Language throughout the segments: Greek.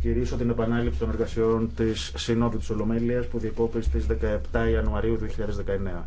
Κυρίσω την επανάληψη των εργασιών της Συνόδου της Ολομέλειας που διεκόπη στις 17 Ιανουαρίου 2019.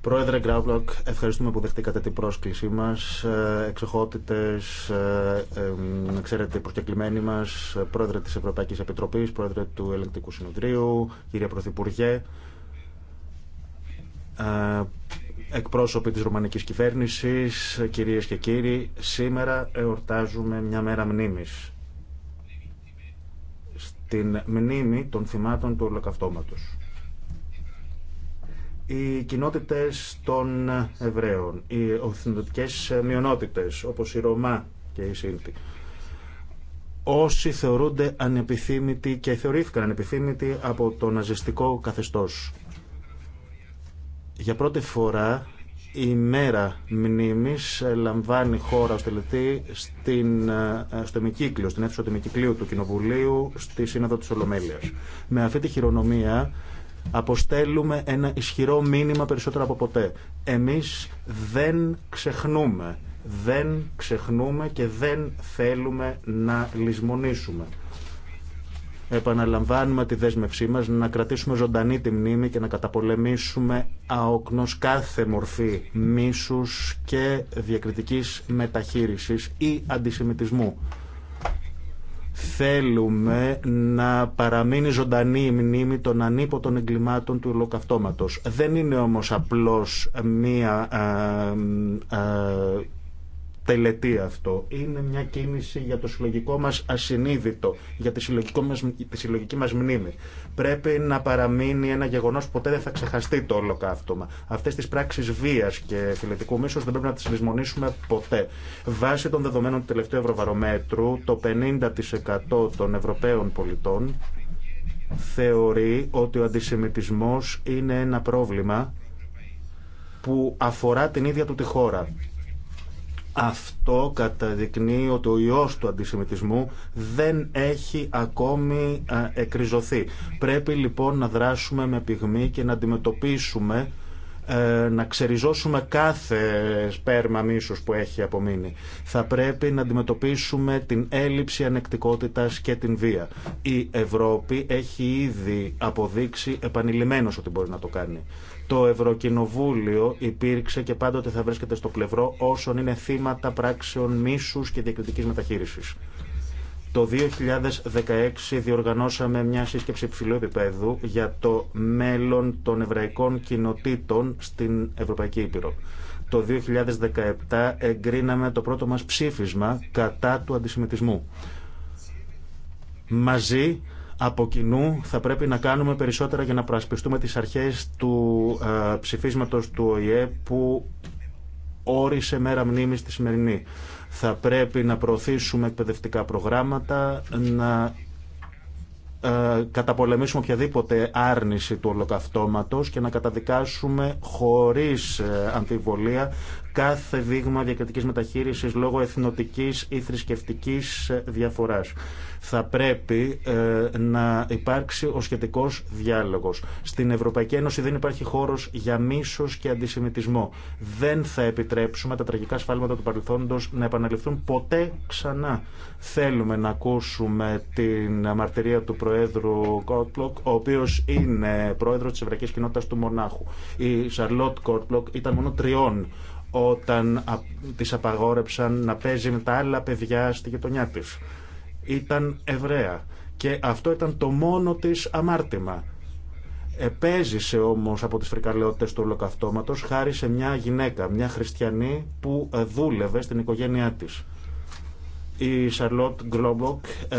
Πρόεδρε Γκράβλοκ, ευχαριστούμε που δεχτήκατε την πρόσκλησή μα. Ε, Εξοχότητε, ε, ε, ξέρετε, προσκεκλημένοι μα, πρόεδρε τη Ευρωπαϊκή Επιτροπή, πρόεδρε του Ελεγκτικού Συνοδρίου, κύριε Πρωθυπουργέ, εκπρόσωποι της Ρουμανικής Κυβέρνησης, κυρίες και κύριοι, σήμερα εορτάζουμε μια μέρα μνήμης την μνήμη των θυμάτων του ολοκαυτώματος. Οι κοινότητες των Εβραίων, οι οθνοτικές μειονότητες όπως η Ρωμά και η Σύντη, όσοι θεωρούνται ανεπιθύμητοι και θεωρήθηκαν ανεπιθύμητοι από το ναζιστικό καθεστώς. Για πρώτη φορά η μέρα μνήμης ε, λαμβάνει χώρα ως τελετή στην, ε, ε, στο εμικύκλιο, στην αίθουσα του εμικυκλίου του Κοινοβουλίου στη Σύνοδο της Ολομέλειας. Με αυτή τη χειρονομία αποστέλουμε ένα ισχυρό μήνυμα περισσότερο από ποτέ. Εμείς δεν ξεχνούμε, δεν ξεχνούμε και δεν θέλουμε να λησμονήσουμε. Επαναλαμβάνουμε τη δέσμευσή μας να κρατήσουμε ζωντανή τη μνήμη και να καταπολεμήσουμε αόκνος κάθε μορφή μίσους και διακριτικής μεταχείρισης ή αντισημιτισμού. Θέλουμε να παραμείνει ζωντανή η μνήμη των ανίποτων εγκλημάτων του ολοκαυτώματος. Δεν είναι όμως απλώς μία ε, ε, τελετή αυτό. Είναι μια κίνηση για το συλλογικό μας ασυνείδητο, για τη συλλογική μας, τη συλλογική μας μνήμη. Πρέπει να παραμείνει ένα γεγονός που ποτέ δεν θα ξεχαστεί το όλο καύτωμα. Αυτές τις πράξεις βίας και φιλετικού μίσους δεν πρέπει να τις λησμονήσουμε ποτέ. Βάσει των δεδομένων του τελευταίου Ευρωβαρομέτρου, το 50% των Ευρωπαίων πολιτών θεωρεί ότι ο αντισημιτισμός είναι ένα πρόβλημα που αφορά την ίδια του τη χώρα. Αυτό καταδεικνύει ότι ο ιός του αντισημιτισμού δεν έχει ακόμη εκριζωθεί. Πρέπει λοιπόν να δράσουμε με πυγμή και να αντιμετωπίσουμε ε, να ξεριζώσουμε κάθε σπέρμα μίσους που έχει απομείνει. Θα πρέπει να αντιμετωπίσουμε την έλλειψη ανεκτικότητας και την βία. Η Ευρώπη έχει ήδη αποδείξει επανειλημμένως ότι μπορεί να το κάνει. Το Ευρωκοινοβούλιο υπήρξε και πάντοτε θα βρίσκεται στο πλευρό όσων είναι θύματα πράξεων μίσου και διακριτική μεταχείρισης. Το 2016 διοργανώσαμε μια σύσκεψη υψηλού επίπεδου για το μέλλον των εβραϊκών κοινοτήτων στην Ευρωπαϊκή Ήπειρο. Το 2017 εγκρίναμε το πρώτο μας ψήφισμα κατά του αντισημιτισμού. Μαζί από κοινού θα πρέπει να κάνουμε περισσότερα για να προασπιστούμε τις αρχές του ε, ψηφίσματος του ΟΗΕ που όρισε μέρα μνήμης τη σημερινή. Θα πρέπει να προωθήσουμε εκπαιδευτικά προγράμματα, να ε, καταπολεμήσουμε οποιαδήποτε άρνηση του ολοκαυτώματος και να καταδικάσουμε χωρίς ε, αμφιβολία κάθε δείγμα διακριτικής μεταχείρισης λόγω εθνοτικής ή θρησκευτικής διαφοράς. Θα πρέπει ε, να υπάρξει ο σχετικός διάλογος. Στην Ευρωπαϊκή Ένωση δεν υπάρχει χώρος για μίσος και αντισημιτισμό. Δεν θα επιτρέψουμε τα τραγικά σφάλματα του παρελθόντος να επαναληφθούν ποτέ ξανά. Θέλουμε να ακούσουμε την μαρτυρία του Προέδρου Κόρτλοκ... ο οποίος είναι πρόεδρος της Ευρωπαϊκής Κοινότητας του Μονάχου. Η Σαρλότ Κόρτπλοκ ήταν μόνο τριών όταν της απαγόρεψαν να παίζει με τα άλλα παιδιά στη γειτονιά της. Ήταν Εβραία και αυτό ήταν το μόνο της αμάρτημα. Επέζησε όμως από τις φρικαλαιότητες του ολοκαυτώματος χάρη σε μια γυναίκα, μια χριστιανή που δούλευε στην οικογένειά της. Η Σαρλότ Γκλόμποκ ε,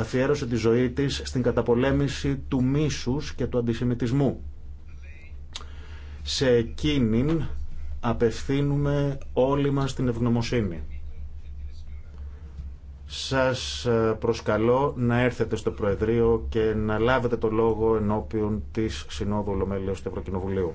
αφιέρωσε τη ζωή της στην καταπολέμηση του μίσους και του αντισημιτισμού. Σε εκείνην απευθύνουμε όλοι μας την ευγνωμοσύνη. Σας ε, προσκαλώ να έρθετε στο Προεδρείο και να λάβετε το λόγο ενώπιον της Συνόδου Ολομέλειας του Ευρωκοινοβουλίου.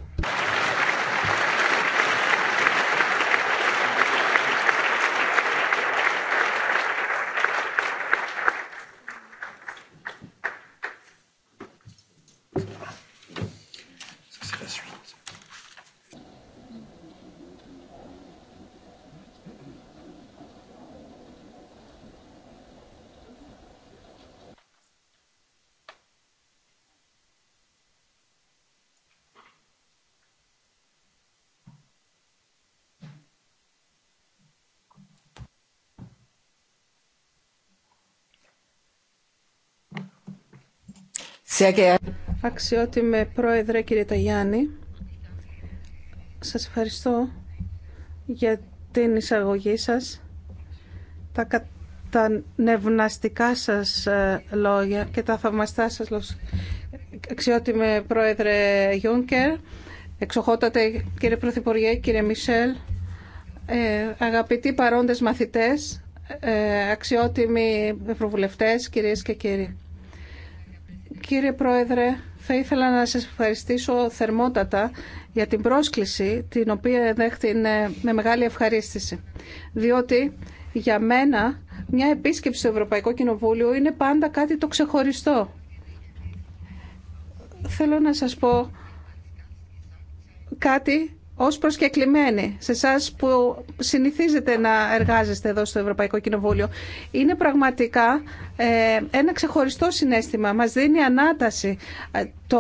Αξιότιμε Πρόεδρε κύριε Ταγιάννη, σας ευχαριστώ για την εισαγωγή σας, τα νευναστικά σας ε, λόγια και τα θαυμαστά σας λόγια. Αξιότιμε Πρόεδρε Γιούνκερ, εξοχότατε κύριε Πρωθυπουργέ, κύριε Μισελ, ε, αγαπητοί παρόντες μαθητές, ε, αξιότιμοι ευρωβουλευτές, κυρίες και κύριοι. Κύριε Πρόεδρε, θα ήθελα να σας ευχαριστήσω θερμότατα για την πρόσκληση την οποία δέχτηνε με μεγάλη ευχαρίστηση. Διότι για μένα μια επίσκεψη στο Ευρωπαϊκό Κοινοβούλιο είναι πάντα κάτι το ξεχωριστό. Θέλω να σας πω κάτι ως προσκεκλημένοι σε εσά που συνηθίζετε να εργάζεστε εδώ στο Ευρωπαϊκό Κοινοβούλιο. Είναι πραγματικά ε, ένα ξεχωριστό συνέστημα. Μας δίνει ανάταση ε, το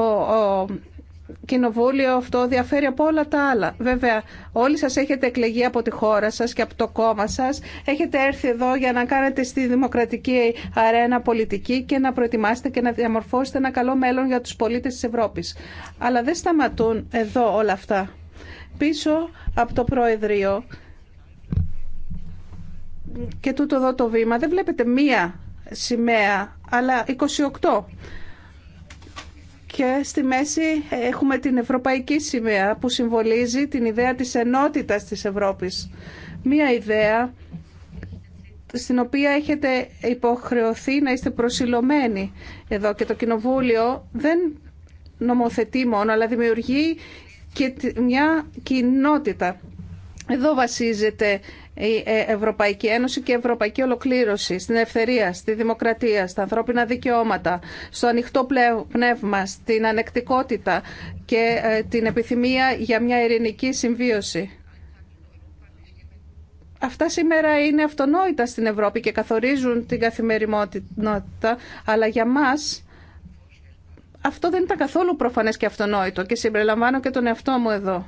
κοινοβούλιο αυτό διαφέρει από όλα τα άλλα. Βέβαια, όλοι σας έχετε εκλεγεί από τη χώρα σας και από το κόμμα σας. Έχετε έρθει εδώ για να κάνετε στη δημοκρατική αρένα πολιτική και να προετοιμάσετε και να διαμορφώσετε ένα καλό μέλλον για τους πολίτες της Ευρώπης. Αλλά δεν σταματούν εδώ όλα αυτά πίσω από το Προεδρείο και τούτο εδώ το βήμα δεν βλέπετε μία σημαία αλλά 28 και στη μέση έχουμε την ευρωπαϊκή σημαία που συμβολίζει την ιδέα της ενότητας της Ευρώπης. Μία ιδέα στην οποία έχετε υποχρεωθεί να είστε προσιλωμένοι εδώ και το Κοινοβούλιο δεν νομοθετεί μόνο αλλά δημιουργεί και μια κοινότητα. Εδώ βασίζεται η ε, Ευρωπαϊκή Ένωση και η Ευρωπαϊκή Ολοκλήρωση στην ελευθερία, στη δημοκρατία, στα ανθρώπινα δικαιώματα, στο ανοιχτό πνεύμα, στην ανεκτικότητα και ε, την επιθυμία για μια ειρηνική συμβίωση. Αυτά σήμερα είναι αυτονόητα στην Ευρώπη και καθορίζουν την καθημερινότητα, αλλά για μας αυτό δεν ήταν καθόλου προφανές και αυτονόητο και συμπεριλαμβάνω και τον εαυτό μου εδώ.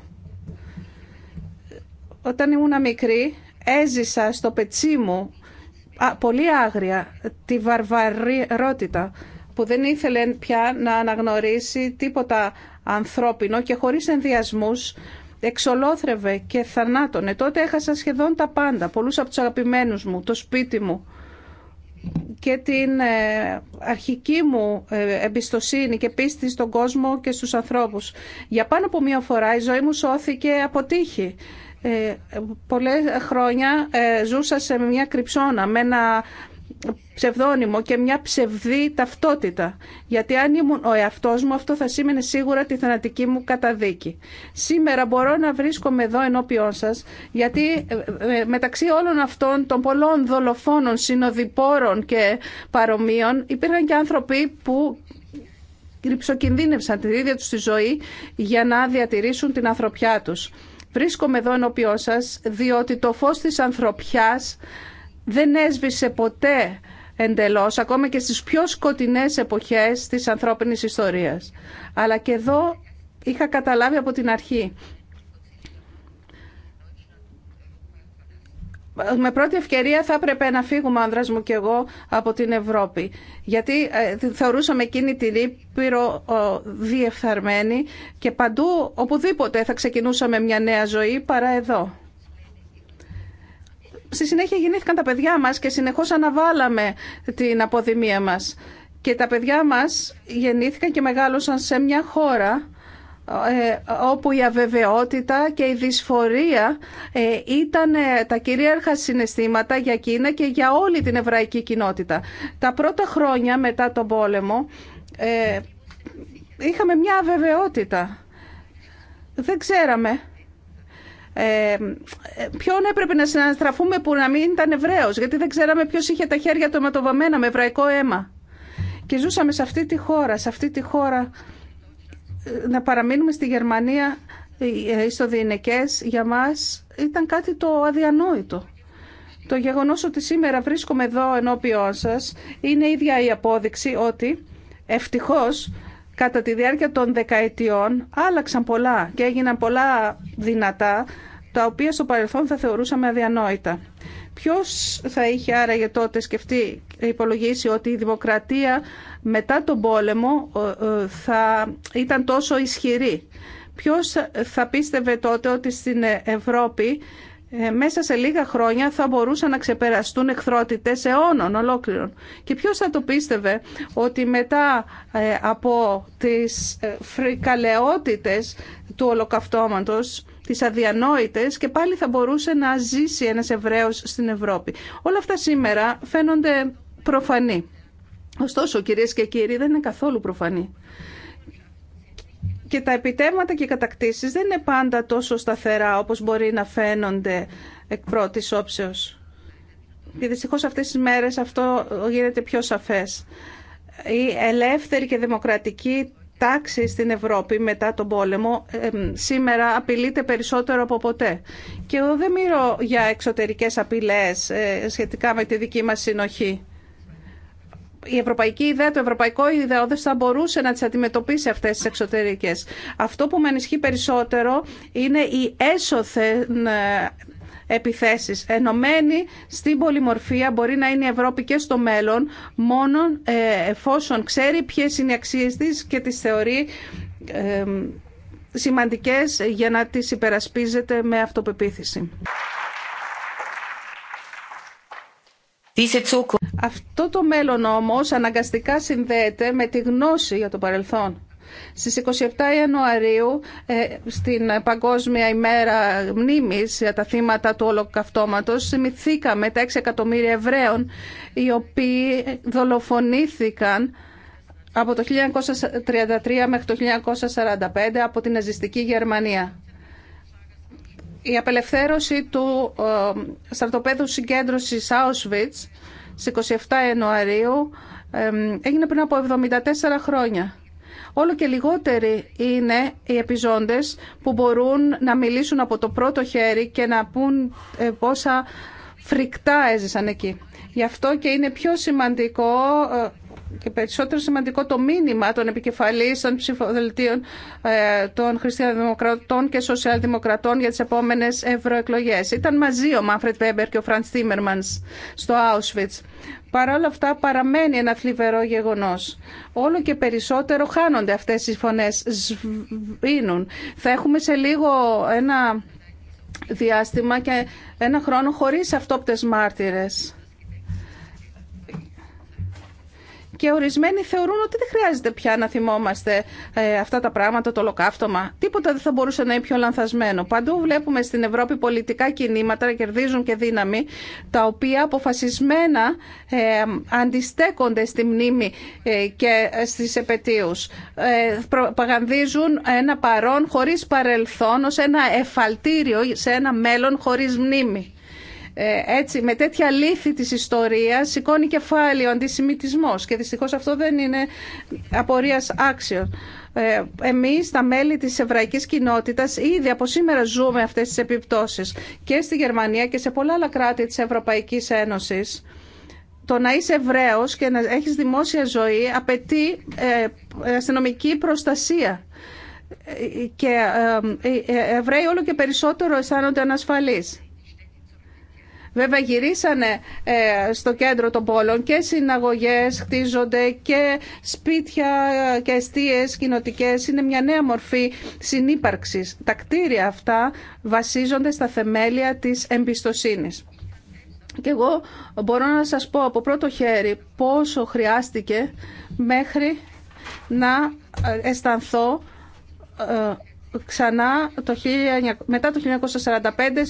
Όταν ήμουν μικρή έζησα στο πετσί μου πολύ άγρια τη βαρβαρότητα που δεν ήθελε πια να αναγνωρίσει τίποτα ανθρώπινο και χωρίς ενδιασμούς εξολόθρευε και θανάτωνε. Τότε έχασα σχεδόν τα πάντα, πολλούς από τους αγαπημένους μου, το σπίτι μου και την ε, αρχική μου ε, εμπιστοσύνη και πίστη στον κόσμο και στους ανθρώπους. Για πάνω από μία φορά η ζωή μου σώθηκε από τύχη. Ε, πολλές χρόνια ζούσα σε μια κρυψώνα με ένα ψευδόνυμο και μια ψευδή ταυτότητα. Γιατί αν ήμουν ο εαυτό μου αυτό θα σήμαινε σίγουρα τη θανατική μου καταδίκη. Σήμερα μπορώ να βρίσκομαι εδώ ενώπιόν σας γιατί ε, ε, μεταξύ όλων αυτών των πολλών δολοφόνων, συνοδοιπόρων και παρομοίων υπήρχαν και άνθρωποι που ρηψοκινδύνευσαν την ίδια τους τη ζωή για να διατηρήσουν την ανθρωπιά τους. Βρίσκομαι εδώ ενώπιόν σας διότι το φως της ανθρωπιάς δεν έσβησε ποτέ εντελώς, ακόμα και στις πιο σκοτεινές εποχές της ανθρώπινης ιστορίας. Αλλά και εδώ είχα καταλάβει από την αρχή. Με πρώτη ευκαιρία θα έπρεπε να φύγουμε, άνδρας μου και εγώ, από την Ευρώπη. Γιατί ε, θεωρούσαμε εκείνη την Ήπειρο διεφθαρμένη και παντού, οπουδήποτε θα ξεκινούσαμε μια νέα ζωή παρά εδώ στη συνέχεια γεννήθηκαν τα παιδιά μας και συνεχώς αναβάλαμε την αποδημία μας. Και τα παιδιά μας γεννήθηκαν και μεγάλωσαν σε μια χώρα ε, όπου η αβεβαιότητα και η δυσφορία ε, ήταν ε, τα κυρίαρχα συναισθήματα για Κίνα και για όλη την εβραϊκή κοινότητα. Τα πρώτα χρόνια μετά τον πόλεμο είχαμε μια αβεβαιότητα. Δεν ξέραμε ε, ε, ποιον έπρεπε να συναναστραφούμε που να μην ήταν Εβραίο, γιατί δεν ξέραμε ποιο είχε τα χέρια του αιματοβαμμένα με εβραϊκό αίμα. Και ζούσαμε σε αυτή τη χώρα, σε αυτή τη χώρα ε, να παραμείνουμε στη Γερμανία ε, στο για μας ήταν κάτι το αδιανόητο. Το γεγονός ότι σήμερα βρίσκομαι εδώ ενώπιόν σας είναι ίδια η απόδειξη ότι ευτυχώς κατά τη διάρκεια των δεκαετιών άλλαξαν πολλά και έγιναν πολλά δυνατά τα οποία στο παρελθόν θα θεωρούσαμε αδιανόητα. Ποιο θα είχε άραγε τότε σκεφτεί, υπολογίσει ότι η δημοκρατία μετά τον πόλεμο ε, ε, θα ήταν τόσο ισχυρή. Ποιο θα πίστευε τότε ότι στην Ευρώπη ε, μέσα σε λίγα χρόνια θα μπορούσαν να ξεπεραστούν εχθρότητες αιώνων ολόκληρων. Και ποιος θα το πίστευε ότι μετά από τις φρικαλαιότητες του ολοκαυτώματος τις αδιανόητες και πάλι θα μπορούσε να ζήσει ένας Εβραίος στην Ευρώπη. Όλα αυτά σήμερα φαίνονται προφανή. Ωστόσο, κυρίες και κύριοι, δεν είναι καθόλου προφανή. Και τα επιτεύγματα και οι κατακτήσεις δεν είναι πάντα τόσο σταθερά όπως μπορεί να φαίνονται εκ πρώτης όψεως. Και δυστυχώς αυτές τις μέρες αυτό γίνεται πιο σαφές. Η ελεύθερη και δημοκρατική τάξη στην Ευρώπη μετά τον πόλεμο σήμερα απειλείται περισσότερο από ποτέ. Και εγώ δεν μιλώ για εξωτερικές απειλές ε, σχετικά με τη δική μας συνοχή. Η ευρωπαϊκή ιδέα, το ευρωπαϊκό δεν θα μπορούσε να τις αντιμετωπίσει αυτές τις εξωτερικές. Αυτό που με ανισχύει περισσότερο είναι η έσωθεν ε, επιθέσεις. Ενωμένη στην πολυμορφία μπορεί να είναι η Ευρώπη και στο μέλλον μόνο ε, εφόσον ξέρει ποιες είναι οι αξίες της και τις θεωρεί σημαντικές για να τις υπερασπίζεται με αυτοπεποίθηση. Αυτό το μέλλον όμως αναγκαστικά συνδέεται με τη γνώση για το παρελθόν. Στις 27 Ιανουαρίου, ε, στην Παγκόσμια ημέρα μνήμης για τα θύματα του Ολοκαυτώματος, θυμηθήκαμε τα 6 εκατομμύρια Εβραίων, οι οποίοι δολοφονήθηκαν από το 1933 μέχρι το 1945 από την ναζιστική Γερμανία. Η απελευθέρωση του ε, στρατοπέδου συγκέντρωσης Auschwitz στις 27 Ιανουαρίου ε, έγινε πριν από 74 χρόνια όλο και λιγότεροι είναι οι επιζώντες που μπορούν να μιλήσουν από το πρώτο χέρι και να πούν ε, πόσα φρικτά έζησαν εκεί. Γι' αυτό και είναι πιο σημαντικό ε, και περισσότερο σημαντικό το μήνυμα των επικεφαλής των ψηφοδελτίων ε, των χριστιανοδημοκρατών και σοσιαλδημοκρατών για τις επόμενες ευρωεκλογές. Ήταν μαζί ο Μάνφρετ Βέμπερ και ο Φραντ Τίμερμανς στο Auschwitz. Παρ' όλα αυτά παραμένει ένα θλιβερό γεγονός. Όλο και περισσότερο χάνονται αυτές οι φωνές, σβήνουν. Θα έχουμε σε λίγο ένα διάστημα και ένα χρόνο χωρίς αυτόπτες μάρτυρες. και ορισμένοι θεωρούν ότι δεν χρειάζεται πια να θυμόμαστε ε, αυτά τα πράγματα, το ολοκαύτωμα. Τίποτα δεν θα μπορούσε να είναι πιο λανθασμένο. Παντού βλέπουμε στην Ευρώπη πολιτικά κινήματα να κερδίζουν και δύναμη, τα οποία αποφασισμένα ε, αντιστέκονται στη μνήμη ε, και στις Ε, Προπαγανδίζουν ένα παρόν χωρί παρελθόν ω ένα εφαλτήριο σε ένα μέλλον χωρί μνήμη. Ε, έτσι, με τέτοια λύθη της ιστορίας σηκώνει κεφάλι ο αντισημιτισμός και δυστυχώς αυτό δεν είναι απορίας άξιο. Ε, εμείς, τα μέλη της εβραϊκής κοινότητας, ήδη από σήμερα ζούμε αυτές τις επιπτώσεις και στη Γερμανία και σε πολλά άλλα κράτη της Ευρωπαϊκής Ένωσης. Το να είσαι Εβραίος και να έχεις δημόσια ζωή απαιτεί ε, αστυνομική προστασία και Εβραίοι όλο και περισσότερο αισθάνονται ανασφαλείς. Βέβαια γυρίσανε ε, στο κέντρο των πόλων και συναγωγές χτίζονται και σπίτια ε, και αιστείες κοινοτικέ. Είναι μια νέα μορφή συνύπαρξης. Τα κτίρια αυτά βασίζονται στα θεμέλια της εμπιστοσύνης. Και εγώ μπορώ να σας πω από πρώτο χέρι πόσο χρειάστηκε μέχρι να ε, αισθανθώ ξανά το, μετά το 1945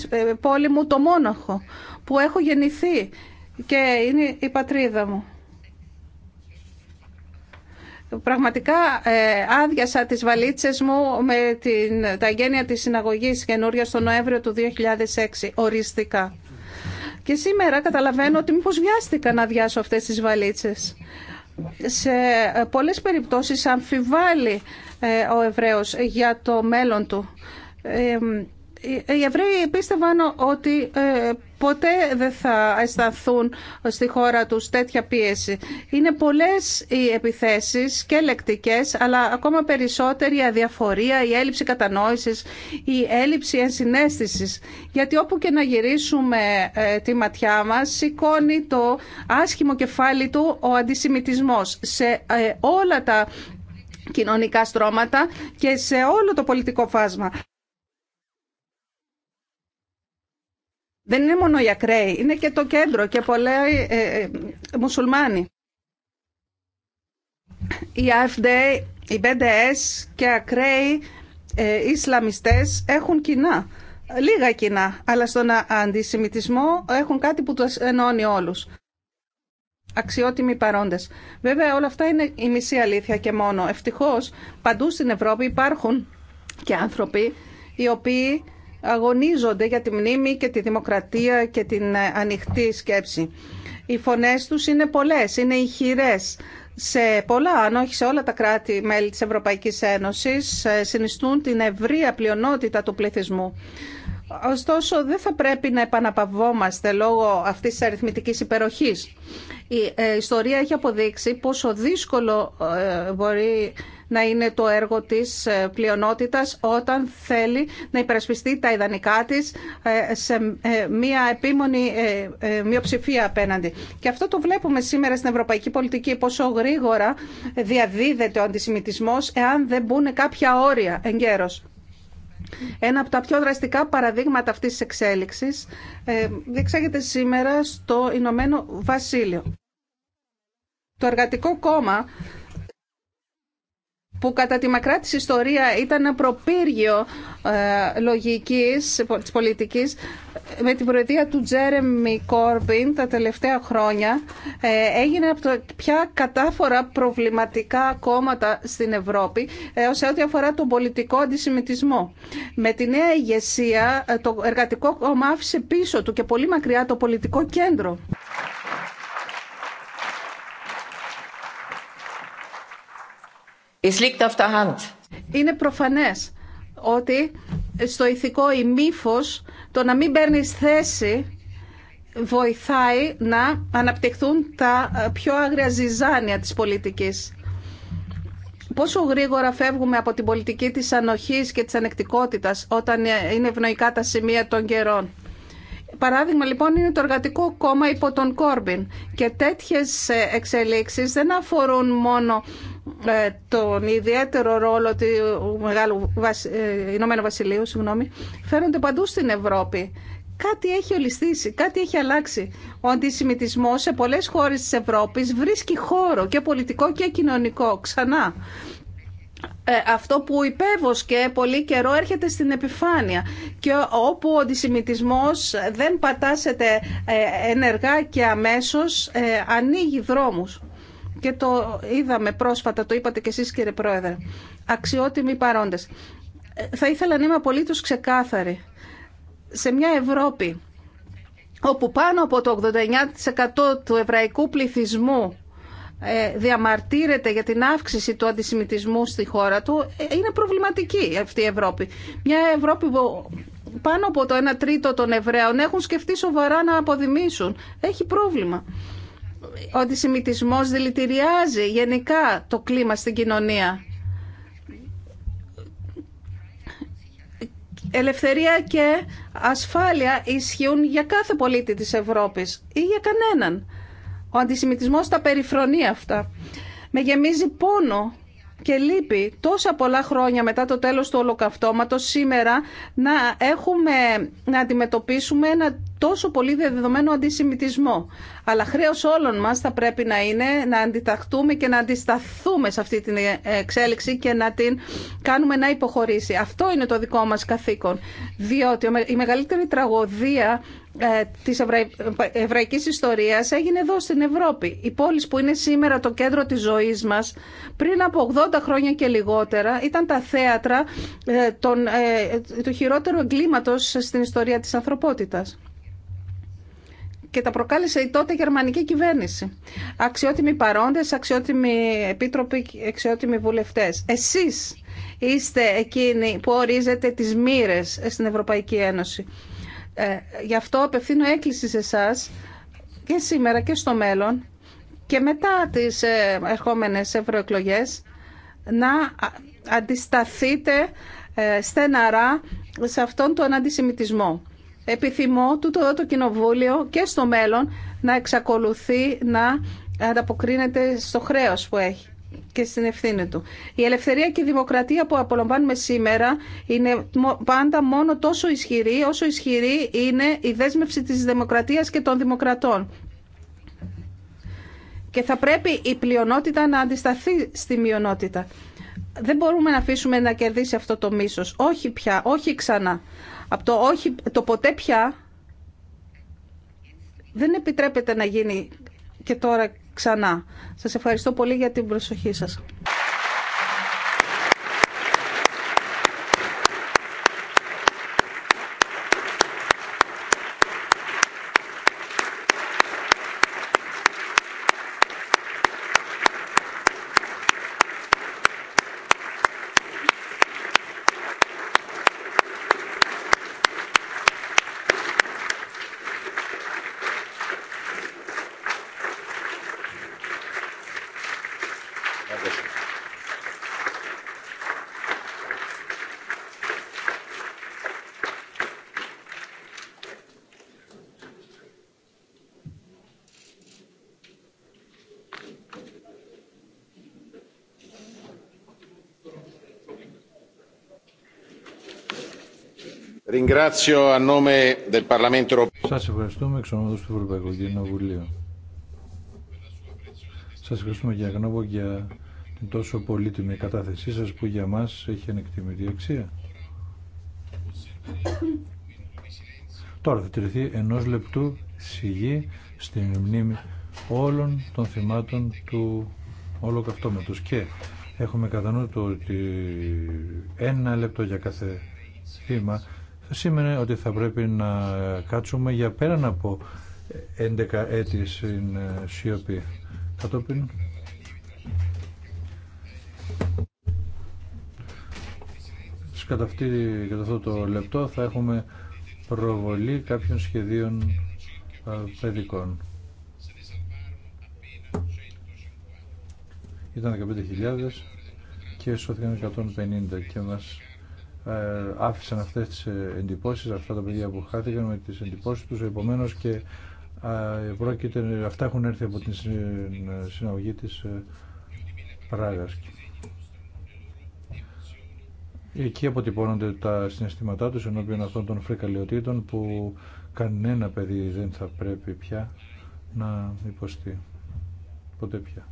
ε, πόλη μου το Μόναχο που έχω γεννηθεί και είναι η πατρίδα μου. Πραγματικά ε, άδειασα τις βαλίτσες μου με την, τα γένεια της συναγωγής καινούρια στο Νοέμβριο του 2006, οριστικά. Και σήμερα καταλαβαίνω ότι μήπως βιάστηκα να αδειάσω αυτές τις βαλίτσες. Σε ε, πολλές περιπτώσεις αμφιβάλλει ε, ο Εβραίος για το μέλλον του. Ε, οι Εβραίοι πίστευαν ότι ε, ποτέ δεν θα αισθανθούν στη χώρα τους τέτοια πίεση. Είναι πολλές οι επιθέσεις και λεκτικές, αλλά ακόμα περισσότερη η αδιαφορία, η έλλειψη κατανόησης, η έλλειψη ενσυναίσθησης. Γιατί όπου και να γυρίσουμε τη ματιά μας, σηκώνει το άσχημο κεφάλι του ο αντισημιτισμός σε όλα τα κοινωνικά στρώματα και σε όλο το πολιτικό φάσμα. Δεν είναι μόνο οι ακραίοι, είναι και το κέντρο και πολλοί ε, ε μουσουλμάνοι. Η AFD, οι BDS και ακραίοι ε, Ισλαμιστές έχουν κοινά, λίγα κοινά, αλλά στον αντισημιτισμό έχουν κάτι που τους ενώνει όλους αξιότιμοι παρόντες. Βέβαια όλα αυτά είναι η μισή αλήθεια και μόνο. Ευτυχώς παντού στην Ευρώπη υπάρχουν και άνθρωποι οι οποίοι αγωνίζονται για τη μνήμη και τη δημοκρατία και την ε, ανοιχτή σκέψη. Οι φωνές τους είναι πολλές, είναι ηχηρές. Σε πολλά, αν όχι σε όλα τα κράτη-μέλη της Ευρωπαϊκής Ένωσης, ε, συνιστούν την ευρεία πλειονότητα του πληθυσμού. Ωστόσο, δεν θα πρέπει να επαναπαυόμαστε λόγω αυτής της αριθμητικής υπεροχής. Η ε, ιστορία έχει αποδείξει πόσο δύσκολο ε, μπορεί να είναι το έργο της ε, πλειονότητας όταν θέλει να υπερασπιστεί τα ιδανικά της σε μια επίμονη μειοψηφία απέναντι. Και αυτό το βλέπουμε σήμερα στην ευρωπαϊκή πολιτική, πόσο γρήγορα διαδίδεται ο αντισημιτισμός εάν δεν μπουν κάποια όρια εγκαίρως. Ένα από τα πιο δραστικά παραδείγματα αυτής της εξέλιξης ε, διεξάγεται σήμερα στο Ηνωμένο Βασίλειο. Το Εργατικό Κόμμα που κατά τη μακρά της ιστορία ήταν ένα προπύργιο ε, λογικής, της πολιτικής, με την προεδρία του Τζέρεμι Κόρμπιν τα τελευταία χρόνια ε, έγινε από τα πια κατάφορα προβληματικά κόμματα στην Ευρώπη ε, σε ό,τι αφορά τον πολιτικό αντισημιτισμό. Με τη νέα ηγεσία ε, το εργατικό κόμμα άφησε πίσω του και πολύ μακριά το πολιτικό κέντρο. Είναι προφανές ότι στο ηθικό ημίφος το να μην παίρνει θέση βοηθάει να αναπτυχθούν τα πιο άγρια ζυζάνια της πολιτικής. Πόσο γρήγορα φεύγουμε από την πολιτική της ανοχής και της ανεκτικότητας όταν είναι ευνοϊκά τα σημεία των καιρών. Παράδειγμα λοιπόν είναι το εργατικό κόμμα υπό τον Κόρμπιν και τέτοιες εξελίξεις δεν αφορούν μόνο ε, τον ιδιαίτερο ρόλο του Μεγάλου ε, Ηνωμένου Βασιλείου συγγνώμη, φαίνονται παντού στην Ευρώπη. Κάτι έχει ολιστήσει, κάτι έχει αλλάξει. Ο αντισημιτισμό σε πολλές χώρες της Ευρώπης βρίσκει χώρο και πολιτικό και κοινωνικό ξανά. Ε, αυτό που και πολύ καιρό έρχεται στην επιφάνεια και όπου ο αντισημιτισμός δεν πατάσεται ενεργά και αμέσως ανοίγει δρόμους και το είδαμε πρόσφατα, το είπατε και εσείς κύριε Πρόεδρε, αξιότιμοι παρόντες. Θα ήθελα να είμαι απολύτως ξεκάθαρη. Σε μια Ευρώπη όπου πάνω από το 89% του εβραϊκού πληθυσμού ε, διαμαρτύρεται για την αύξηση του αντισημιτισμού στη χώρα του, ε, είναι προβληματική αυτή η Ευρώπη. Μια Ευρώπη που πάνω από το 1 τρίτο των Εβραίων έχουν σκεφτεί σοβαρά να αποδημήσουν. Έχει πρόβλημα ο αντισημιτισμός δηλητηριάζει γενικά το κλίμα στην κοινωνία. Ελευθερία και ασφάλεια ισχύουν για κάθε πολίτη της Ευρώπης ή για κανέναν. Ο αντισημιτισμός τα περιφρονεί αυτά. Με γεμίζει πόνο και λύπη τόσα πολλά χρόνια μετά το τέλος του ολοκαυτώματος σήμερα να έχουμε να αντιμετωπίσουμε ένα τόσο πολύ δεδομένο αντισημιτισμό. Αλλά χρέο όλων μας θα πρέπει να είναι να αντιταχτούμε και να αντισταθούμε σε αυτή την εξέλιξη και να την κάνουμε να υποχωρήσει. Αυτό είναι το δικό μας καθήκον. Διότι η μεγαλύτερη τραγωδία ε, της εβραϊκής ιστορίας έγινε εδώ στην Ευρώπη. Η πόλη που είναι σήμερα το κέντρο της ζωής μας πριν από 80 χρόνια και λιγότερα ήταν τα θέατρα ε, ε, του χειρότερου εγκλήματος στην ιστορία της ανθρωπότητας και τα προκάλεσε η τότε γερμανική κυβέρνηση. Αξιότιμοι παρόντες, αξιότιμοι επίτροποι, αξιότιμοι βουλευτές. Εσείς είστε εκείνοι που ορίζετε τις μοίρε στην Ευρωπαϊκή Ένωση. Ε, γι' αυτό απευθύνω έκκληση σε εσά και σήμερα και στο μέλλον και μετά τις ε, ερχόμενες ευρωεκλογές να αντισταθείτε ε, στεναρά σε αυτόν τον αντισημιτισμό. Επιθυμώ τούτο το κοινοβούλιο και στο μέλλον να εξακολουθεί να ανταποκρίνεται στο χρέος που έχει και στην ευθύνη του. Η ελευθερία και η δημοκρατία που απολαμβάνουμε σήμερα είναι πάντα μόνο τόσο ισχυρή όσο ισχυρή είναι η δέσμευση της δημοκρατίας και των δημοκρατών. Και θα πρέπει η πλειονότητα να αντισταθεί στη μειονότητα δεν μπορούμε να αφήσουμε να κερδίσει αυτό το μίσος. Όχι πια, όχι ξανά. Από το, όχι, το ποτέ πια δεν επιτρέπεται να γίνει και τώρα ξανά. Σας ευχαριστώ πολύ για την προσοχή σας. Σας ευχαριστούμε εξ του Ευρωπαϊκού Κοινοβουλίου. Σας ευχαριστούμε για για την τόσο πολύτιμη κατάθεσή σας που για μας έχει ανεκτιμητή αξία. Τώρα θα τηρηθεί ενός λεπτού σιγή στην μνήμη όλων των θυμάτων του ολοκαυτώματος και έχουμε κατά το ότι ένα λεπτό για κάθε θύμα θα σήμαινε ότι θα πρέπει να κάτσουμε για πέραν από 11 έτη στην ε, σιωπή. Κατόπιν. Κατά, αυτή, κατά αυτό το λεπτό θα έχουμε προβολή κάποιων σχεδίων ε, παιδικών. Ήταν 15.000 και σώθηκαν 150 και μας ε, άφησαν αυτές τις ε, εντυπώσεις, αυτά τα παιδιά που χάθηκαν με τις εντυπώσεις τους, επομένως και πρόκειται, αυτά έχουν έρθει από την συναγωγή της ε, Πράγας. Εκεί αποτυπώνονται τα συναισθήματά τους ενώπιον αυτών των φρικαλαιοτήτων που κανένα παιδί δεν θα πρέπει πια να υποστεί. Ποτέ πια.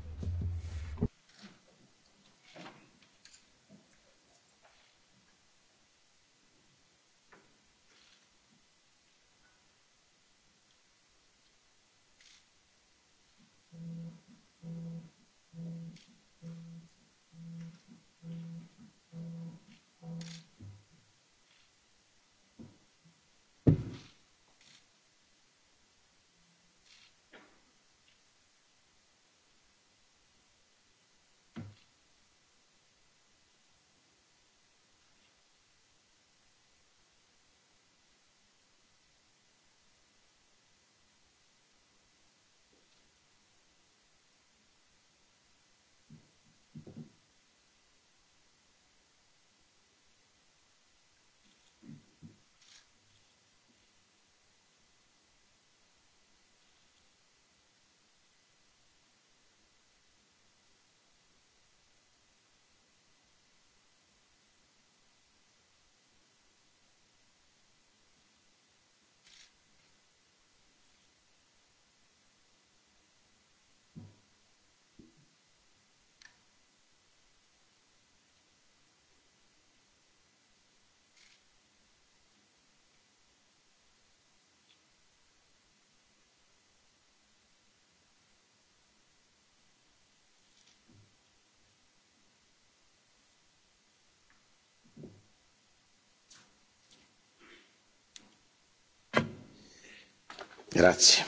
Grazie.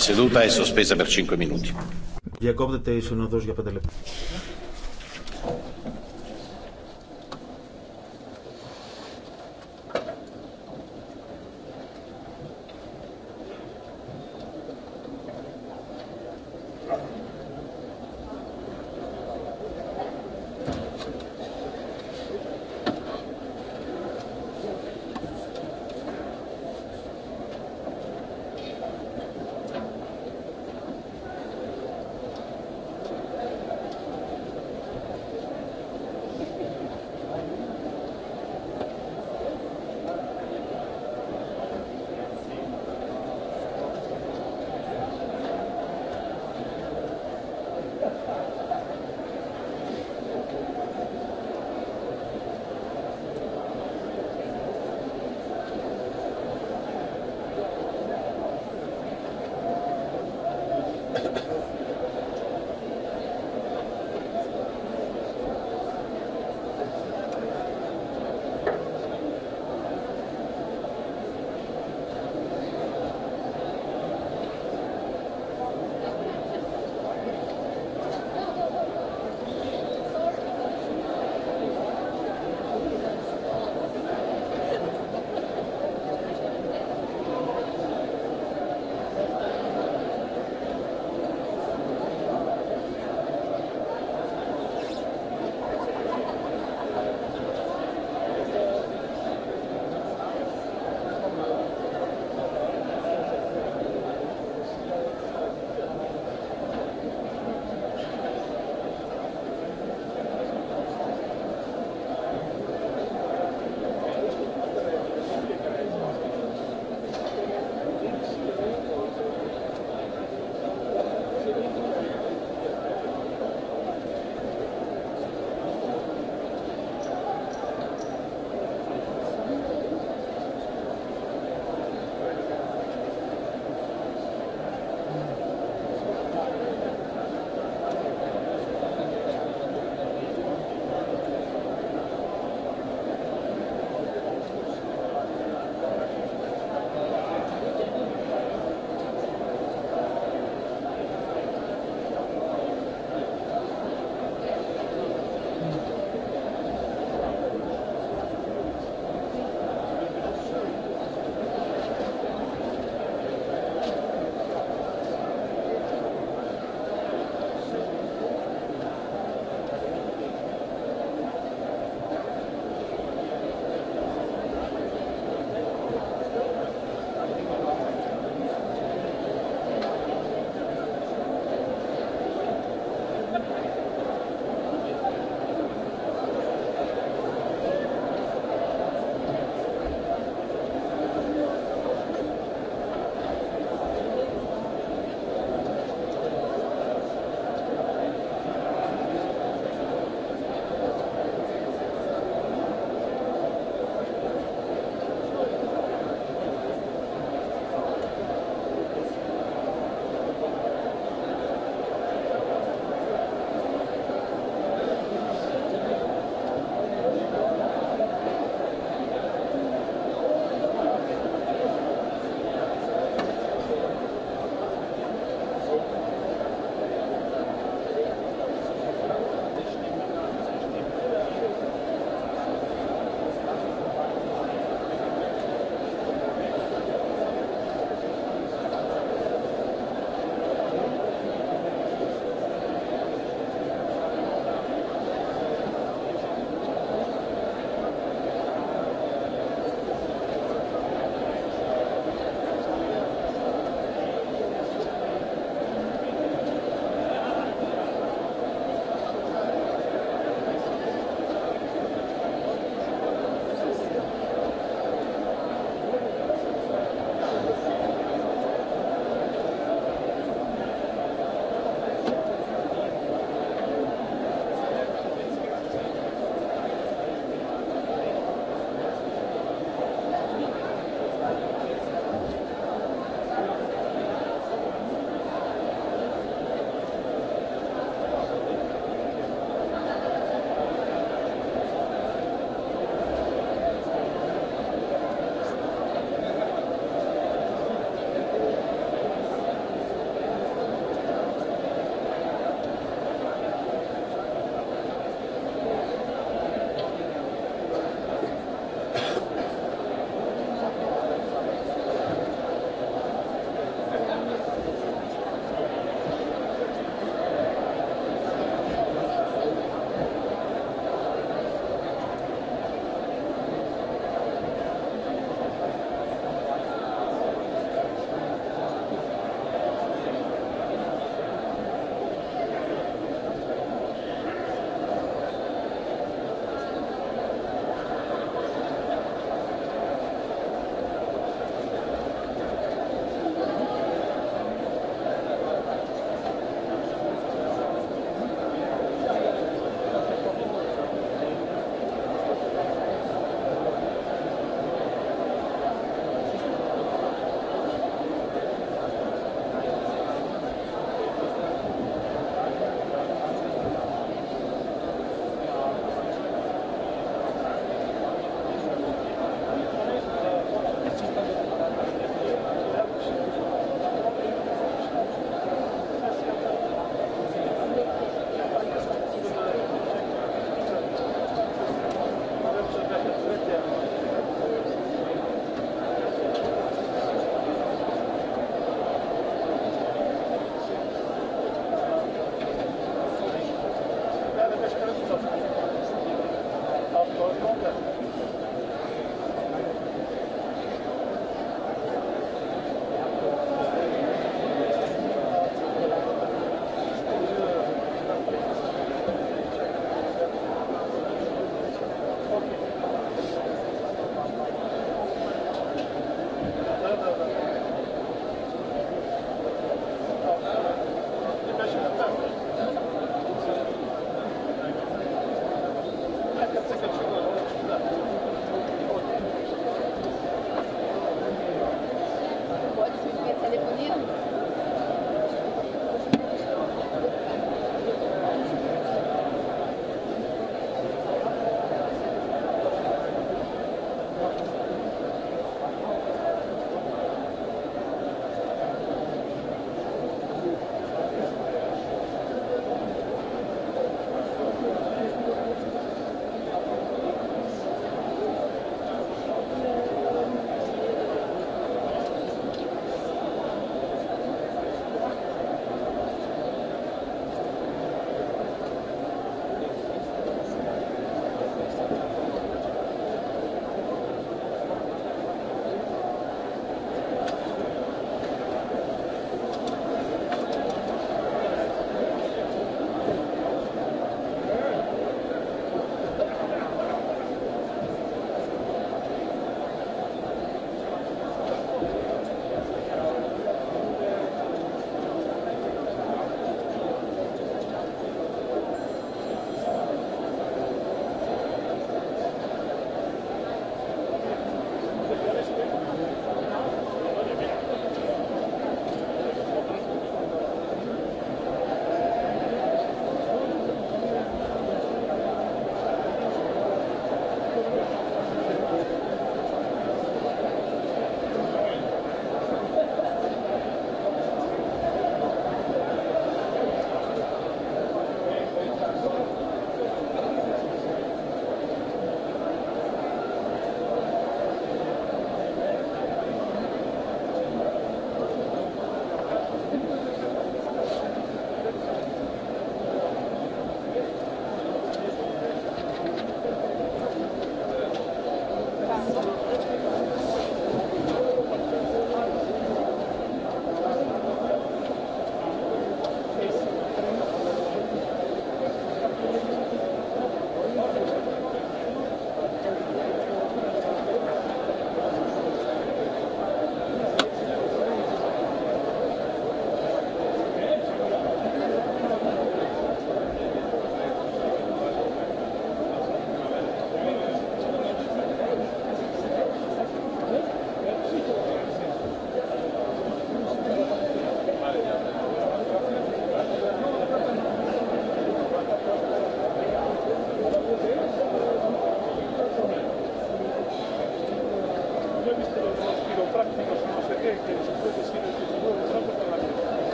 seduta è e sospesa Διακόπτεται η συνοδός για 5 λεπτά.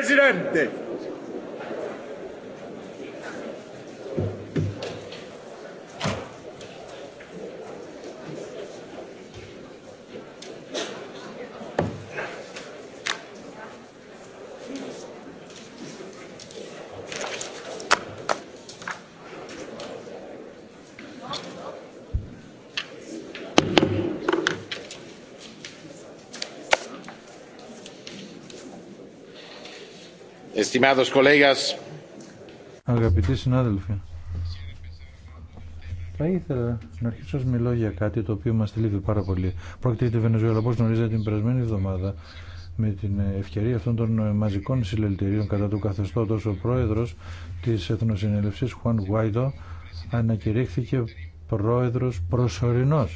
Presidente. Αγαπητοί συνάδελφοι, θα ήθελα να αρχίσω να μιλώ για κάτι το οποίο μα θλίβει πάρα πολύ. Πρόκειται για τη Βενεζουέλα, όπω γνωρίζετε την περασμένη εβδομάδα, με την ευκαιρία αυτών των μαζικών συλλαλητηρίων κατά του καθεστώτο, ο πρόεδρο τη Εθνοσυνέλευση, Χουάν Γουάιντο, ανακηρύχθηκε πρόεδρο προσωρινό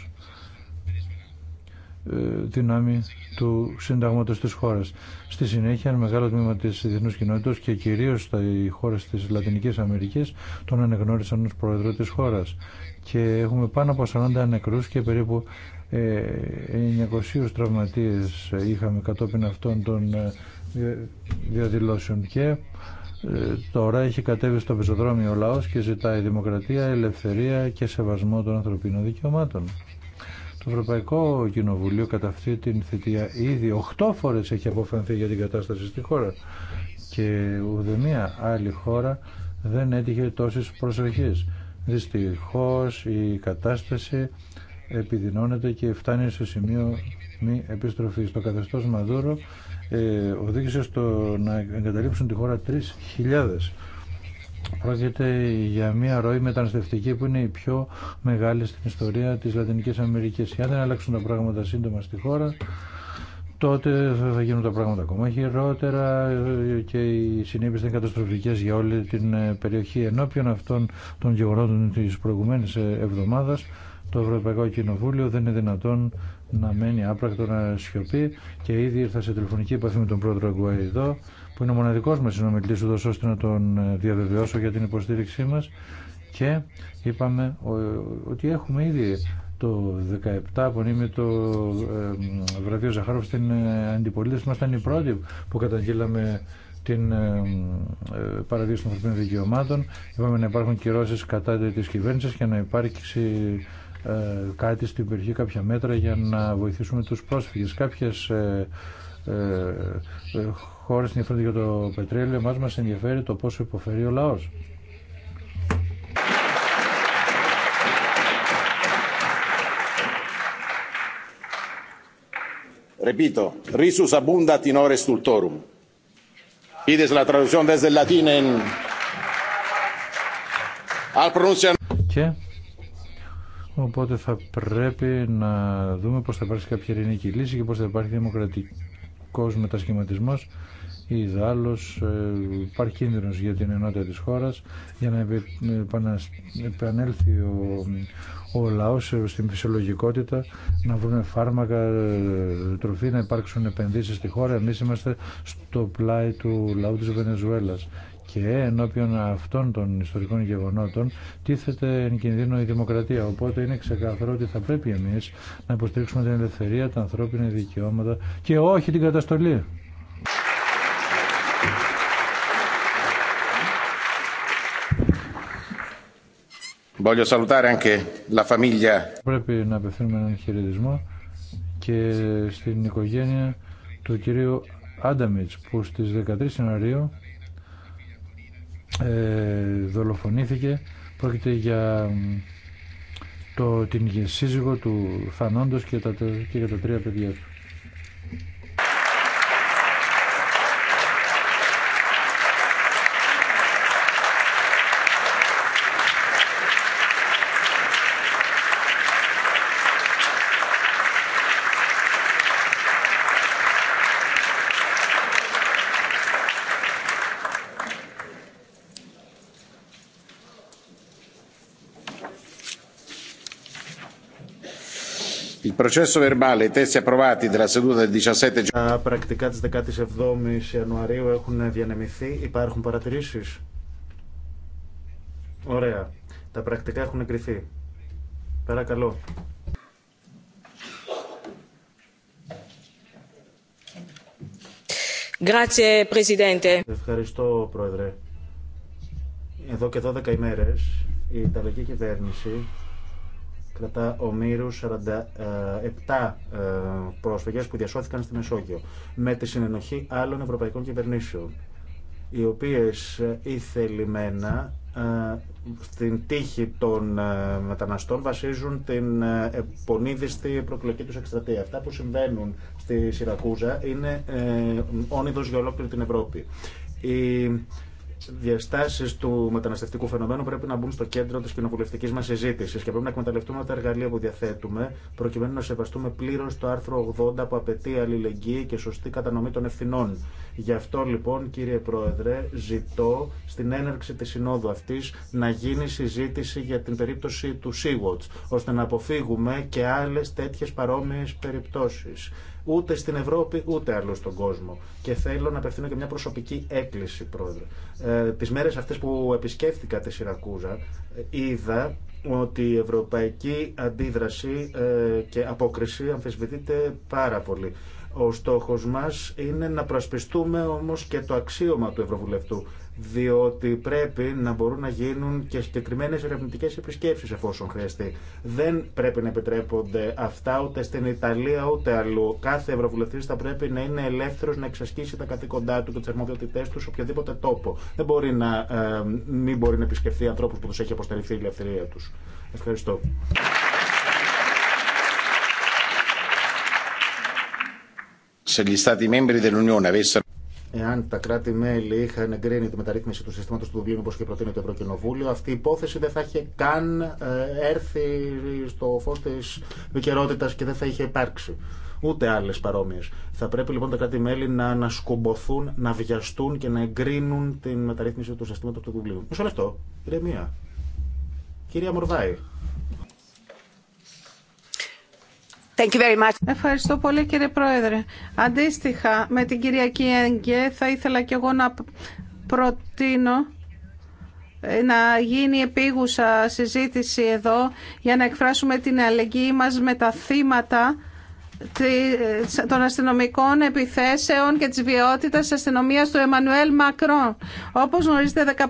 ε, δυνάμει του συνταγματο τη χώρας. Στη συνέχεια, ένα μεγάλο τμήμα τη διεθνούς Κοινότητα και κυρίως οι χώρε της Λατινικής Αμερικής τον ανεγνώρισαν ως πρόεδρο τη χώρας. Και έχουμε πάνω από 40 νεκρούς και περίπου 900 ε, τραυματίε. είχαμε κατόπιν αυτών των ε, διαδηλώσεων και τώρα έχει κατέβει στο πεζοδρόμιο ο λαός και ζητάει δημοκρατία, ελευθερία και σεβασμό των ανθρωπίνων δικαιωμάτων. Το Ευρωπαϊκό Κοινοβουλίο κατά αυτή την θητεία ήδη 8 φορές έχει αποφανθεί για την κατάσταση στη χώρα και ουδεμία άλλη χώρα δεν έτυχε τόσης προσοχή. Δυστυχώς η κατάσταση επιδεινώνεται και φτάνει στο σημείο μη επιστροφής. Το καθεστώς Μαδούρο ε, οδήγησε στο να εγκαταλείψουν τη χώρα 3.000 Πρόκειται για μια ροή μεταναστευτική που είναι η πιο μεγάλη στην ιστορία τη Λατινική Αμερική. αν δεν αλλάξουν τα πράγματα σύντομα στη χώρα, τότε θα γίνουν τα πράγματα ακόμα χειρότερα και οι συνέπειε θα είναι καταστροφικέ για όλη την ε, περιοχή. Ενώπιον αυτών των γεγονότων τη προηγουμένη ε, εβδομάδα, το Ευρωπαϊκό Κοινοβούλιο δεν είναι δυνατόν να μένει άπρακτο να σιωπεί και ήδη ήρθα σε τηλεφωνική επαφή με τον πρόεδρο Γκουαϊδό που είναι ο μοναδικό μα συνομιλητή, ούτω ώστε να τον ε, διαβεβαιώσω για την υποστήριξή μα και είπαμε ότι έχουμε ήδη το 17 που είναι το ε, βραβείο Ζαχάροφ στην ε, αντιπολίτευση μας ήταν η πρώτη που καταγγείλαμε την ε, των ανθρωπίνων δικαιωμάτων. Είπαμε να υπάρχουν κυρώσει κατά τη κυβέρνηση και να υπάρξει κάτι στην περιοχή, κάποια μέτρα για να βοηθήσουμε τους πρόσφυγες. Κάποιες ε, χώρες ενδιαφέρονται για το πετρέλαιο, εμάς μας ενδιαφέρει το πόσο υποφέρει ο λαός. Repito, risus abundat in ores stultorum. Pides la traducción desde el latín en... Al Και οπότε θα πρέπει να δούμε πώς θα υπάρξει κάποια ειρηνική λύση και πώς θα υπάρχει δημοκρατικός μετασχηματισμός ή Άλλο ε, υπάρχει κίνδυνο για την ενότητα της χώρας για να επανέλθει ο, ο λαός στην φυσιολογικότητα να βρούμε φάρμακα, ε, τροφή, να υπάρξουν επενδύσεις στη χώρα. Εμείς είμαστε στο πλάι του λαού της Βενεζουέλας και ενώπιον αυτών των ιστορικών γεγονότων τίθεται εν κινδύνο η δημοκρατία. Οπότε είναι ξεκαθαρό ότι θα πρέπει εμεί να υποστηρίξουμε την ελευθερία, τα ανθρώπινα δικαιώματα και όχι την καταστολή. Voglio Πρέπει να απευθύνουμε έναν χαιρετισμό και στην οικογένεια του κυρίου Άνταμιτς που στις 13 Ιανουαρίου ε, δολοφονήθηκε. Πρόκειται για το, την σύζυγο του Φανόντος και για τα τρία παιδιά του. Τα πρακτικά της 17ης Ιανουαρίου έχουν διανεμηθεί. Υπάρχουν παρατηρήσεις. Ωραία. Τα πρακτικά έχουν εγκριθεί. Παρακαλώ. Ευχαριστώ, Πρόεδρε. Εδώ και 12 ημέρες η Ιταλική κυβέρνηση κρατά ομήρου 47 ε, ε, πρόσφυγε που διασώθηκαν στη Μεσόγειο με τη συνενοχή άλλων ευρωπαϊκών κυβερνήσεων οι οποίες ήθελημένα ε, στην τύχη των μεταναστών βασίζουν την πονίδιστη προκλογική του εκστρατεία. Αυτά που συμβαίνουν στη Σιρακούζα είναι όνειδο για ολόκληρη την Ευρώπη. Η διαστάσει του μεταναστευτικού φαινομένου πρέπει να μπουν στο κέντρο τη κοινοβουλευτική μα συζήτηση και πρέπει να εκμεταλλευτούμε τα εργαλεία που διαθέτουμε προκειμένου να σεβαστούμε πλήρω το άρθρο 80 που απαιτεί αλληλεγγύη και σωστή κατανομή των ευθυνών. Γι' αυτό λοιπόν, κύριε Πρόεδρε, ζητώ στην έναρξη τη συνόδου αυτή να γίνει συζήτηση για την περίπτωση του Sea-Watch, ώστε να αποφύγουμε και άλλε τέτοιε παρόμοιε περιπτώσει ούτε στην Ευρώπη ούτε άλλο στον κόσμο. Και θέλω να απευθύνω και μια προσωπική έκκληση, Πρόεδρε. Ε, τις μέρες αυτές που επισκέφτηκα τη Σιρακούζα, ε, είδα ότι η ευρωπαϊκή αντίδραση ε, και απόκριση αμφισβητείται πάρα πολύ. Ο στόχος μας είναι να προασπιστούμε όμως και το αξίωμα του Ευρωβουλευτού διότι πρέπει να μπορούν να γίνουν και συγκεκριμένε ερευνητικέ επισκέψει εφόσον χρειαστεί. Δεν πρέπει να επιτρέπονται αυτά ούτε στην Ιταλία ούτε αλλού. Κάθε Ευρωβουλευτή θα πρέπει να είναι ελεύθερο να εξασκήσει τα καθήκοντά του και τι αρμοδιότητέ του σε οποιοδήποτε τόπο. Δεν μπορεί να ε, μην μπορεί να επισκεφθεί ανθρώπου που του έχει αποστερηθεί η ελευθερία του. Ευχαριστώ. Εάν τα κράτη-μέλη είχαν εγκρίνει τη μεταρρύθμιση του συστήματο του Δουβλίνου, όπω και προτείνει το Ευρωκοινοβούλιο, αυτή η υπόθεση δεν θα είχε καν ε, έρθει στο φω τη επικαιρότητα και δεν θα είχε υπάρξει. Ούτε άλλε παρόμοιε. Θα πρέπει λοιπόν τα κράτη-μέλη να ανασκομποθούν, να βιαστούν και να εγκρίνουν την μεταρρύθμιση του συστήματο του Δουβλίνου. Μισό λεπτό. Ηρεμία. Κυρία Μορβάη, Ευχαριστώ πολύ κύριε Πρόεδρε. Αντίστοιχα με την Κυριακή έγκαι θα ήθελα και εγώ να προτείνω ε, να γίνει επίγουσα συζήτηση εδώ για να εκφράσουμε την αλληλεγγύη μας με τα θύματα ε, των αστυνομικών επιθέσεων και της βιαιότητας αστυνομίας του Εμμανουέλ Μακρόν. Όπως γνωρίζετε, 15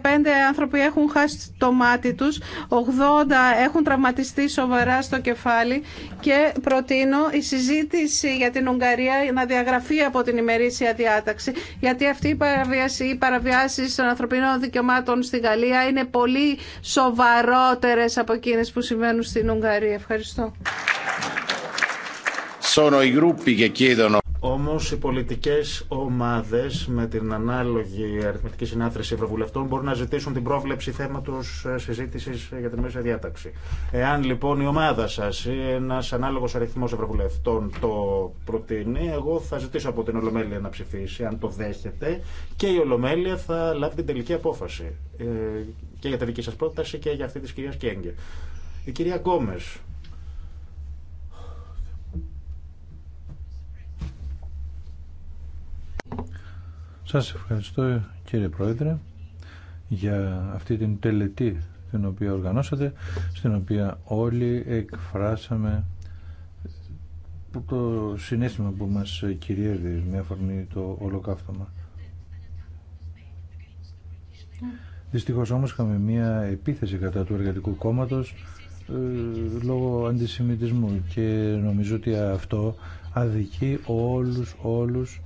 άνθρωποι έχουν χάσει το μάτι τους, 80 έχουν τραυματιστεί σοβαρά στο κεφάλι και προτείνω η συζήτηση για την Ουγγαρία να διαγραφεί από την ημερήσια διάταξη, γιατί αυτή η παραβίαση ή παραβιάσεις των ανθρωπινών δικαιωμάτων στη Γαλλία είναι πολύ σοβαρότερες από εκείνες που συμβαίνουν στην Ουγγαρία. Ευχαριστώ. Sono οι πολιτικέ ομάδε με την ανάλογη αριθμητική συνάθρηση ευρωβουλευτών μπορούν να ζητήσουν την πρόβλεψη θέματο ε, συζήτηση ε, για την μέσα διάταξη. Εάν λοιπόν η ομάδα σα ή ένας ανάλογος αριθμό ευρωβουλευτών το προτείνει, εγώ θα ζητήσω από την Ολομέλεια να ψηφίσει, αν το δέχεται, και η Ολομέλεια θα λάβει την τελική απόφαση. Ε, και για τη δική σα πρόταση και για αυτή τη κυρία Κέγκε. Η κυρία Γκόμες, Σας ευχαριστώ κύριε Πρόεδρε για αυτή την τελετή την οποία οργανώσατε, στην οποία όλοι εκφράσαμε το συνέστημα που μας κυριεύει με αφορμή το ολοκαύτωμα. Δυστυχώς όμως είχαμε μία επίθεση κατά του εργατικού κόμματος ε, λόγω αντισημιτισμού και νομίζω ότι αυτό αδικεί όλους, όλους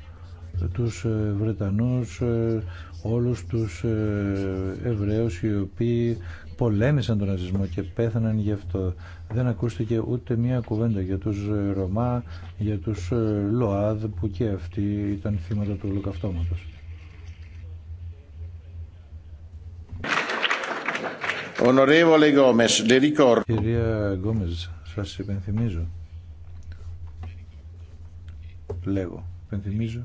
τους ε, Βρετανούς, ε, όλους τους ε, Εβραίους οι οποίοι πολέμησαν τον ναζισμό και πέθαναν γι' αυτό. Δεν ακούστηκε ούτε μία κουβέντα για τους Ρωμά, για τους ΛΟΑΔ που και αυτοί ήταν θύματα του ολοκαυτώματος. Ονορεύολε Γκόμες, Κυρία Γκόμες, σας υπενθυμίζω. Λέγω, υπενθυμίζω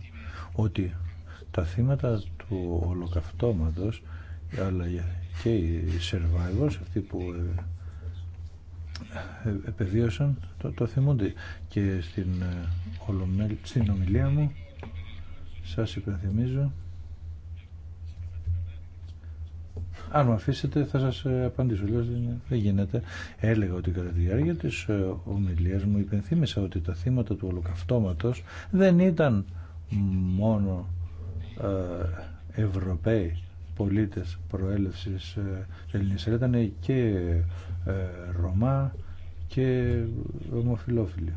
ότι τα θύματα του ολοκαυτώματος αλλά και οι survivors, αυτοί που ε, ε, επεβίωσαν, το, το θυμούνται. Και στην, ε, στην ομιλία μου σας υπενθυμίζω αν μου αφήσετε θα σας απαντήσω. Λέω, δεν γίνεται. Έλεγα ότι κατά τη διάρκεια της ομιλίας μου υπενθύμησα ότι τα θύματα του ολοκαυτώματος δεν ήταν μόνο ε, Ευρωπαίοι πολίτες προέλευσης ελληνική Ήταν και ε, Ρωμά και ομοφιλόφιλοι.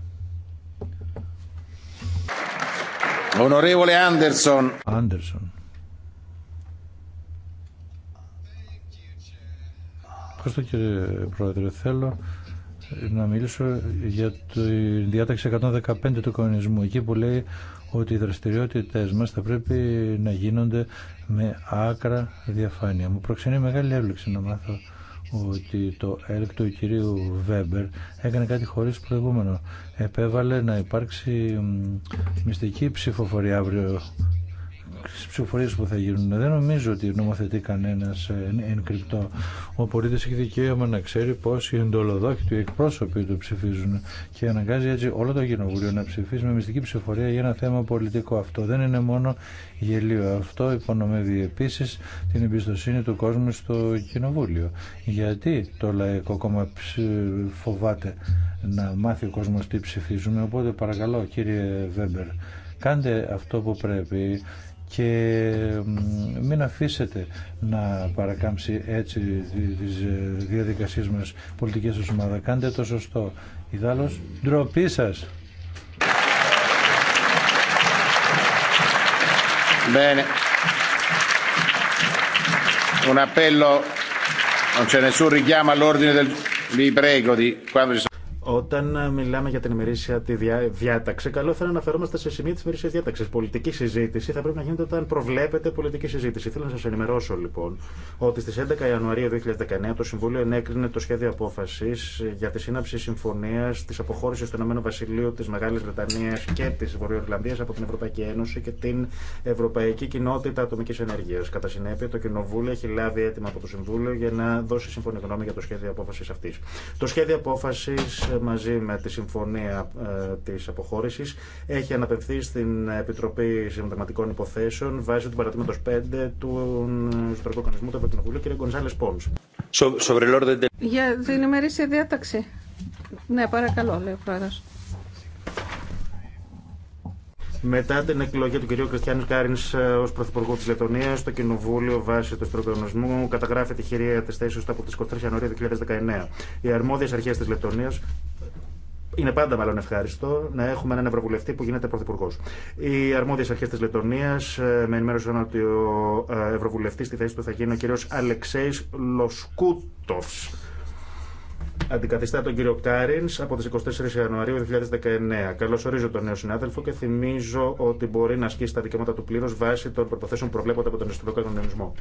Ονορεύολε Άντερσον. Άντερσον. Ευχαριστώ κύριε Πρόεδρε. Θέλω να μιλήσω για τη διάταξη 115 του οικονομισμού εκεί που λέει ότι οι δραστηριότητες μας θα πρέπει να γίνονται με άκρα διαφάνεια. Μου προξενεί μεγάλη έβλεξη να μάθω ότι το έλεγχο του κυρίου Βέμπερ έκανε κάτι χωρίς προηγούμενο. Επέβαλε να υπάρξει μυστική ψηφοφορία αύριο τις ψηφοφορίες που θα γίνουν. Δεν νομίζω ότι νομοθετεί κανένα εν, κρυπτό. Ο πολίτη έχει δικαίωμα να ξέρει πω οι εντολοδόκοι του οι εκπρόσωποι του ψηφίζουν και αναγκάζει έτσι όλο το κοινοβούλιο να ψηφίσει με μυστική ψηφορία για ένα θέμα πολιτικό. Αυτό δεν είναι μόνο γελίο. Αυτό υπονομεύει επίση την εμπιστοσύνη του κόσμου στο κοινοβούλιο. Γιατί το Λαϊκό Κόμμα φοβάται να μάθει ο κόσμο τι ψηφίζουμε. Οπότε παρακαλώ κύριε Βέμπερ, κάντε αυτό που πρέπει και μην αφήσετε να παρακάμψει έτσι τις ε, διαδικασίες μας πολιτικές σας ομάδα. Κάντε το σωστό. Ιδάλλως, ντροπή σας. Bene. Un appello, non c'è nessun richiamo all'ordine del... Vi prego di quando ci sono... Όταν μιλάμε για την ημερήσια τη διά, διάταξη, καλό θα είναι να αναφερόμαστε σε σημεία τη ημερήσια διάταξη. Πολιτική συζήτηση θα πρέπει να γίνεται όταν προβλέπεται πολιτική συζήτηση. Θέλω να σα ενημερώσω λοιπόν ότι στι 11 Ιανουαρίου 2019 το Συμβούλιο ενέκρινε το σχέδιο απόφαση για τη σύναψη συμφωνία τη αποχώρηση του ΕΒ Βασιλείου, τη Μεγάλη Βρετανία και τη Βορειοϊρλανδία από την Ευρωπαϊκή Ένωση και την Ευρωπαϊκή Κοινότητα Ατομική Ενέργεια. Κατά συνέπεια, το Κοινοβούλιο έχει λάβει έτοιμα από το Συμβούλιο για να δώσει σύμφωνη γνώμη για το σχέδιο απόφαση αυτή. Το σχέδιο απόφαση μαζί με τη συμφωνία ε, της αποχώρησης έχει αναπευθεί στην Επιτροπή Συνταγματικών Υποθέσεων βάσει του παρατήματος 5 του Ιστορικού ε, Κανονισμού του Ευρωκοινοβουλίου κ. Γκονζάλες Πόνς. Για την ημερήσια διάταξη. Ναι, παρακαλώ, λέει ο πρόεδρος. Μετά την εκλογή του κυρίου Κριστιανού Κάριν ε, ω Πρωθυπουργού τη Λετωνία, το Κοινοβούλιο βάσει του στρογγονισμού καταγράφει τη χειρία τη θέση του από τι 23 Ιανουαρίου 2019. Οι αρμόδιε αρχέ τη Λετωνία είναι πάντα μάλλον ευχάριστο να έχουμε έναν Ευρωβουλευτή που γίνεται Πρωθυπουργό. Οι αρμόδιε αρχέ τη Λετωνία ε, με ενημέρωσαν ότι ο ε, Ευρωβουλευτή στη θέση του θα γίνει ο κ. Αλεξέη Λοσκούτοφ Αντικαθιστά τον κύριο Κάριν από τι 24 Ιανουαρίου 2019. Καλώ ορίζω τον νέο συνάδελφο και θυμίζω ότι μπορεί να ασκήσει τα δικαιώματα του πλήρω βάσει των προποθέσεων προβλέποντα από τον ιστορικό Κανονισμό.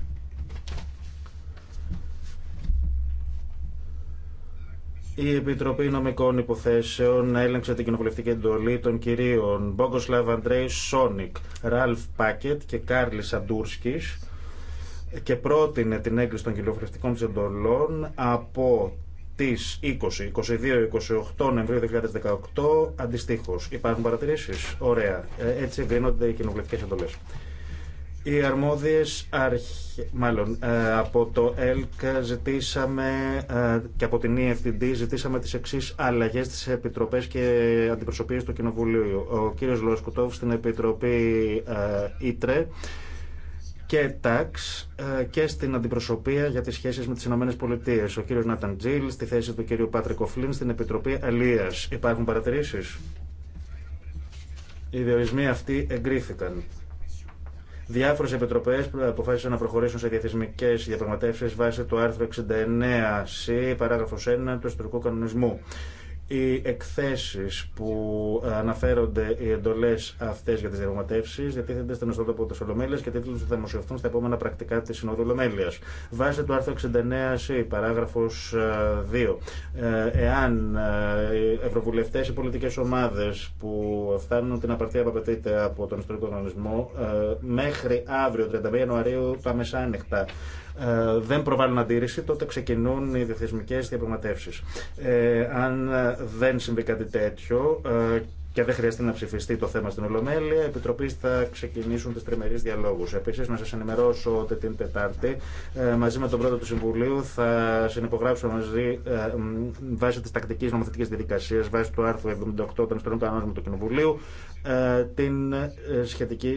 Η Επιτροπή Νομικών Υποθέσεων έλεγξε την κοινοβουλευτική εντολή των κυρίων Μπόγκοσλαβ Αντρέη Σόνικ, Ραλφ Πάκετ και Κάρλι Αντούρσκη και πρότεινε την έγκριση των κοινοβουλευτικών εντολών από Τη 20, 22, 28 Νοεμβρίου 2018 αντιστοίχω. Υπάρχουν παρατηρήσει. Ωραία. Ε, έτσι εγκρίνονται οι κοινοβουλευτικέ εντολέ. Οι αρμόδιε, αρχέ, μάλλον ε, από το ΕΛΚ ζητήσαμε ε, και από την EFTD ζητήσαμε τι εξή αλλαγέ στι επιτροπέ και αντιπροσωπείε του Κοινοβουλίου. Ο κύριος Λοσκουτόφ στην Επιτροπή ε, και τάξ ε, και στην αντιπροσωπεία για τις σχέσεις με τις ΗΠΑ. Ο κύριος Νάταν Τζίλ στη θέση του κύριου Πάτρικο Φλίν στην Επιτροπή Αλίας. Υπάρχουν παρατηρήσεις. Οι διορισμοί αυτοί εγκρίθηκαν. Διάφορε επιτροπέ αποφάσισαν να προχωρήσουν σε διαθεσμικέ διαπραγματεύσει βάσει του άρθρου 69 C, παράγραφο 1 του ιστορικού κανονισμού οι εκθέσεις που αναφέρονται οι εντολές αυτές για τις διαπραγματεύσεις διατίθενται στον ιστότοπο της Ολομέλειας και τίτλους θα δημοσιευθούν στα επόμενα πρακτικά της Συνόδου Ολομέλειας. Βάσει το αρθρο 69 69C, παράγραφος 2, ε, ε, εάν οι ε, ευρωβουλευτές ή πολιτικές ομάδες που φτάνουν την απαρτία που απαιτείται από τον ιστορικό κανονισμό μέχρι αύριο 31 Ιανουαρίου τα μεσάνυχτα ε, δεν προβάλλουν αντίρρηση, τότε ξεκινούν οι διεθνισμικέ διαπραγματεύσει. Ε, αν δεν συμβεί κάτι τέτοιο ε, και δεν χρειαστεί να ψηφιστεί το θέμα στην Ολομέλεια. Οι επιτροπή θα ξεκινήσουν τι τριμερεί διαλόγου. Επίση, να σα ενημερώσω ότι την Τετάρτη ε, μαζί με τον πρόεδρο του Συμβουλίου θα συνυπογράψουμε μαζί βάσει τη τακτική νομοθετική διαδικασία, βάσει του άρθρου 78 των Ιστορικών Κανόνων του Κοινοβουλίου,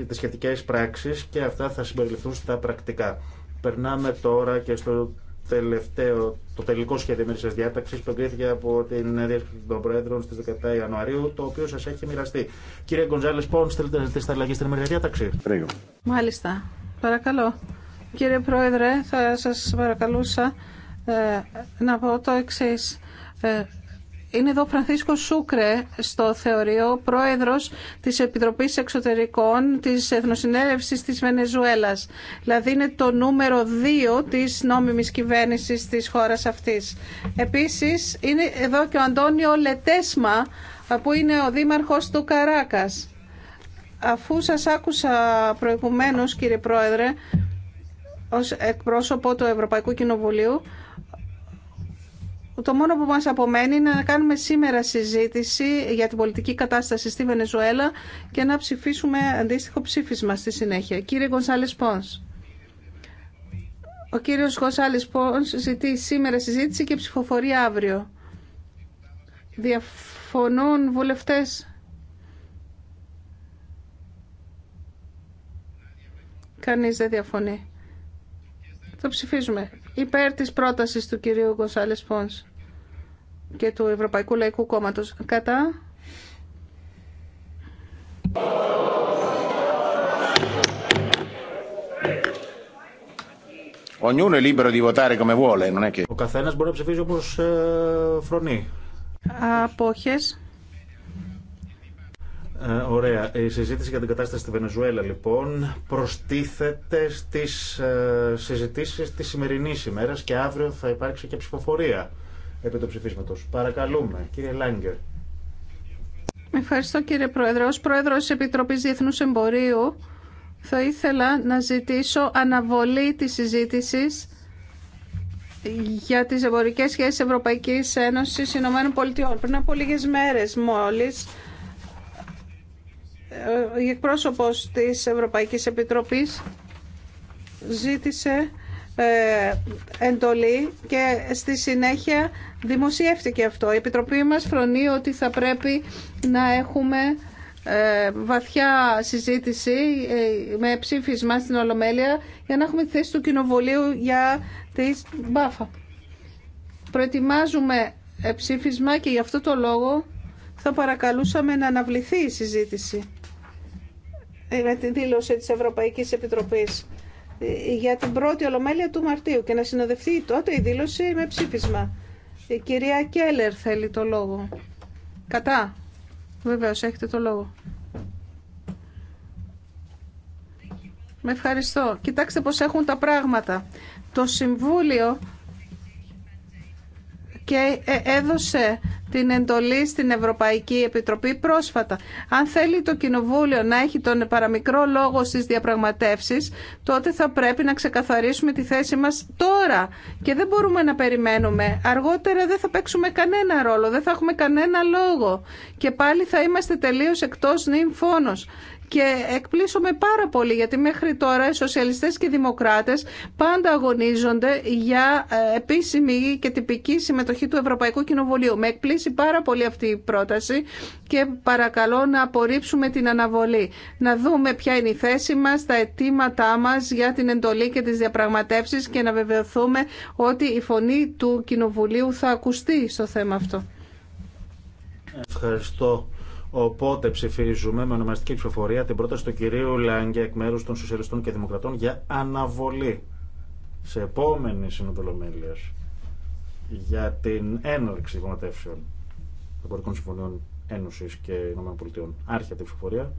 τι σχετικέ πράξει και αυτά θα συμπεριληφθούν στα πρακτικά. Περνάμε τώρα και στο τελευταίο, το τελικό σχέδιο μερικής διάταξης που εγκρίθηκε από την Διευθυντή των Προέδρων στις 17 Ιανουαρίου, το οποίο σας έχει μοιραστεί. Κύριε Γκονζάλες Πόντς, θέλετε να ζητήσετε αλλαγή στην ημερική διάταξη. Μάλιστα. Παρακαλώ. Κύριε Πρόεδρε, θα σας παρακαλούσα ε, να πω το εξής. Ε, είναι εδώ ο Φρανθίσκο Σούκρε στο θεωρείο, πρόεδρος της Επιτροπής Εξωτερικών της Εθνοσυνέλευσης της Βενεζουέλας. Δηλαδή είναι το νούμερο 2 της νόμιμης κυβέρνησης της χώρας αυτής. Επίσης είναι εδώ και ο Αντώνιο Λετέσμα που είναι ο δήμαρχος του Καράκας. Αφού σας άκουσα προηγουμένως κύριε Πρόεδρε, ως εκπρόσωπο του Ευρωπαϊκού Κοινοβουλίου, το μόνο που μας απομένει είναι να κάνουμε σήμερα συζήτηση για την πολιτική κατάσταση στη Βενεζουέλα και να ψηφίσουμε αντίστοιχο ψήφισμα στη συνέχεια. Κύριε Γκονσάλες Πόνς. Ο κύριος Γκονσάλες Πόνς ζητεί σήμερα συζήτηση και ψηφοφορία αύριο. Διαφωνούν βουλευτές. Κανείς δεν διαφωνεί. Το ψηφίζουμε υπέρ της πρότασης του κυρίου Γκοσάλες Πόνς και του Ευρωπαϊκού Λαϊκού Κόμματος. Κατά. Ο καθένας μπορεί να ψηφίζει όπως ε, φρονεί. Απόχες. Ε, ωραία. Η συζήτηση για την κατάσταση στη Βενεζουέλα, λοιπόν, προστίθεται στις ε, συζητήσει τη σημερινή ημέρα και αύριο θα υπάρξει και ψηφοφορία επί του ψηφίσματος. Παρακαλούμε, κύριε Λάγκερ. Ευχαριστώ, κύριε Πρόεδρε. Ω Πρόεδρος τη Επιτροπής Διεθνούς Εμπορίου, θα ήθελα να ζητήσω αναβολή της συζήτηση για τις εμπορικές σχέσεις Ευρωπαϊκής Ένωσης Ηνωμένων Πολιτειών. Πριν από λίγες μέρες ο ε, εκπρόσωπος της Ευρωπαϊκής Επιτροπής ζήτησε ε, εντολή και στη συνέχεια δημοσιεύτηκε αυτό. Η Επιτροπή μας φρονεί ότι θα πρέπει να έχουμε ε, βαθιά συζήτηση με ψήφισμα στην Ολομέλεια για να έχουμε τη θέση του Κοινοβουλίου για τη Μπάφα. Προετοιμάζουμε ψήφισμα και γι' αυτό το λόγο θα παρακαλούσαμε να αναβληθεί η συζήτηση ε, με την δήλωση της Ευρωπαϊκής Επιτροπής ε, για την πρώτη ολομέλεια του Μαρτίου και να συνοδευτεί τότε η δήλωση με ψήφισμα. Η κυρία Κέλλερ θέλει το λόγο. Κατά. Βεβαίως, έχετε το λόγο. Με ευχαριστώ. Κοιτάξτε πώς έχουν τα πράγματα. Το Συμβούλιο και ε, έδωσε την εντολή στην Ευρωπαϊκή Επιτροπή πρόσφατα. Αν θέλει το Κοινοβούλιο να έχει τον παραμικρό λόγο στις διαπραγματεύσεις, τότε θα πρέπει να ξεκαθαρίσουμε τη θέση μας τώρα και δεν μπορούμε να περιμένουμε. Αργότερα δεν θα παίξουμε κανένα ρόλο, δεν θα έχουμε κανένα λόγο και πάλι θα είμαστε τελείως εκτός νυμφώνος και εκπλήσωμαι πάρα πολύ γιατί μέχρι τώρα οι σοσιαλιστές και οι δημοκράτες πάντα αγωνίζονται για ε, επίσημη και τυπική συμμετοχή του Ευρωπαϊκού Κοινοβουλίου. Με εκπλήσει πάρα πολύ αυτή η πρόταση και παρακαλώ να απορρίψουμε την αναβολή. Να δούμε ποια είναι η θέση μας, τα αιτήματά μας για την εντολή και τις διαπραγματεύσεις και να βεβαιωθούμε ότι η φωνή του Κοινοβουλίου θα ακουστεί στο θέμα αυτό. Ευχαριστώ Οπότε ψηφίζουμε με ονομαστική ψηφοφορία την πρόταση του κυρίου Λάγκια εκ μέρου των Σοσιαλιστών και Δημοκρατών για αναβολή σε επόμενη συνοδολομέλεια για την έναρξη των εμπορικών συμφωνιών Ένωση και ΗΠΑ. Άρχεται την ψηφοφορία.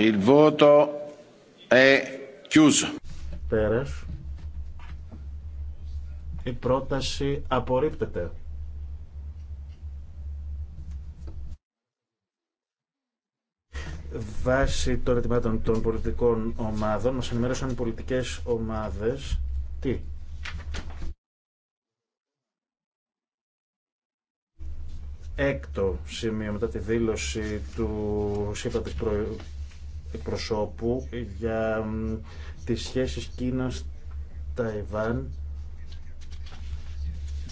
Il Η πρόταση απορρίπτεται. Βάσει των ετοιμάτων των πολιτικών ομάδων, μας ενημέρωσαν οι πολιτικές ομάδες. Τι? Έκτο σημείο μετά τη δήλωση του ΣΥΠΑ της προ για τις σχέσεις Κίνας-Ταϊβάν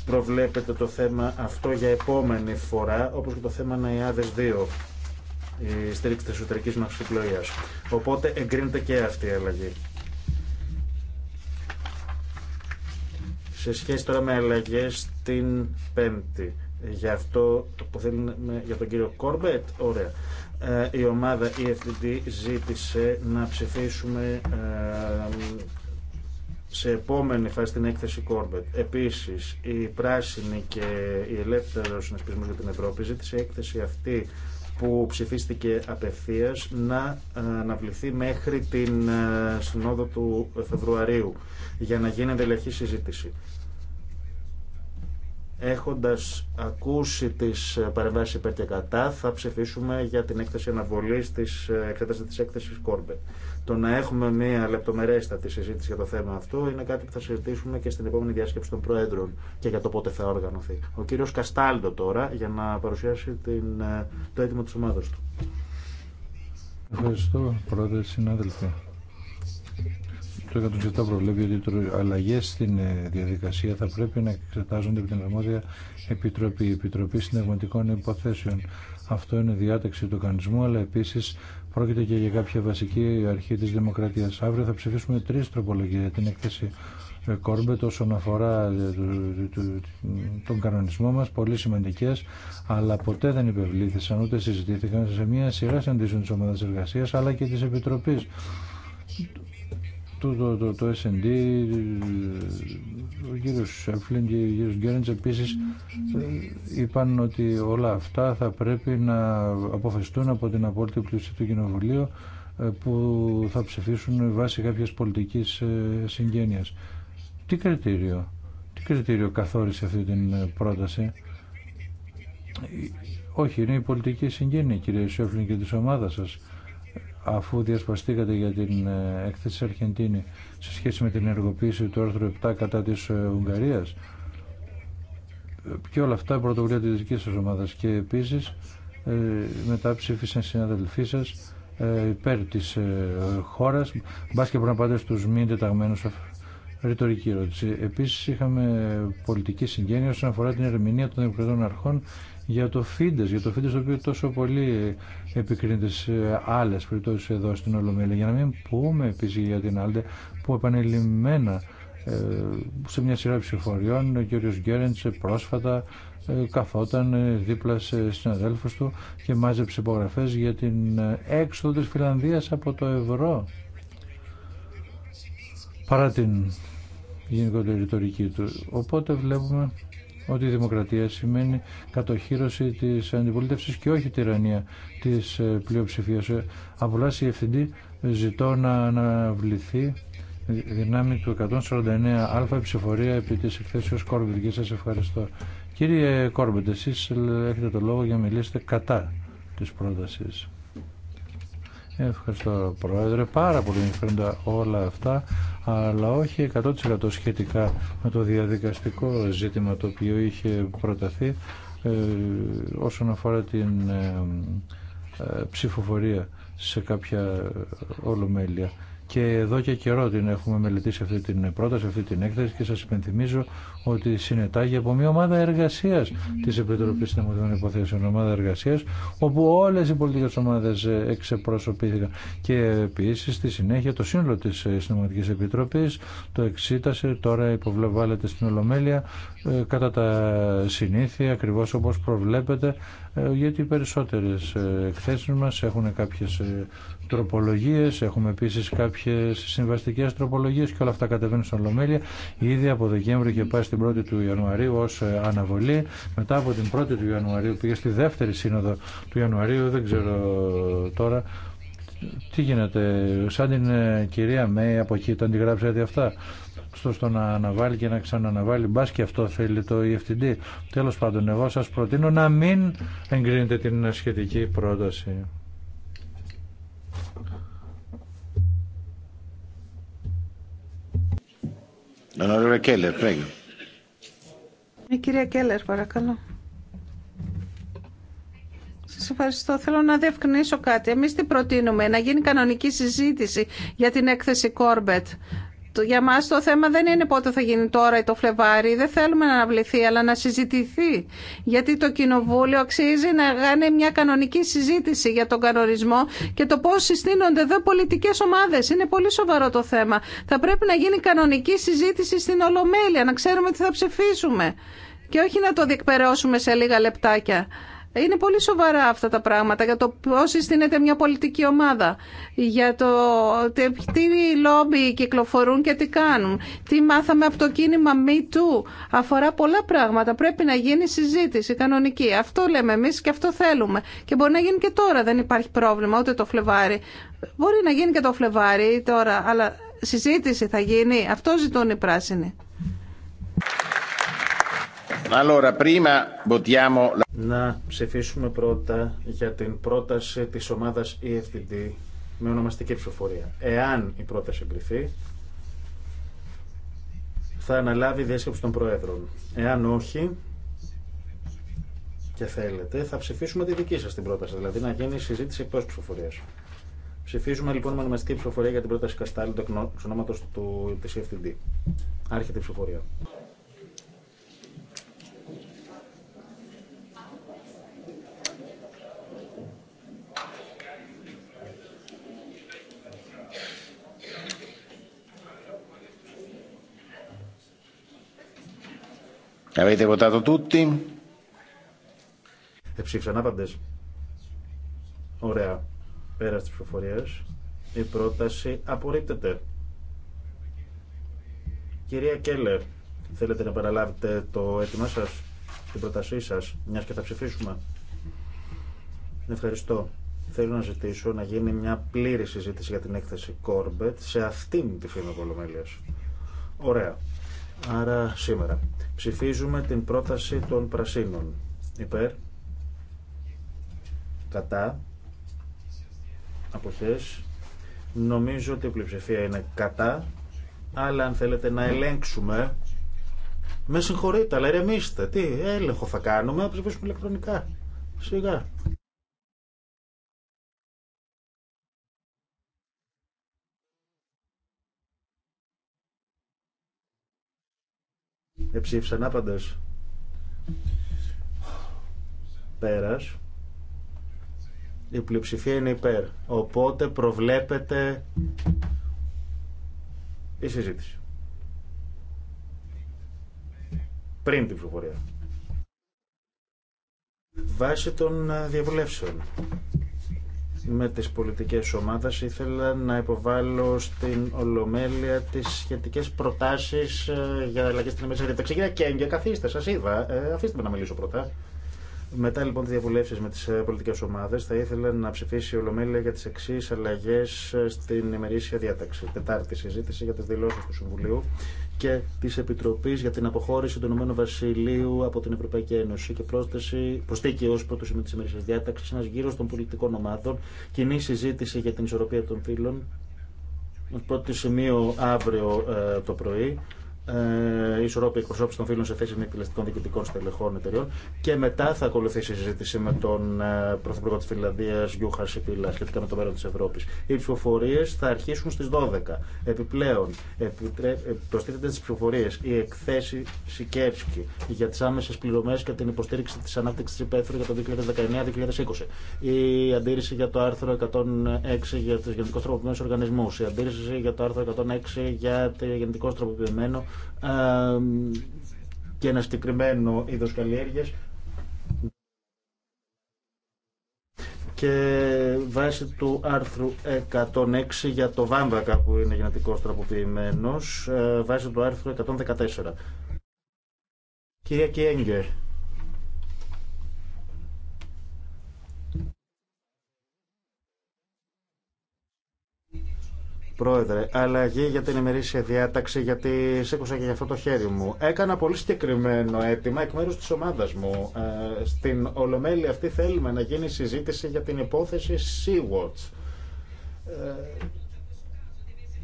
προβλέπετε το θέμα αυτό για επόμενη φορά, όπως και το θέμα ΝΑΙΑΔΕΣ 2, η στήριξη της εσωτερικής μας Οπότε εγκρίνεται και αυτή η αλλαγή. Σε σχέση τώρα με αλλαγέ την Πέμπτη, για αυτό που θέλουμε για τον κύριο Κόρμπετ, ωραία. Ε, η ομάδα EFTD ζήτησε να ψηφίσουμε ε, σε επόμενη φάση την έκθεση Κόρμπετ. Επίσης, η Πράσινη και η Ελεύθερο Συνασπισμός για την Ευρώπη ζήτησε η έκθεση αυτή που ψηφίστηκε απευθείας να αναβληθεί μέχρι την ε, συνόδο του Φεβρουαρίου για να γίνεται ελεγχή συζήτηση έχοντας ακούσει τις παρεμβάσεις υπέρ και κατά, θα ψηφίσουμε για την έκθεση αναβολής της ε, εξέταση της έκθεσης Κόρμπε. Το να έχουμε μια λεπτομερέστατη συζήτηση για το θέμα αυτό είναι κάτι που θα συζητήσουμε και στην επόμενη διάσκεψη των Προέδρων και για το πότε θα οργανωθεί. Ο κύριος Καστάλντο τώρα για να παρουσιάσει την, ε, το έτοιμο της ομάδας του. Ευχαριστώ, πρόεδρε συνάδελφοι. Το 107 προβλέπει ότι αλλαγέ στην ε, διαδικασία θα πρέπει να εξετάζονται από την αρμόδια Επιτροπή, Επιτροπή Συνεργματικών Υποθέσεων. Αυτό είναι διάταξη του κανονισμού, αλλά επίση πρόκειται και για κάποια βασική αρχή τη δημοκρατία. Αύριο θα ψηφίσουμε τρει τροπολογίε για την έκθεση ε, Κόρμπετ όσον αφορά ε, τον κανονισμό μα, πολύ σημαντικέ, αλλά ποτέ δεν υπευλήθησαν ούτε συζητήθηκαν σε μια σειρά συναντήσεων τη ομάδα εργασία, αλλά και τη επιτροπή το, το, το, το S&D, ο κύριος Σέφλιν και ο κύριος Γκέρντς επίσης είπαν ότι όλα αυτά θα πρέπει να αποφασιστούν από την απόλυτη πλειοψηφία του Κοινοβουλίου ε, που θα ψηφίσουν βάσει κάποιες πολιτικής ε, συγγένειας. Τι κριτήριο, τι κριτήριο καθόρισε αυτή την ε, πρόταση. Όχι, είναι η πολιτική συγγένεια κύριε Σέφλιν και της ομάδας σας αφού διασπαστήκατε για την ε, έκθεση Αρχεντίνη σε σχέση με την ενεργοποίηση του άρθρου 7 κατά της ε, Ουγγαρίας ε, και όλα αυτά πρωτοβουλία της δικής σας ομάδας και επίσης μετά ψήφισαν συναδελφοί σας υπέρ της χώρας μπας και πρέπει να πάτε στους μη εντεταγμένους Ρητορική ερώτηση. Επίσης είχαμε πολιτική συγγένεια όσον αφορά την ερμηνεία των δημοκρατών αρχών για το Φίντες, για το Φίντες το οποίο τόσο πολύ επικρίνεται σε άλλες περιπτώσεις εδώ στην Ολομέλεια για να μην πούμε επίσης για την Άλτε που επανειλημμένα ε, σε μια σειρά ψηφοριών ο κύριος Γκέρεντς πρόσφατα ε, καθόταν ε, δίπλα σε συναδέλφους του και μάζεψε υπογραφέ για την έξοδο της Φιλανδίας από το ευρώ παρά την γενικότερη ρητορική του. Οπότε βλέπουμε ότι η δημοκρατία σημαίνει κατοχήρωση της αντιπολίτευσης και όχι τυραννία της ε, πλειοψηφίας. Ε, Από η ευθυντή ε, ζητώ να αναβληθεί δυνάμει του 149α ψηφορία επί της εκθέσεως Κόρμπετ και σας ευχαριστώ. Κύριε Κόρμπετ, εσείς έχετε το λόγο για να μιλήσετε κατά της πρότασης. Ευχαριστώ Πρόεδρε. Πάρα πολύ ενδιαφέροντα όλα αυτά, αλλά όχι 100% σχετικά με το διαδικαστικό ζήτημα το οποίο είχε προταθεί ε, όσον αφορά την ε, ε, ψηφοφορία σε κάποια ε, ολομέλεια. Και εδώ και καιρό την έχουμε μελετήσει αυτή την πρόταση, αυτή την έκθεση και σας υπενθυμίζω ότι συνετάγει από μια ομάδα εργασίας της Επιτροπής Συνεμωτικών Υποθέσεων, ομάδα εργασίας, όπου όλες οι πολιτικές ομάδες ε, εξεπροσωπήθηκαν. Και επίσης στη συνέχεια το σύνολο της ε, Συνεμωτικής Επιτροπής το εξήτασε, τώρα υποβλεβάλλεται στην Ολομέλεια ε, κατά τα συνήθεια, ακριβώς όπως προβλέπετε, γιατί οι περισσότερες εκθέσεις μας έχουν κάποιες τροπολογίες, έχουμε επίση κάποιες συμβαστικές τροπολογίες και όλα αυτά κατεβαίνουν στην Ολομέλεια. Ήδη από Δεκέμβρη και πάει στην 1η του Ιανουαρίου ως ε, αναβολή. Μετά από την 1η του Ιανουαρίου πήγε στη δεύτερη σύνοδο του Ιανουαρίου, δεν ξέρω τώρα τι γίνεται, σαν την ε, κυρία Μέη από εκεί, το αντιγράψατε αυτά στο, στο να αναβάλει και να ξαναναβάλει. Μπα και αυτό θέλει το EFTD. Τέλο πάντων, εγώ σα προτείνω να μην εγκρίνετε την σχετική πρόταση. Η ε, κυρία Κέλλερ, παρακαλώ. Σα ευχαριστώ. Θέλω να διευκρινίσω κάτι. Εμεί τι προτείνουμε, να γίνει κανονική συζήτηση για την έκθεση Κόρμπετ για μας το θέμα δεν είναι πότε θα γίνει τώρα ή το Φλεβάρι. Δεν θέλουμε να αναβληθεί, αλλά να συζητηθεί. Γιατί το Κοινοβούλιο αξίζει να κάνει μια κανονική συζήτηση για τον κανονισμό και το πώς συστήνονται εδώ πολιτικές ομάδες. Είναι πολύ σοβαρό το θέμα. Θα πρέπει να γίνει κανονική συζήτηση στην Ολομέλεια, να ξέρουμε τι θα ψηφίσουμε. Και όχι να το διεκπαιρεώσουμε σε λίγα λεπτάκια. Είναι πολύ σοβαρά αυτά τα πράγματα για το πώ συστήνεται μια πολιτική ομάδα, για το τι λόμπι κυκλοφορούν και τι κάνουν, τι μάθαμε από το κίνημα Me Too. Αφορά πολλά πράγματα. Πρέπει να γίνει συζήτηση κανονική. Αυτό λέμε εμεί και αυτό θέλουμε. Και μπορεί να γίνει και τώρα, δεν υπάρχει πρόβλημα, ούτε το Φλεβάρι. Μπορεί να γίνει και το Φλεβάρι τώρα, αλλά συζήτηση θα γίνει. Αυτό ζητούν οι πράσινοι. Να ψηφίσουμε πρώτα για την πρόταση της ομάδας EFTD με ονομαστική ψηφοφορία. Εάν η πρόταση εγκριθεί, θα αναλάβει η διάσκεψη των Προέδρων. Εάν όχι και θέλετε, θα ψηφίσουμε τη δική σας την πρόταση, δηλαδή να γίνει συζήτηση εκτός ψηφοφορίας. Ψηφίζουμε λοιπόν με ονομαστική ψηφοφορία για την πρόταση Καστάλη του ονόματο του τη EFTD. Άρχεται η ψηφοφορία. Avete votato tutti? Εψήφισαν άπαντες. Ωραία. Πέρα στις προφορίες. Η πρόταση απορρίπτεται. Κυρία Κέλλερ, θέλετε να παραλάβετε το έτοιμά σας, την πρότασή σας, μιας και θα ψηφίσουμε. Ευχαριστώ. Θέλω να ζητήσω να γίνει μια πλήρη συζήτηση για την έκθεση Κόρμπετ σε αυτήν τη φήμη Πολομέλειας. Ωραία. Άρα σήμερα ψηφίζουμε την πρόταση των πρασίνων. Υπέρ. Κατά. Αποχές. Νομίζω ότι η πλειοψηφία είναι κατά. Αλλά αν θέλετε να ελέγξουμε... Με συγχωρείτε, αλλά ηρεμήστε. Τι έλεγχο θα κάνουμε, να ψηφίσουμε ηλεκτρονικά. Σιγά. Εψήφισαν άπαντε. Πέρας. Η πλειοψηφία είναι υπέρ. Οπότε προβλέπεται η συζήτηση. Πριν την ψηφοφορία. Βάσει των ε, διαβουλεύσεων με τις πολιτικές ομάδες ήθελα να υποβάλω στην Ολομέλεια τις σχετικές προτάσεις ε, για αλλαγές στην ημερήσια διαταξη. Και έγκαια, καθίστε, σας είδα. Ε, αφήστε με να μιλήσω πρώτα. Μετά λοιπόν τι διαβουλεύσει με τι ε, πολιτικέ ομάδε, θα ήθελα να ψηφίσει η Ολομέλεια για τι εξή αλλαγέ στην ημερήσια διάταξη. Τετάρτη συζήτηση για τι δηλώσει του Συμβουλίου και τη Επιτροπή για την αποχώρηση του Ηνωμένου Βασιλείου από την Ευρωπαϊκή Ένωση και πρόσθεση, προσθήκη ω πρώτο σημείο της ημερήσιας διάταξης ένα γύρο των πολιτικών ομάδων, κοινή συζήτηση για την ισορροπία των φύλων, πρώτο σημείο αύριο ε, το πρωί ε, ισορρόπη εκπροσώπηση των φίλων σε θέση με εκτελεστικών διοικητικών στελεχών εταιριών. Και μετά θα ακολουθήσει η συζήτηση με τον ε, Πρωθυπουργό τη Φιλανδία, Γιούχα Σιπίλα, σχετικά με το μέλλον τη Ευρώπη. Οι ψηφοφορίε θα αρχίσουν στι 12. Επιπλέον, ε, προστίθεται στι ψηφοφορίε η εκθέση Σικέρσκι για τι άμεσε πληρωμέ και την υποστήριξη τη ανάπτυξη τη υπαίθρου για το 2019-2020. Η αντίρρηση για το άρθρο 106 για του γενικώ τροποποιημένου οργανισμού. Η για το άρθρο 106 για το γενικώ τροποποιημένο και ένα συγκεκριμένο είδος καλλιέργειας και βάσει του άρθρου 106 για το βάμβακα που είναι γενετικό τραποποιημένος ε, βάσει του άρθρου 114. Κυρία Κιέγγε, Πρόεδρε, αλλαγή για την ημερήσια διάταξη, γιατί σήκωσα και γι' αυτό το χέρι μου. Έκανα πολύ συγκεκριμένο αίτημα εκ μέρου τη ομάδα μου. Ε, στην Ολομέλη αυτή θέλουμε να γίνει συζήτηση για την υπόθεση Sea-Watch. Ε,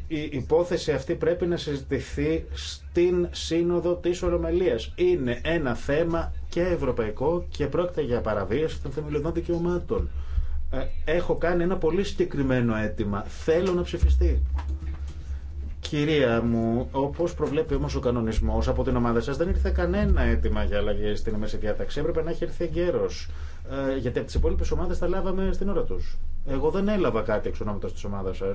η υπόθεση αυτή πρέπει να συζητηθεί στην Σύνοδο της Ολομελίας. Είναι ένα θέμα και ευρωπαϊκό και πρόκειται για παραβίαση των θεμελιωδών δικαιωμάτων. Ε, έχω κάνει ένα πολύ συγκεκριμένο αίτημα. Θέλω να ψηφιστεί. Κυρία μου, όπω προβλέπει όμω ο κανονισμό, από την ομάδα σα δεν ήρθε κανένα αίτημα για αλλαγέ στην μέση διάταξη. Έπρεπε να έχει έρθει εγκαίρω. Ε, γιατί από τι υπόλοιπε ομάδε τα λάβαμε στην ώρα του. Εγώ δεν έλαβα κάτι εξ ονόματο τη ομάδα σα.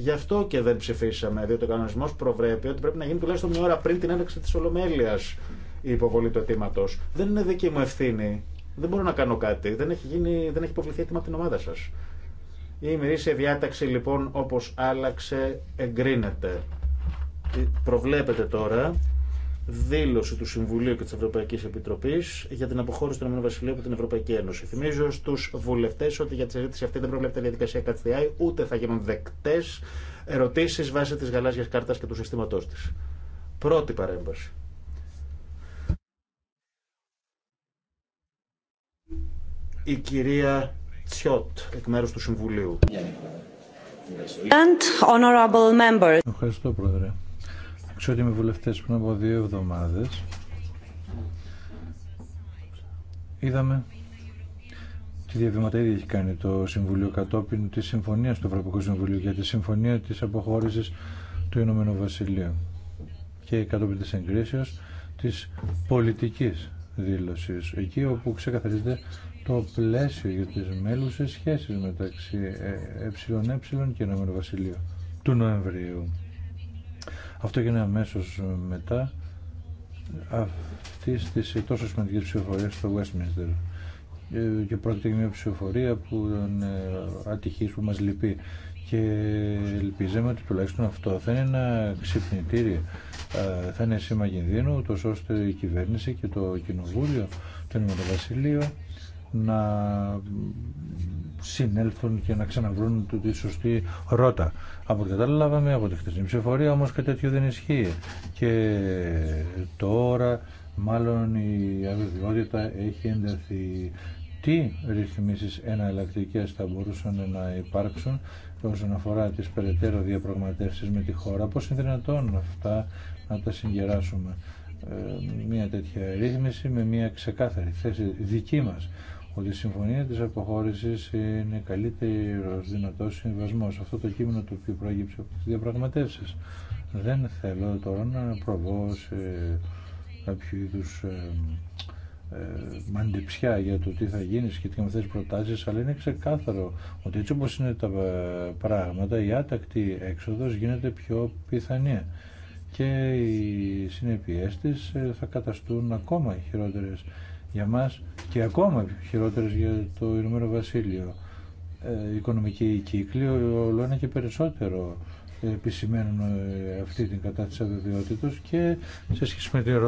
Γι' αυτό και δεν ψηφίσαμε, διότι ο κανονισμό προβλέπει ότι πρέπει να γίνει τουλάχιστον μια ώρα πριν την έναρξη τη Ολομέλεια η υποβολή του αιτήματο. Δεν είναι δική μου ευθύνη δεν μπορώ να κάνω κάτι. Δεν έχει, γίνει, δεν έχει υποβληθεί έτοιμα από την ομάδα σα. Η ημερήσια διάταξη λοιπόν όπω άλλαξε εγκρίνεται. Προβλέπετε τώρα δήλωση του Συμβουλίου και τη Ευρωπαϊκή Επιτροπή για την αποχώρηση του Ηνωμένου Βασιλείου από την Ευρωπαϊκή Ένωση. Θυμίζω στου βουλευτέ ότι για τη συζήτηση αυτή δεν προβλέπεται διαδικασία κατσδιάη, ούτε θα γίνουν δεκτέ ερωτήσει βάσει τη γαλάζια κάρτα και του συστήματό τη. Πρώτη παρέμβαση. η κυρία Τσιότ, εκ μέρους του Συμβουλίου. Ευχαριστώ, honorable members. Ευχαριστώ, Πρόεδρε. Αξιότιμοι βουλευτές, πριν από δύο εβδομάδε. είδαμε τι διαβήματα ήδη έχει κάνει το Συμβουλίο κατόπιν τη συμφωνία του Ευρωπαϊκού Συμβουλίου για τη συμφωνία τη αποχώρηση του Ηνωμένου Βασιλείου και κατόπιν τη εγκρίσεω τη πολιτική δήλωση. Εκεί όπου ξεκαθαρίζεται το πλαίσιο για τις μέλουσες σχέσεις μεταξύ ΕΕ και Ηνωμένου Βασιλείου του Νοεμβρίου. Αυτό έγινε αμέσω μετά αυτή τη τόσο σημαντική ψηφοφορία στο Westminster. Και πρόκειται για μια ψηφοφορία που ήταν ατυχή, που μα λυπεί. Και ελπίζαμε ότι τουλάχιστον αυτό θα είναι ένα ξυπνητήρι, θα είναι σήμα κινδύνου, τόσο ώστε η κυβέρνηση και το κοινοβούλιο, το Ηνωμένο Βασιλείο, να συνέλθουν και να ξαναβρούν τη σωστή ρότα. Από ό,τι καταλάβαμε από τη χτεσινή ψηφορία όμως και τέτοιο δεν ισχύει. Και τώρα μάλλον η αβεβαιότητα έχει ενταθεί. Τι ρυθμίσεις εναλλακτικέ θα μπορούσαν να υπάρξουν όσον αφορά τις περαιτέρω διαπραγματεύσεις με τη χώρα. Πώς είναι δυνατόν αυτά να τα συγκεράσουμε. Ε, μια τέτοια ρύθμιση με μια ξεκάθαρη θέση δική μας ότι η συμφωνία της αποχώρησης είναι καλύτερος δυνατός συμβασμός. Αυτό το κείμενο το οποίο προέγυψε από τις διαπραγματεύσεις. Δεν θέλω τώρα να προβώ σε κάποιο είδου ε, ε, μαντεψιά για το τι θα γίνει σχετικά με αυτές τις προτάσεις, αλλά είναι ξεκάθαρο ότι έτσι όπως είναι τα ε, πράγματα, η άτακτη έξοδος γίνεται πιο πιθανή και οι συνεπιές της θα καταστούν ακόμα χειρότερες για μας και ακόμα χειρότερες για το Ηνωμένο Βασίλειο. Οι ε, οικονομική κύκλοι όλο ένα και περισσότερο επισημαίνουν ε, αυτή την κατάσταση αβεβαιότητος και σε σχέση με την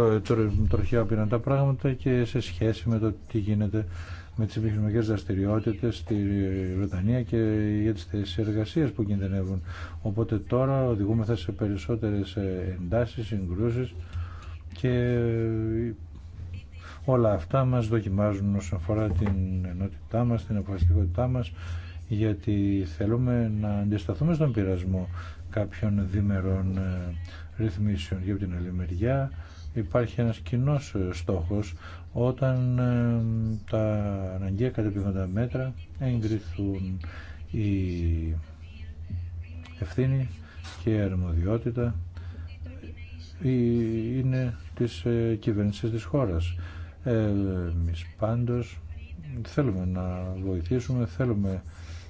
τροχιά πήραν τα πράγματα και σε σχέση με το τι γίνεται με τις επιχειρηματικές δραστηριότητε στη Βρετανία και για τις θέσεις εργασίας που κινδυνεύουν. Οπότε τώρα οδηγούμεθα σε περισσότερες ε, εντάσεις, συγκρούσεις και Όλα αυτά μας δοκιμάζουν όσον αφορά την ενότητά μας, την αποφασιστικότητά μας, γιατί θέλουμε να αντισταθούμε στον πειρασμό κάποιων διμερών ε, ρυθμίσεων. Για την άλλη μεριά υπάρχει ένας κοινό ε, στόχος όταν ε, τα αναγκαία κατεπιβάντα μέτρα εγκριθούν η ευθύνη και η αρμοδιότητα είναι της κυβέρνησης της χώρας. Εμείς πάντως θέλουμε να βοηθήσουμε, θέλουμε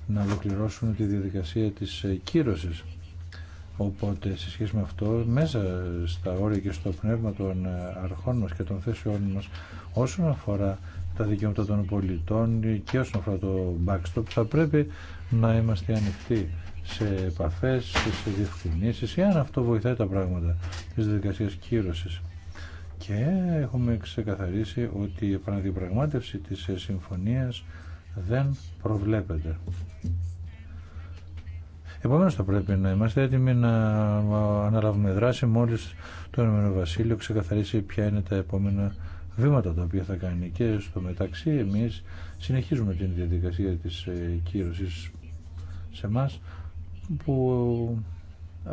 να ολοκληρώσουμε τη διαδικασία της κύρωσης. Οπότε σε σχέση με αυτό, μέσα στα όρια και στο πνεύμα των αρχών μας και των θέσεών μας, όσον αφορά τα δικαιώματα των πολιτών και όσον αφορά το backstop, θα πρέπει να είμαστε ανοιχτοί σε επαφές, σε διευκρινήσεις, εάν αυτό βοηθάει τα πράγματα της διαδικασίας κύρωσης και έχουμε ξεκαθαρίσει ότι η επαναδιαπραγμάτευση της συμφωνίας δεν προβλέπεται. Επομένως, θα πρέπει να είμαστε έτοιμοι να αναλάβουμε δράση μόλις το Ηνωμένο Βασίλειο ξεκαθαρίσει ποια είναι τα επόμενα βήματα τα οποία θα κάνει και στο μεταξύ εμείς συνεχίζουμε την διαδικασία της ε, κύρωσης σε μας που ε,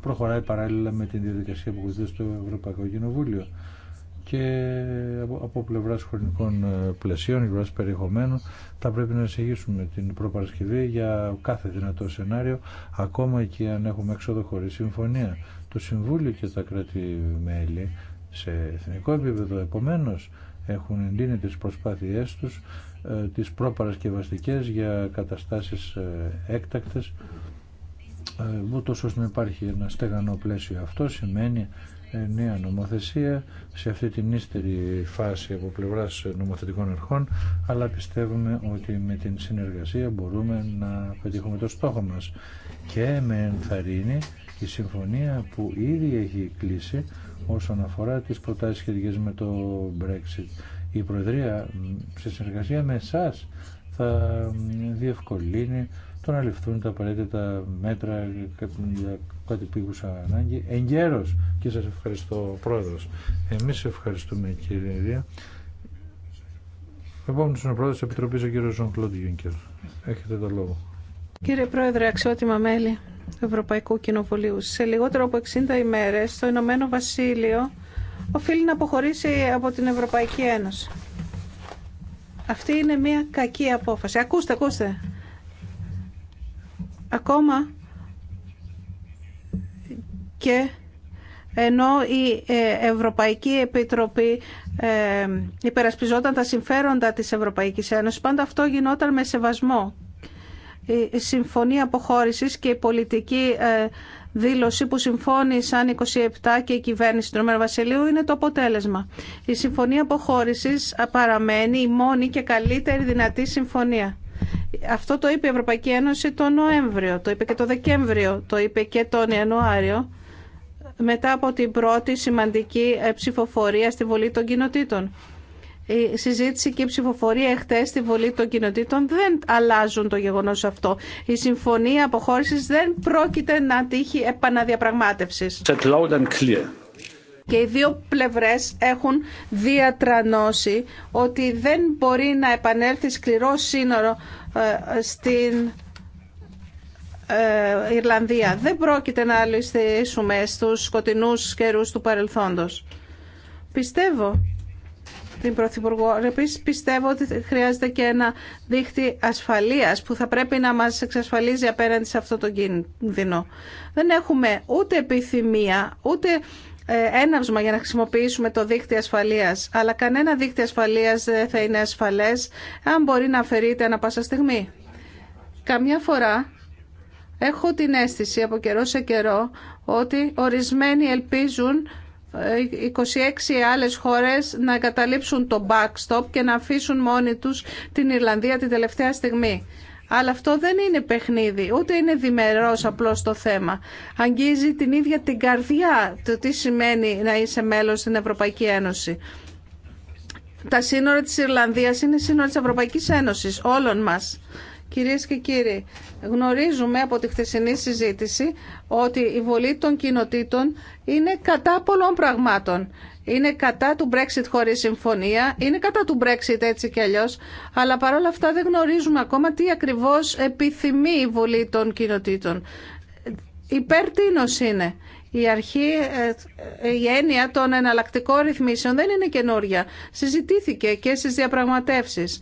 προχωράει παράλληλα με την διαδικασία που ακολουθεί στο Ευρωπαϊκό Κοινοβούλιο και από πλευρά χρονικών ε, πλαισίων, πλευρά περιεχομένων θα πρέπει να εισηγήσουμε την προπαρασκευή για κάθε δυνατό σενάριο, ακόμα και αν έχουμε έξοδο χωρίς συμφωνία. Το Συμβούλιο και τα κράτη-μέλη σε εθνικό επίπεδο, επομένως, έχουν εντείνει τις προσπάθειές τους, ε, τις προπαρασκευαστικές για καταστάσεις ε, έκτακτες ε, ούτως ώστε να υπάρχει ένα στεγανό πλαίσιο. Αυτό σημαίνει ε, νέα νομοθεσία σε αυτή την ύστερη φάση από πλευρά νομοθετικών ερχών, αλλά πιστεύουμε ότι με την συνεργασία μπορούμε να πετύχουμε το στόχο μας. Και με ενθαρρύνει η συμφωνία που ήδη έχει κλείσει όσον αφορά τις προτάσεις σχετικές με το Brexit. Η Προεδρία σε συνεργασία με εσά θα διευκολύνει το να ληφθούν τα απαραίτητα μέτρα για κάτι πήγουσα ανάγκη εγκαίρως και σας ευχαριστώ πρόεδρος εμείς ευχαριστούμε κύριε Ρία επόμενος είναι ο πρόεδρος της Επιτροπής ο κύριος Ζων Κλόντ έχετε το λόγο Κύριε Πρόεδρε, αξιότιμα μέλη του Ευρωπαϊκού Κοινοβουλίου, σε λιγότερο από 60 ημέρες το Ηνωμένο Βασίλειο οφείλει να αποχωρήσει από την Ευρωπαϊκή Ένωση. Αυτή είναι μια κακή απόφαση. Ακούστε, ακούστε. Ακόμα και ενώ η ε, Ευρωπαϊκή Επιτροπή ε, υπερασπιζόταν τα συμφέροντα της Ευρωπαϊκής Ένωσης, πάντα αυτό γινόταν με σεβασμό. Η συμφωνία αποχώρησης και η πολιτική ε, δήλωση που συμφώνησαν 27 και η κυβέρνηση του Ρωμαίου Βασιλείου είναι το αποτέλεσμα. Η συμφωνία αποχώρησης παραμένει η μόνη και καλύτερη δυνατή συμφωνία. Αυτό το είπε η Ευρωπαϊκή Ένωση τον Νοέμβριο, το είπε και το Δεκέμβριο, το είπε και τον Ιανουάριο, μετά από την πρώτη σημαντική ε, ψηφοφορία στη Βολή των Κοινοτήτων. Η συζήτηση και η ψηφοφορία εχθέ στη Βολή των Κοινοτήτων δεν αλλάζουν το γεγονό αυτό. Η συμφωνία αποχώρηση δεν πρόκειται να τύχει επαναδιαπραγμάτευση και οι δύο πλευρές έχουν διατρανώσει ότι δεν μπορεί να επανέλθει σκληρό σύνορο ε, στην ε, Ιρλανδία. Δεν πρόκειται να αλλησθήσουμε στους σκοτεινούς καιρούς του παρελθόντος. Πιστεύω την Πρωθυπουργό. Επίσης πιστεύω ότι χρειάζεται και ένα δίχτυ ασφαλείας που θα πρέπει να μας εξασφαλίζει απέναντι σε αυτό το κίνδυνο. Δεν έχουμε ούτε επιθυμία, ούτε ε, έναυσμα για να χρησιμοποιήσουμε το δίκτυο ασφαλείας. Αλλά κανένα δίκτυο ασφαλείας δεν θα είναι ασφαλές αν μπορεί να αφαιρείται ανα πάσα στιγμή. Καμιά φορά έχω την αίσθηση από καιρό σε καιρό ότι ορισμένοι ελπίζουν 26 ε, άλλες χώρες να εγκαταλείψουν το backstop και να αφήσουν μόνοι τους την Ιρλανδία την τελευταία στιγμή. Αλλά αυτό δεν είναι παιχνίδι, ούτε είναι διμερός απλώς το θέμα. Αγγίζει την ίδια την καρδιά το τι σημαίνει να είσαι μέλος στην Ευρωπαϊκή Ένωση. Τα σύνορα της Ιρλανδίας είναι σύνορα της Ευρωπαϊκής Ένωσης, όλων μας. Κυρίες και κύριοι, γνωρίζουμε από τη χθεσινή συζήτηση ότι η βολή των κοινοτήτων είναι κατά πολλών πραγμάτων είναι κατά του Brexit χωρίς συμφωνία, είναι κατά του Brexit έτσι κι αλλιώς, αλλά παρόλα αυτά δεν γνωρίζουμε ακόμα τι ακριβώς επιθυμεί η Βουλή των Κοινοτήτων. Υπέρ είναι. Η αρχή, ε, η έννοια των εναλλακτικών ρυθμίσεων δεν είναι καινούρια. Συζητήθηκε και στις διαπραγματεύσεις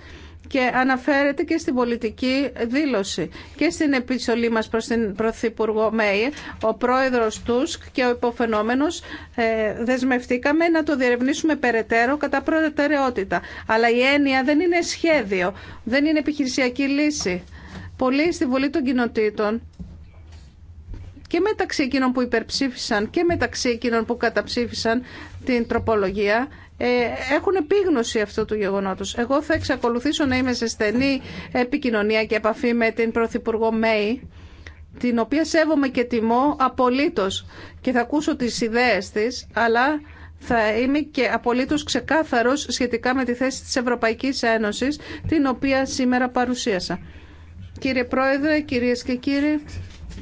και αναφέρεται και στην πολιτική δήλωση και στην επιστολή μας προς την Πρωθυπουργό Μέη, ο πρόεδρος Τούσκ και ο υποφαινόμενος ε, δεσμευτήκαμε να το διερευνήσουμε περαιτέρω κατά προτεραιότητα. Αλλά η έννοια δεν είναι σχέδιο, δεν είναι επιχειρησιακή λύση. Πολλοί στη Βουλή των Κοινοτήτων και μεταξύ εκείνων που υπερψήφισαν και μεταξύ εκείνων που καταψήφισαν την τροπολογία ε, έχουν επίγνωση αυτού του γεγονότος. Εγώ θα εξακολουθήσω να είμαι σε στενή επικοινωνία και επαφή με την Πρωθυπουργό Μέη, την οποία σέβομαι και τιμώ απολύτως και θα ακούσω τις ιδέες της, αλλά θα είμαι και απολύτως ξεκάθαρος σχετικά με τη θέση της Ευρωπαϊκής Ένωσης, την οποία σήμερα παρουσίασα. Κύριε Πρόεδρε, κυρίες και κύριοι,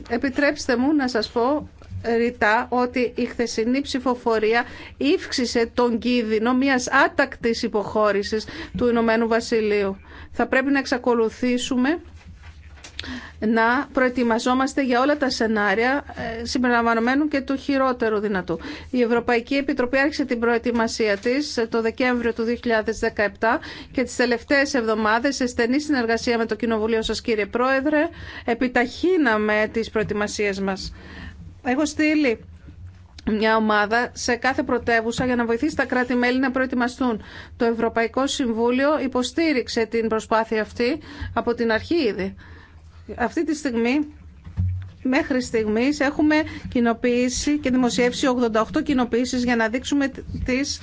επιτρέψτε μου να σας πω ρητά ότι η χθεσινή ψηφοφορία ύφξησε τον κίνδυνο μιας άτακτης υποχώρησης του Ηνωμένου Βασιλείου. Θα πρέπει να εξακολουθήσουμε να προετοιμαζόμαστε για όλα τα σενάρια ε, συμπεριλαμβανομένου και του χειρότερου δυνατού. Η Ευρωπαϊκή Επιτροπή άρχισε την προετοιμασία της το Δεκέμβριο του 2017 και τις τελευταίες εβδομάδες σε στενή συνεργασία με το Κοινοβουλίο σας κύριε Πρόεδρε επιταχύναμε τις προετοιμασίες μας. Έχω στείλει μια ομάδα σε κάθε πρωτεύουσα για να βοηθήσει τα κράτη-μέλη να προετοιμαστούν. Το Ευρωπαϊκό Συμβούλιο υποστήριξε την προσπάθεια αυτή από την αρχή ήδη. Αυτή τη στιγμή Μέχρι στιγμής έχουμε κοινοποιήσει και δημοσιεύσει 88 κοινοποιήσεις για να δείξουμε τις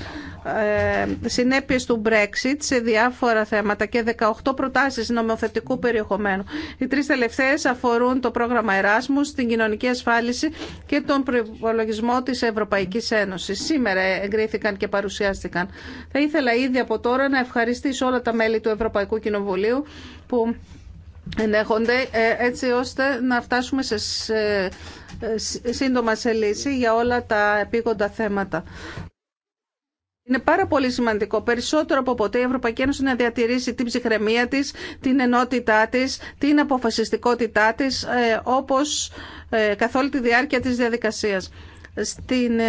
ε, συνέπειες του Brexit σε διάφορα θέματα και 18 προτάσεις νομοθετικού περιεχομένου. Οι τρεις τελευταίες αφορούν το πρόγραμμα Εράσμου, την κοινωνική ασφάλιση και τον προπολογισμό της Ευρωπαϊκής Ένωσης. Σήμερα εγκρίθηκαν και παρουσιάστηκαν. Θα ήθελα ήδη από τώρα να ευχαριστήσω όλα τα μέλη του Ευρωπαϊκού Κοινοβουλίου που ενέχονται ε, έτσι ώστε να φτάσουμε σε σύντομα σε λύση για όλα τα επίγοντα θέματα. Είναι πάρα πολύ σημαντικό, περισσότερο από ποτέ, η Ευρωπαϊκή Ένωση να διατηρήσει την ψυχραιμία της, την ενότητά της, την αποφασιστικότητά της, ε, όπως ε, καθ' όλη τη διάρκεια της διαδικασίας. Στην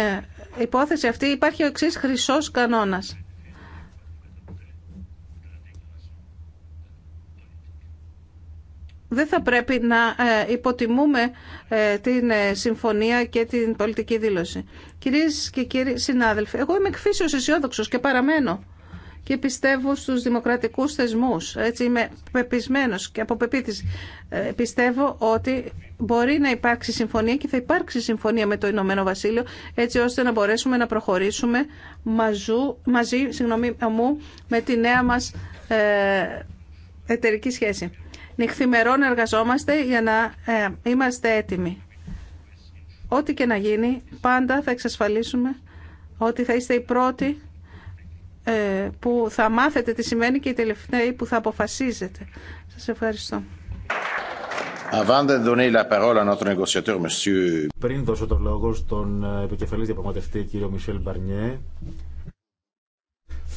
υπόθεση αυτή υπάρχει ο εξής χρυσός κανόνας. δεν θα πρέπει να ε, υποτιμούμε ε, την ε, συμφωνία και την πολιτική δήλωση. Κυρίες και κύριοι συνάδελφοι, εγώ είμαι εκφύσιος αισιόδοξο και παραμένω και πιστεύω στους δημοκρατικούς θεσμούς. Έτσι είμαι πεπισμένος και από πεποίθηση. πιστεύω ότι μπορεί να υπάρξει συμφωνία και θα υπάρξει συμφωνία με το Ηνωμένο Βασίλειο έτσι ώστε να μπορέσουμε να προχωρήσουμε μαζού, μαζί συγγνώμη, μου με τη νέα μας εταιρική σχέση. Νυχθημερών εργαζόμαστε για να ε, είμαστε έτοιμοι. Ό,τι και να γίνει, πάντα θα εξασφαλίσουμε ότι θα είστε οι πρώτοι ε, που θα μάθετε τι σημαίνει και οι τελευταίοι που θα αποφασίζετε. Σας ευχαριστώ. Πριν δώσω το λόγο στον ε, επικεφαλής διαπραγματευτή κύριο Μισελ Μπαρνιέ,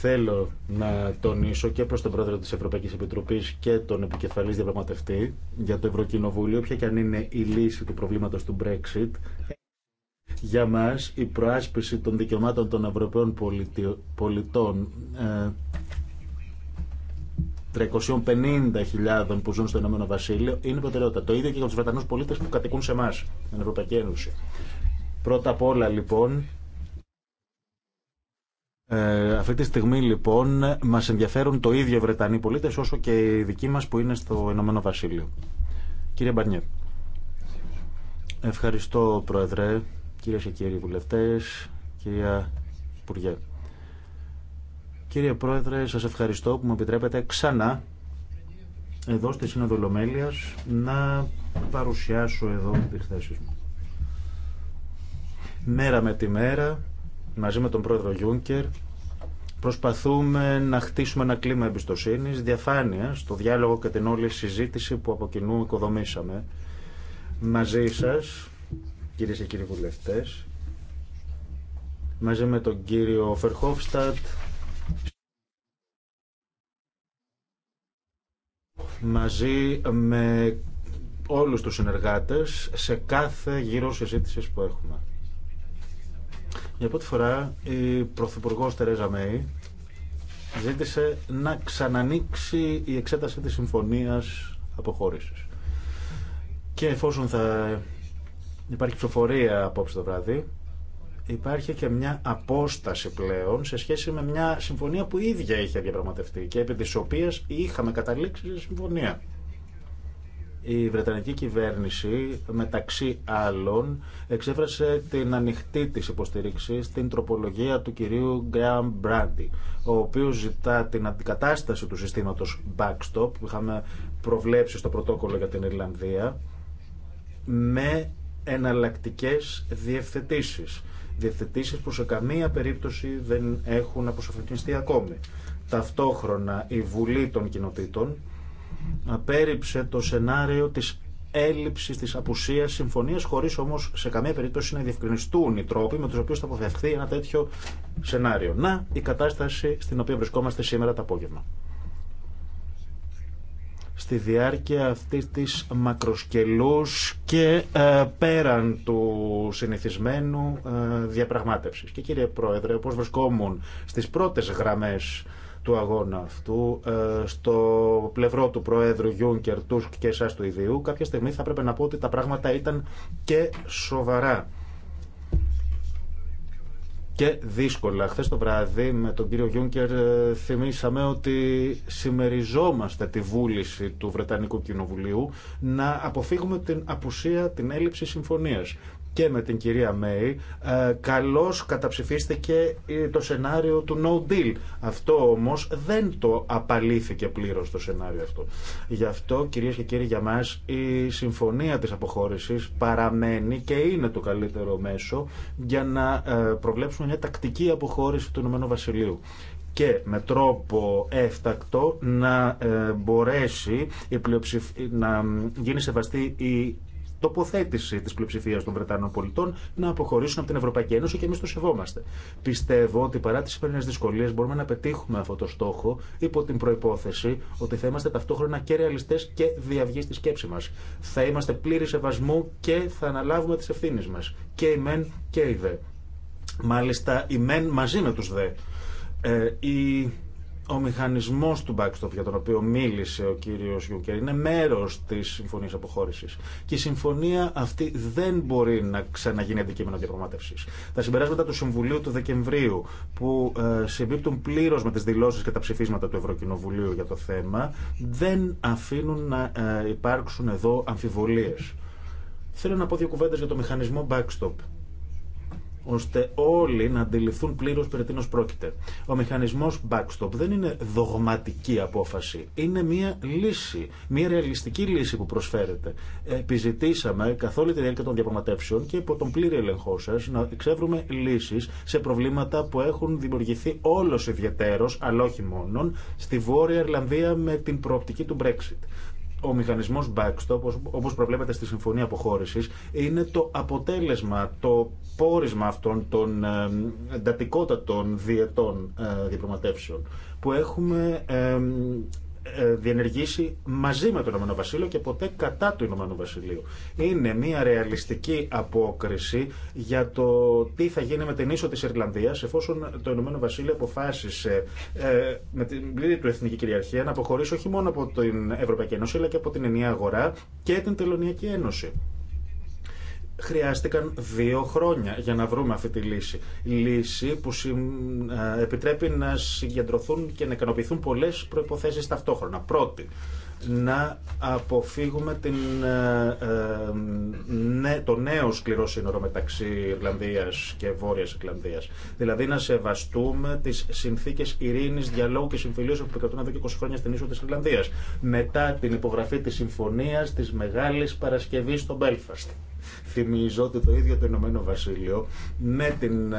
Θέλω να τονίσω και προς τον πρόεδρο της Ευρωπαϊκής Επιτροπής και τον επικεφαλής διαπραγματευτή για το Ευρωκοινοβούλιο, ποια και αν είναι η λύση του προβλήματος του Brexit. Για μας η προάσπιση των δικαιωμάτων των Ευρωπαίων πολιτών 350.000 ε, που ζουν στο Ηνωμένο Βασίλειο είναι προτεραιότητα. Το ίδιο και για του Βρετανού πολίτε που κατοικούν σε εμά, στην Ευρωπαϊκή Ένωση. Πρώτα απ' όλα λοιπόν ε, αυτή τη στιγμή λοιπόν μας ενδιαφέρουν το ίδιο οι Βρετανοί πολίτες όσο και οι δικοί μας που είναι στο Ηνωμένο Βασίλειο. Κύριε Μπαρνιέ. Ευχαριστώ Πρόεδρε, κύριε και κύριοι βουλευτές, κυρία Υπουργέ. Κύριε Πρόεδρε, σας ευχαριστώ που μου επιτρέπετε ξανά εδώ στη Σύνοδο Λομέλειας να παρουσιάσω εδώ τις θέσεις μου. Μέρα με τη μέρα, μαζί με τον Πρόεδρο Γιούνκερ, Προσπαθούμε να χτίσουμε ένα κλίμα εμπιστοσύνη, διαφάνεια στο διάλογο και την όλη συζήτηση που από κοινού οικοδομήσαμε. Μαζί σα, κυρίε και κύριοι βουλευτέ, μαζί με τον κύριο Φερχόφστατ, μαζί με όλους τους συνεργάτες σε κάθε γύρο συζήτηση που έχουμε. Για πρώτη φορά η Πρωθυπουργό Τερέζα Μέη ζήτησε να ξανανοίξει η εξέταση της συμφωνίας αποχώρησης. Και εφόσον θα υπάρχει ψηφοφορία απόψε το βράδυ, υπάρχει και μια απόσταση πλέον σε σχέση με μια συμφωνία που ίδια είχε διαπραγματευτεί και επί της οποίας είχαμε καταλήξει σε συμφωνία. Η Βρετανική κυβέρνηση, μεταξύ άλλων, εξέφρασε την ανοιχτή της υποστήριξη στην τροπολογία του κυρίου Γκράμ Μπράντι, ο οποίος ζητά την αντικατάσταση του συστήματος backstop που είχαμε προβλέψει στο πρωτόκολλο για την Ιρλανδία με εναλλακτικές διευθετήσεις. Διευθετήσεις που σε καμία περίπτωση δεν έχουν αποσαφηνιστεί ακόμη. Ταυτόχρονα η Βουλή των Κοινοτήτων απέρριψε το σενάριο της έλλειψης της απουσίας συμφωνία χωρίς όμως σε καμία περίπτωση να διευκρινιστούν οι τρόποι με του οποίου θα αποφευχθεί ένα τέτοιο σενάριο. Να, η κατάσταση στην οποία βρισκόμαστε σήμερα το απόγευμα. Στη διάρκεια αυτή τη μακροσκελούς και ε, πέραν του συνηθισμένου ε, Και κύριε Πρόεδρε, όπω βρισκόμουν στι πρώτε γραμμέ του αγώνα αυτού ε, στο πλευρό του Προέδρου Γιούνκερ, Τούσκ και εσάς του ιδίου. Κάποια στιγμή θα πρέπει να πω ότι τα πράγματα ήταν και σοβαρά και δύσκολα. Χθε το βράδυ με τον κύριο Γιούνκερ ε, θυμήσαμε ότι συμμεριζόμαστε τη βούληση του Βρετανικού Κοινοβουλίου να αποφύγουμε την απουσία, την έλλειψη συμφωνίας και με την κυρία Μέη, ε, καλώς καταψηφίστηκε ε, το σενάριο του no deal. Αυτό όμως δεν το απαλήθηκε πλήρως το σενάριο αυτό. Γι' αυτό κυρίες και κύριοι για μας η συμφωνία της αποχώρησης παραμένει και είναι το καλύτερο μέσο για να ε, προβλέψουμε μια τακτική αποχώρηση του Ηνωμένου Βασιλείου και με τρόπο έφτακτο να μπορέσει η να γίνει σεβαστή η τοποθέτηση τη πλειοψηφία των Βρετανών πολιτών να αποχωρήσουν από την Ευρωπαϊκή Ένωση και εμεί το σεβόμαστε. Πιστεύω ότι παρά τι σημερινέ δυσκολίε μπορούμε να πετύχουμε αυτό το στόχο υπό την προπόθεση ότι θα είμαστε ταυτόχρονα και ρεαλιστέ και διαυγεί στη σκέψη μα. Θα είμαστε πλήρη σεβασμού και θα αναλάβουμε τι ευθύνε μα. Και η μεν και η δε. Μάλιστα, η μεν μαζί με του δε. Ε, η ο μηχανισμό του backstop για τον οποίο μίλησε ο κύριο Γιούκερ είναι μέρο τη συμφωνία αποχώρηση. Και η συμφωνία αυτή δεν μπορεί να ξαναγίνει αντικείμενο διαπραγμάτευση. Τα συμπεράσματα του Συμβουλίου του Δεκεμβρίου, που ε, συμπίπτουν πλήρω με τι δηλώσει και τα ψηφίσματα του Ευρωκοινοβουλίου για το θέμα, δεν αφήνουν να ε, υπάρξουν εδώ αμφιβολίε. Θέλω να πω δύο κουβέντε για το μηχανισμό backstop ώστε όλοι να αντιληφθούν πλήρω περί τίνο πρόκειται. Ο μηχανισμό backstop δεν είναι δογματική απόφαση. Είναι μια λύση, μια ρεαλιστική λύση που προσφέρεται. Επιζητήσαμε καθ' όλη τη διάρκεια των διαπραγματεύσεων και υπό τον πλήρη ελεγχό σα να εξεύρουμε λύσει σε προβλήματα που έχουν δημιουργηθεί όλο ιδιαιτέρω, αλλά όχι μόνον, στη Βόρεια Ιρλανδία με την προοπτική του Brexit ο μηχανισμός backstop, όπω προβλέπεται στη Συμφωνία Αποχώρησης, είναι το αποτέλεσμα, το πόρισμα αυτών των ε, εντατικότατων διετών ε, διπλωματεύσεων που έχουμε ε, ε, διενεργήσει μαζί με το Ηνωμένο Βασίλειο και ποτέ κατά του Ηνωμένου Βασιλείου. Είναι μια ρεαλιστική απόκριση για το τι θα γίνει με την ίσο της Ιρλανδίας εφόσον το Ηνωμένο Βασίλειο αποφάσισε ε, με την πλήρη του εθνική κυριαρχία να αποχωρήσει όχι μόνο από την Ευρωπαϊκή Ένωση αλλά και από την Ενιαία Αγορά και την Τελωνιακή Ένωση χρειάστηκαν δύο χρόνια για να βρούμε αυτή τη λύση. Λύση που επιτρέπει να συγκεντρωθούν και να ικανοποιηθούν πολλές προϋποθέσεις ταυτόχρονα. Πρώτη, να αποφύγουμε την, ε, ε, το νέο σκληρό σύνορο μεταξύ Ιρλανδίας και Βόρειας Ιρλανδίας. Δηλαδή να σεβαστούμε τις συνθήκες ειρήνης, διαλόγου και συμφιλίωσης που επικρατούν εδώ και 20 χρόνια στην ίσο της Ιρλανδίας. Μετά την υπογραφή της συμφωνίας της Μεγάλης Παρασκευής στο Μπέλφαστ. Θυμίζω ότι το ίδιο το Ηνωμένο Βασίλειο με την ε,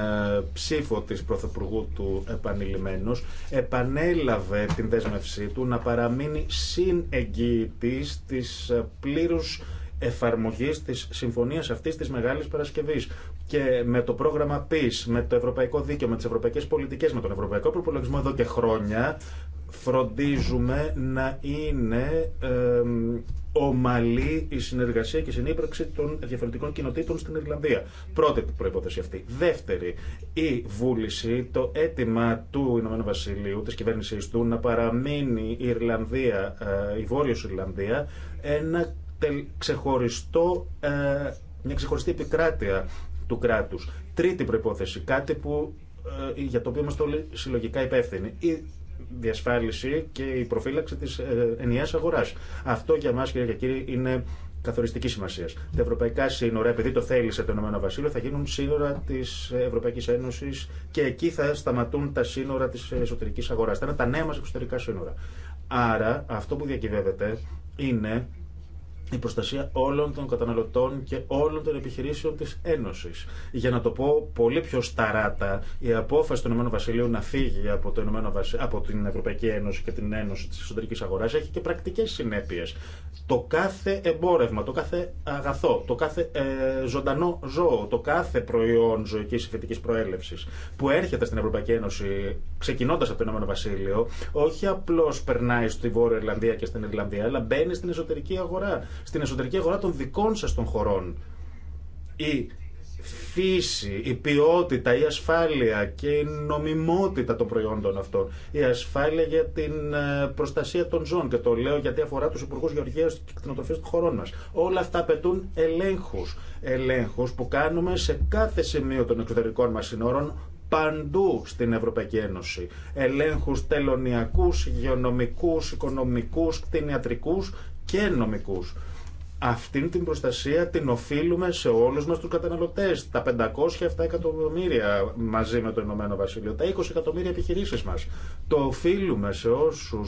ψήφο της Πρωθυπουργού του επανειλημμένος επανέλαβε την δέσμευσή του να παραμείνει συνεγγυητής της ε, πλήρους εφαρμογής της συμφωνίας αυτής της Μεγάλης Παρασκευής και με το πρόγραμμα PIS, με το ευρωπαϊκό δίκαιο, με τις ευρωπαϊκές πολιτικές, με τον ευρωπαϊκό προπολογισμό εδώ και χρόνια φροντίζουμε να είναι ομαλή η συνεργασία και η συνύπαρξη των διαφορετικών κοινοτήτων στην Ιρλανδία. Πρώτη προϋπόθεση αυτή. Δεύτερη, η βούληση, το αίτημα του Ηνωμένου Βασιλείου, της κυβέρνησης του, να παραμείνει η Ιρλανδία, ε, η Βόρειος Ιρλανδία, ένα ξεχωριστό, ε, μια ξεχωριστή επικράτεια του κράτους. Τρίτη προπόθεση, κάτι που ε, για το οποίο είμαστε όλοι συλλογικά υπεύθυνοι. Η διασφάλιση και η προφύλαξη της ε, ενιαίας αγοράς. Αυτό για μας κυρίε και κύριοι είναι καθοριστική σημασία. Τα ευρωπαϊκά σύνορα, επειδή το θέλησε το Ηνωμένο Βασίλειο, θα γίνουν σύνορα τη Ευρωπαϊκή Ένωση και εκεί θα σταματούν τα σύνορα τη εσωτερική αγορά. Θα είναι τα νέα μα εξωτερικά σύνορα. Άρα, αυτό που διακυβεύεται είναι η προστασία όλων των καταναλωτών και όλων των επιχειρήσεων της Ένωσης. Για να το πω πολύ πιο σταράτα, η απόφαση του Ηνωμένου Βασιλείου να φύγει από, το από την Ευρωπαϊκή Ένωση και την Ένωση της Εσωτερικής Αγοράς έχει και πρακτικές συνέπειες. Το κάθε εμπόρευμα, το κάθε αγαθό, το κάθε ε, ζωντανό ζώο, το κάθε προϊόν ζωικής ή προέλευσης που έρχεται στην Ευρωπαϊκή Ένωση ξεκινώντας από το Ηνωμένο Βασίλειο, όχι απλώς περνάει στη Βόρεια Ιρλανδία και στην Ιρλανδία, αλλά μπαίνει στην εσωτερική αγορά στην εσωτερική αγορά των δικών σας των χωρών. Η φύση, η ποιότητα, η ασφάλεια και η νομιμότητα των προϊόντων αυτών. Η ασφάλεια για την ε, προστασία των ζώων και το λέω γιατί αφορά τους Υπουργούς Γεωργίας και Κτηνοτροφίας των χωρών μας. Όλα αυτά απαιτούν ελέγχους. Ελέγχους που κάνουμε σε κάθε σημείο των εξωτερικών μας συνόρων παντού στην Ευρωπαϊκή Ένωση. Ελέγχους τελωνιακούς, υγειονομικούς, οικονομικούς, κτηνιατρικούς και νομικού. Αυτήν την προστασία την οφείλουμε σε όλου μα του καταναλωτέ. Τα 507 εκατομμύρια μαζί με το Ηνωμένο Βασίλειο, τα 20 εκατομμύρια επιχειρήσει μα. Το οφείλουμε σε όσου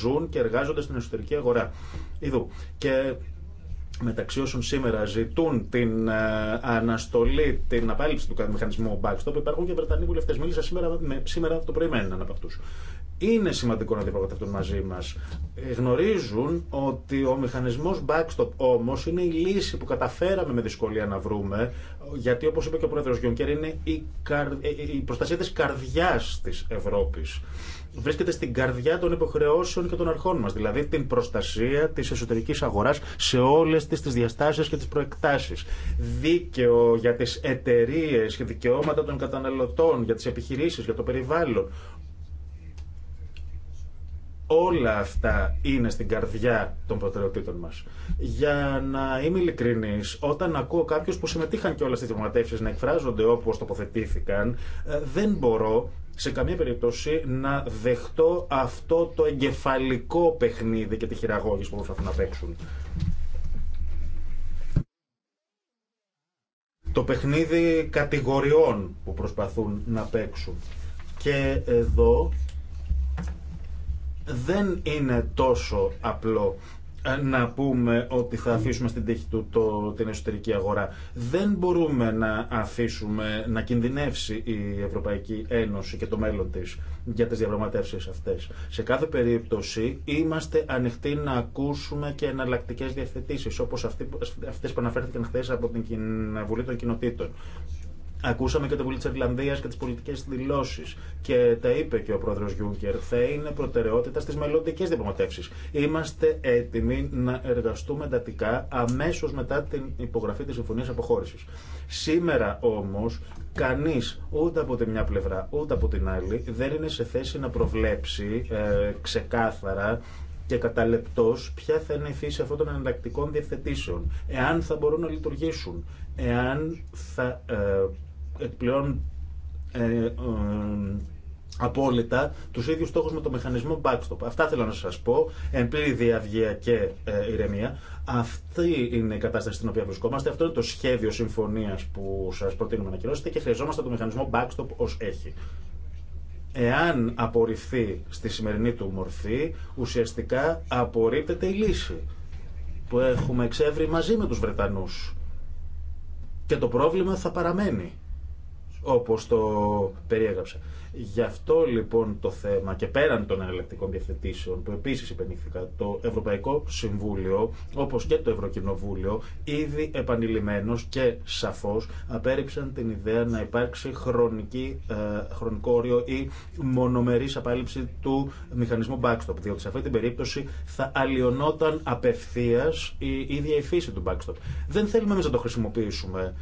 ζουν και εργάζονται στην εσωτερική αγορά. Ιδού. Και μεταξύ όσων σήμερα ζητούν την ε, αναστολή, την απάλληψη του μηχανισμού backstop, υπάρχουν και Βρετανοί βουλευτέ. Μίλησα σήμερα, σήμερα το πρωί με έναν από αυτού είναι σημαντικό να διαπραγματευτούν μαζί μα. Ε, γνωρίζουν ότι ο μηχανισμό backstop όμω είναι η λύση που καταφέραμε με δυσκολία να βρούμε, γιατί όπω είπε και ο πρόεδρο Γιονκέρ, είναι η, ε, ε, η προστασία τη καρδιά τη Ευρώπη. Βρίσκεται στην καρδιά των υποχρεώσεων και των αρχών μα, δηλαδή την προστασία τη εσωτερική αγορά σε όλε τι τις διαστάσει και τι προεκτάσει. Δίκαιο για τι εταιρείε και δικαιώματα των καταναλωτών, για τι επιχειρήσει, για το περιβάλλον. Όλα αυτά είναι στην καρδιά των προτεραιοτήτων μα. Για να είμαι ειλικρινή, όταν ακούω κάποιους που συμμετείχαν και όλα στι διαπραγματεύσει να εκφράζονται όπω τοποθετήθηκαν, ε, δεν μπορώ σε καμία περίπτωση να δεχτώ αυτό το εγκεφαλικό παιχνίδι και τη χειραγώγηση που προσπαθούν να παίξουν. Το παιχνίδι κατηγοριών που προσπαθούν να παίξουν. Και εδώ δεν είναι τόσο απλό ε, να πούμε ότι θα αφήσουμε στην τύχη του το, την εσωτερική αγορά. Δεν μπορούμε να αφήσουμε να κινδυνεύσει η Ευρωπαϊκή Ένωση και το μέλλον της για τις διαπραγματεύσεις αυτές. Σε κάθε περίπτωση είμαστε ανοιχτοί να ακούσουμε και εναλλακτικέ διαθετήσεις όπως αυτοί, αυτές που αναφέρθηκαν χθε από την Βουλή των Κοινοτήτων. Ακούσαμε και το Βουλή τη Ιρλανδία και τι πολιτικέ δηλώσει. Και τα είπε και ο πρόεδρο Γιούγκερ. Θα είναι προτεραιότητα στι μελλοντικέ διαπραγματεύσει. Είμαστε έτοιμοι να εργαστούμε εντατικά αμέσω μετά την υπογραφή τη Συμφωνία Αποχώρηση. Σήμερα όμω, κανεί ούτε από τη μια πλευρά ούτε από την άλλη δεν είναι σε θέση να προβλέψει ε, ξεκάθαρα και κατά ποια θα είναι η φύση αυτών των εναλλακτικών διευθετήσεων, εάν θα μπορούν να λειτουργήσουν, εάν θα ε, πλέον ε, ε, απόλυτα του ίδιου στόχου με το μηχανισμό backstop. Αυτά θέλω να σας πω. πλήρη διαυγεία και ε, ηρεμία. Αυτή είναι η κατάσταση στην οποία βρισκόμαστε. Αυτό είναι το σχέδιο συμφωνία που σα προτείνουμε να κυρώσετε και χρειαζόμαστε το μηχανισμό backstop ω έχει. Εάν απορριφθεί στη σημερινή του μορφή, ουσιαστικά απορρίπτεται η λύση που έχουμε εξεύρει μαζί με τους Βρετανούς. Και το πρόβλημα θα παραμένει όπως το περιέγραψα. Γι' αυτό λοιπόν το θέμα και πέραν των εναλλακτικών διευθετήσεων που επίσης υπενήθηκα, το Ευρωπαϊκό Συμβούλιο όπως και το Ευρωκοινοβούλιο ήδη επανειλημμένος και σαφώς απέριψαν την ιδέα να υπάρξει χρονική, ε, χρονικό όριο ή μονομερής απάλληψη του μηχανισμού backstop διότι σε αυτή την περίπτωση θα αλλοιωνόταν απευθείας η ίδια η φύση του backstop. Δεν θέλουμε εμείς να το χρησιμοποιήσουμε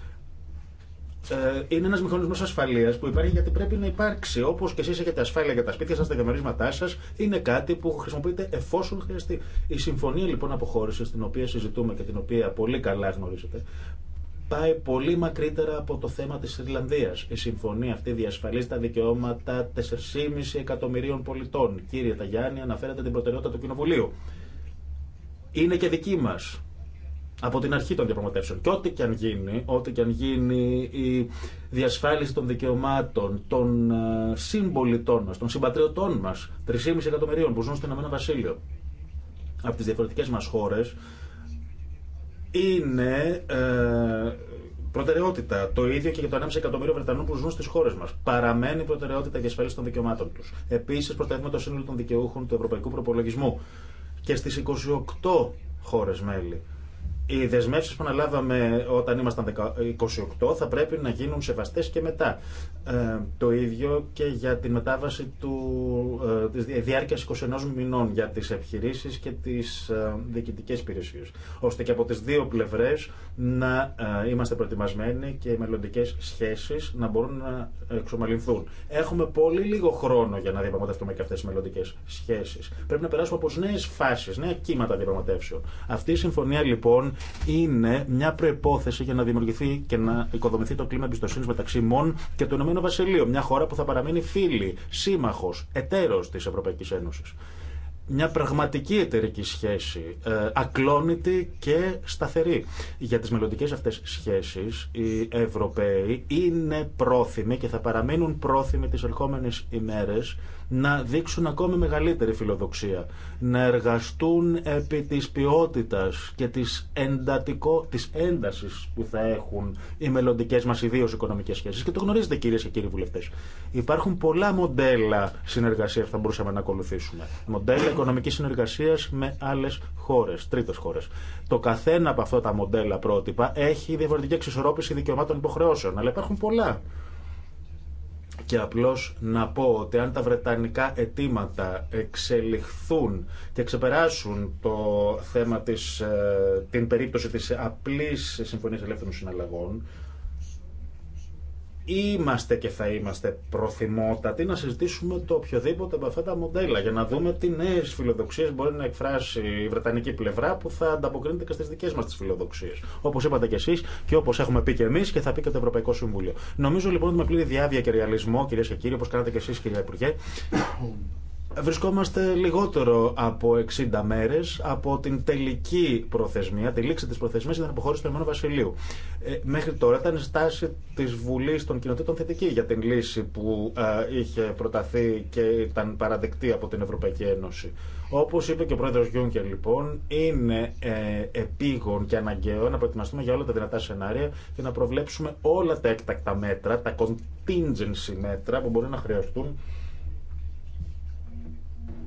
ε, είναι ένα μηχανισμό ασφαλεία που υπάρχει γιατί πρέπει να υπάρξει. Όπω και εσεί έχετε ασφάλεια για τα σπίτια σα, τα διαμερίσματά σα, είναι κάτι που χρησιμοποιείτε εφόσον χρειαστεί. Η συμφωνία λοιπόν αποχώρηση, την οποία συζητούμε και την οποία πολύ καλά γνωρίζετε, πάει πολύ μακρύτερα από το θέμα τη Ιρλανδία. Η συμφωνία αυτή διασφαλίζει τα δικαιώματα 4,5 εκατομμυρίων πολιτών. Κύριε Ταγιάννη, αναφέρατε την προτεραιότητα του Κοινοβουλίου. Είναι και δική μας από την αρχή των διαπραγματεύσεων. Και ό,τι και αν γίνει, ό,τι και αν γίνει η διασφάλιση των δικαιωμάτων των ε, συμπολιτών μα, των συμπατριωτών μα, 3,5 εκατομμυρίων που ζουν στο Ηνωμένο Βασίλειο, από τι διαφορετικέ μα χώρε είναι ε, προτεραιότητα. Το ίδιο και για το 1,5 εκατομμύριο Βρετανών που ζουν στι χώρε μα. Παραμένει προτεραιότητα η διασφάλιση των δικαιωμάτων του. Επίση, προστατεύουμε το σύνολο των δικαιούχων του ευρωπαϊκού προπολογισμού και στι 28 χώρε μέλη. Οι δεσμεύσει που αναλάβαμε όταν ήμασταν 28 θα πρέπει να γίνουν σεβαστέ και μετά. Ε, το ίδιο και για τη μετάβαση του, ε, της 21 μηνών για τι επιχειρήσει και τι ε, διοικητικές Ώστε και από τι δύο πλευρέ να ε, είμαστε προετοιμασμένοι και οι μελλοντικέ σχέσει να μπορούν να εξομαλυνθούν. Έχουμε πολύ λίγο χρόνο για να διαπραγματευτούμε και αυτέ τι μελλοντικέ σχέσει. Πρέπει να περάσουμε από νέε φάσει, νέα κύματα διαπραγματεύσεων. Αυτή η συμφωνία λοιπόν είναι μια προπόθεση για να δημιουργηθεί και να οικοδομηθεί το κλίμα εμπιστοσύνη μεταξύ ΜΟΝ και του Ηνωμένου Βασιλείου. Μια χώρα που θα παραμείνει φίλη, σύμμαχο, εταίρο τη Ευρωπαϊκή Ένωση. Μια πραγματική εταιρική σχέση, ε, ακλόνητη και σταθερή. Για τις μελλοντικέ αυτές σχέσεις, οι Ευρωπαίοι είναι πρόθυμοι και θα παραμείνουν πρόθυμοι τι ερχόμενε ημέρε να δείξουν ακόμη μεγαλύτερη φιλοδοξία, να εργαστούν επί της ποιότητας και της, εντατικό, της έντασης που θα έχουν οι μελλοντικέ μας ιδίω οικονομικές σχέσεις. Και το γνωρίζετε κυρίες και κύριοι βουλευτές. Υπάρχουν πολλά μοντέλα συνεργασίας που θα μπορούσαμε να ακολουθήσουμε. Μοντέλα οικονομικής συνεργασίας με άλλες χώρες, τρίτες χώρες. Το καθένα από αυτά τα μοντέλα πρότυπα έχει διαφορετική εξισορρόπηση δικαιωμάτων υποχρεώσεων, αλλά υπάρχουν πολλά. Και απλώς να πω ότι αν τα βρετανικά αιτήματα εξελιχθούν και ξεπεράσουν το θέμα της, ε, την περίπτωση της απλής συμφωνίας ελεύθερων συναλλαγών, είμαστε και θα είμαστε προθυμότατοι να συζητήσουμε το οποιοδήποτε από αυτά τα μοντέλα για να δούμε τι νέε φιλοδοξίε μπορεί να εκφράσει η βρετανική πλευρά που θα ανταποκρίνεται και στι δικέ μα τι φιλοδοξίε. Όπω είπατε κι εσεί και όπω έχουμε πει και εμεί και θα πει και το Ευρωπαϊκό Συμβούλιο. Νομίζω λοιπόν ότι με πλήρη διάβια και ρεαλισμό, κυρίε και κύριοι, όπω κάνατε κι εσεί, κυρία Υπουργέ, βρισκόμαστε λιγότερο από 60 μέρε από την τελική προθεσμία, τη λήξη τη προθεσμία για την αποχώρηση του Ηνωμένου Βασιλείου. Ε, μέχρι τώρα ήταν η στάση τη Βουλή των Κοινοτήτων θετική για την λύση που ε, είχε προταθεί και ήταν παραδεκτή από την Ευρωπαϊκή Ένωση. Όπω είπε και ο πρόεδρο Γιούγκερ λοιπόν, είναι ε, επίγον και αναγκαίο να προετοιμαστούμε για όλα τα δυνατά σενάρια και να προβλέψουμε όλα τα έκτακτα μέτρα, τα contingency μέτρα που μπορεί να χρειαστούν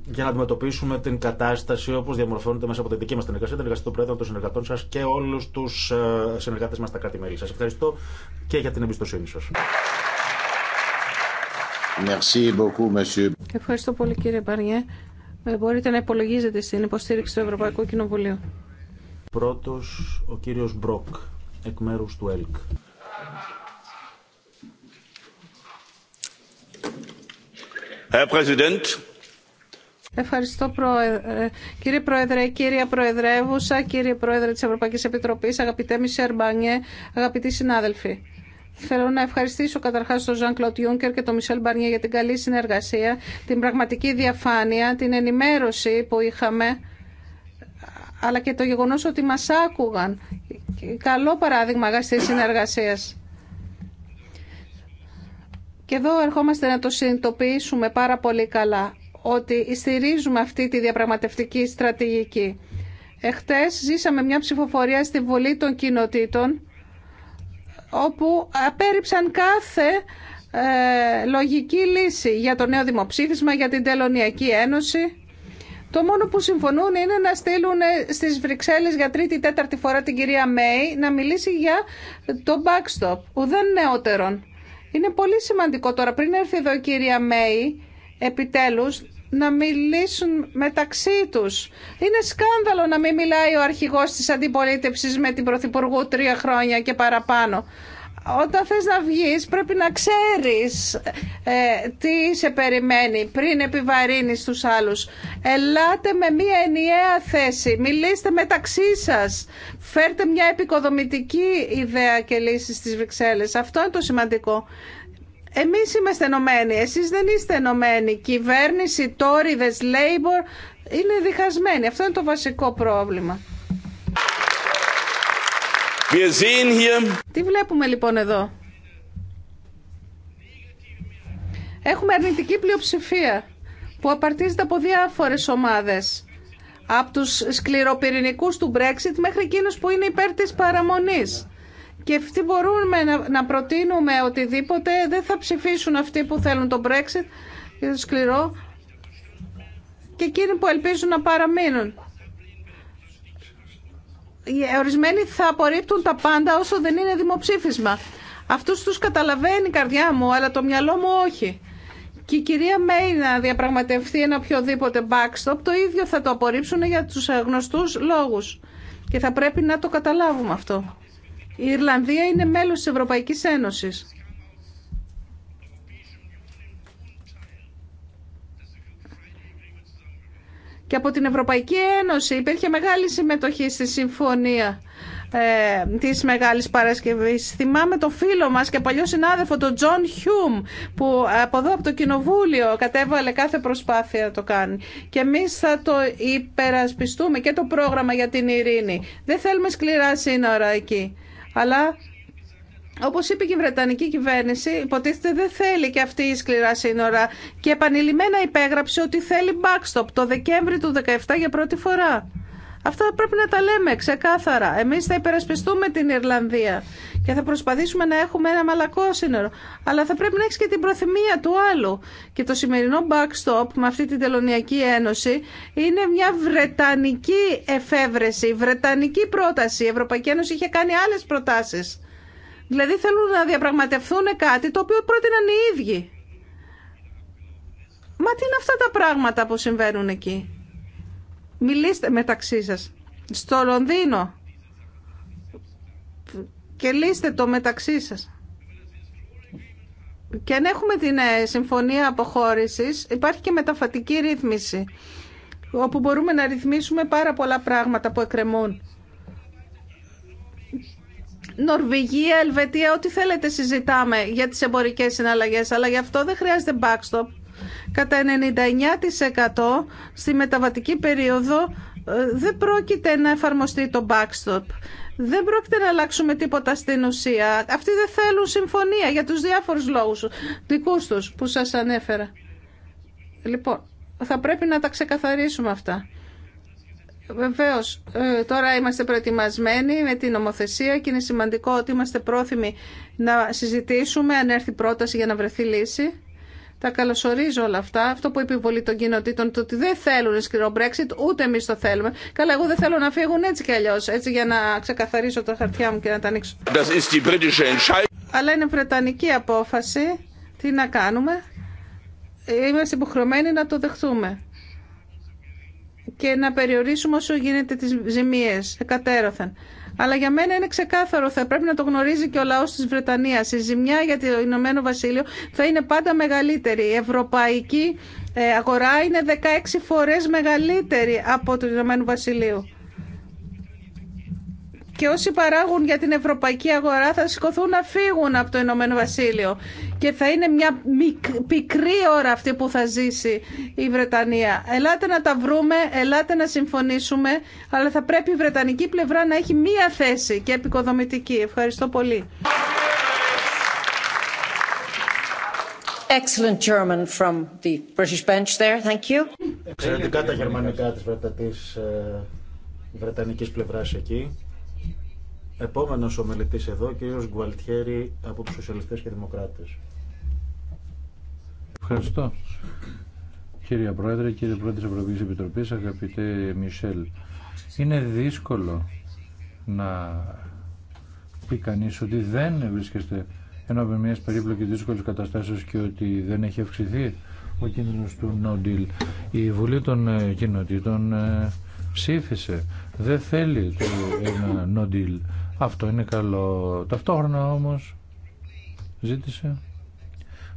για να αντιμετωπίσουμε την κατάσταση όπω διαμορφώνεται μέσα από την δική μα την εργασία, την εργασία των Πρόεδρων, των συνεργατών σα και όλου του ε, συνεργάτε μα στα κράτη-μέλη. Σα ευχαριστώ και για την εμπιστοσύνη σα. Ευχαριστώ πολύ, κύριε Μπαρνιέ. Ε, μπορείτε να υπολογίζετε στην υποστήριξη του Ευρωπαϊκού Κοινοβουλίου. Πρώτο, ο κύριο Μπροκ, εκ μέρου του ΕΛΚ. Herr Präsident, Ευχαριστώ πρόεδρε. κύριε Πρόεδρε, κύρια Προεδρεύουσα, κύριε Πρόεδρε της Ευρωπαϊκής Επιτροπής, αγαπητέ Μισελ Μπανιέ, αγαπητοί συνάδελφοι. Θέλω να ευχαριστήσω καταρχά τον Ζαν Κλωτ Ιούνκερ και τον Μισελ Μπαρνιέ για την καλή συνεργασία, την πραγματική διαφάνεια, την ενημέρωση που είχαμε, αλλά και το γεγονό ότι μα άκουγαν. Καλό παράδειγμα αγαστή συνεργασία. Και εδώ ερχόμαστε να το συνειδητοποιήσουμε πάρα πολύ καλά ότι στηρίζουμε αυτή τη διαπραγματευτική στρατηγική. Εχθές ζήσαμε μια ψηφοφορία στη Βουλή των Κοινοτήτων όπου απέρριψαν κάθε ε, λογική λύση για το νέο δημοψήφισμα, για την Τελωνιακή Ένωση. Το μόνο που συμφωνούν είναι να στείλουν ε, στις Βρυξέλλες για τρίτη-τέταρτη φορά την κυρία Μέη να μιλήσει για το backstop, ουδέν νεότερον. Είναι πολύ σημαντικό τώρα, πριν έρθει εδώ η κυρία Μέη, επιτέλους, να μιλήσουν μεταξύ τους. Είναι σκάνδαλο να μην μιλάει ο αρχηγός της αντιπολίτευσης με την Πρωθυπουργού τρία χρόνια και παραπάνω. Όταν θες να βγεις πρέπει να ξέρεις ε, τι σε περιμένει πριν επιβαρύνεις τους άλλους. Ελάτε με μία ενιαία θέση, μιλήστε μεταξύ σας, φέρτε μια επικοδομητική ιδέα και λύση στις Βρυξέλλες. Αυτό είναι το σημαντικό. Εμείς είμαστε ενωμένοι, εσείς δεν είστε ενωμένοι. Κυβέρνηση, τόριδες, Λέιμπορ είναι διχασμένοι. Αυτό είναι το βασικό πρόβλημα. Τι βλέπουμε λοιπόν εδώ. Έχουμε αρνητική πλειοψηφία που απαρτίζεται από διάφορες ομάδες. Από τους σκληροπυρηνικούς του Brexit μέχρι εκείνους που είναι υπέρ της παραμονής και αυτοί μπορούμε να προτείνουμε οτιδήποτε. Δεν θα ψηφίσουν αυτοί που θέλουν το Brexit και το σκληρό και εκείνοι που ελπίζουν να παραμείνουν. Οι ε, ορισμένοι θα απορρίπτουν τα πάντα όσο δεν είναι δημοψήφισμα. Αυτούς τους καταλαβαίνει η καρδιά μου, αλλά το μυαλό μου όχι. Και η κυρία Μέι να διαπραγματευτεί ένα οποιοδήποτε backstop, το ίδιο θα το απορρίψουν για τους ε, γνωστούς λόγους. Και θα πρέπει να το καταλάβουμε αυτό. Η Ιρλανδία είναι μέλος της Ευρωπαϊκής Ένωσης. Και από την Ευρωπαϊκή Ένωση υπήρχε μεγάλη συμμετοχή στη συμφωνία ε, της Μεγάλης Παρασκευής. Θυμάμαι το φίλο μας και παλιό συνάδελφο, τον Τζον Χιούμ, που από εδώ από το Κοινοβούλιο κατέβαλε κάθε προσπάθεια να το κάνει. Και εμείς θα το υπερασπιστούμε και το πρόγραμμα για την ειρήνη. Δεν θέλουμε σκληρά σύνορα εκεί. Αλλά Όπω είπε και η Βρετανική κυβέρνηση, υποτίθεται δεν θέλει και αυτή η σκληρά σύνορα και επανειλημμένα υπέγραψε ότι θέλει backstop το Δεκέμβρη του 2017 για πρώτη φορά. Αυτά πρέπει να τα λέμε ξεκάθαρα. Εμείς θα υπερασπιστούμε την Ιρλανδία και θα προσπαθήσουμε να έχουμε ένα μαλακό σύνορο. Αλλά θα πρέπει να έχεις και την προθυμία του άλλου. Και το σημερινό backstop με αυτή την τελωνιακή ένωση είναι μια βρετανική εφεύρεση, βρετανική πρόταση. Η Ευρωπαϊκή Ένωση είχε κάνει άλλες προτάσεις. Δηλαδή θέλουν να διαπραγματευτούν κάτι το οποίο πρότειναν οι ίδιοι. Μα τι είναι αυτά τα πράγματα που συμβαίνουν εκεί. Μιλήστε μεταξύ σας. Στο Λονδίνο. Και λύστε το μεταξύ σας. Και αν έχουμε την ε, συμφωνία αποχώρησης, υπάρχει και μεταφατική ρύθμιση, όπου μπορούμε να ρυθμίσουμε πάρα πολλά πράγματα που εκκρεμούν. Νορβηγία, Ελβετία, ό,τι θέλετε συζητάμε για τις εμπορικές συναλλαγές, αλλά γι' αυτό δεν χρειάζεται backstop. Κατά 99% στη μεταβατική περίοδο ε, δεν πρόκειται να εφαρμοστεί το backstop. Δεν πρόκειται να αλλάξουμε τίποτα στην ουσία. Αυτοί δεν θέλουν συμφωνία για τους διάφορους λόγους δικούς τους που σας ανέφερα. Λοιπόν, θα πρέπει να τα ξεκαθαρίσουμε αυτά. Βεβαίω, ε, τώρα είμαστε προετοιμασμένοι με την νομοθεσία και είναι σημαντικό ότι είμαστε πρόθυμοι να συζητήσουμε αν έρθει πρόταση για να βρεθεί λύση. Τα καλωσορίζω όλα αυτά. Αυτό που επιβολεί των κοινοτήτων, το ότι δεν θέλουν σκληρό Brexit, ούτε εμεί το θέλουμε. Καλά, εγώ δεν θέλω να φύγουν έτσι κι αλλιώ, έτσι για να ξεκαθαρίσω τα χαρτιά μου και να τα ανοίξω. Αλλά είναι βρετανική απόφαση. Τι να κάνουμε. Είμαστε υποχρεωμένοι να το δεχτούμε και να περιορίσουμε όσο γίνεται τις ζημίες εκατέρωθεν. Αλλά για μένα είναι ξεκάθαρο, θα πρέπει να το γνωρίζει και ο λαός της Βρετανίας. Η ζημιά για το Ηνωμένο Βασίλειο θα είναι πάντα μεγαλύτερη. Η ευρωπαϊκή ε, αγορά είναι 16 φορές μεγαλύτερη από το Ηνωμένο Βασίλειο. Και όσοι παράγουν για την ευρωπαϊκή αγορά θα σηκωθούν να φύγουν από το Ηνωμένο Βασίλειο και θα είναι μια πικρή ώρα αυτή που θα ζήσει η Βρετανία. Ελάτε να τα βρούμε, ελάτε να συμφωνήσουμε, αλλά θα πρέπει η Βρετανική πλευρά να έχει μία θέση και επικοδομητική. Ευχαριστώ πολύ. Excellent German from the British bench there. Thank you. Εξαιρετικά τα γερμανικά της, της ε, βρετανικής πλευράς εκεί. Επόμενος ομιλητής εδώ, κύριος Γκουαλτιέρη από τους Σοσιαλιστές και Δημοκράτες. Ευχαριστώ. Κύριε Πρόεδρε, κύριε Πρόεδρε της Ευρωπαϊκής Επιτροπής, αγαπητέ Μισελ, είναι δύσκολο να πει κανεί ότι δεν βρίσκεστε με μια περίπλοκη δύσκολη καταστάσεω και ότι δεν έχει αυξηθεί ο κίνδυνος του No Η Βουλή των ε, Κοινοτήτων ε, ψήφισε. Δεν θέλει το ένα No Αυτό είναι καλό. Ταυτόχρονα όμω, ζήτησε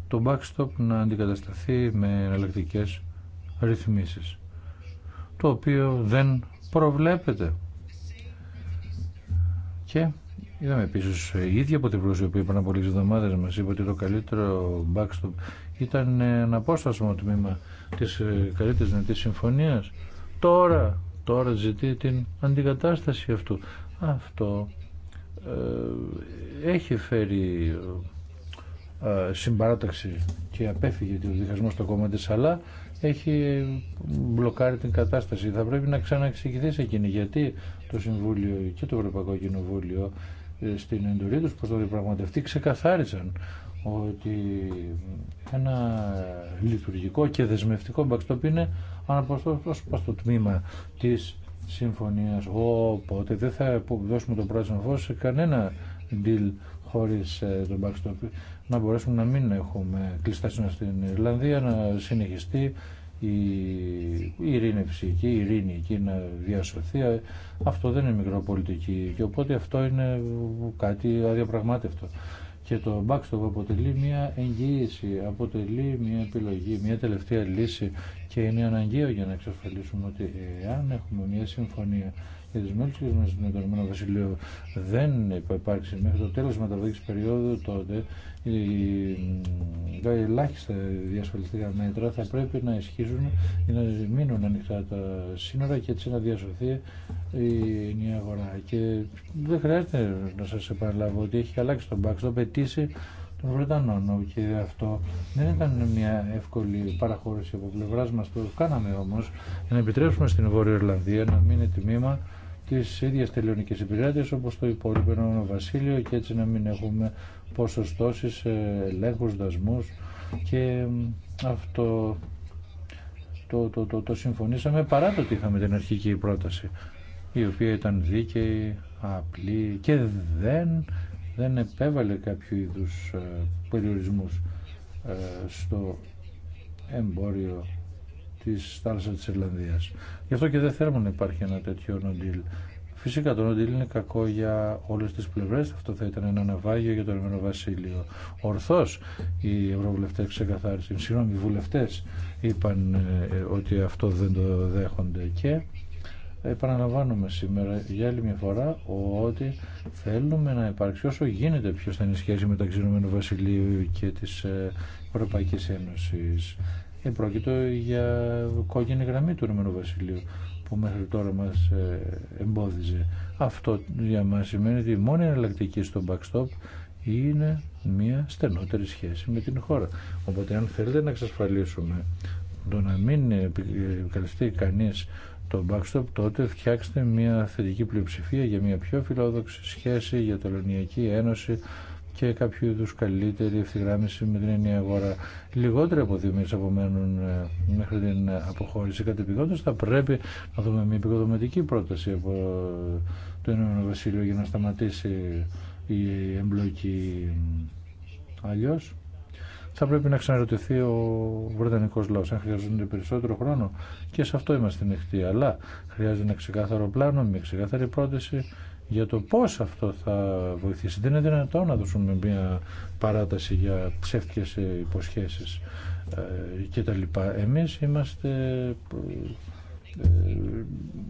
το backstop να αντικατασταθεί με εναλλακτικέ ρυθμίσεις το οποίο δεν προβλέπεται και είδαμε επίση η ίδια από την που είπαν από λίγες εβδομάδες μας είπε ότι το καλύτερο backstop ήταν ένα απόστασμο τμήμα της ε, καλύτερης δυνατή συμφωνίας τώρα, τώρα ζητεί την αντικατάσταση αυτού αυτό ε, έχει φέρει ε, συμπαράταξη και απέφυγε το διχασμό στο κόμμα της αλλά έχει μπλοκάρει την κατάσταση. Θα πρέπει να σε εκείνη γιατί το Συμβούλιο και το Ευρωπαϊκό Κοινοβούλιο ε, στην εντολή τους προς το διπραγματευτή ξεκαθάρισαν ότι ένα λειτουργικό και δεσμευτικό backstop είναι το τμήμα της συμφωνίας. Οπότε δεν θα δώσουμε το πράσινο φω σε κανένα deal χωρίς ε, τον backstop να μπορέσουμε να μην έχουμε κλειστά σύνορα στην Ιρλανδία, να συνεχιστεί η ειρήνευση εκεί, η ειρήνη εκεί να διασωθεί. Αυτό δεν είναι μικροπολιτική και οπότε αυτό είναι κάτι αδιαπραγμάτευτο. Και το backstop αποτελεί μια εγγύηση, αποτελεί μια επιλογή, μια τελευταία λύση και είναι αναγκαίο για να εξασφαλίσουμε ότι αν έχουμε μια συμφωνία και της μέλους και στον Οικονομικό Βασιλείο δεν υπάρξει μέχρι το τέλος της περίοδου τότε τα ελάχιστα διασφαλιστικά μέτρα θα πρέπει να ισχύσουν για να μείνουν ανοιχτά τα σύνορα και έτσι να διασωθεί η νέα αγορά. Και δεν χρειάζεται να σας επαναλάβω ότι έχει αλλάξει τον το απαιτήσει των Βρετανών και αυτό δεν ήταν μια εύκολη παραχώρηση από πλευρά μα. Το κάναμε όμω για να επιτρέψουμε στην Βόρεια Ιρλανδία να μείνει τμήμα τις ίδιες τελειωνικής υπηρέτες όπως το υπόλοιπο βασίλειο και έτσι να μην έχουμε ποσοστώσεις, ε, ελέγχους, δασμούς και αυτό το, το, το, το συμφωνήσαμε παρά το ότι είχαμε την αρχική πρόταση η οποία ήταν δίκαιη, απλή και δεν, δεν επέβαλε κάποιο είδους ε, περιορισμούς ε, στο εμπόριο της θάλασσα της Ιρλανδίας. Γι' αυτό και δεν θέλουμε να υπάρχει ένα τέτοιο νοντήλ. Φυσικά το νοντήλ είναι κακό για όλες τις πλευρές, αυτό θα ήταν ένα ναυάγιο για το Ηνωμένο Βασίλειο. Ορθώς οι ευρωβουλευτές ξεκαθάρισαν, συγγνώμη οι βουλευτέ είπαν ε, ότι αυτό δεν το δέχονται και επαναλαμβάνουμε σήμερα για άλλη μια φορά ότι θέλουμε να υπάρξει όσο γίνεται πιο στενή σχέση μεταξύ Ηνωμένου Βασιλείου και τη ε, Ευρωπαϊκής ε, πρόκειται για κόκκινη γραμμή του Βασιλείου που μέχρι τώρα μας ε, εμπόδιζε. Αυτό για μας σημαίνει ότι η μόνη εναλλακτική στο backstop είναι μια στενότερη σχέση με την χώρα. Οπότε αν θέλετε να εξασφαλίσουμε το να μην επικαλυστεί κανείς το backstop, τότε φτιάξτε μια θετική πλειοψηφία για μια πιο φιλόδοξη σχέση για την Ελληνική Ένωση και κάποιο είδου καλύτερη ευθυγράμμιση με την ενιαία αγορά. Λιγότεροι από δύο μήνε απομένουν ε, μέχρι την αποχώρηση. Κατεπηγόντω θα πρέπει να δούμε μια επικοδομητική πρόταση από ε, το Ηνωμένο Βασίλειο για να σταματήσει η εμπλοκή. Αλλιώ θα πρέπει να ξαναρωτηθεί ο Βρετανικό λαό αν χρειαζόνται περισσότερο χρόνο και σε αυτό είμαστε νυχτοί. Αλλά χρειάζεται ένα ξεκάθαρο πλάνο, μια ξεκάθαρη πρόταση για το πώς αυτό θα βοηθήσει. Δεν είναι δυνατόν να δώσουμε μια παράταση για ψεύτικες υποσχέσεις ε, και τα λοιπά. Εμείς είμαστε ε,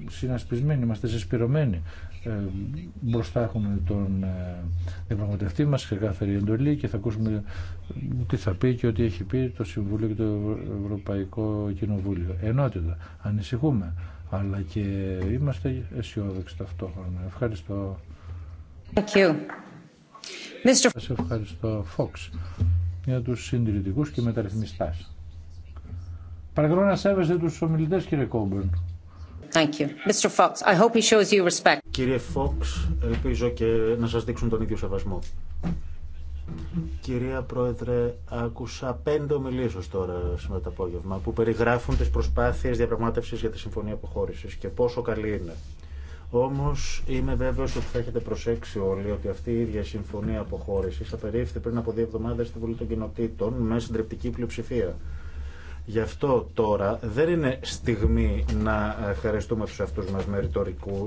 συνασπισμένοι, είμαστε συσπηρωμένοι. Ε, μπροστά έχουμε τον διαπραγματευτή μας ξεκάθαρη εντολή και θα ακούσουμε τι θα πει και ό,τι έχει πει το Συμβούλιο και το Ευρωπαϊκό Κοινοβούλιο. Ενότητα. Ανησυχούμε αλλά και είμαστε αισιόδοξοι ταυτόχρονα. Ευχαριστώ. Thank you. Mr. Σας ευχαριστώ, Fox, για τους συντηρητικούς και μεταρρυθμιστάς. Παρακαλώ να σέβεστε τους ομιλητές, κύριε Κόμπερν. Thank you. Mr. Fox, I hope he shows you respect. Κύριε Fox, ελπίζω και να σας δείξουν τον ίδιο σεβασμό. Κυρία Πρόεδρε, άκουσα πέντε ομιλίε τώρα σήμερα το απόγευμα που περιγράφουν τι προσπάθειε διαπραγμάτευση για τη Συμφωνία Αποχώρηση και πόσο καλή είναι. Όμω είμαι βέβαιο ότι θα έχετε προσέξει όλοι ότι αυτή η ίδια Συμφωνία Αποχώρηση απερίφθη πριν από δύο εβδομάδε στη Βουλή των Κοινοτήτων με συντριπτική πλειοψηφία. Γι' αυτό τώρα δεν είναι στιγμή να ευχαριστούμε του αυτούς μα με,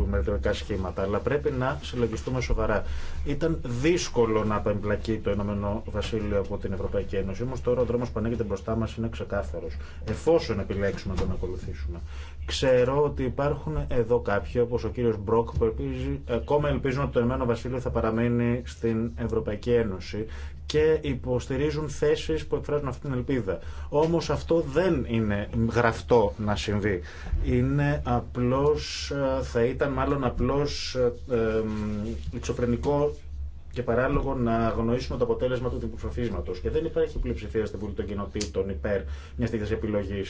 με ρητορικά σχήματα, αλλά πρέπει να συλλογιστούμε σοβαρά. Ήταν δύσκολο να απεμπλακεί το Ηνωμένο Βασίλειο από την Ευρωπαϊκή Ένωση, όμω τώρα ο δρόμο που ανοίγεται μπροστά μα είναι ξεκάθαρο, εφόσον επιλέξουμε να τον ακολουθήσουμε. Ξέρω ότι υπάρχουν εδώ κάποιοι, όπως ο κύριος Μπροκ, που ελπίζει, ε, ακόμα ελπίζουν ότι το Ηνωμένο Βασίλειο θα παραμείνει στην Ευρωπαϊκή Ένωση και υποστηρίζουν θέσει που εκφράζουν αυτή την ελπίδα. Όμω αυτό δεν είναι γραφτό να συμβεί. Είναι απλώ, ε, θα ήταν μάλλον απλώ ε, ε, εξωφρενικό και παράλογο να αγνοήσουμε το αποτέλεσμα του δημοψηφίσματο. Και δεν υπάρχει πλειοψηφία στην Βουλή των Κοινοτήτων υπέρ μια τέτοια επιλογή.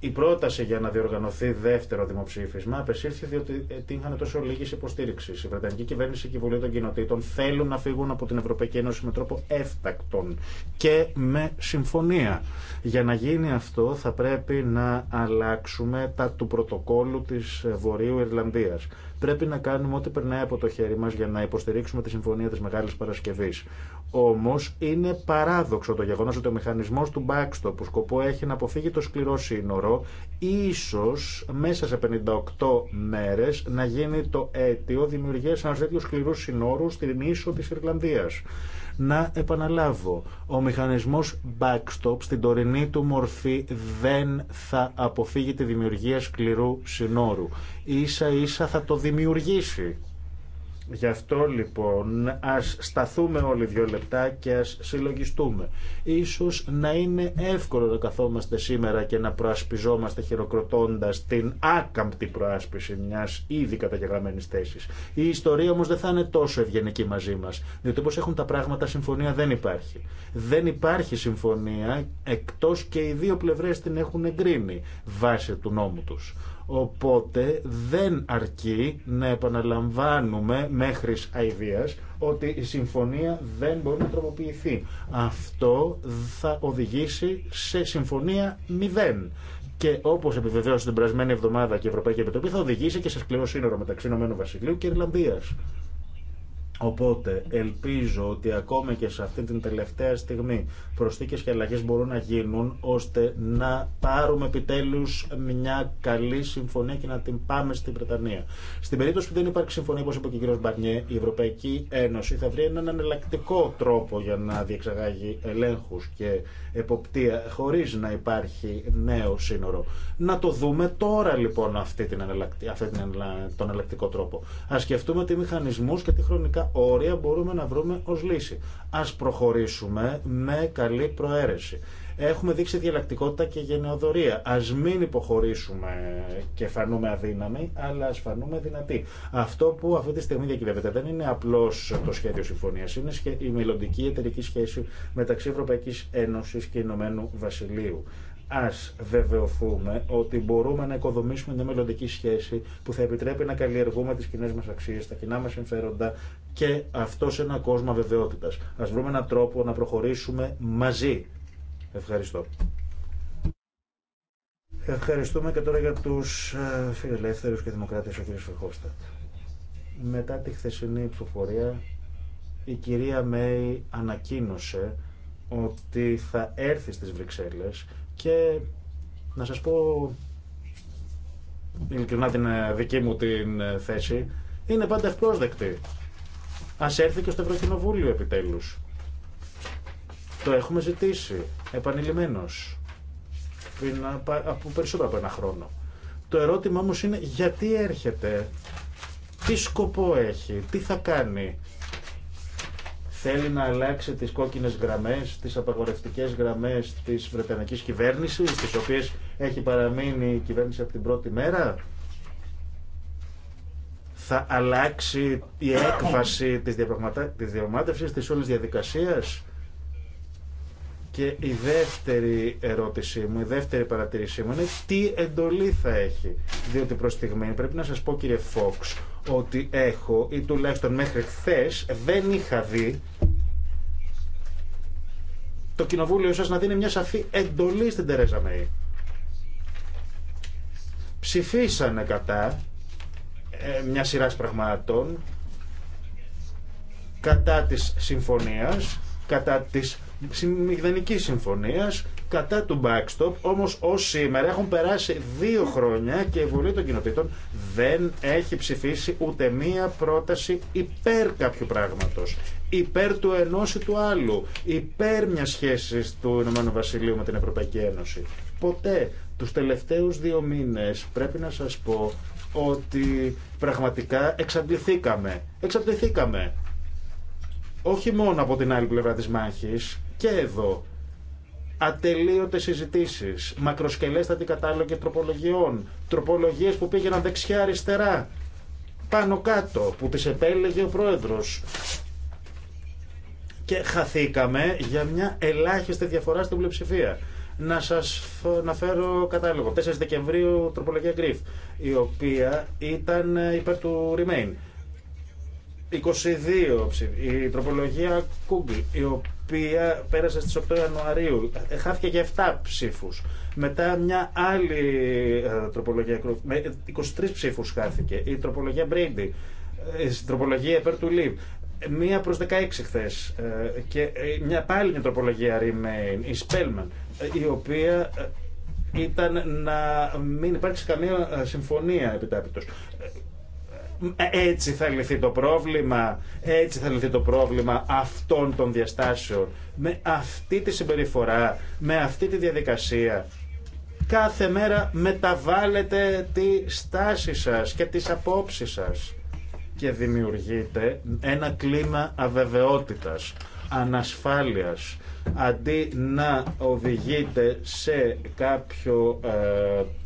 Η πρόταση για να διοργανωθεί δεύτερο δημοψήφισμα απεσύρθη διότι ε, τύχανε τόσο λίγη υποστήριξη. Η Βρετανική κυβέρνηση και η Βουλή των Κοινοτήτων θέλουν να φύγουν από την Ευρωπαϊκή Ένωση με τρόπο έφτακτον και με συμφωνία. Για να γίνει αυτό θα πρέπει να αλλάξουμε τα του πρωτοκόλου τη ε, Βορείου Ιρλανδία. Πρέπει να κάνουμε ό,τι περνάει από το χέρι μα για να υποστηρίξουμε τη Συμφωνία τη Μεγάλη Παρασκευή. Όμω είναι παράδοξο το γεγονό ότι ο μηχανισμό του backstop που σκοπό έχει να αποφύγει το σκληρό σύνορο, ίσω μέσα σε 58 μέρε να γίνει το αίτιο δημιουργία ενό τέτοιου σκληρού σύνορου στην ίσο τη Ιρλανδία. Να επαναλάβω, ο μηχανισμός backstop στην τωρινή του μορφή δεν θα αποφύγει τη δημιουργία σκληρού συνόρου. Ίσα ίσα θα το δημιουργήσει Γι' αυτό λοιπόν ας σταθούμε όλοι δύο λεπτά και ας συλλογιστούμε. Ίσως να είναι εύκολο να καθόμαστε σήμερα και να προασπιζόμαστε χειροκροτώντας την άκαμπτη προάσπιση μιας ήδη καταγεγραμμένης θέσης. Η ιστορία όμως δεν θα είναι τόσο ευγενική μαζί μας, διότι όπως έχουν τα πράγματα συμφωνία δεν υπάρχει. Δεν υπάρχει συμφωνία εκτός και οι δύο πλευρές την έχουν εγκρίνει βάσει του νόμου τους. Οπότε δεν αρκεί να επαναλαμβάνουμε μέχρι αηδία ότι η συμφωνία δεν μπορεί να τροποποιηθεί. Αυτό θα οδηγήσει σε συμφωνία μηδέν. Και όπω επιβεβαίωσε την περασμένη εβδομάδα και η Ευρωπαϊκή Επιτροπή, θα οδηγήσει και σε σκληρό σύνορο μεταξύ Ηνωμένου Βασιλείου και Ιρλανδία. Οπότε ελπίζω ότι ακόμα και σε αυτή την τελευταία στιγμή προσθήκες και αλλαγές μπορούν να γίνουν ώστε να πάρουμε επιτέλους μια καλή συμφωνία και να την πάμε στην Βρετανία. Στην περίπτωση που δεν υπάρχει συμφωνία, όπως είπε και ο κ. Μπαρνιέ, η Ευρωπαϊκή Ένωση θα βρει έναν εναλλακτικό τρόπο για να διεξαγάγει ελέγχους και εποπτεία χωρίς να υπάρχει νέο σύνορο. Να το δούμε τώρα λοιπόν αυτή την αυτή την, τον εναλλακτικό τρόπο. Ας σκεφτούμε τι μηχανισμούς και τι χρονικά όρια μπορούμε να βρούμε ως λύση. Ας προχωρήσουμε με καλή προαίρεση. Έχουμε δείξει διαλλακτικότητα και γενναιοδορία. Α μην υποχωρήσουμε και φανούμε αδύναμοι, αλλά α φανούμε δυνατοί. Αυτό που αυτή τη στιγμή διακυβεύεται δεν είναι απλώ το σχέδιο συμφωνία, είναι η μελλοντική εταιρική σχέση μεταξύ Ευρωπαϊκή Ένωση και Ηνωμένου Βασιλείου Α βεβαιωθούμε ότι μπορούμε να οικοδομήσουμε μια μελλοντική σχέση που θα επιτρέπει να καλλιεργούμε τι κοινέ μα αξίε, τα κοινά μα συμφέροντα και αυτό σε ένα κόσμο βεβαιότητα. Α βρούμε έναν τρόπο να προχωρήσουμε μαζί Ευχαριστώ. Ευχαριστούμε και τώρα για τους ε, φιλελεύθερους και δημοκράτες ο κ. Φερχόφστατ. Μετά τη χθεσινή ψηφοφορία η κυρία Μέη ανακοίνωσε ότι θα έρθει στις Βρυξέλλες και να σας πω ειλικρινά την ε, δική μου την ε, θέση είναι πάντα ευπρόσδεκτη. Ας έρθει και στο Ευρωκοινοβούλιο επιτέλους. Το έχουμε ζητήσει επανειλημμένως πριν από περισσότερο από ένα χρόνο. Το ερώτημα όμω είναι γιατί έρχεται, τι σκοπό έχει, τι θα κάνει. Θέλει να αλλάξει τις κόκκινες γραμμές, τις απαγορευτικές γραμμές της Βρετανικής κυβέρνησης, τις οποίες έχει παραμείνει η κυβέρνηση από την πρώτη μέρα. Θα αλλάξει η έκβαση της διαπραγματεύσης της όλης διαδικασίας και η δεύτερη ερώτησή μου, η δεύτερη παρατηρήσή μου είναι τι εντολή θα έχει. Διότι προ στιγμή πρέπει να σα πω, κύριε Φόξ, ότι έχω ή τουλάχιστον μέχρι χθε δεν είχα δει το κοινοβούλιο σα να δίνει μια σαφή εντολή στην Τερέζα Μέη. Ψηφίσανε κατά ε, μια σειρά πραγμάτων κατά της συμφωνίας, κατά της μηδενικής συμφωνίας κατά του backstop, όμως ως σήμερα έχουν περάσει δύο χρόνια και η Βουλή των Κοινοτήτων δεν έχει ψηφίσει ούτε μία πρόταση υπέρ κάποιου πράγματος, υπέρ του ενο ή του άλλου, υπέρ μιας σχέσης του Ηνωμένου Βασιλείου με την Ευρωπαϊκή Ένωση. Ποτέ. του τελευταίους δύο μήνες πρέπει να σας πω ότι πραγματικά εξαντληθήκαμε. Εξαντληθήκαμε όχι μόνο από την άλλη πλευρά και εδώ ατελείωτε συζητήσει, μακροσκελέστατη κατάλογη τροπολογιών, τροπολογίε που πήγαιναν δεξιά-αριστερά, πάνω-κάτω, που τι επέλεγε ο πρόεδρο. Και χαθήκαμε για μια ελάχιστη διαφορά στην πλειοψηφία. Να σας να φέρω κατάλογο. 4 Δεκεμβρίου τροπολογία Γκριφ, η οποία ήταν υπέρ του Remain. 22 η τροπολογία Κούγκλ, οποία πέρασε στις 8 Ιανουαρίου. Χάθηκε για 7 ψήφους. Μετά μια άλλη ε, τροπολογία, με 23 ψήφους χάθηκε. Η τροπολογία Brady, ε, η τροπολογία υπέρ Μία προς 16 χθε ε, και μια πάλι μια τροπολογία Remain, η Spellman, η οποία ήταν να μην υπάρξει καμία συμφωνία επιτάπητος. Έτσι θα λυθεί το πρόβλημα, έτσι θα λυθεί το πρόβλημα αυτών των διαστάσεων, με αυτή τη συμπεριφορά, με αυτή τη διαδικασία. Κάθε μέρα μεταβάλλετε τη στάση σας και τις απόψεις σας και δημιουργείτε ένα κλίμα αβεβαιότητας, ανασφάλειας, αντί να οδηγείται σε, κάποιο,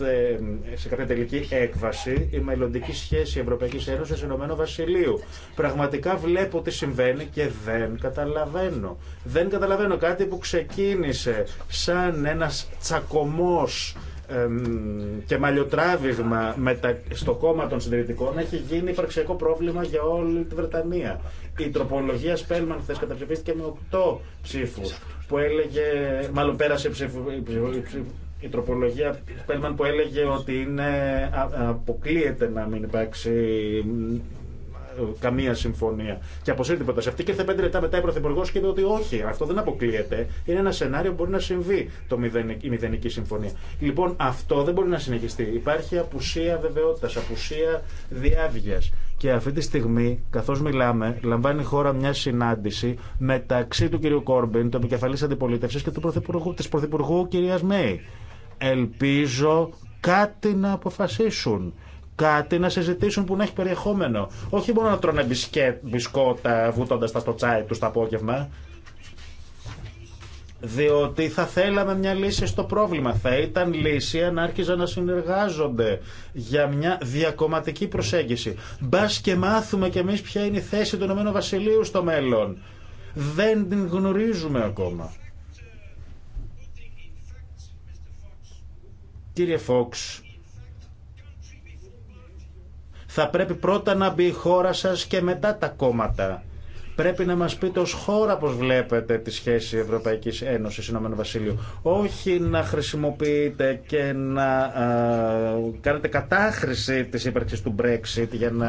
ε, σε κάποια τελική έκβαση η μελλοντική σχέση Ευρωπαϊκής Ένωσης Ηνωμένου Βασιλείου. Πραγματικά βλέπω τι συμβαίνει και δεν καταλαβαίνω. Δεν καταλαβαίνω κάτι που ξεκίνησε σαν ένας τσακωμός και μαλλιοτράβηγμα στο κόμμα των συντηρητικών έχει γίνει υπαρξιακό πρόβλημα για όλη τη Βρετανία. Η τροπολογία Σπέλμαν χθε καταψηφίστηκε με 8 ψήφου, που έλεγε, μάλλον πέρασε η τροπολογία Σπέλμαν που έλεγε ότι είναι, αποκλείεται να μην υπάρξει καμία συμφωνία. Και αποσύρει την πρόταση αυτή και ήρθε πέντε λεπτά μετά η Πρωθυπουργό και είπε ότι όχι, αυτό δεν αποκλείεται. Είναι ένα σενάριο που μπορεί να συμβεί το μηδενική, η μηδενική συμφωνία. Λοιπόν, αυτό δεν μπορεί να συνεχιστεί. Υπάρχει απουσία βεβαιότητα, απουσία διάβγεια. Και αυτή τη στιγμή, καθώ μιλάμε, λαμβάνει η χώρα μια συνάντηση μεταξύ του κ. Κόρμπιν, του επικεφαλή αντιπολίτευση και του Πρωθυπουργού κ. Μέη. Ελπίζω κάτι να αποφασίσουν κάτι να συζητήσουν που να έχει περιεχόμενο. Όχι μόνο να τρώνε μπισκέ, μπισκότα βουτώντα τα στο τσάι του το απόγευμα. Διότι θα θέλαμε μια λύση στο πρόβλημα. Θα ήταν λύση αν άρχιζαν να συνεργάζονται για μια διακομματική προσέγγιση. Μπα και μάθουμε κι εμεί ποια είναι η θέση του Ηνωμένου Βασιλείου στο μέλλον. Δεν την γνωρίζουμε ακόμα. Κύριε Φόξ, θα πρέπει πρώτα να μπει η χώρα σας και μετά τα κόμματα. Πρέπει να μας πείτε ως χώρα πώς βλέπετε τη σχέση Ευρωπαϊκής Ένωσης Ηνωμένου Βασίλειου. Όχι να χρησιμοποιείτε και να κάνετε κατάχρηση της ύπαρξης του Brexit για να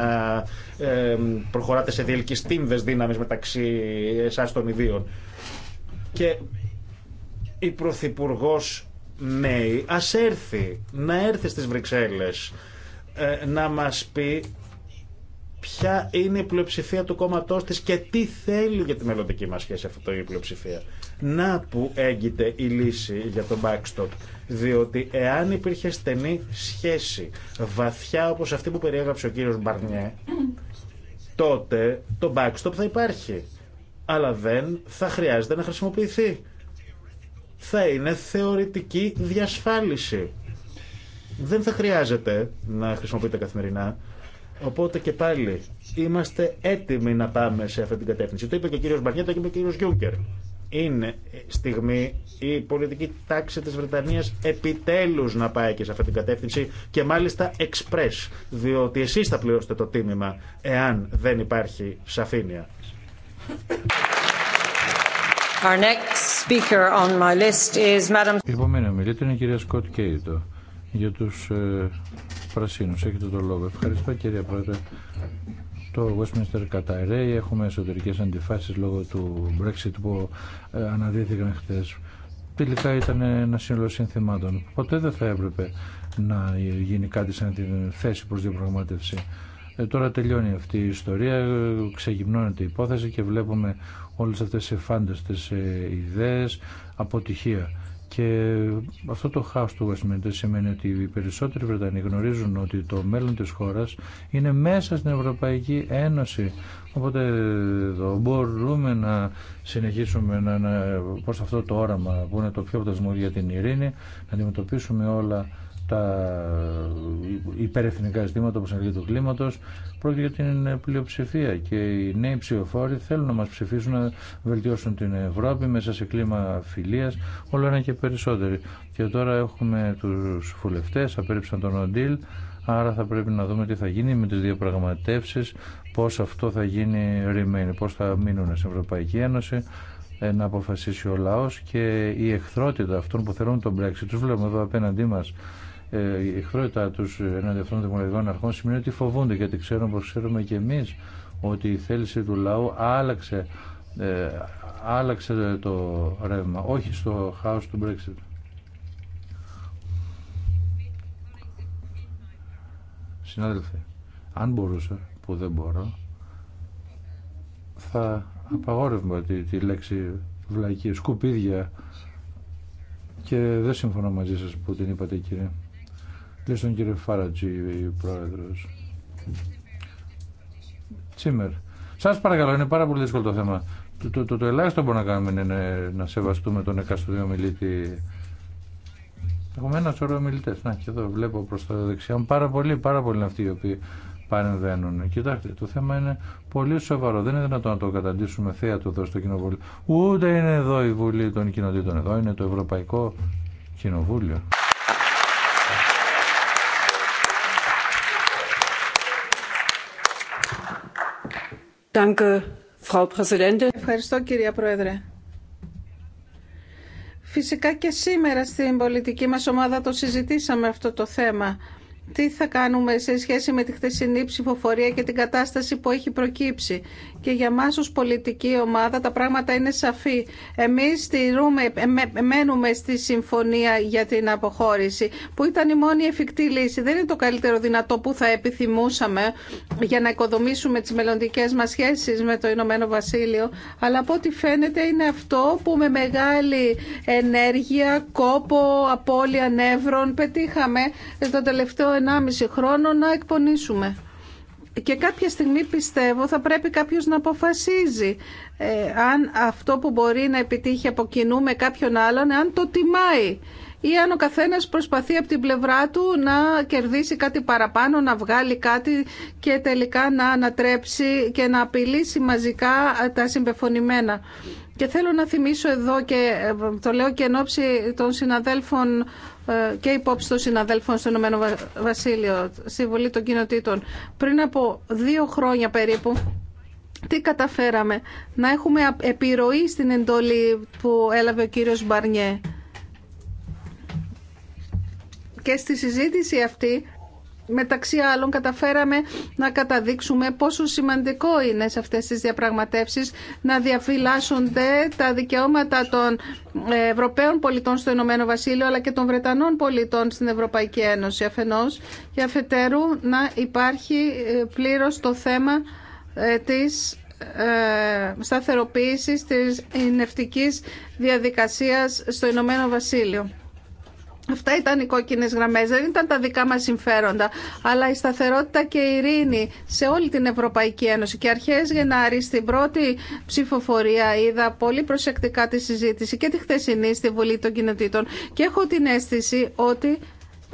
προχωράτε σε διελκυστήμβες δύναμης μεταξύ εσάς των ιδίων. Και η Πρωθυπουργός Νέη ας έρθει, να έρθει στις Βρυξέλλες ε, να μας πει ποια είναι η πλειοψηφία του κόμματό της και τι θέλει για τη μελλοντική μας σχέση αυτό η πλειοψηφία. Να που έγκυται η λύση για τον backstop. Διότι εάν υπήρχε στενή σχέση, βαθιά όπως αυτή που περιέγραψε ο κύριος Μπαρνιέ, τότε το backstop θα υπάρχει. Αλλά δεν θα χρειάζεται να χρησιμοποιηθεί. Θα είναι θεωρητική διασφάλιση δεν θα χρειάζεται να χρησιμοποιείται καθημερινά. Οπότε και πάλι είμαστε έτοιμοι να πάμε σε αυτή την κατεύθυνση. Το είπε και ο κύριος Μπαρνιέτα και ο κύριος Γιούγκερ. Είναι στιγμή η πολιτική τάξη της Βρετανίας επιτέλους να πάει και σε αυτή την κατεύθυνση και μάλιστα εξπρές, διότι εσείς θα πληρώσετε το τίμημα εάν δεν υπάρχει σαφήνεια. next Η επόμενη ομιλήτρια είναι η κυρία Σκοτ Κέιτο για τους ε, πρασίνους. Έχετε το λόγο. Ευχαριστώ κύριε Πρόεδρε. Το Westminster καταραίει. Έχουμε εσωτερικές αντιφάσεις λόγω του Brexit που ε, αναδύθηκαν χτες. Τελικά ήταν ένα σύνολο συνθημάτων. Ποτέ δεν θα έπρεπε να γίνει κάτι σαν την θέση προς διαπραγμάτευση. Ε, τώρα τελειώνει αυτή η ιστορία, ξεγυμνώνεται η υπόθεση και βλέπουμε όλες αυτές τις φάνταστες ε, ιδέες, αποτυχία και αυτό το χάος του Westminster σημαίνει ότι οι περισσότεροι Βρετανοί γνωρίζουν ότι το μέλλον της χώρας είναι μέσα στην Ευρωπαϊκή Ένωση. Οπότε εδώ μπορούμε να συνεχίσουμε να, να, προς αυτό το όραμα που είναι το πιο πτωσμό για την ειρήνη, να αντιμετωπίσουμε όλα τα υπερεθνικά ζητήματα όπως είναι του κλίματος πρόκειται για την πλειοψηφία και οι νέοι ψηφοφόροι θέλουν να μας ψηφίσουν να βελτιώσουν την Ευρώπη μέσα σε κλίμα φιλίας όλο ένα και περισσότεροι και τώρα έχουμε τους φουλευτές απέριψαν τον Οντήλ άρα θα πρέπει να δούμε τι θα γίνει με τις διαπραγματεύσεις πώς αυτό θα γίνει remain, πώς θα μείνουν στην Ευρωπαϊκή Ένωση ε, να αποφασίσει ο λαός και η εχθρότητα αυτών που θέλουν τον Brexit τους βλέπουμε εδώ απέναντί μας ε, η εχθρότητά του εναντί αυτών των δημοκρατικών αρχών σημαίνει ότι φοβούνται γιατί ξέρουν όπω ξέρουμε και εμείς ότι η θέληση του λαού άλλαξε, ε, άλλαξε το ρεύμα, όχι στο χάος του Brexit. Συνάδελφοι, αν μπορούσα, που δεν μπορώ, θα απαγόρευμα τη, τη λέξη βλακή, σκουπίδια και δεν συμφωνώ μαζί σας που την είπατε κύριε. Λέει στον κύριο Φάρατζη, πρόεδρος. Τσίμερ. Σας παρακαλώ, είναι πάρα πολύ δύσκολο το θέμα. Το, το, το, ελάχιστο μπορούμε να κάνουμε είναι να σεβαστούμε τον εκάστοτε μιλήτη. Έχουμε ένα σωρό ομιλητέ. Να και εδώ βλέπω προ τα δεξιά μου πάρα πολλοί, πάρα πολλοί αυτοί οι οποίοι παρεμβαίνουν. Κοιτάξτε, το θέμα είναι πολύ σοβαρό. Δεν είναι δυνατόν να το καταντήσουμε θέατρο εδώ στο Κοινοβούλιο. Ούτε είναι εδώ η Βουλή των Κοινοτήτων. Εδώ είναι το Ευρωπαϊκό Κοινοβούλιο. Ευχαριστώ κυρία Πρόεδρε. Φυσικά και σήμερα στην πολιτική μας ομάδα το συζητήσαμε αυτό το θέμα. Τι θα κάνουμε σε σχέση με τη χτεσινή ψηφοφορία και την κατάσταση που έχει προκύψει και για μας ως πολιτική ομάδα τα πράγματα είναι σαφή. Εμείς στηρούμε, μένουμε στη συμφωνία για την αποχώρηση που ήταν η μόνη εφικτή λύση. Δεν είναι το καλύτερο δυνατό που θα επιθυμούσαμε για να οικοδομήσουμε τις μελλοντικέ μας σχέσεις με το Ηνωμένο Βασίλειο αλλά από ό,τι φαίνεται είναι αυτό που με μεγάλη ενέργεια, κόπο, απώλεια νεύρων πετύχαμε τον τελευταίο 1,5 χρόνο να εκπονήσουμε και κάποια στιγμή πιστεύω θα πρέπει κάποιος να αποφασίζει ε, αν αυτό που μπορεί να επιτύχει από κοινού με κάποιον άλλον, αν το τιμάει ή αν ο καθένας προσπαθεί από την πλευρά του να κερδίσει κάτι παραπάνω, να βγάλει κάτι και τελικά να ανατρέψει και να απειλήσει μαζικά τα συμπεφωνημένα. Και θέλω να θυμίσω εδώ και ε, το λέω και εν ώψη των συναδέλφων ε, και υπόψη των συναδέλφων στο Ηνωμένο Βασίλειο, Συμβουλή των Κοινοτήτων. Πριν από δύο χρόνια περίπου, τι καταφέραμε, να έχουμε επιρροή στην εντολή που έλαβε ο κύριος Μπαρνιέ. Και στη συζήτηση αυτή μεταξύ άλλων καταφέραμε να καταδείξουμε πόσο σημαντικό είναι σε αυτές τις διαπραγματεύσεις να διαφυλάσσονται τα δικαιώματα των Ευρωπαίων πολιτών στο Ηνωμένο Βασίλειο αλλά και των Βρετανών πολιτών στην Ευρωπαϊκή Ένωση αφενός για αφετέρου να υπάρχει ε, πλήρως το θέμα ε, της ε, σταθεροποίησης της νευτικής διαδικασίας στο Ηνωμένο Βασίλειο. Αυτά ήταν οι κόκκινε γραμμέ. Δεν ήταν τα δικά μα συμφέροντα. Αλλά η σταθερότητα και η ειρήνη σε όλη την Ευρωπαϊκή Ένωση. Και αρχέ Γενάρη, στην πρώτη ψηφοφορία, είδα πολύ προσεκτικά τη συζήτηση και τη χθεσινή στη Βουλή των Κοινοτήτων. Και έχω την αίσθηση ότι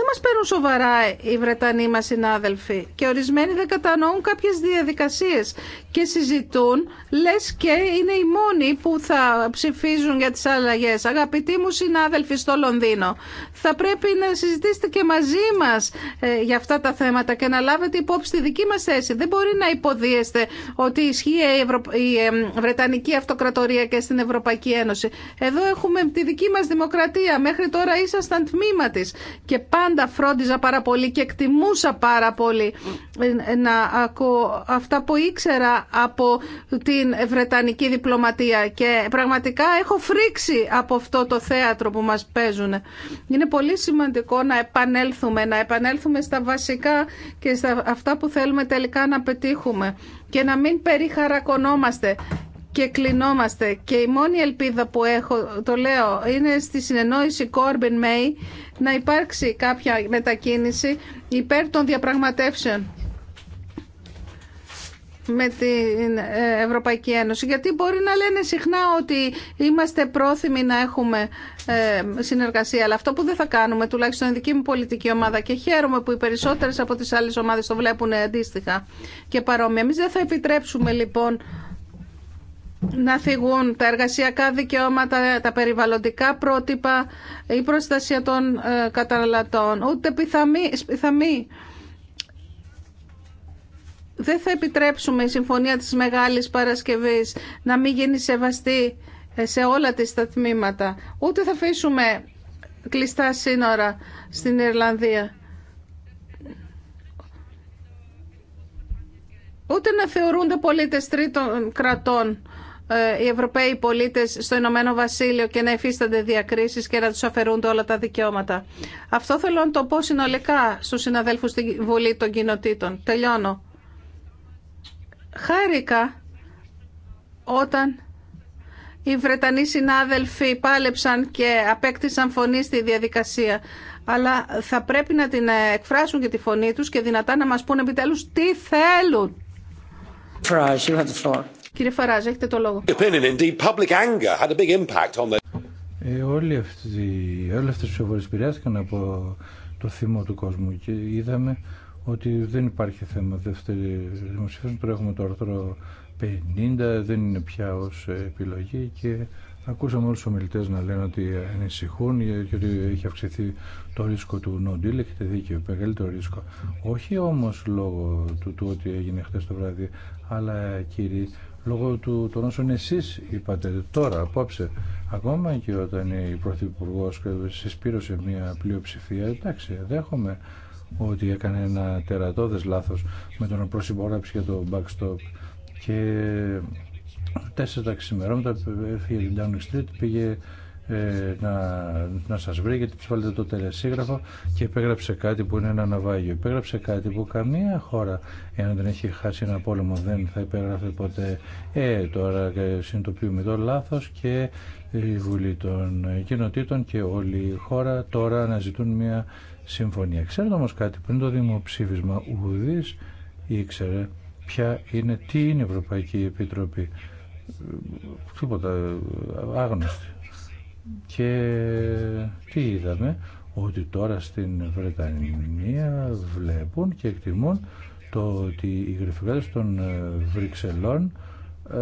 δεν μας παίρνουν σοβαρά οι Βρετανοί μας συνάδελφοι και ορισμένοι δεν κατανοούν κάποιες διαδικασίες και συζητούν, λες και είναι οι μόνοι που θα ψηφίζουν για τις αλλαγές. Αγαπητοί μου συνάδελφοι στο Λονδίνο, θα πρέπει να συζητήσετε και μαζί μας ε, για αυτά τα θέματα και να λάβετε υπόψη τη δική μας θέση. Δεν μπορεί να υποδίεστε ότι ισχύει η, Βρετανική Αυτοκρατορία και στην Ευρωπαϊκή Ένωση. Εδώ έχουμε τη δική μας δημοκρατία. Μέχρι τώρα ήσασταν τμήμα τη και πάντα πάντα φρόντιζα πάρα πολύ και εκτιμούσα πάρα πολύ ε, να ακούω αυτά που ήξερα από την Βρετανική διπλωματία και πραγματικά έχω φρίξει από αυτό το θέατρο που μας παίζουν. Είναι πολύ σημαντικό να επανέλθουμε, να επανέλθουμε στα βασικά και στα αυτά που θέλουμε τελικά να πετύχουμε και να μην περιχαρακωνόμαστε και κλεινόμαστε. Και η μόνη ελπίδα που έχω, το λέω, είναι στη συνεννόηση Κόρμπιν Μέι να υπάρξει κάποια μετακίνηση υπέρ των διαπραγματεύσεων με την ε, Ευρωπαϊκή Ένωση. Γιατί μπορεί να λένε συχνά ότι είμαστε πρόθυμοι να έχουμε ε, συνεργασία. Αλλά αυτό που δεν θα κάνουμε, τουλάχιστον η δική μου πολιτική ομάδα, και χαίρομαι που οι περισσότερε από τι άλλε ομάδε το βλέπουν αντίστοιχα και παρόμοια. Εμεί δεν θα επιτρέψουμε λοιπόν να θυγούν τα εργασιακά δικαιώματα, τα περιβαλλοντικά πρότυπα, η προστασία των ε, καταναλωτών, ούτε πιθαμή, πιθαμή. Δεν θα επιτρέψουμε η Συμφωνία της Μεγάλης Παρασκευής να μην γίνει σεβαστή ε, σε όλα τις τα τμήματα. Ούτε θα αφήσουμε κλειστά σύνορα στην Ιρλανδία. Ούτε να θεωρούνται πολίτες τρίτων κρατών ε, οι Ευρωπαίοι πολίτες στο Ηνωμένο Βασίλειο και να υφίστανται διακρίσεις και να τους αφαιρούνται όλα τα δικαιώματα. Αυτό θέλω να το πω συνολικά στους συναδέλφους στη Βουλή των Κοινοτήτων. Τελειώνω. Χάρηκα όταν οι Βρετανοί συνάδελφοι πάλεψαν και απέκτησαν φωνή στη διαδικασία. Αλλά θα πρέπει να την εκφράσουν και τη φωνή τους και δυνατά να μας πούν επιτέλους τι θέλουν. Κύριε Φαράζ, έχετε το λόγο. Ε, όλοι αυτοί, όλες αυτές οι ψηφοφορίες επηρεάστηκαν από το θύμο του κόσμου και είδαμε ότι δεν υπάρχει θέμα δεύτερη δημοσίευση. Τώρα έχουμε το άρθρο 50, δεν είναι πια ω επιλογή και ακούσαμε όλου του ομιλητέ να λένε ότι ανησυχούν και ότι έχει αυξηθεί το ρίσκο του no deal, έχετε δίκιο, μεγαλύτερο ρίσκο. Όχι όμω λόγω του, ότι έγινε χτες το βράδυ, αλλά κύριοι λόγω του των όσων εσείς είπατε τώρα απόψε ακόμα και όταν η Πρωθυπουργό συσπήρωσε μια πλειοψηφία εντάξει δέχομαι ότι έκανε ένα τερατώδες λάθος με τον να προσυμπόραψε για το backstop και τέσσερα τα ξημερώματα έφυγε την Downing Street πήγε ε, να, να σας βρει γιατί βάλετε το τελεσίγραφο και υπέγραψε κάτι που είναι ένα ναυάγιο. Υπέγραψε κάτι που καμία χώρα, εάν δεν έχει χάσει ένα πόλεμο, δεν θα υπέγραφε ποτέ. Ε, τώρα συνειδητοποιούμε το λάθος και η Βουλή των Κοινοτήτων και όλη η χώρα τώρα αναζητούν μια συμφωνία. Ξέρετε όμως κάτι, πριν το δημοψήφισμα ουδής ήξερε ποια είναι, τι είναι η Ευρωπαϊκή Επιτροπή. Ε, τίποτα άγνωστη. Και τι είδαμε, ότι τώρα στην Βρετανία βλέπουν και εκτιμούν το ότι οι γρυφικότητες των ε, Βρυξελών ε,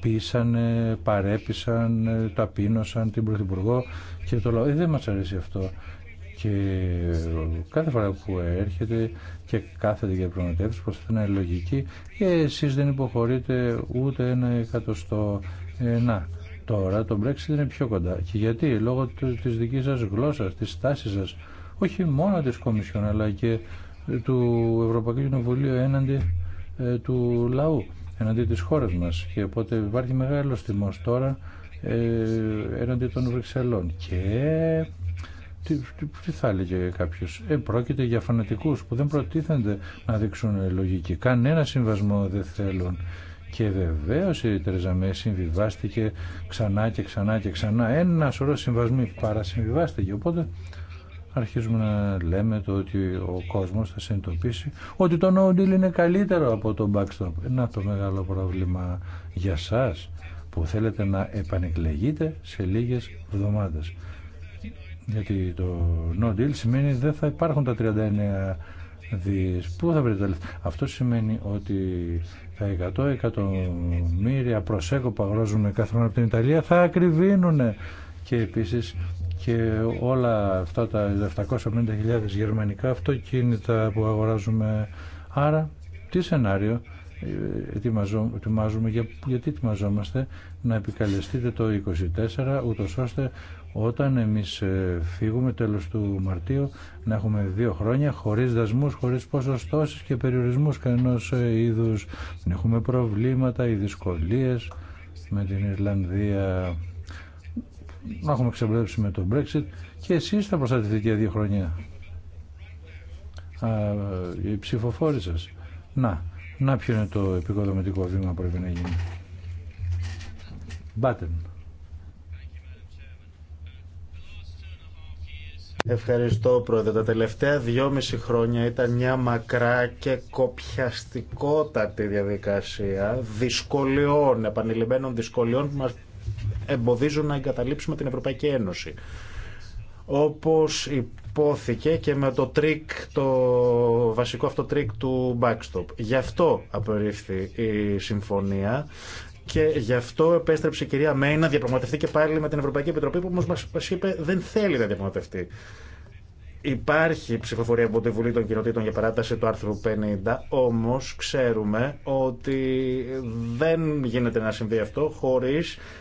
πείσανε, παρέπισαν, ε, ταπείνωσαν την Πρωθυπουργό και το λαό. δεν μας αρέσει αυτό. Και κάθε φορά που έρχεται και κάθεται για προς προσπαθεί την είναι λογική και εσείς δεν υποχωρείτε ούτε ένα εκατοστό. να, Τώρα το Brexit είναι πιο κοντά. Και γιατί, λόγω της δικής σας γλώσσας, της στάσης σας, όχι μόνο της Κομισιόν, αλλά και ε, του Ευρωπαϊκού Κοινοβουλίου έναντι ε, του λαού, έναντι της χώρας μας. Και οπότε υπάρχει μεγάλος τιμός τώρα ε, έναντι των Βρυξελών. Και τι, τι, θα έλεγε κάποιο. πρόκειται για φανατικούς που δεν προτίθενται να δείξουν λογική. Κανένα συμβασμό δεν θέλουν. Και βεβαίω η Τερεζα συμβιβάστηκε ξανά και ξανά και ξανά. Ένα σωρό συμβασμοί παρασυμβιβάστηκε. Οπότε αρχίζουμε να λέμε το ότι ο κόσμος θα συνειδητοποιήσει ότι το no deal είναι καλύτερο από το backstop. Να το μεγάλο πρόβλημα για σας που θέλετε να επανεκλεγείτε σε λίγες εβδομάδες. Γιατί το no deal σημαίνει δεν θα υπάρχουν τα 39 δις. Πού θα βρείτε τα λεφτά. Αυτό σημαίνει ότι 100 εκατομμύρια προσέκο που κάθε μέρα από την Ιταλία θα ακριβίνουν και επίσης και όλα αυτά τα 750.000 γερμανικά αυτοκίνητα που αγοράζουμε άρα τι σενάριο ε, ετοιμάζουμε, γιατί ετοιμαζόμαστε να επικαλεστείτε το 24 ούτως ώστε όταν εμείς ε, φύγουμε τέλος του Μαρτίου να έχουμε δύο χρόνια χωρίς δασμούς, χωρίς ποσοστώσεις και περιορισμούς κανένας ε, είδους. να έχουμε προβλήματα ή δυσκολίες με την Ιρλανδία να έχουμε ξεμπλέψει με το Brexit και εσείς θα προστατευτείτε για δύο χρόνια Α, οι ψηφοφόροι σας. Να, να ποιο είναι το επικοδομητικό βήμα που πρέπει να γίνει. Ευχαριστώ πρόεδρε. Τα τελευταία δυόμιση χρόνια ήταν μια μακρά και κοπιαστικότατη διαδικασία δυσκολιών, επανειλημμένων δυσκολιών που μας εμποδίζουν να εγκαταλείψουμε την Ευρωπαϊκή Ένωση. Όπως υπόθηκε και με το τρίκ, το βασικό αυτό τρίκ του backstop. Γι' αυτό απορρίφθη η συμφωνία και γι' αυτό επέστρεψε η κυρία Μέη να διαπραγματευτεί και πάλι με την Ευρωπαϊκή Επιτροπή που όμω μα είπε δεν θέλει να διαπραγματευτεί. Υπάρχει ψηφοφορία από τη Βουλή των Κοινοτήτων για παράταση του άρθρου 50, όμω ξέρουμε ότι δεν γίνεται να συμβεί αυτό χωρί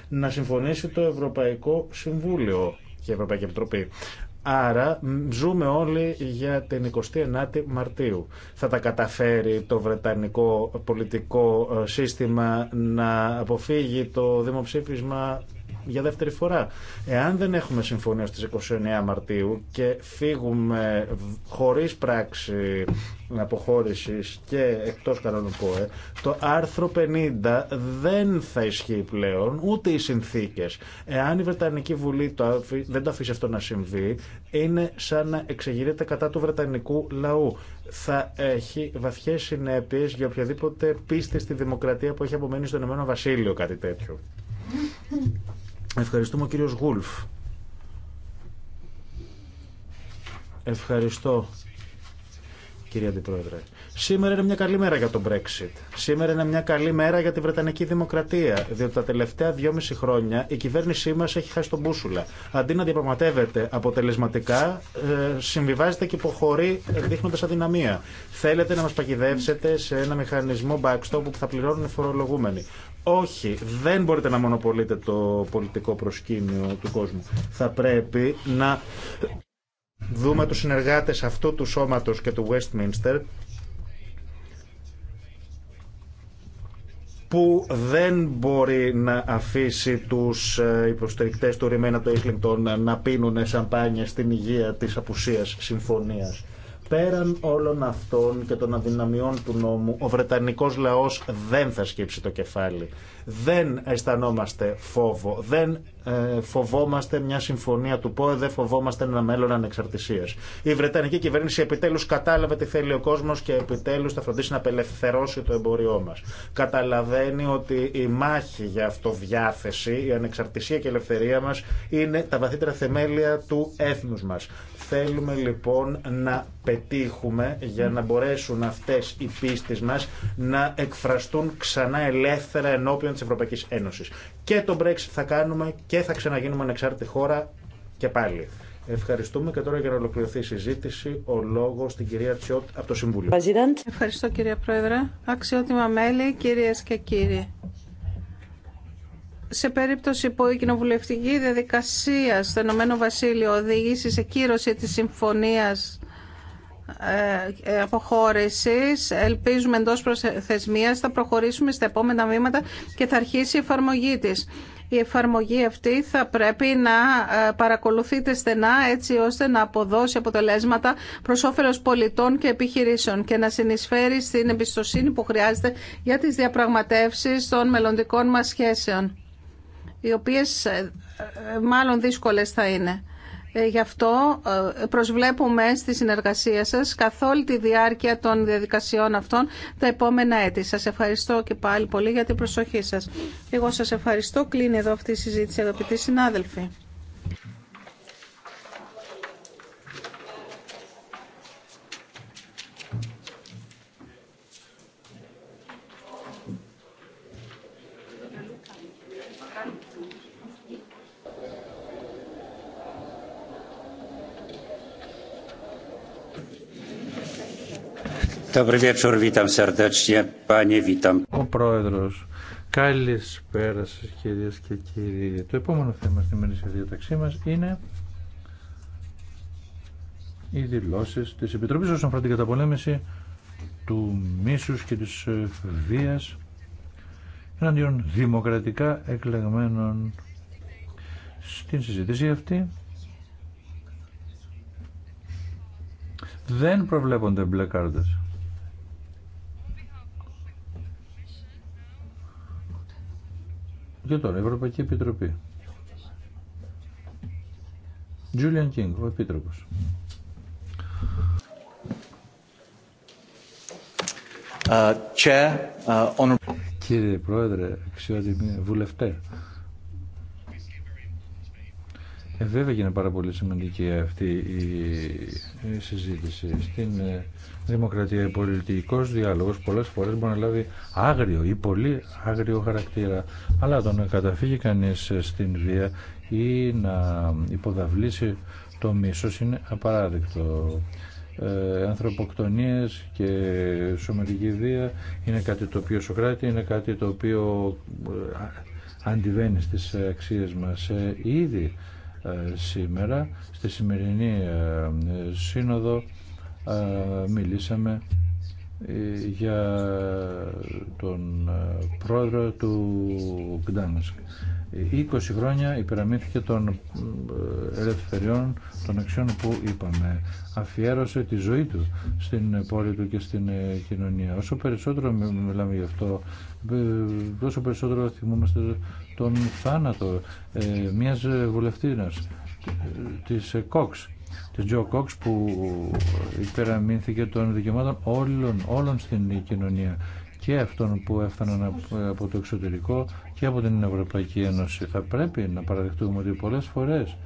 να συμφωνήσει το Ευρωπαϊκό Συμβούλιο και η Ευρωπαϊκή Επιτροπή. Άρα ζούμε όλοι για την 29η Μαρτίου. Θα τα καταφέρει το Βρετανικό πολιτικό ε, σύστημα να αποφύγει το δημοψήφισμα για δεύτερη φορά. Εάν δεν έχουμε συμφωνία στις 29 Μαρτίου και φύγουμε χωρίς πράξη αποχώρησης και εκτός κανονικού το άρθρο 50 δεν θα ισχύει πλέον ούτε οι συνθήκες. Εάν η Βρετανική Βουλή δεν το αφήσει αυτό να συμβεί, είναι σαν να εξεγείρεται κατά του Βρετανικού λαού. Θα έχει βαθίε συνέπειε για οποιαδήποτε πίστη στη δημοκρατία που έχει απομείνει στον Ηνωμένο Βασίλειο κάτι τέτοιο. Ευχαριστούμε ο κύριος Γούλφ. Ευχαριστώ κύριε Αντιπρόεδρε. Σήμερα είναι μια καλή μέρα για τον Brexit. Σήμερα είναι μια καλή μέρα για τη Βρετανική Δημοκρατία. Διότι τα τελευταία δυόμιση χρόνια η κυβέρνησή μα έχει χάσει τον μπούσουλα. Αντί να διαπραγματεύεται αποτελεσματικά, ε, συμβιβάζεται και υποχωρεί ε, δείχνοντα αδυναμία. Θέλετε να μα παγιδεύσετε σε ένα μηχανισμό backstop που θα πληρώνουν οι φορολογούμενοι. Όχι, δεν μπορείτε να μονοπολείτε το πολιτικό προσκήνιο του κόσμου. Θα πρέπει να δούμε τους συνεργάτες αυτού του σώματος και του Westminster που δεν μπορεί να αφήσει τους ε, υποστηρικτές του Ρημένα του Ίσλινγκτον να πίνουν σαμπάνια στην υγεία της απουσίας συμφωνίας. Πέραν όλων αυτών και των αδυναμιών του νόμου, ο Βρετανικός λαός δεν θα σκύψει το κεφάλι. Δεν αισθανόμαστε φόβο, δεν ε, φοβόμαστε μια συμφωνία του ΠΟΕ, δεν φοβόμαστε ένα μέλλον ανεξαρτησία. Η Βρετανική κυβέρνηση επιτέλους κατάλαβε τι θέλει ο κόσμο και επιτέλους θα φροντίσει να απελευθερώσει το εμποριό μα. Καταλαβαίνει ότι η μάχη για αυτοδιάθεση, η ανεξαρτησία και η ελευθερία μα είναι τα βαθύτερα θεμέλια του έθνου μα. Θέλουμε λοιπόν να πετύχουμε για να μπορέσουν αυτές οι πίστες μας να εκφραστούν ξανά ελεύθερα ενώπιον της Ευρωπαϊκής Ένωσης. Και το Brexit θα κάνουμε και θα ξαναγίνουμε ανεξάρτητη χώρα και πάλι. Ευχαριστούμε και τώρα για να ολοκληρωθεί η συζήτηση ο λόγο στην κυρία Τσιότ από το Συμβούλιο. Ευχαριστώ κύριε Πρόεδρε. Αξιότιμα μέλη, κυρίε και κύριοι σε περίπτωση που η κοινοβουλευτική διαδικασία στο Ηνωμένο Βασίλειο οδηγήσει σε κύρωση της συμφωνίας ε, ε, αποχώρησης, ελπίζουμε εντός προθεσμίας, θα προχωρήσουμε στα επόμενα βήματα και θα αρχίσει η εφαρμογή της. Η εφαρμογή αυτή θα πρέπει να ε, παρακολουθείτε στενά έτσι ώστε να αποδώσει αποτελέσματα προς όφελος πολιτών και επιχειρήσεων και να συνεισφέρει στην εμπιστοσύνη που χρειάζεται για τις διαπραγματεύσεις των μελλοντικών μας σχέσεων οι οποίες ε, ε, μάλλον δύσκολες θα είναι. Ε, γι' αυτό προσβλέπουμε στη συνεργασία σας καθ' όλη τη διάρκεια των διαδικασιών αυτών τα επόμενα έτη. Σας ευχαριστώ και πάλι πολύ για την προσοχή σας. Εγώ σας ευχαριστώ. Κλείνει εδώ αυτή η συζήτηση αγαπητοί συνάδελφοι. Ο Πρόεδρος, καλησπέρα σα κύριε και κύριοι. Το επόμενο θέμα στην τη διαταξή μα είναι οι δηλώσει τη Επιτροπή όσον αφορά την καταπολέμηση του μίσου και τη ε, βία εναντίον δημοκρατικά εκλεγμένων στην συζήτηση αυτή δεν προβλέπονται μπλε κάρτες. Και τώρα, Ευρωπαϊκή Επιτροπή. Τζούλιαν Κίνγκ, ο Επίτροπος. Ε, chair, uh, Κύριε Πρόεδρε, αξιότιμοι βουλευτέ. Ε, βέβαια είναι πάρα πολύ σημαντική αυτή η συζήτηση. Στην ε, δημοκρατία, ο πολιτικό διάλογο πολλέ φορέ μπορεί να λάβει άγριο ή πολύ άγριο χαρακτήρα. Αλλά το να καταφύγει κανεί στην βία ή να υποδαβλήσει το μίσο είναι απαράδεκτο. Ε, και σωματική βία είναι κάτι το οποίο σοκράτη, είναι κάτι το οποίο ε, αντιβαίνει στις αξίες μας ε, ήδη ε, σήμερα στη σημερινή σύνοδο μιλήσαμε ε, για τον ε, πρόεδρο του Γκντάνσκ. 20 χρόνια υπεραμήθηκε των ε, ελευθεριών των αξιών που είπαμε. Αφιέρωσε τη ζωή του στην πόλη του και στην κοινωνία. Όσο περισσότερο μιλάμε γι' αυτό, τόσο περισσότερο θυμόμαστε τον θάνατο μιας βουλευτήνας της Κόξ του Τζο Κόξ που υπεραμείνθηκε των δικαιωμάτων όλων, όλων στην κοινωνία και αυτών που έφταναν από το εξωτερικό και από την Ευρωπαϊκή Ένωση. Θα πρέπει να παραδεχτούμε ότι πολλές φορές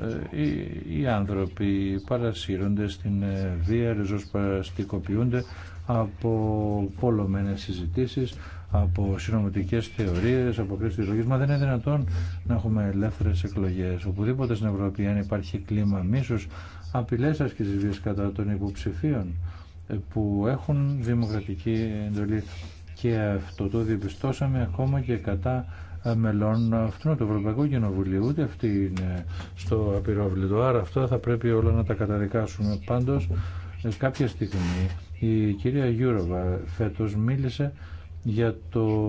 ε, οι άνθρωποι παρασύρονται στην ε, βία, ριζοσπαστικοποιούνται από πολλωμένες συζητήσεις, από συνωμοτικέ θεωρίε, από κρίση τη λογή. Μα δεν είναι δυνατόν να έχουμε ελεύθερε εκλογέ. Οπουδήποτε στην Ευρώπη, αν υπάρχει κλίμα μίσου, απειλέ άσκηση βία κατά των υποψηφίων που έχουν δημοκρατική εντολή. Και αυτό το διαπιστώσαμε ακόμα και κατά ε, μελών αυτού του Ευρωπαϊκού Κοινοβουλίου. Ούτε αυτή είναι στο απειρόβλητο. Άρα αυτό θα πρέπει όλα να τα καταδικάσουμε. Πάντως ε, κάποια στιγμή η κυρία Γιούροβα φέτος μίλησε για το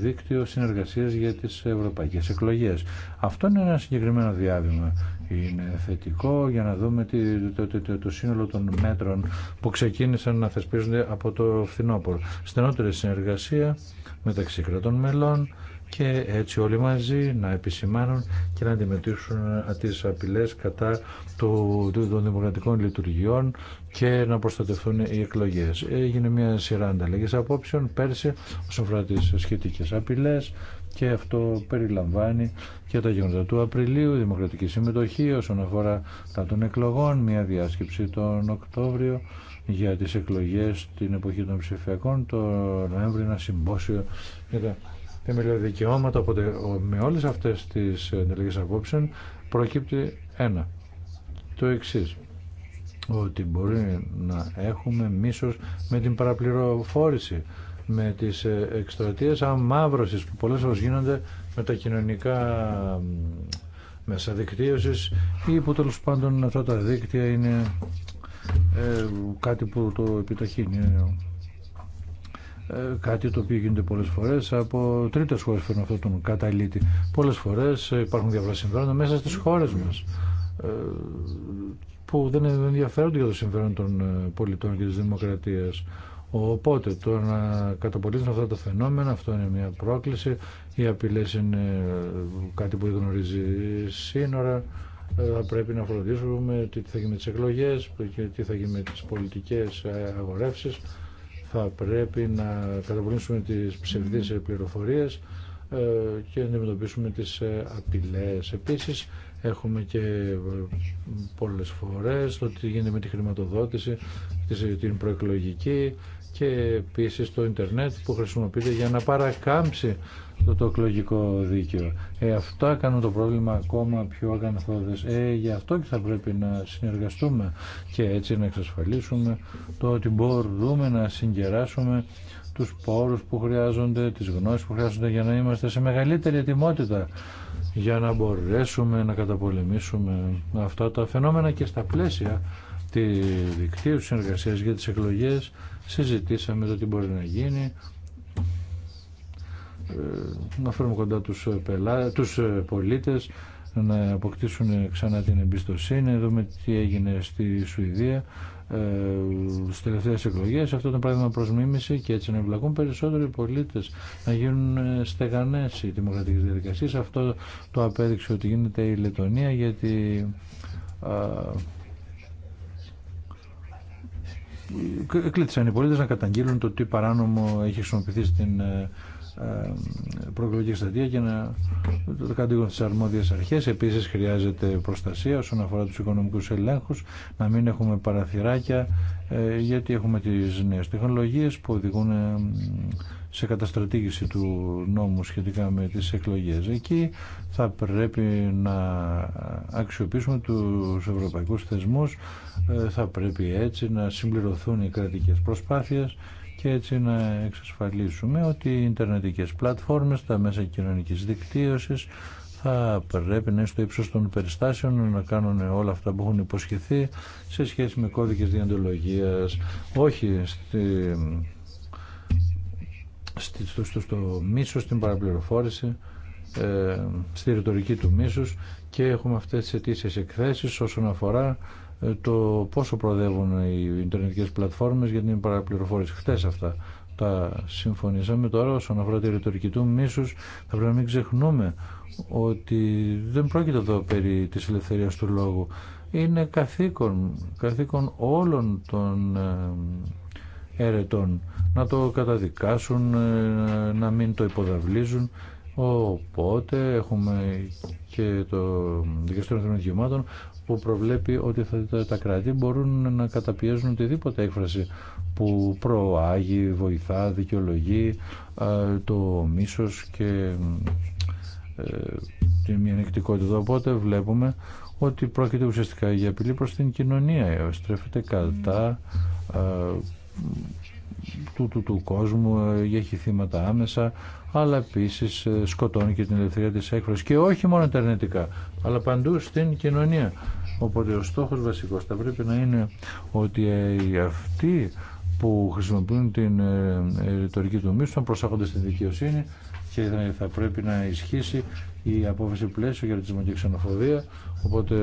δίκτυο συνεργασίας για τις ευρωπαϊκές εκλογές. Αυτό είναι ένα συγκεκριμένο διάβημα. Είναι θετικό για να δούμε το, το, το σύνολο των μέτρων που ξεκίνησαν να θεσπίζονται από το φθινόπωρο. Στενότερη συνεργασία μεταξύ κρατών μελών, και έτσι όλοι μαζί να επισημάνουν και να αντιμετωπίσουν ε, τις απειλές κατά των δημοκρατικών λειτουργιών και να προστατευτούν οι εκλογές. Έγινε μια σειρά ανταλλαγής απόψεων πέρσι όσον αφορά τις σχετικές απειλές και αυτό περιλαμβάνει και τα γεγονότα του Απριλίου, δημοκρατική συμμετοχή όσον αφορά τα των εκλογών, μια διάσκεψη τον Οκτώβριο για τις εκλογές την εποχή των ψηφιακών, το Νοέμβριο ένα συμπόσιο για τα θεμελιώδη δικαιώματα, οπότε με όλε αυτέ τι ενταλλαγές απόψεων προκύπτει ένα, το εξή. ότι μπορεί να έχουμε μίσο με την παραπληροφόρηση, με τι ε, εκστρατείε αμάύρωση που πολλέ φορέ γίνονται με τα κοινωνικά μέσα δικτύωση ή που τέλο πάντων αυτά τα δίκτυα είναι ε, κάτι που το επιταχύνει. Ε, ε, κάτι το οποίο γίνεται πολλές φορές από τρίτες χώρες φέρνουν αυτόν τον καταλήτη. Πολλές φορές ε, υπάρχουν διάφορα συμφέροντα μέσα στις χώρες μας ε, που δεν ενδιαφέρονται για το συμφέρον των πολιτών και της δημοκρατίας. Οπότε το να καταπολύσουν αυτά τα φαινόμενα, αυτό είναι μια πρόκληση. Οι απειλέ είναι κάτι που γνωρίζει σύνορα. Θα πρέπει να φροντίσουμε τι θα γίνει με τις εκλογές, τι θα γίνει με τις πολιτικές αγορεύσεις θα πρέπει να καταπολεμήσουμε τις ψευδείς πληροφορίες ε, και να αντιμετωπίσουμε τις ε, απειλές. Επίσης, έχουμε και ε, πολλές φορές το τι γίνεται με τη χρηματοδότηση, την προεκλογική, και επίση το ίντερνετ που χρησιμοποιείται για να παρακάμψει το, το εκλογικό δίκαιο. Ε, αυτά κάνουν το πρόβλημα ακόμα πιο αγανθώδες. Ε, γι' αυτό και θα πρέπει να συνεργαστούμε και έτσι να εξασφαλίσουμε το ότι μπορούμε να συγκεράσουμε τους πόρους που χρειάζονται, τις γνώσεις που χρειάζονται για να είμαστε σε μεγαλύτερη ετοιμότητα για να μπορέσουμε να καταπολεμήσουμε αυτά τα φαινόμενα και στα πλαίσια τη δικτύου συνεργασίας για τις εκλογές συζητήσαμε το τι μπορεί να γίνει ε, να φέρουμε κοντά τους, ε, πελά, τους ε, πολίτες να αποκτήσουν ξανά την εμπιστοσύνη να δούμε τι έγινε στη Σουηδία ε, στις τελευταίες αυτό το πράγμα προς μίμηση και έτσι να εμπλακούν περισσότεροι πολίτες να γίνουν στεγανές οι δημοκρατικές διαδικασίες αυτό το απέδειξε ότι γίνεται η Λετωνία γιατί Εκλήθησαν οι πολίτες να καταγγείλουν το τι παράνομο έχει χρησιμοποιηθεί στην ε, ε, προεκλογική εκστρατεία και να το κατήγουν στις αρμόδιες αρχές. Επίσης χρειάζεται προστασία όσον αφορά τους οικονομικούς ελέγχους, να μην έχουμε παραθυράκια, ε, γιατί έχουμε τις νέες τεχνολογίες που οδηγούν σε καταστρατήγηση του νόμου σχετικά με τις εκλογές. Εκεί θα πρέπει να αξιοποιήσουμε τους ευρωπαϊκούς θεσμούς ε, θα πρέπει έτσι να συμπληρωθούν οι κρατικές προσπάθειες και έτσι να εξασφαλίσουμε ότι οι ιντερνετικές πλατφόρμες, τα μέσα κοινωνικής δικτύωσης θα πρέπει να είναι στο ύψος των περιστάσεων να κάνουν όλα αυτά που έχουν υποσχεθεί σε σχέση με κώδικες διαντολογίας, όχι στη, στο, στο, στο στην παραπληροφόρηση, ε, στη ρητορική του μίσους και έχουμε αυτές τις αιτήσεις εκθέσεις όσον αφορά ε, το πόσο προοδεύουν οι Ιντερνετικές πλατφόρμες για την παραπληροφόρηση. Χθες αυτά τα συμφωνήσαμε τώρα όσον αφορά τη ρητορική του μίσους θα πρέπει να μην ξεχνούμε ότι δεν πρόκειται εδώ περί της ελευθερίας του λόγου είναι καθήκον, καθήκον όλων των ερετών να το καταδικάσουν ε, να μην το υποδαβλίζουν οπότε έχουμε και το Δικαστήριο των Δικαιωμάτων που προβλέπει ότι τα κράτη μπορούν να καταπιέζουν οτιδήποτε έκφραση που προάγει, βοηθά, δικαιολογεί ε, το μίσος και ε, τη μειονεκτικότητα. Οπότε βλέπουμε ότι πρόκειται ουσιαστικά για απειλή προς την κοινωνία. Στρέφεται κατά ε, του, του, του κόσμου, έχει θύματα άμεσα αλλά επίση ε, σκοτώνει και την ελευθερία της έκφρασης και όχι μόνο τα αρνητικά, αλλά παντού στην κοινωνία. Οπότε ο στόχος βασικός θα πρέπει να είναι ότι ε, αυτοί που χρησιμοποιούν την ε, ρητορική του μίσου προσάγονται στην δικαιοσύνη και θα πρέπει να ισχύσει η απόφαση πλαίσιο για ρατσισμό και ξενοφοβία. Οπότε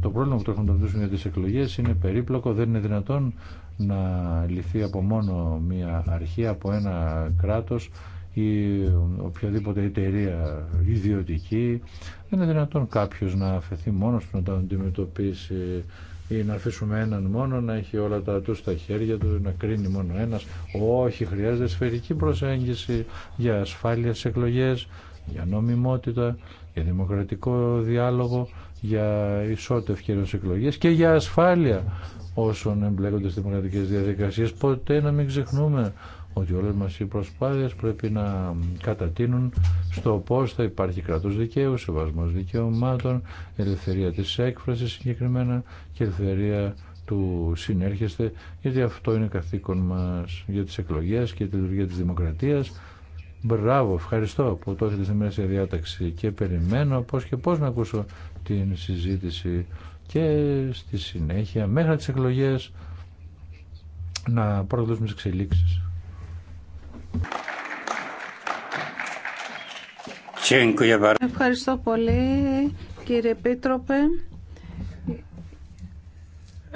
το πρόβλημα που το έχουμε να για τις εκλογές είναι περίπλοκο, δεν είναι δυνατόν να λυθεί από μόνο μία αρχή, από ένα κράτος ή οποιαδήποτε εταιρεία ιδιωτική. Δεν είναι δυνατόν κάποιος να αφαιθεί μόνος του να τα αντιμετωπίσει ή να αφήσουμε έναν μόνο να έχει όλα τα του στα χέρια του, να κρίνει μόνο ένας. Όχι, χρειάζεται σφαιρική προσέγγιση για ασφάλεια σε εκλογές, για νομιμότητα, για δημοκρατικό διάλογο, για ισότητα ενός εκλογές και για ασφάλεια όσων εμπλέκονται στις δημοκρατικές διαδικασίες. Ποτέ να μην ξεχνούμε ότι όλες μας οι προσπάθειες πρέπει να κατατείνουν στο πώς θα υπάρχει κράτος δικαίου, σεβασμός δικαιωμάτων, ελευθερία της έκφρασης συγκεκριμένα και ελευθερία του συνέρχεστε, γιατί αυτό είναι καθήκον μας για τις εκλογές και τη λειτουργία της δημοκρατίας. Μπράβο, ευχαριστώ που το έχετε στη διάταξη και περιμένω πώς και πώς να ακούσω την συζήτηση και στη συνέχεια μέχρι τις εκλογές να παρακολουθούμε τις εξελίξεις. Ευχαριστώ πολύ κύριε Επίτροπε.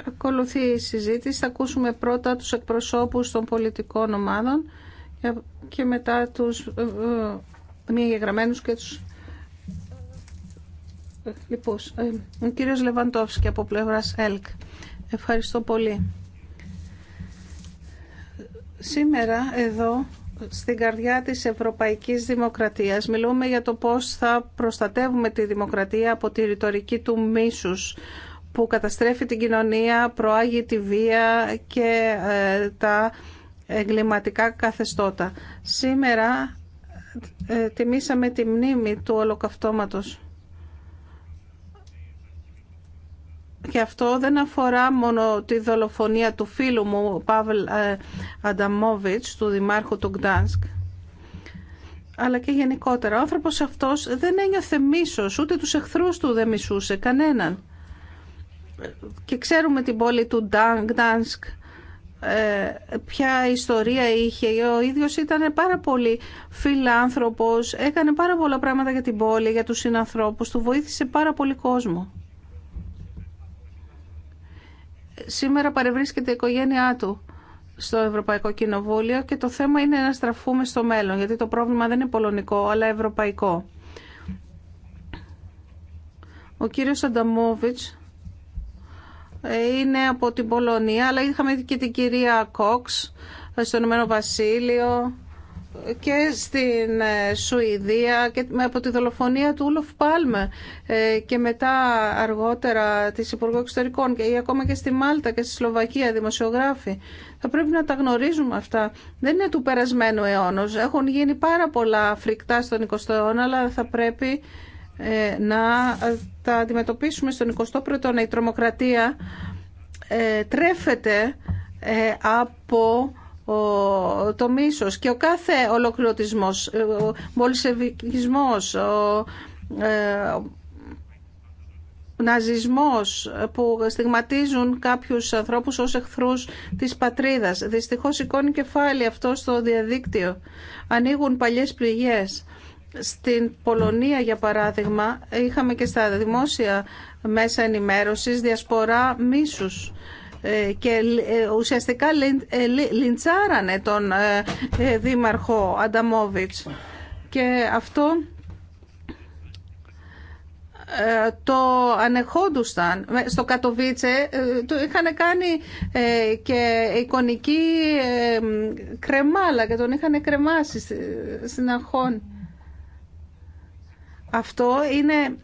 Ακολουθεί η συζήτηση. Θα ακούσουμε πρώτα τους εκπροσώπους των πολιτικών ομάδων και μετά τους ε, ε, μη εγγεγραμμένους και τους ε, λοιπούς. Ο κύριος Λεβαντόφσκι από πλευράς ΕΛΚ. Ευχαριστώ πολύ. Σήμερα εδώ στην καρδιά της ευρωπαϊκής δημοκρατίας. Μιλούμε για το πώς θα προστατεύουμε τη δημοκρατία από τη ρητορική του μίσους που καταστρέφει την κοινωνία, προάγει τη βία και ε, τα εγκληματικά καθεστώτα. Σήμερα ε, τιμήσαμε τη μνήμη του ολοκαυτώματος. και αυτό δεν αφορά μόνο τη δολοφονία του φίλου μου, Παύλ ε, Ανταμόβιτς, του Δημάρχου του Γκτάνσκ, αλλά και γενικότερα. Ο άνθρωπος αυτός δεν ένιωθε μίσος, ούτε τους εχθρούς του δεν μισούσε, κανέναν. Και ξέρουμε την πόλη του Γκτάνσκ, ε, ποια ιστορία είχε. Ο ίδιος ήταν πάρα πολύ φιλάνθρωπος, έκανε πάρα πολλά πράγματα για την πόλη, για τους συνανθρώπους του, βοήθησε πάρα πολύ κόσμο. Σήμερα παρευρίσκεται η οικογένειά του στο Ευρωπαϊκό Κοινοβούλιο και το θέμα είναι να στραφούμε στο μέλλον, γιατί το πρόβλημα δεν είναι πολωνικό, αλλά ευρωπαϊκό. Ο κύριος Ανταμόβιτς ε, είναι από την Πολωνία, αλλά είχαμε και την κυρία Κόξ ε, στο Ηνωμένο Βασίλειο και στην ε, Σουηδία και από τη δολοφονία του Ούλοφ Πάλμε ε, και μετά αργότερα της Υπουργού Εξωτερικών και ακόμα και στη Μάλτα και στη Σλοβακία δημοσιογράφοι. Θα πρέπει να τα γνωρίζουμε αυτά. Δεν είναι του περασμένου αιώνος. Έχουν γίνει πάρα πολλά φρικτά στον 20ο αιώνα, αλλά θα πρέπει ε, να τα αντιμετωπίσουμε στον 21ο αιώνα. Η τρομοκρατία τρέφεται από το μίσος και ο κάθε ολοκληρωτισμός, ε, ο μολυσεβικισμός, ε, ο, ναζισμός που στιγματίζουν κάποιους ανθρώπους ως εχθρούς της πατρίδας. Δυστυχώς σηκώνει κεφάλι αυτό στο διαδίκτυο. Ανοίγουν παλιές πληγές. Στην Πολωνία, για παράδειγμα, είχαμε και στα δημόσια μέσα ενημέρωσης διασπορά μίσους ε, και ε, ουσιαστικά ε, λιντσάρανε τον δήμαρχο Ανταμόβιτς και αυτό το ανεχόντουσαν. Στο Κατοβίτσε το είχαν κάνει και εικονική κρεμάλα και τον είχαν κρεμάσει στην Αυτό είναι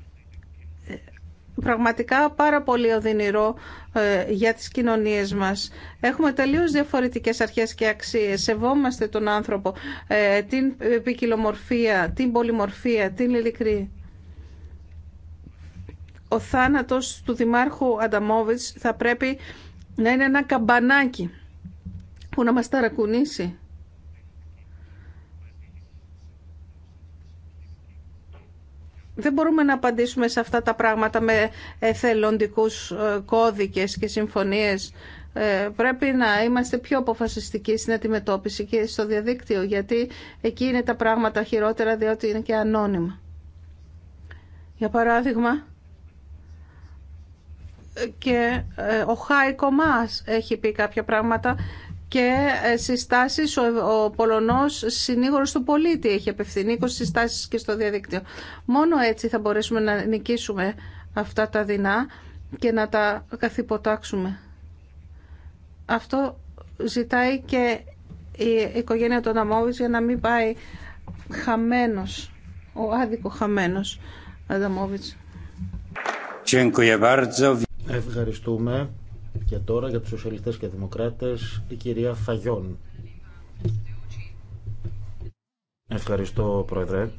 πραγματικά πάρα πολύ οδυνηρό ε, για τις κοινωνίες μας. Έχουμε τελείως διαφορετικές αρχές και αξίες. Σεβόμαστε τον άνθρωπο, ε, την ποικιλομορφία, την πολυμορφία, την ειλικρή. Ο θάνατος του Δημάρχου Ανταμόβιτς θα πρέπει να είναι ένα καμπανάκι που να μας ταρακουνήσει. δεν μπορούμε να απαντήσουμε σε αυτά τα πράγματα με εθελοντικούς ε, κώδικες και συμφωνίες. Ε, πρέπει να είμαστε πιο αποφασιστικοί στην αντιμετώπιση και στο διαδίκτυο, γιατί εκεί είναι τα πράγματα χειρότερα, διότι είναι και ανώνυμα. Για παράδειγμα, ε, και ο Χάικο Μας έχει πει κάποια πράγματα και ε, συστάσεις ο Πολωνός συνήγορος του πολίτη έχει απευθυνεί 20 συστάσεις και στο διαδίκτυο. Μόνο έτσι θα μπορέσουμε να νικήσουμε αυτά τα δεινά και να τα καθυποτάξουμε. Αυτό ζητάει και η οικογένεια του Αμόβης για να μην πάει χαμένος, ο άδικο χαμένος Αδαμόβης. Ευχαριστούμε. Και τώρα για τους σοσιαλιστές και δημοκράτες η κυρία Φαγιόν. Ευχαριστώ Πρόεδρε.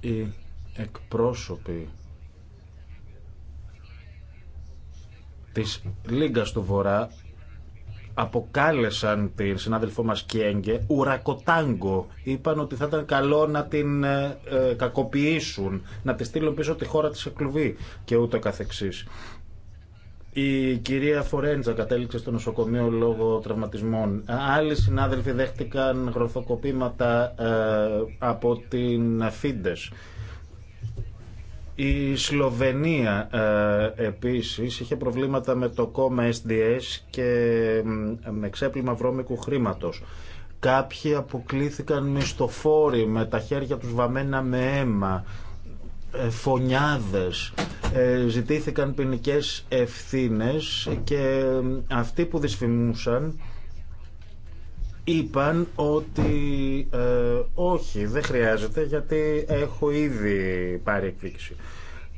Οι εκπρόσωποι της Λίγκα του Βορρά αποκάλεσαν την συνάδελφό μας Κιέγκε ουρακοτάγκο. Είπαν ότι θα ήταν καλό να την ε, ε, κακοποιήσουν, να τη στείλουν πίσω τη χώρα της εκλουβή και ούτω καθεξής. Η κυρία Φορέντζα κατέληξε στο νοσοκομείο λόγω τραυματισμών. Άλλοι συνάδελφοι δέχτηκαν γροθοκοπήματα ε, από την Φίντες. Η Σλοβενία ε, επίσης είχε προβλήματα με το κόμμα SDS και με ξέπλυμα βρώμικου χρήματος. Κάποιοι αποκλήθηκαν μισθοφόροι με τα χέρια τους βαμμένα με αίμα ε, φωνιάδες ε, ζητήθηκαν ποινικέ ευθύνες και αυτοί που δυσφημούσαν είπαν ότι ε, όχι δεν χρειάζεται γιατί έχω ήδη πάρει εκδίκηση.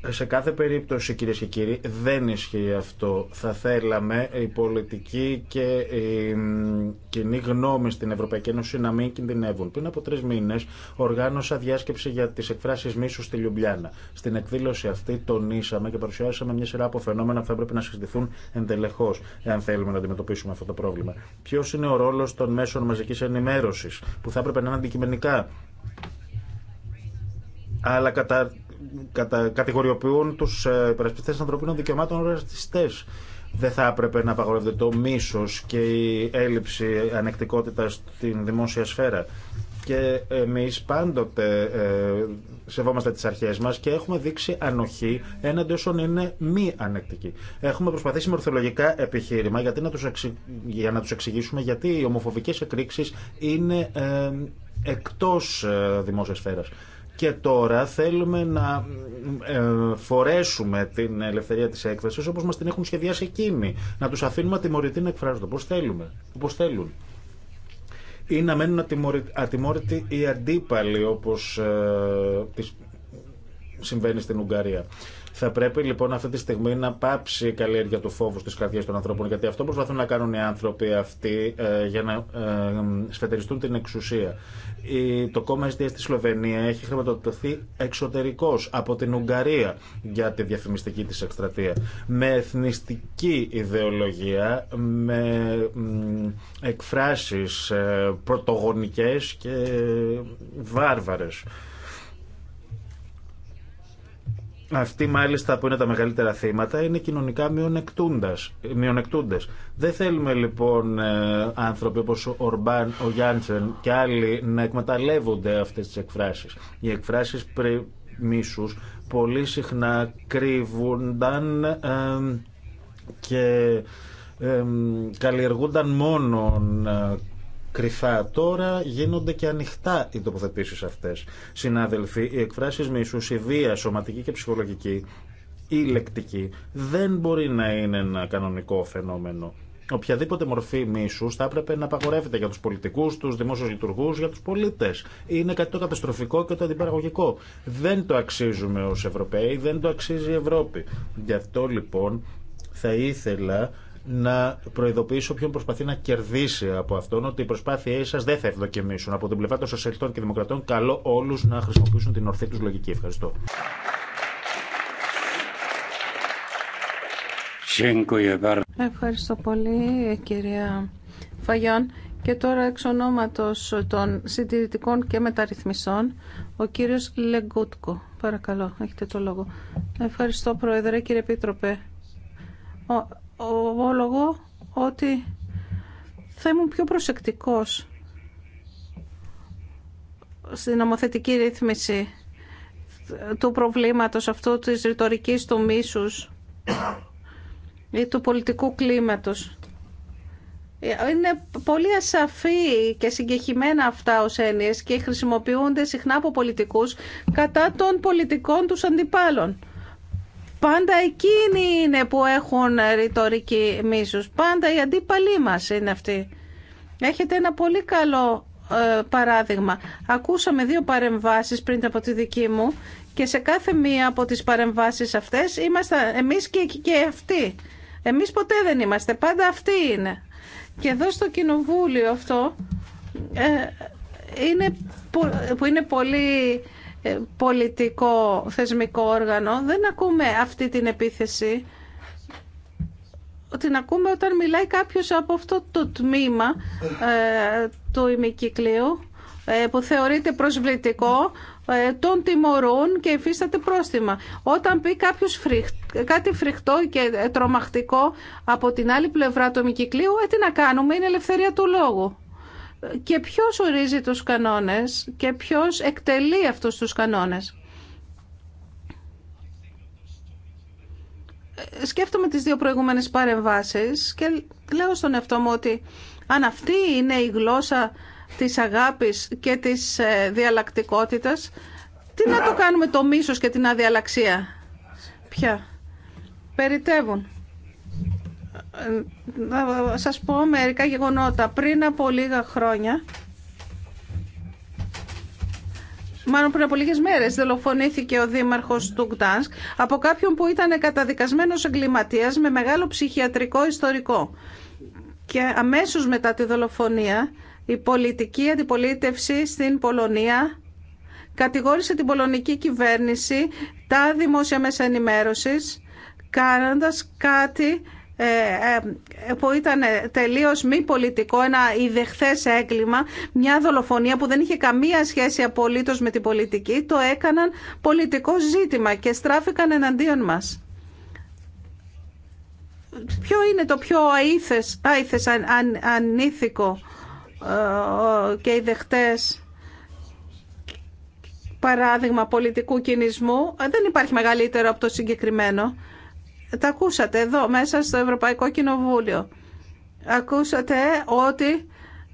Σε κάθε περίπτωση, κυρίε και κύριοι, δεν ισχύει αυτό. Θα θέλαμε η πολιτική και η κοινή γνώμη στην Ευρωπαϊκή Ένωση να μην κινδυνεύουν. Πριν από τρει μήνε, οργάνωσα διάσκεψη για τι εκφράσει μίσου στη Λιουμπλιάνα. Στην εκδήλωση αυτή, τονίσαμε και παρουσιάσαμε μια σειρά από φαινόμενα που θα έπρεπε να συζητηθούν εντελεχώ, εάν θέλουμε να αντιμετωπίσουμε αυτό το πρόβλημα. Ποιο είναι ο ρόλο των μέσων μαζική ενημέρωση, που θα έπρεπε να είναι αντικειμενικά αλλά κατά κατα... κατηγοριοποιούν του ε, υπερασπιστέ ανθρωπίνων δικαιωμάτων ω ρατσιστέ. Δεν θα έπρεπε να απαγορεύεται το μίσο και η έλλειψη ανεκτικότητα στην δημόσια σφαίρα. Και εμεί πάντοτε ε, σεβόμαστε τι αρχέ μα και έχουμε δείξει ανοχή έναντι όσων είναι μη ανεκτικοί. Έχουμε προσπαθήσει με ορθολογικά επιχείρημα γιατί να τους για να του εξηγήσουμε γιατί οι ομοφοβικέ εκρήξει είναι ε, εκτό δημόσια σφαίρα. Και τώρα θέλουμε να ε, φορέσουμε την ελευθερία της έκφρασης όπως μας την έχουν σχεδιάσει εκείνοι. Να τους αφήνουμε ατιμωρητοί να εκφράζονται όπως θέλουμε, όπως θέλουν. Ή να μένουν ατιμόρυτοι οι αντίπαλοι όπως ε, συμβαίνει στην Ουγγαρία. Θα πρέπει λοιπόν αυτή τη στιγμή να πάψει η καλλιέργεια του φόβου στι καρδιέ των ανθρώπων, γιατί αυτό προσπαθούν να κάνουν οι άνθρωποι αυτοί ε, για να ε, σφετεριστούν την εξουσία. το κόμμα SDS στη Σλοβενία έχει χρηματοδοτηθεί εξωτερικώ από την Ουγγαρία για τη διαφημιστική τη εκστρατεία. Με εθνιστική ιδεολογία, με εκφράσει ε, πρωτογονικέ και βάρβαρες. Αυτοί μάλιστα που είναι τα μεγαλύτερα θύματα είναι κοινωνικά μειονεκτούντε. Δεν θέλουμε λοιπόν ε, άνθρωποι όπω ο Ορμπάν, ο Γιάντσεν και άλλοι να εκμεταλλεύονται αυτές τις εκφράσεις. Οι εκφράσεις πριν μίσου πολύ συχνά κρύβουνταν και ε, καλλιεργούνταν μόνον ε, κρυφά. Τώρα γίνονται και ανοιχτά οι τοποθετήσει αυτέ. Συνάδελφοι, οι εκφράσει μίσου, η βία, σωματική και ψυχολογική, η λεκτική, δεν μπορεί να είναι ένα κανονικό φαινόμενο. Οποιαδήποτε μορφή μίσου θα έπρεπε να απαγορεύεται για του πολιτικού, του δημόσιου λειτουργού, για του πολίτε. Είναι κάτι το καταστροφικό και το αντιπαραγωγικό. Δεν το αξίζουμε ω Ευρωπαίοι, δεν το αξίζει η Ευρώπη. Γι' αυτό λοιπόν θα ήθελα να προειδοποιήσω ποιον προσπαθεί να κερδίσει από αυτόν ότι οι προσπάθειέ σα δεν θα ευδοκιμήσουν. Από την πλευρά των Σοσιαλιστών και Δημοκρατών, καλό όλου να χρησιμοποιήσουν την ορθή του λογική. Ευχαριστώ. Ευχαριστώ πολύ, κυρία Φαγιόν. Και τώρα εξ ονόματος των συντηρητικών και μεταρρυθμισών, ο κύριος Λεγκούτκο. Παρακαλώ, έχετε το λόγο. Ευχαριστώ, Πρόεδρε, κύριε Επίτροπε ομόλογο ότι θα ήμουν πιο προσεκτικός στην νομοθετική ρύθμιση του προβλήματος αυτού της ρητορική του μίσους ή του πολιτικού κλίματος. Είναι πολύ ασαφή και συγκεχημένα αυτά ως έννοιες και χρησιμοποιούνται συχνά από πολιτικούς κατά των πολιτικών τους αντιπάλων. Πάντα εκείνοι είναι που έχουν ρητορική μίσους. Πάντα οι αντίπαλοι μας είναι αυτοί. Έχετε ένα πολύ καλό ε, παράδειγμα. Ακούσαμε δύο παρεμβάσεις πριν από τη δική μου και σε κάθε μία από τις παρεμβάσεις αυτές είμαστε εμείς και, και αυτοί. Εμείς ποτέ δεν είμαστε. Πάντα αυτοί είναι. Και εδώ στο κοινοβούλιο αυτό ε, είναι, που είναι πολύ ε, πολιτικό θεσμικό όργανο. Δεν ακούμε αυτή την επίθεση. Την ακούμε όταν μιλάει κάποιος από αυτό το τμήμα ε, του ημικυκλίου ε, που θεωρείται προσβλητικό τον τιμωρούν και υφίσταται πρόστιμα. Όταν πει κάποιος κάτι φρικτό και τρομακτικό από την άλλη πλευρά του ημικυκλίου, ε, τι να κάνουμε, είναι ελευθερία του λόγου και ποιος ορίζει τους κανόνες και ποιος εκτελεί αυτούς τους κανόνες. Ε, σκέφτομαι τις δύο προηγούμενες παρεμβάσεις και λέω στον εαυτό μου ότι αν αυτή είναι η γλώσσα της αγάπης και της ε, διαλλακτικότητας, τι να το κάνουμε το μίσος και την αδιαλαξία. Πια. Περιτεύουν να σας πω μερικά γεγονότα. Πριν από λίγα χρόνια, μάλλον πριν από λίγες μέρες, δολοφονήθηκε ο δήμαρχος του Γκτάνσκ από κάποιον που ήταν καταδικασμένος εγκληματίας με μεγάλο ψυχιατρικό ιστορικό. Και αμέσως μετά τη δολοφονία, η πολιτική αντιπολίτευση στην Πολωνία κατηγόρησε την πολωνική κυβέρνηση, τα δημόσια μέσα ενημέρωσης, κάνοντας κάτι ε, ε, που ήταν τελείως μη πολιτικό, ένα ιδεχθές έγκλημα, μια δολοφονία που δεν είχε καμία σχέση απολύτως με την πολιτική, το έκαναν πολιτικό ζήτημα και στράφηκαν εναντίον μας. Ποιο είναι το πιο αήθες, αήθες αν, ανήθικο ε, και οι δεχτές παράδειγμα πολιτικού κινησμού δεν υπάρχει μεγαλύτερο από το συγκεκριμένο τα ακούσατε εδώ μέσα στο Ευρωπαϊκό Κοινοβούλιο. Ακούσατε ότι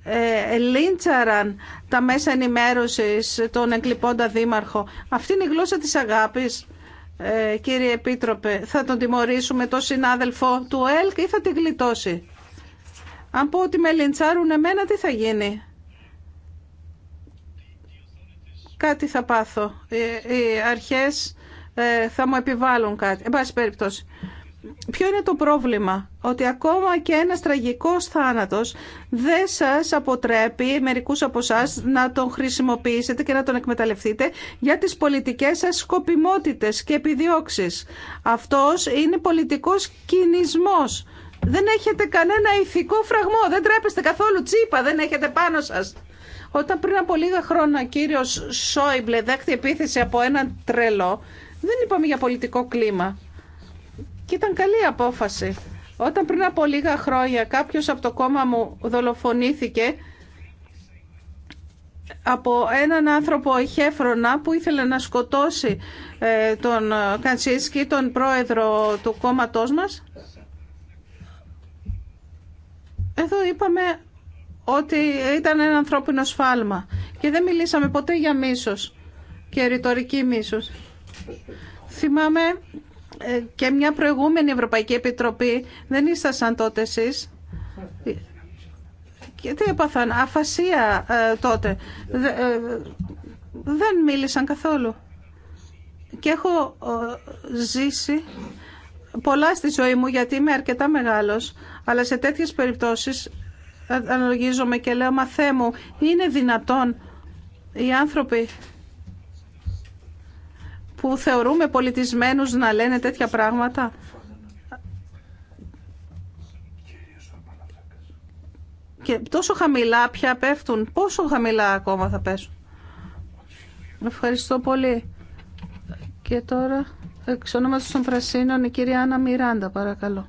ε, λίντσαραν τα μέσα ενημέρωσης τον τα δήμαρχο. Αυτή είναι η γλώσσα της αγάπης, ε, κύριε Επίτροπε. Θα τον τιμωρήσουμε το συνάδελφο του ΕΛΚ ή θα την γλιτώσει. Αν πω ότι με λιντσάρουν εμένα, τι θα γίνει. Κάτι θα πάθω. Ε, οι αρχές ε, θα μου επιβάλλουν κάτι. Εν πάση περιπτώσει. Ποιο είναι το πρόβλημα, ότι ακόμα και ένας τραγικός θάνατος δεν σας αποτρέπει μερικούς από εσά να τον χρησιμοποιήσετε και να τον εκμεταλλευτείτε για τις πολιτικές σας σκοπιμότητες και επιδιώξεις. Αυτός είναι πολιτικός κινησμός. Δεν έχετε κανένα ηθικό φραγμό, δεν τρέπεστε καθόλου τσίπα, δεν έχετε πάνω σας. Όταν πριν από λίγα χρόνια ο κύριος Σόιμπλε δέχτη επίθεση από έναν τρελό, δεν είπαμε για πολιτικό κλίμα. Και ήταν καλή απόφαση. Όταν πριν από λίγα χρόνια κάποιος από το κόμμα μου δολοφονήθηκε από έναν άνθρωπο ηχέφρονα που ήθελε να σκοτώσει ε, τον ε, Κανσίσκη, τον πρόεδρο του κόμματός μας. Εδώ είπαμε ότι ήταν ένα ανθρώπινο σφάλμα και δεν μιλήσαμε ποτέ για μίσος και ρητορική μίσος. Θυμάμαι ε, και μια προηγούμενη Ευρωπαϊκή Επιτροπή, δεν ήσασταν τότε εσείς, και τι έπαθαν, αφασία ε, τότε. Ε, δεν μίλησαν καθόλου. Και έχω ζήσει πολλά στη ζωή μου γιατί είμαι αρκετά μεγάλος, αλλά σε τέτοιες περιπτώσεις αναλογίζομαι και λέω «Μα μου, είναι δυνατόν οι άνθρωποι που θεωρούμε πολιτισμένους να λένε τέτοια πράγματα. Και τόσο χαμηλά πια πέφτουν. Πόσο χαμηλά ακόμα θα πέσουν. Ευχαριστώ πολύ. Και τώρα, εξ ονόματος των Πρασίνων, η κυρία Άννα Μιράντα, παρακαλώ.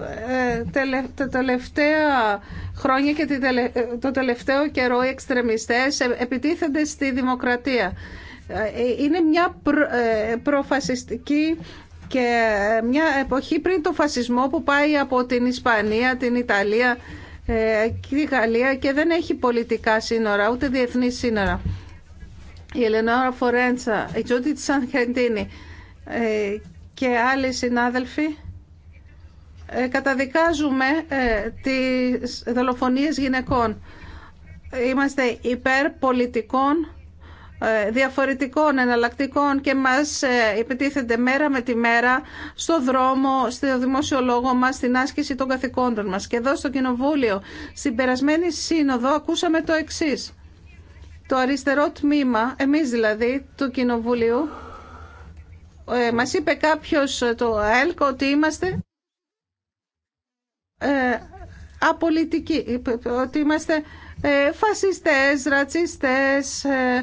Ε, τα τελευταία χρόνια και το τελευταίο καιρό οι εξτρεμιστές ε, επιτίθενται στη δημοκρατία. Ε, είναι μια προφασιστική και μια εποχή πριν το φασισμό που πάει από την Ισπανία, την Ιταλία, και τη Γαλλία και δεν έχει πολιτικά σύνορα, ούτε διεθνή σύνορα. Η Ελενάρα Φορέντσα, η Τζούντι Χεντίνη και άλλοι συνάδελφοι ε, καταδικάζουμε ε, τις δολοφονίες γυναικών. Είμαστε υπέρ πολιτικών ε, διαφορετικών εναλλακτικών και μας επιτίθενται μέρα με τη μέρα στο δρόμο, στο δημόσιο λόγο μας, στην άσκηση των καθηκόντων μας. Και εδώ στο Κοινοβούλιο, στην περασμένη σύνοδο, ακούσαμε το εξής. Το αριστερό τμήμα, εμείς δηλαδή, του Κοινοβουλίου, μας είπε κάποιος το ΑΕΛΚ ότι είμαστε ε, απολυτικοί, ότι είμαστε ε, φασιστές, ρατσιστές, ε,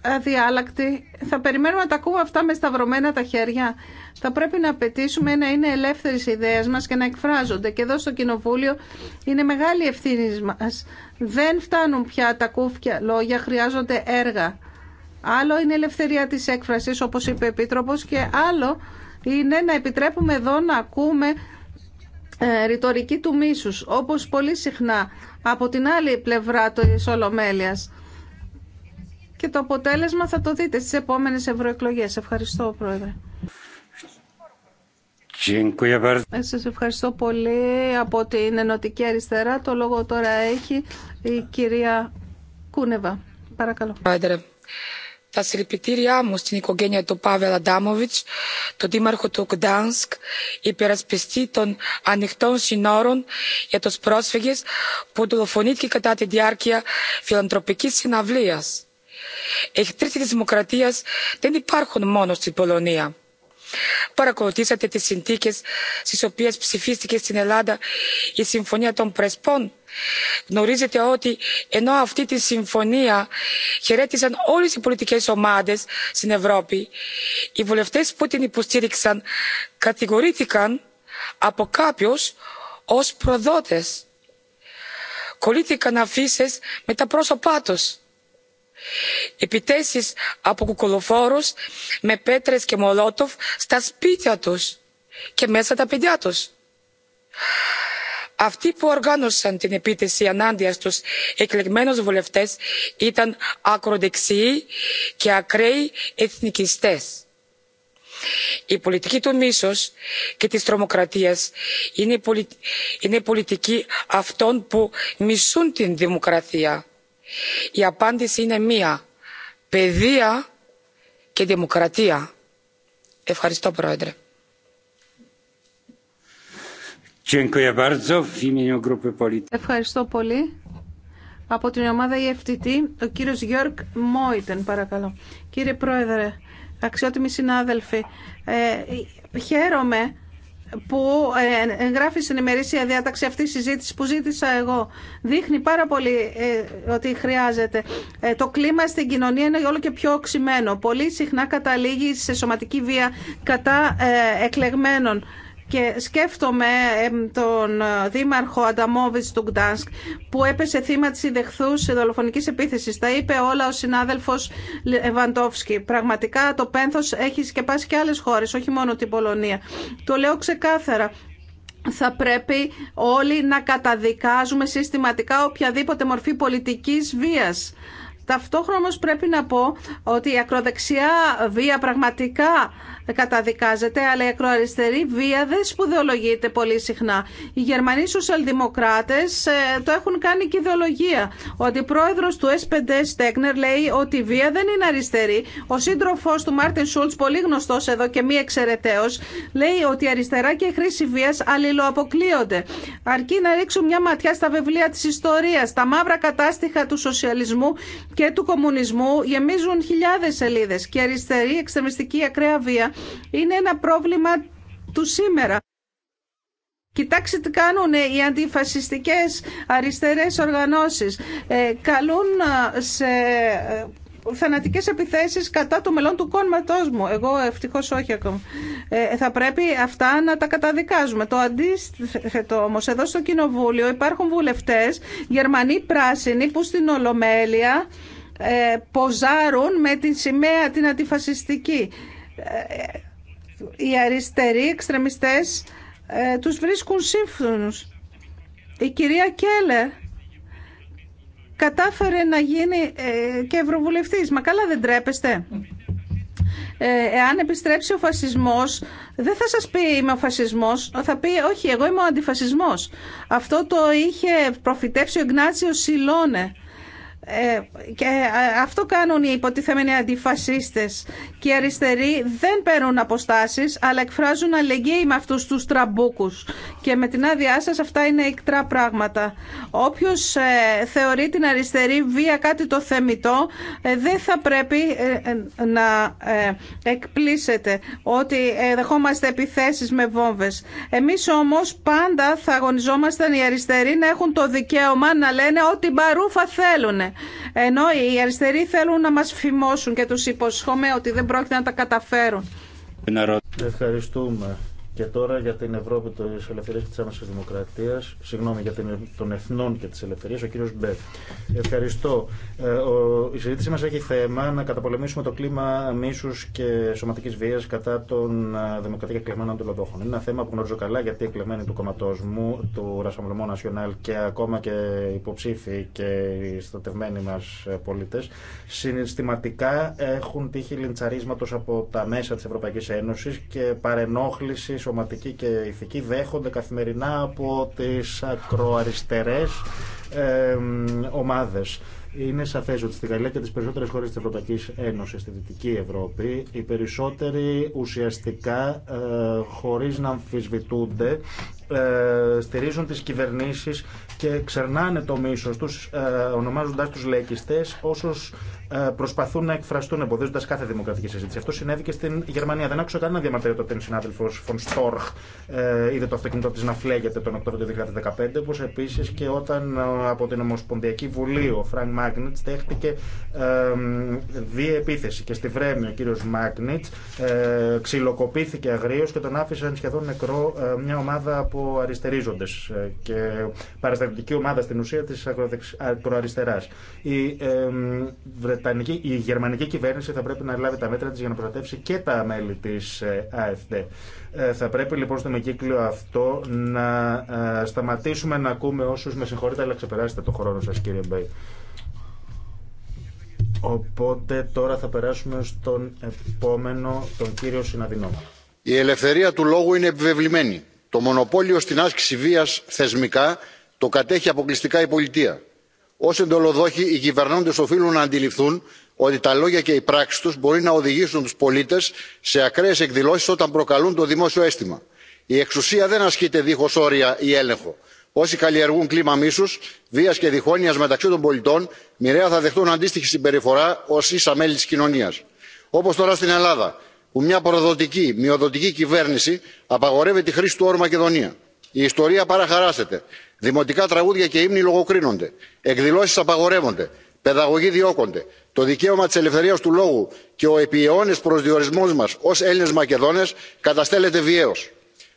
αδιάλακτοι. Θα περιμένουμε να τα ακούμε αυτά με σταυρωμένα τα χέρια. Θα πρέπει να απαιτήσουμε να είναι ελεύθερες οι ιδέες μας και να εκφράζονται. Και εδώ στο Κοινοβούλιο είναι μεγάλη ευθύνη μας. Δεν φτάνουν πια τα κούφια λόγια, χρειάζονται έργα. Άλλο είναι η ελευθερία της έκφρασης, όπως είπε ο και άλλο είναι να επιτρέπουμε εδώ να ακούμε ε, ρητορική του μίσους, όπως πολύ συχνά από την άλλη πλευρά της Ολομέλειας. Και το αποτέλεσμα θα το δείτε στις επόμενες ευρωεκλογές. Ευχαριστώ, Πρόεδρε. Ε, σας ευχαριστώ πολύ από την Ενωτική Αριστερά. Το λόγο τώρα έχει η κυρία Κούνεβα. Παρακαλώ τα συλληπιτήριά μου στην οικογένεια του παύελ Αντάμοβιτς, τον Δήμαρχο του Γκδάνσκ, υπερασπιστή των ανοιχτών συνόρων για τους πρόσφυγες που δολοφονήθηκε κατά τη διάρκεια φιλανθρωπικής συναυλίας. Εχθροί της δημοκρατίας δεν υπάρχουν μόνο στην Πολωνία. Παρακολουθήσατε τις συνθήκες στις οποίες ψηφίστηκε στην Ελλάδα η Συμφωνία των Πρεσπών γνωρίζετε ότι ενώ αυτή τη συμφωνία χαιρέτησαν όλες οι πολιτικές ομάδες στην ευρώπη οι βουλευτές που την υποστήριξαν κατηγορήθηκαν από κάποιους ως προδότες. κολλήθηκαν αφήσει με τα πρόσωπά τους. Επιτέσεις από κουκολοφόρους με πέτρες και μολότοφ στα σπίτια τους και μέσα τα παιδιά τους αυτοί που οργάνωσαν την επίθεση ενάντια στους εκλεγμένους βουλευτές ήταν ακροδεξιοί και ακραίοι εθνικιστές. Η πολιτική του μίσους και της τρομοκρατίας είναι, είναι πολιτική αυτών που μισούν την δημοκρατία. Η απάντηση είναι μία. Παιδεία και δημοκρατία. Ευχαριστώ Πρόεδρε. Ευχαριστώ πολύ. Από την ομάδα EFTT, ο κύριος Γιώργ Μόιτεν, παρακαλώ. Κύριε Πρόεδρε, αξιότιμοι συνάδελφοι, ε, χαίρομαι που ε, εγγράφει στην ημερήσια διάταξη αυτή η συζήτηση που ζήτησα εγώ. Δείχνει πάρα πολύ ε, ότι χρειάζεται. Ε, το κλίμα στην κοινωνία είναι όλο και πιο οξυμένο. Πολύ συχνά καταλήγει σε σωματική βία κατά εκλεγμένων και σκέφτομαι τον ε, δήμαρχο Ανταμόβιτς του Γκτάνσκ που έπεσε θύμα της ιδεχθούς δολοφονικής επίθεσης. Τα είπε όλα ο συνάδελφος Λεβαντόφσκι. Πραγματικά το πένθος έχει σκεπάσει και άλλες χώρες, όχι μόνο την Πολωνία. Το λέω ξεκάθαρα θα πρέπει όλοι να καταδικάζουμε συστηματικά οποιαδήποτε μορφή πολιτικής βίας. Ταυτόχρονα όμως πρέπει να πω ότι η ακροδεξιά βία πραγματικά καταδικάζεται, αλλά η ακροαριστερή βία δεν σπουδαιολογείται πολύ συχνά. Οι Γερμανοί σοσιαλδημοκράτες ε, το έχουν κάνει και ιδεολογία. Ο αντιπρόεδρο του S5 Στέγνερ λέει ότι η βία δεν είναι αριστερή. Ο σύντροφό του Μάρτιν Σούλτ, πολύ γνωστό εδώ και μη εξαιρεταίο, λέει ότι η αριστερά και η χρήση βία αλληλοαποκλείονται. Αρκεί να ρίξουν μια ματιά στα βιβλία τη ιστορία. Τα μαύρα κατάστοιχα του σοσιαλισμού και του κομμουνισμού γεμίζουν χιλιάδε σελίδε και αριστερή εξτρεμιστική ακραία βία είναι ένα πρόβλημα του σήμερα. Κοιτάξτε τι κάνουν οι αντιφασιστικές αριστερές οργανώσεις. Ε, καλούν ε, σε ε, θανατικές επιθέσεις κατά το μελών του κόμματό μου. Εγώ ευτυχώς όχι ακόμα. Ε, θα πρέπει αυτά να τα καταδικάζουμε. Το αντίθετο όμως, εδώ στο Κοινοβούλιο υπάρχουν βουλευτές, Γερμανοί πράσινοι που στην Ολομέλεια ε, ποζάρουν με την σημαία την αντιφασιστική. Ε, ε, ε, οι αριστεροί εξτρεμιστές τους βρίσκουν σύμφωνους. Η κυρία Κέλλερ κατάφερε να γίνει και ευρωβουλευτής. Μα καλά δεν τρέπεστε. Εάν επιστρέψει ο φασισμός, δεν θα σας πει είμαι ο φασισμός, θα πει όχι εγώ είμαι ο αντιφασισμός. Αυτό το είχε προφητεύσει ο Ιγνάτσιο Σιλόνε ε, και αυτό κάνουν οι υποτιθέμενοι αντιφασίστες και οι αριστεροί δεν παίρνουν αποστάσεις αλλά εκφράζουν αλληλεγγύη με αυτούς τους τραμπούκους και με την άδειά σα αυτά είναι ικτρά πράγματα όποιος ε, θεωρεί την αριστερή βία κάτι το θεμητό ε, δεν θα πρέπει να εκπλήσεται ότι δεχόμαστε επιθέσεις με βόμβες εμείς όμως πάντα θα αγωνιζόμασταν οι αριστεροί να έχουν το δικαίωμα να λένε ό,τι μπαρούφα θέλουν ενώ οι αριστεροί θέλουν να μας φημώσουν και τους υποσχόμε ότι δεν πρόκειται να τα καταφέρουν. Ευχαριστούμε. Και τώρα για την Ευρώπη τη Ελευθερία και τη Άμεση Δημοκρατία, συγγνώμη για την, των Εθνών και τη Ελευθερία, ο κύριο Μπέ. Ευχαριστώ. Ε, η συζήτησή μα έχει θέμα να καταπολεμήσουμε το κλίμα μίσου και σωματική βία κατά των ε, δημοκρατικών εκλεγμένων των λαδόχων. Είναι ένα θέμα που γνωρίζω καλά γιατί οι εκλεγμένοι του κομματό μου, του Ρασαμβλωμό Νασιονάλ και ακόμα και υποψήφοι και οι στρατευμένοι μα πολίτε, συναισθηματικά έχουν τύχει λιντσαρίσματο από τα μέσα τη Ευρωπαϊκή Ένωση και παρενόχληση σωματική και ηθική δέχονται καθημερινά από τις ακροαριστερές ε, ομάδες. Είναι σαφέ ότι στη Γαλλία και τι περισσότερε χώρε τη Ευρωπαϊκή Ένωση, στη Δυτική Ευρώπη, οι περισσότεροι ουσιαστικά ε, χωρί να αμφισβητούνται ε, στηρίζουν τις κυβερνήσεις και ξερνάνε το μίσο τους ε, ονομάζοντάς τους λέκιστες, ε, προσπαθούν να εκφραστούν εμποδίζοντα κάθε δημοκρατική συζήτηση. Αυτό συνέβη και στην Γερμανία. Δεν άκουσα κανένα διαμαρτυρία ότι είναι συνάδελφο Φων Στόρχ. Ε, είδε το αυτοκίνητο τη να φλέγεται τον Οκτώβριο του 2015, όπω επίση και όταν ε, από την Ομοσπονδιακή Βουλή ο Φρανκ Μάγνιτ δέχτηκε δύο επίθεση. Και στη Βρέμιο ο κύριο Μάγνιτ ξυλοκοπήθηκε αγρίω και τον άφησαν σχεδόν νεκρό μια ομάδα από αριστερίζοντε και παραστατική ομάδα στην ουσία τη προαριστερά. Η ε, Βρετανική, η γερμανική κυβέρνηση θα πρέπει να λάβει τα μέτρα της για να προστατεύσει και τα μέλη της ε, ΑΕΦΔ. Ε, θα πρέπει λοιπόν στο κύκλο αυτό να ε, σταματήσουμε να ακούμε όσους με συγχωρείτε αλλά ξεπεράσετε το χρόνο σας κύριε Μπέι. Οπότε τώρα θα περάσουμε στον επόμενο, τον κύριο Συναδεινό. Η ελευθερία του λόγου είναι επιβεβλημένη. Το μονοπόλιο στην άσκηση βίας θεσμικά το κατέχει αποκλειστικά η πολιτεία ω εντολοδόχοι οι κυβερνώντε οφείλουν να αντιληφθούν ότι τα λόγια και οι πράξει του μπορεί να οδηγήσουν του πολίτε σε ακραίε εκδηλώσει όταν προκαλούν το δημόσιο αίσθημα. η εξουσία δεν ασκείται δίχω όρια ή έλεγχο. όσοι καλλιεργούν κλίμα μίσου βία και διχόνοια μεταξύ των πολιτών μοιραία θα δεχτούν αντίστοιχη συμπεριφορά ω ίσα μέλη τη κοινωνία. όπω τώρα στην ελλάδα που μια προδοτική μειοδοτική κυβέρνηση απαγορεύει τη χρήση του όρου μακεδονία η ιστορία παραχαράσεται, δημοτικά τραγούδια και ύμνοι λογοκρίνονται εκδηλώσει απαγορεύονται παιδαγωγοί διώκονται το δικαίωμα τη ελευθερία του λόγου και ο επί προσδιορισμό προσδιορισμός μας ως έλληνες μακεδόνες καταστέλλεται βιαίω.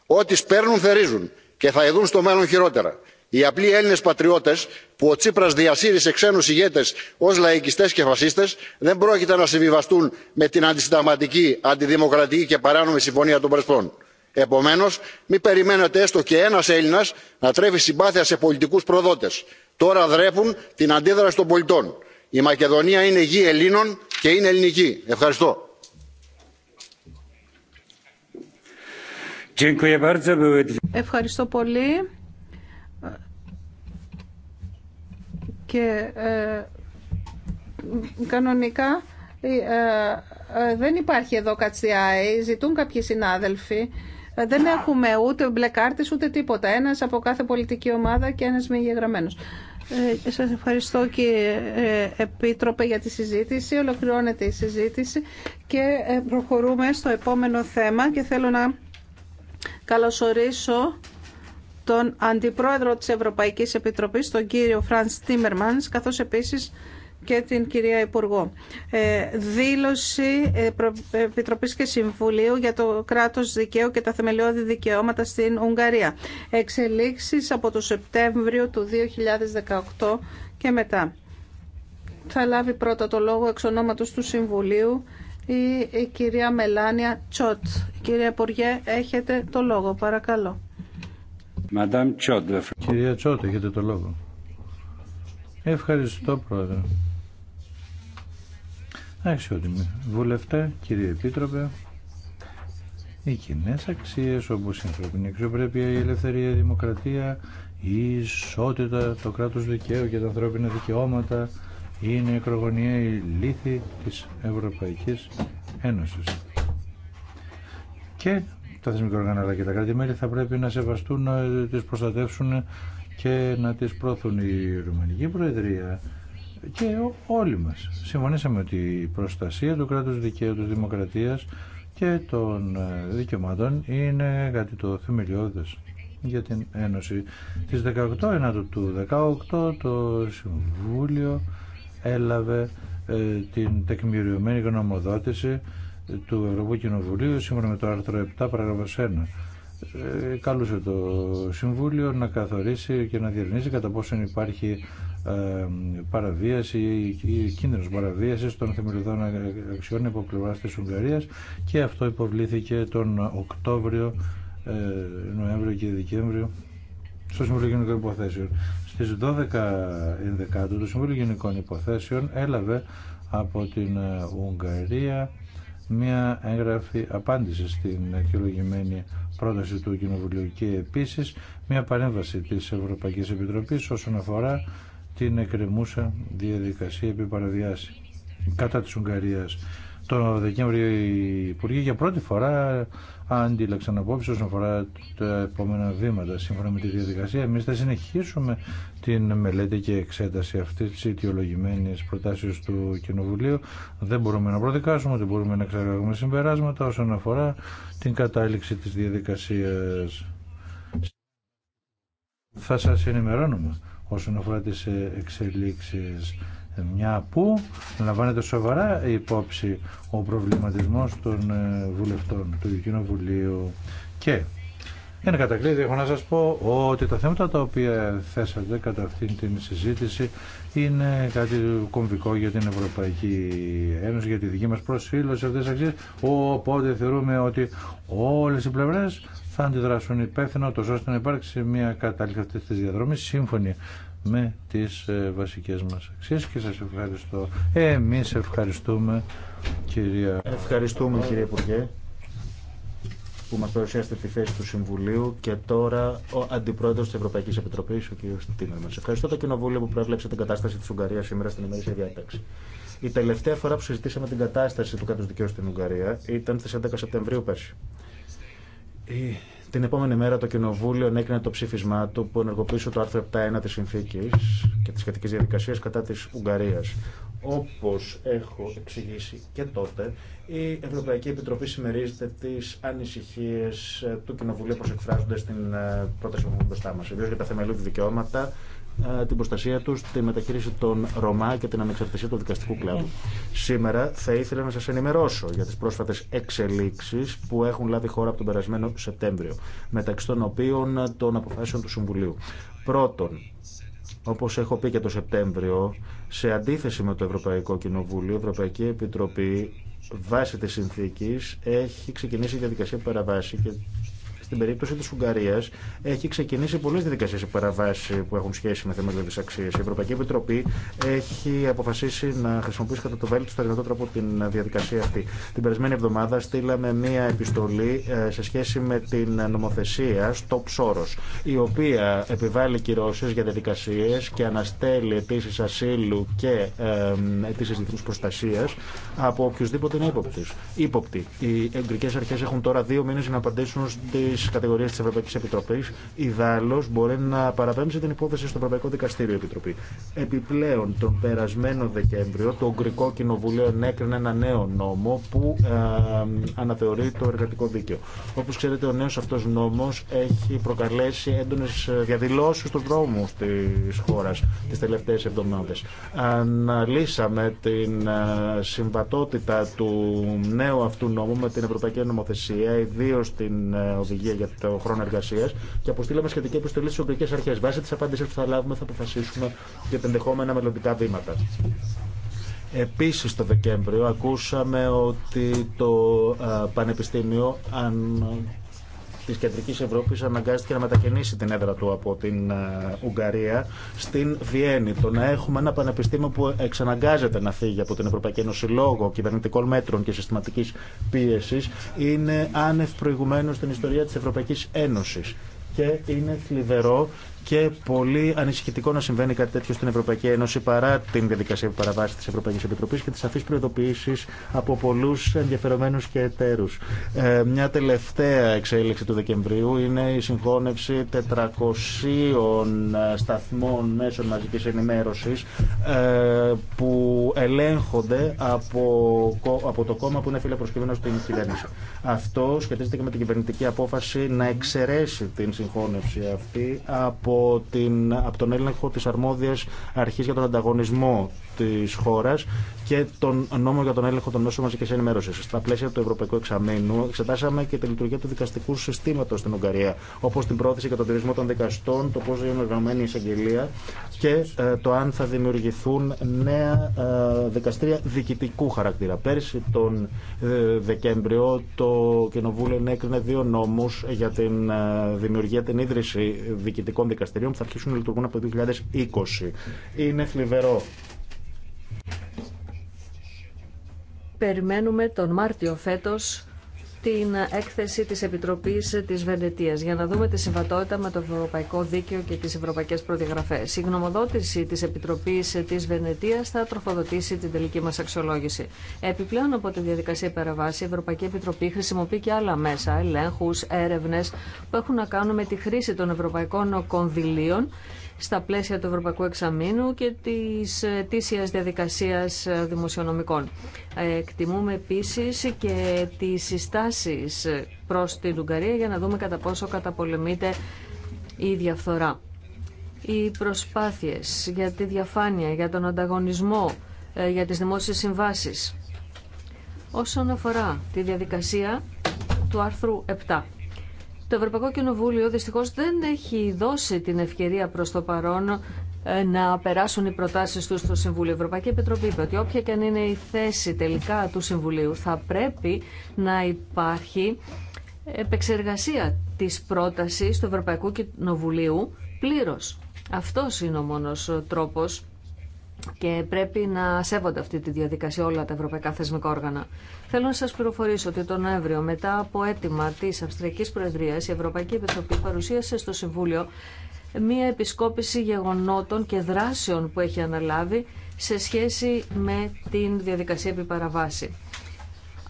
ό,τι σπέρνουν θερίζουν και θα ειδούν στο μέλλον χειρότερα. οι απλοί Έλληνε πατριώτε που ο τσίπρας διασύρισε ξένου ηγέτε ω λαϊκιστές και φασίστε δεν πρόκειται να συμβιβαστούν με την αντισυνταγματική αντιδημοκρατική και παράνομη συμφωνία των πρεσπών επομένως μην περιμένετε έστω και ένας έλληνας να τρέφει συμπάθεια σε πολιτικούς προδότες. τώρα δρέπουν την αντίδραση των πολιτών. η μακεδονία είναι γη ελλήνων και είναι ελληνική. ευχαριστώ. Ευχαριστώ πολύ. Και ε, κανονικά ε, ε, δεν υπάρχει εδώ κατσιά. Ζητούν κάποιοι συνάδελφοι ε, δεν έχουμε ούτε μπλε κάρτε ούτε τίποτα. Ένας από κάθε πολιτική ομάδα και ένας μη Ε, σας ευχαριστώ κύριε ε, Επίτροπε για τη συζήτηση. Ολοκληρώνεται η συζήτηση και ε, προχωρούμε στο επόμενο θέμα και θέλω να καλωσορίσω τον Αντιπρόεδρο της Ευρωπαϊκής Επιτροπής, τον κύριο Φρανς Τίμερμανς, καθώς επίσης και την κυρία Υπουργό. Ε, δήλωση ε, Επιτροπής και Συμβουλίου για το κράτος δικαίου και τα θεμελιώδη δικαιώματα στην Ουγγαρία. Εξελίξεις από το Σεπτέμβριο του 2018 και μετά. Θα λάβει πρώτα το λόγο εξ ονόματος του Συμβουλίου η, η κυρία Μελάνια Τσότ. Κυρία Υπουργέ, έχετε το λόγο, παρακαλώ. Κυρία Τσότ, έχετε το λόγο. Ευχαριστώ, Πρόεδρε. Αξιότιμοι βουλευτέ, κύριε Επίτροπε, οι κοινέ αξίε όπω η ανθρωπινή αξιοπρέπεια, η ελευθερία, η δημοκρατία, η ισότητα, το κράτο δικαίου και τα ανθρώπινα δικαιώματα είναι η η λύθη τη Ευρωπαϊκή Ένωση. Και τα θεσμικά οργάνα αλλά και τα κράτη-μέλη θα πρέπει να σεβαστούν, να τι προστατεύσουν και να τι πρόθουν η Ρουμανική Προεδρία και όλοι μας συμφωνήσαμε ότι η προστασία του κράτους δικαίου, της δημοκρατίας και των ε, δικαιωμάτων είναι κάτι το θεμελιώδες για την Ένωση. Της 18 Ενάτου του 18 το Συμβούλιο έλαβε ε, την τεκμηριωμένη γνωμοδότηση του Ευρωπαϊκού Κοινοβουλίου σύμφωνα με το άρθρο 7 παραγράφος 1 ε, καλούσε το Συμβούλιο να καθορίσει και να διερνήσει κατά πόσον υπάρχει παραβίαση ή κίνδυνο παραβίαση των θεμελιωδών αξιών από πλευρά τη Ουγγαρία και αυτό υποβλήθηκε τον Οκτώβριο, ε, Νοέμβριο και Δεκέμβριο στο Συμβούλιο Γενικών Υποθέσεων. Στι 12 Ινδεκάτου το Συμβούλιο Γενικών Υποθέσεων έλαβε από την ε, Ουγγαρία μια έγγραφη απάντηση στην αιτιολογημένη πρόταση του Κοινοβουλίου και επίσης μια παρέμβαση της Ευρωπαϊκής Επιτροπής όσον αφορά την εκκρεμούσα διαδικασία επί παραδιάση κατά της Ουγγαρίας. Τον Δεκέμβριο οι Υπουργοί για πρώτη φορά αντίλαξαν απόψεις όσον αφορά τα επόμενα βήματα. Σύμφωνα με τη διαδικασία, εμείς θα συνεχίσουμε την μελέτη και εξέταση αυτή τη αιτιολογημένη προτάσεω του Κοινοβουλίου. Δεν μπορούμε να προδικάσουμε, δεν μπορούμε να εξαγάγουμε συμπεράσματα όσον αφορά την κατάληξη της διαδικασία. Θα σα ενημερώνουμε όσον αφορά τις ε, εξελίξεις μια που λαμβάνεται σοβαρά υπόψη ο προβληματισμός των ε, βουλευτών του Κοινοβουλίου και είναι κατακλείδη έχω να σας πω ότι τα θέματα τα οποία θέσατε κατά αυτήν την συζήτηση είναι κάτι κομβικό για την Ευρωπαϊκή Ένωση, για τη δική μας προσφύλωση σε αυτές τις οπότε θεωρούμε ότι όλες οι πλευρές θα αντιδράσουν υπεύθυνα τόσο ώστε να υπάρξει μια κατάληξη αυτή τη διαδρομής σύμφωνη με τις ε, βασικές μας αξίες και σας ευχαριστώ. Εμείς ευχαριστούμε κυρία... Ευχαριστούμε κύριε Υπουργέ που μας παρουσιάσετε τη θέση του Συμβουλίου και τώρα ο Αντιπρόεδρος της Ευρωπαϊκής Επιτροπής, ο κ. Τίμερμαν. Ευχαριστώ το Κοινοβούλιο που προέβλεψε την κατάσταση της Ουγγαρίας σήμερα στην ημερήσια διάταξη. Η τελευταία φορά που συζητήσαμε την κατάσταση του κράτους δικαίου στην Ουγγαρία ήταν στις 11 Σεπτεμβρίου πέρσι. Την επόμενη μέρα το Κοινοβούλιο ανέκρινε το ψήφισμά του που ενεργοποιήσε το άρθρο 7.1 της συνθήκης και της σχετικής διαδικασίας κατά της Ουγγαρίας. Όπως έχω εξηγήσει και τότε, η Ευρωπαϊκή Επιτροπή συμμερίζεται τις ανησυχίες του Κοινοβουλίου όπως εκφράζονται στην ε, πρόταση που έχουμε μπροστά μας, ιδίως για τα θεμελούδη δικαιώματα, ε, την προστασία του, τη μεταχείριση των Ρωμά και την ανεξαρτησία του δικαστικού κλάδου. Ναι. Σήμερα θα ήθελα να σα ενημερώσω για τι πρόσφατε εξελίξει που έχουν λάβει χώρα από τον περασμένο Σεπτέμβριο, μεταξύ των οποίων των αποφάσεων του Συμβουλίου. Πρώτον, όπω έχω πει και το Σεπτέμβριο, σε αντίθεση με το Ευρωπαϊκό Κοινοβούλιο, η Ευρωπαϊκή Επιτροπή βάσει τη συνθήκη, έχει ξεκινήσει η διαδικασία παραβάση και στην περίπτωση τη Ουγγαρία έχει ξεκινήσει πολλέ διαδικασίε παραβάσει που έχουν σχέση με θέματα τη αξία. Η Ευρωπαϊκή Επιτροπή έχει αποφασίσει να χρησιμοποιήσει κατά το βέλτιστο δυνατό τρόπο την διαδικασία αυτή. Την περασμένη εβδομάδα στείλαμε μία επιστολή ε, σε σχέση με την νομοθεσία στο Ψόρο, η οποία επιβάλλει κυρώσει για διαδικασίε και αναστέλει αιτήσει ασύλου και αιτήσει διεθνού προστασία από οποιοδήποτε είναι ύποπτη. Οι εγκρικέ αρχέ έχουν τώρα δύο μήνε να απαντήσουν στι τις κατηγορίες της Ευρωπαϊκής Επιτροπής, μπορεί να παραπέμψει την υπόθεση στο Ευρωπαϊκό Δικαστήριο Επιτροπή. Επιπλέον, τον περασμένο Δεκέμβριο, το Ουγγρικό Κοινοβούλιο ενέκρινε ένα νέο νόμο που ε, αναθεωρεί το εργατικό δίκαιο. Όπω ξέρετε, ο νέο αυτό νόμο έχει προκαλέσει έντονε διαδηλώσει στου δρόμου τη χώρα τι τελευταίε εβδομάδε. Αναλύσαμε την ε, συμβατότητα του νέου αυτού νόμου με την Ευρωπαϊκή Νομοθεσία, ιδίω την ε, οδηγία για το χρόνο εργασία και αποστήλαμε σχετική επιστολή στι Ουγγρικέ Αρχέ. Βάσει τη απάντηση που θα λάβουμε, θα αποφασίσουμε για τα ενδεχόμενα μελλοντικά βήματα. Επίσης το Δεκέμβριο ακούσαμε ότι το Πανεπιστήμιο αν τη Κεντρική Ευρώπη αναγκάστηκε να μετακινήσει την έδρα του από την ε, Ουγγαρία στην Βιέννη. Το να έχουμε ένα πανεπιστήμιο που εξαναγκάζεται να φύγει από την Ευρωπαϊκή Ένωση λόγω κυβερνητικών μέτρων και συστηματική πίεση είναι άνευ προηγουμένου στην ιστορία τη Ευρωπαϊκή Ένωση. Και είναι θλιβερό και πολύ ανησυχητικό να συμβαίνει κάτι τέτοιο στην Ευρωπαϊκή Ένωση παρά την διαδικασία που παραβάσει τη Ευρωπαϊκή Επιτροπή και τι σαφεί προειδοποιήσει από πολλού ενδιαφερομένου και εταίρου. Ε, μια τελευταία εξέλιξη του Δεκεμβρίου είναι η συγχώνευση 400 σταθμών μέσων μαζική ενημέρωση ε, που ελέγχονται από, από το κόμμα που είναι φιλεπροσκευμένο στην κυβέρνηση. Αυτό σχετίζεται και με την κυβερνητική απόφαση να εξαιρέσει την συγχώνευση αυτή από από, την, από τον έλεγχο της αρμόδιας αρχής για τον ανταγωνισμό της χώρας και τον νόμο για τον έλεγχο των μέσων μαζικής ενημέρωσης. Στα πλαίσια του Ευρωπαϊκού Εξαμενού εξετάσαμε και τη λειτουργία του δικαστικού συστήματος στην Ουγγαρία, όπως την πρόθεση για τον τηρισμό των δικαστών, το πώς είναι οργανωμένη η εισαγγελία, και ε, το αν θα δημιουργηθούν νέα ε, δικαστήρια διοικητικού χαρακτήρα. Πέρσι τον ε, Δεκέμβριο το Κοινοβούλιο ενέκρινε δύο νόμους για την δημιουργία, την ίδρυση διοικητικών δικαστηρίων που θα αρχίσουν να λειτουργούν από το 2020. Είναι θλιβερό. Περιμένουμε τον Μάρτιο φέτος την έκθεση της Επιτροπής της Βενετίας για να δούμε τη συμβατότητα με το Ευρωπαϊκό Δίκαιο και τις Ευρωπαϊκές Προδιαγραφές. Η γνωμοδότηση της Επιτροπής της Βενετίας θα τροφοδοτήσει την τελική μας αξιολόγηση. Επιπλέον από τη διαδικασία υπεραβάση, η Ευρωπαϊκή Επιτροπή χρησιμοποιεί και άλλα μέσα, ελέγχους, έρευνες που έχουν να κάνουν με τη χρήση των ευρωπαϊκών κονδυλίων στα πλαίσια του Ευρωπαϊκού Εξαμήνου και της ε, τήσιας διαδικασίας ε, δημοσιονομικών. Ε, εκτιμούμε επίσης και τις συστάσεις προς την Ουγγαρία για να δούμε κατά πόσο καταπολεμείται η διαφθορά. Οι προσπάθειες για τη διαφάνεια, για τον ανταγωνισμό, για τις δημόσιες συμβάσεις. Όσον αφορά τη διαδικασία του άρθρου 7 το Ευρωπαϊκό Κοινοβούλιο δυστυχώ δεν έχει δώσει την ευκαιρία προς το παρόν ε, να περάσουν οι προτάσεις του στο Συμβούλιο. Η Ευρωπαϊκή Επιτροπή είπε ότι όποια και αν είναι η θέση τελικά του Συμβουλίου θα πρέπει να υπάρχει επεξεργασία της πρότασης του Ευρωπαϊκού Κοινοβουλίου πλήρως. Αυτός είναι ο μόνος τρόπος και πρέπει να σέβονται αυτή τη διαδικασία όλα τα ευρωπαϊκά θεσμικά όργανα. Θέλω να σα πληροφορήσω ότι τον Νοέμβριο, μετά από αίτημα τη Αυστριακή Προεδρία, η Ευρωπαϊκή Επιτροπή παρουσίασε στο Συμβούλιο μία επισκόπηση γεγονότων και δράσεων που έχει αναλάβει σε σχέση με την διαδικασία επιπαραβάση.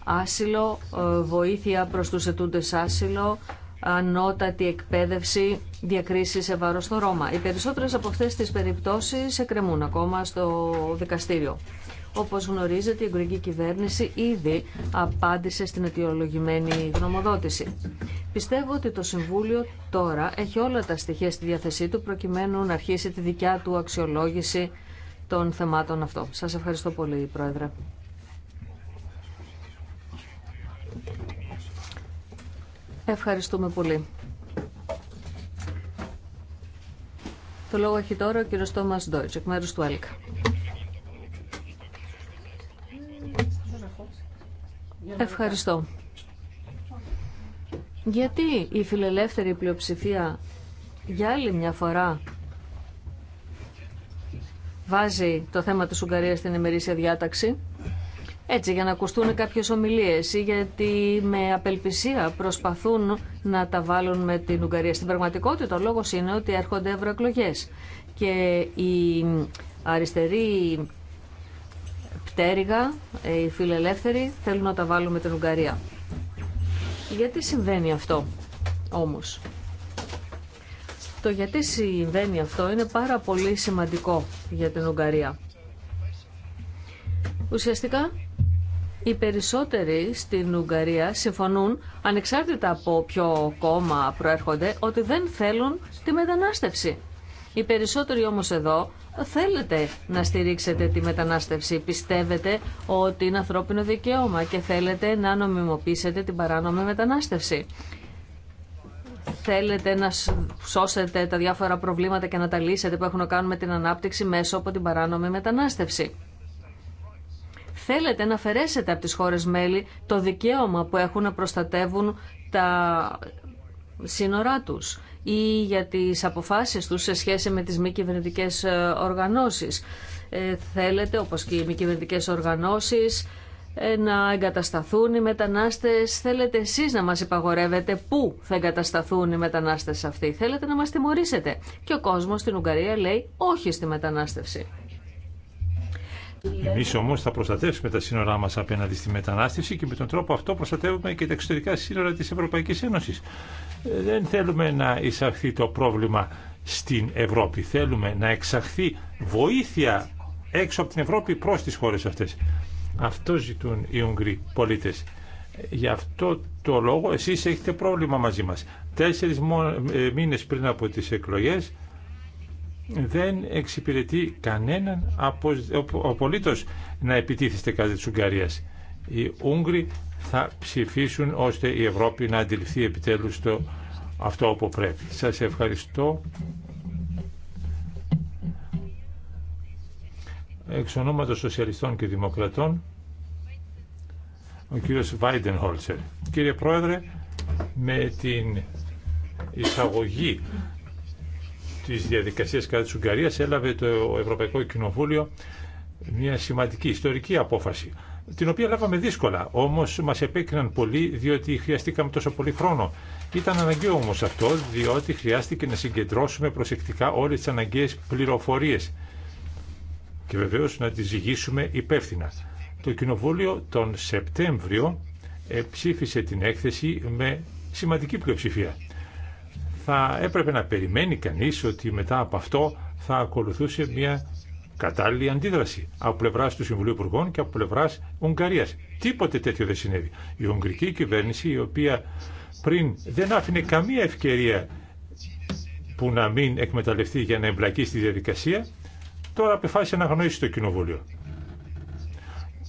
Άσυλο, ε, βοήθεια προς τους ετούντες άσυλο, ανώτατη εκπαίδευση διακρίσεις σε βάρος στο Ρώμα. Οι περισσότερες από αυτές τις περιπτώσεις εκκρεμούν ακόμα στο δικαστήριο. Όπως γνωρίζετε, η εγκρική κυβέρνηση ήδη απάντησε στην αιτιολογημένη γνωμοδότηση. Πιστεύω ότι το Συμβούλιο τώρα έχει όλα τα στοιχεία στη διάθεσή του προκειμένου να αρχίσει τη δικιά του αξιολόγηση των θεμάτων αυτό. Σας ευχαριστώ πολύ, Πρόεδρε. Ευχαριστούμε πολύ. Το λόγο έχει τώρα ο κύριο Τόμας Ντόιτς, εκ μέρους του ΕΛΚ. Ευχαριστώ. Γιατί η φιλελεύθερη πλειοψηφία για άλλη μια φορά βάζει το θέμα της Ουγγαρίας στην ημερήσια διάταξη έτσι για να ακουστούν κάποιες ομιλίες ή γιατί με απελπισία προσπαθούν να τα βάλουν με την Ουγγαρία. Στην πραγματικότητα ο λόγος είναι ότι έρχονται ευρωεκλογέ. και η αριστερή πτέρυγα, ε, οι φιλελεύθεροι θέλουν να τα βάλουν με την Ουγγαρία. Γιατί συμβαίνει αυτό όμως. Το γιατί συμβαίνει αυτό είναι πάρα πολύ σημαντικό για την Ουγγαρία. Ουσιαστικά οι περισσότεροι στην Ουγγαρία συμφωνούν, ανεξάρτητα από ποιο κόμμα προέρχονται, ότι δεν θέλουν τη μετανάστευση. Οι περισσότεροι όμως εδώ θέλετε να στηρίξετε τη μετανάστευση. Πιστεύετε ότι είναι ανθρώπινο δικαίωμα και θέλετε να νομιμοποιήσετε την παράνομη μετανάστευση. Θέλετε να σώσετε τα διάφορα προβλήματα και να τα λύσετε που έχουν να κάνουν με την ανάπτυξη μέσω από την παράνομη μετανάστευση θέλετε να αφαιρέσετε από τις χώρες μέλη το δικαίωμα που έχουν να προστατεύουν τα σύνορά τους ή για τις αποφάσεις τους σε σχέση με τις μη κυβερνητικέ ε, οργανώσεις. Ε, θέλετε, όπως και οι μη κυβερνητικέ οργανώσεις, ε, να εγκατασταθούν οι μετανάστες. Θέλετε εσείς να μας υπαγορεύετε πού θα εγκατασταθούν οι μετανάστες αυτοί. Θέλετε να μας τιμωρήσετε. Και ο κόσμος στην Ουγγαρία λέει όχι στη μετανάστευση. Εμείς όμως θα προστατεύσουμε τα σύνορά μας απέναντι στη μετανάστευση και με τον τρόπο αυτό προστατεύουμε και τα εξωτερικά σύνορα της Ευρωπαϊκής Ένωση. Ε, δεν θέλουμε να εισαχθεί το πρόβλημα στην Ευρώπη. Θέλουμε να εξαχθεί βοήθεια έξω από την Ευρώπη προς τις χώρες αυτές. Αυτό ζητούν οι Ουγγροί πολίτες. Γι' αυτό το λόγο εσεί έχετε πρόβλημα μαζί μα. Τέσσερι ε, μήνε πριν από τι εκλογέ δεν εξυπηρετεί κανέναν απολύτως να επιτίθεστε κατά της Ουγγαρίας. Οι Ούγγροι θα ψηφίσουν ώστε η Ευρώπη να αντιληφθεί επιτέλους το αυτό που πρέπει. Σας ευχαριστώ. Εξ ονόματος Σοσιαλιστών και Δημοκρατών, ο κύριος Βάιντεν Χόλτσερ. Κύριε Πρόεδρε, με την εισαγωγή της διαδικασία κατά της Ουγγαρία έλαβε το Ευρωπαϊκό Κοινοβούλιο μια σημαντική ιστορική απόφαση την οποία λάβαμε δύσκολα, όμως μας επέκριναν πολύ διότι χρειαστήκαμε τόσο πολύ χρόνο. Ήταν αναγκαίο όμω αυτό διότι χρειάστηκε να συγκεντρώσουμε προσεκτικά όλες τις αναγκαίες πληροφορίες και βεβαίω να τι ζυγίσουμε υπεύθυνα. Το Κοινοβούλιο τον Σεπτέμβριο ψήφισε την έκθεση με σημαντική πλειοψηφία θα έπρεπε να περιμένει κανείς ότι μετά από αυτό θα ακολουθούσε μια κατάλληλη αντίδραση από πλευρά του Συμβουλίου Υπουργών και από πλευρά Ουγγαρία. Τίποτε τέτοιο δεν συνέβη. Η Ουγγρική κυβέρνηση, η οποία πριν δεν άφηνε καμία ευκαιρία που να μην εκμεταλλευτεί για να εμπλακεί στη διαδικασία, τώρα απεφάσισε να γνωρίσει το Κοινοβούλιο.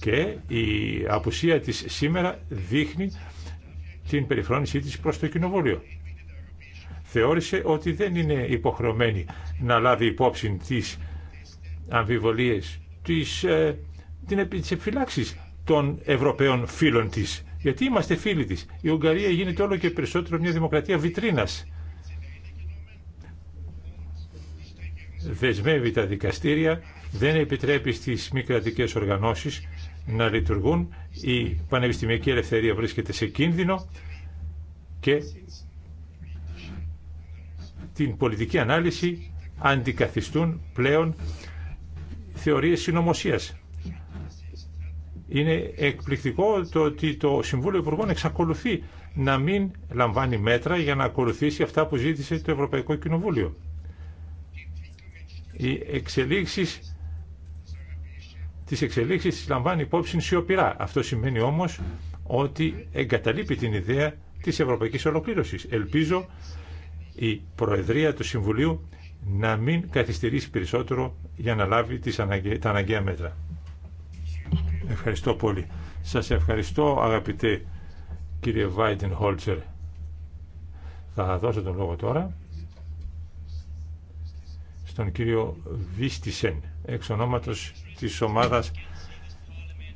Και η απουσία της σήμερα δείχνει την περιφρόνησή της προς το Κοινοβούλιο θεώρησε ότι δεν είναι υποχρεωμένη να λάβει υπόψη τις αμφιβολίες, τις, ε, την, τις επιφυλάξεις των Ευρωπαίων φίλων της. Γιατί είμαστε φίλοι της. Η Ουγγαρία γίνεται όλο και περισσότερο μια δημοκρατία βιτρίνας. Δεσμεύει τα δικαστήρια, δεν επιτρέπει στις μη κρατικέ οργανώσεις να λειτουργούν. Η πανεπιστημιακή ελευθερία βρίσκεται σε κίνδυνο και την πολιτική ανάλυση αντικαθιστούν πλέον θεωρίες συνωμοσία. Είναι εκπληκτικό το ότι το Συμβούλιο Υπουργών εξακολουθεί να μην λαμβάνει μέτρα για να ακολουθήσει αυτά που ζήτησε το Ευρωπαϊκό Κοινοβούλιο. Οι εξελίξεις, τις εξελίξεις τις λαμβάνει υπόψη σιωπηρά. Αυτό σημαίνει όμως ότι εγκαταλείπει την ιδέα της ευρωπαϊκής ολοκλήρωσης. Ελπίζω η Προεδρία του Συμβουλίου να μην καθυστερήσει περισσότερο για να λάβει τις τα αναγκαία μέτρα. Ευχαριστώ πολύ. Σας ευχαριστώ αγαπητέ κύριε Βάιντεν Χόλτσερ. Θα δώσω τον λόγο τώρα στον κύριο Βίστισεν, εξ ονόματος της ομάδας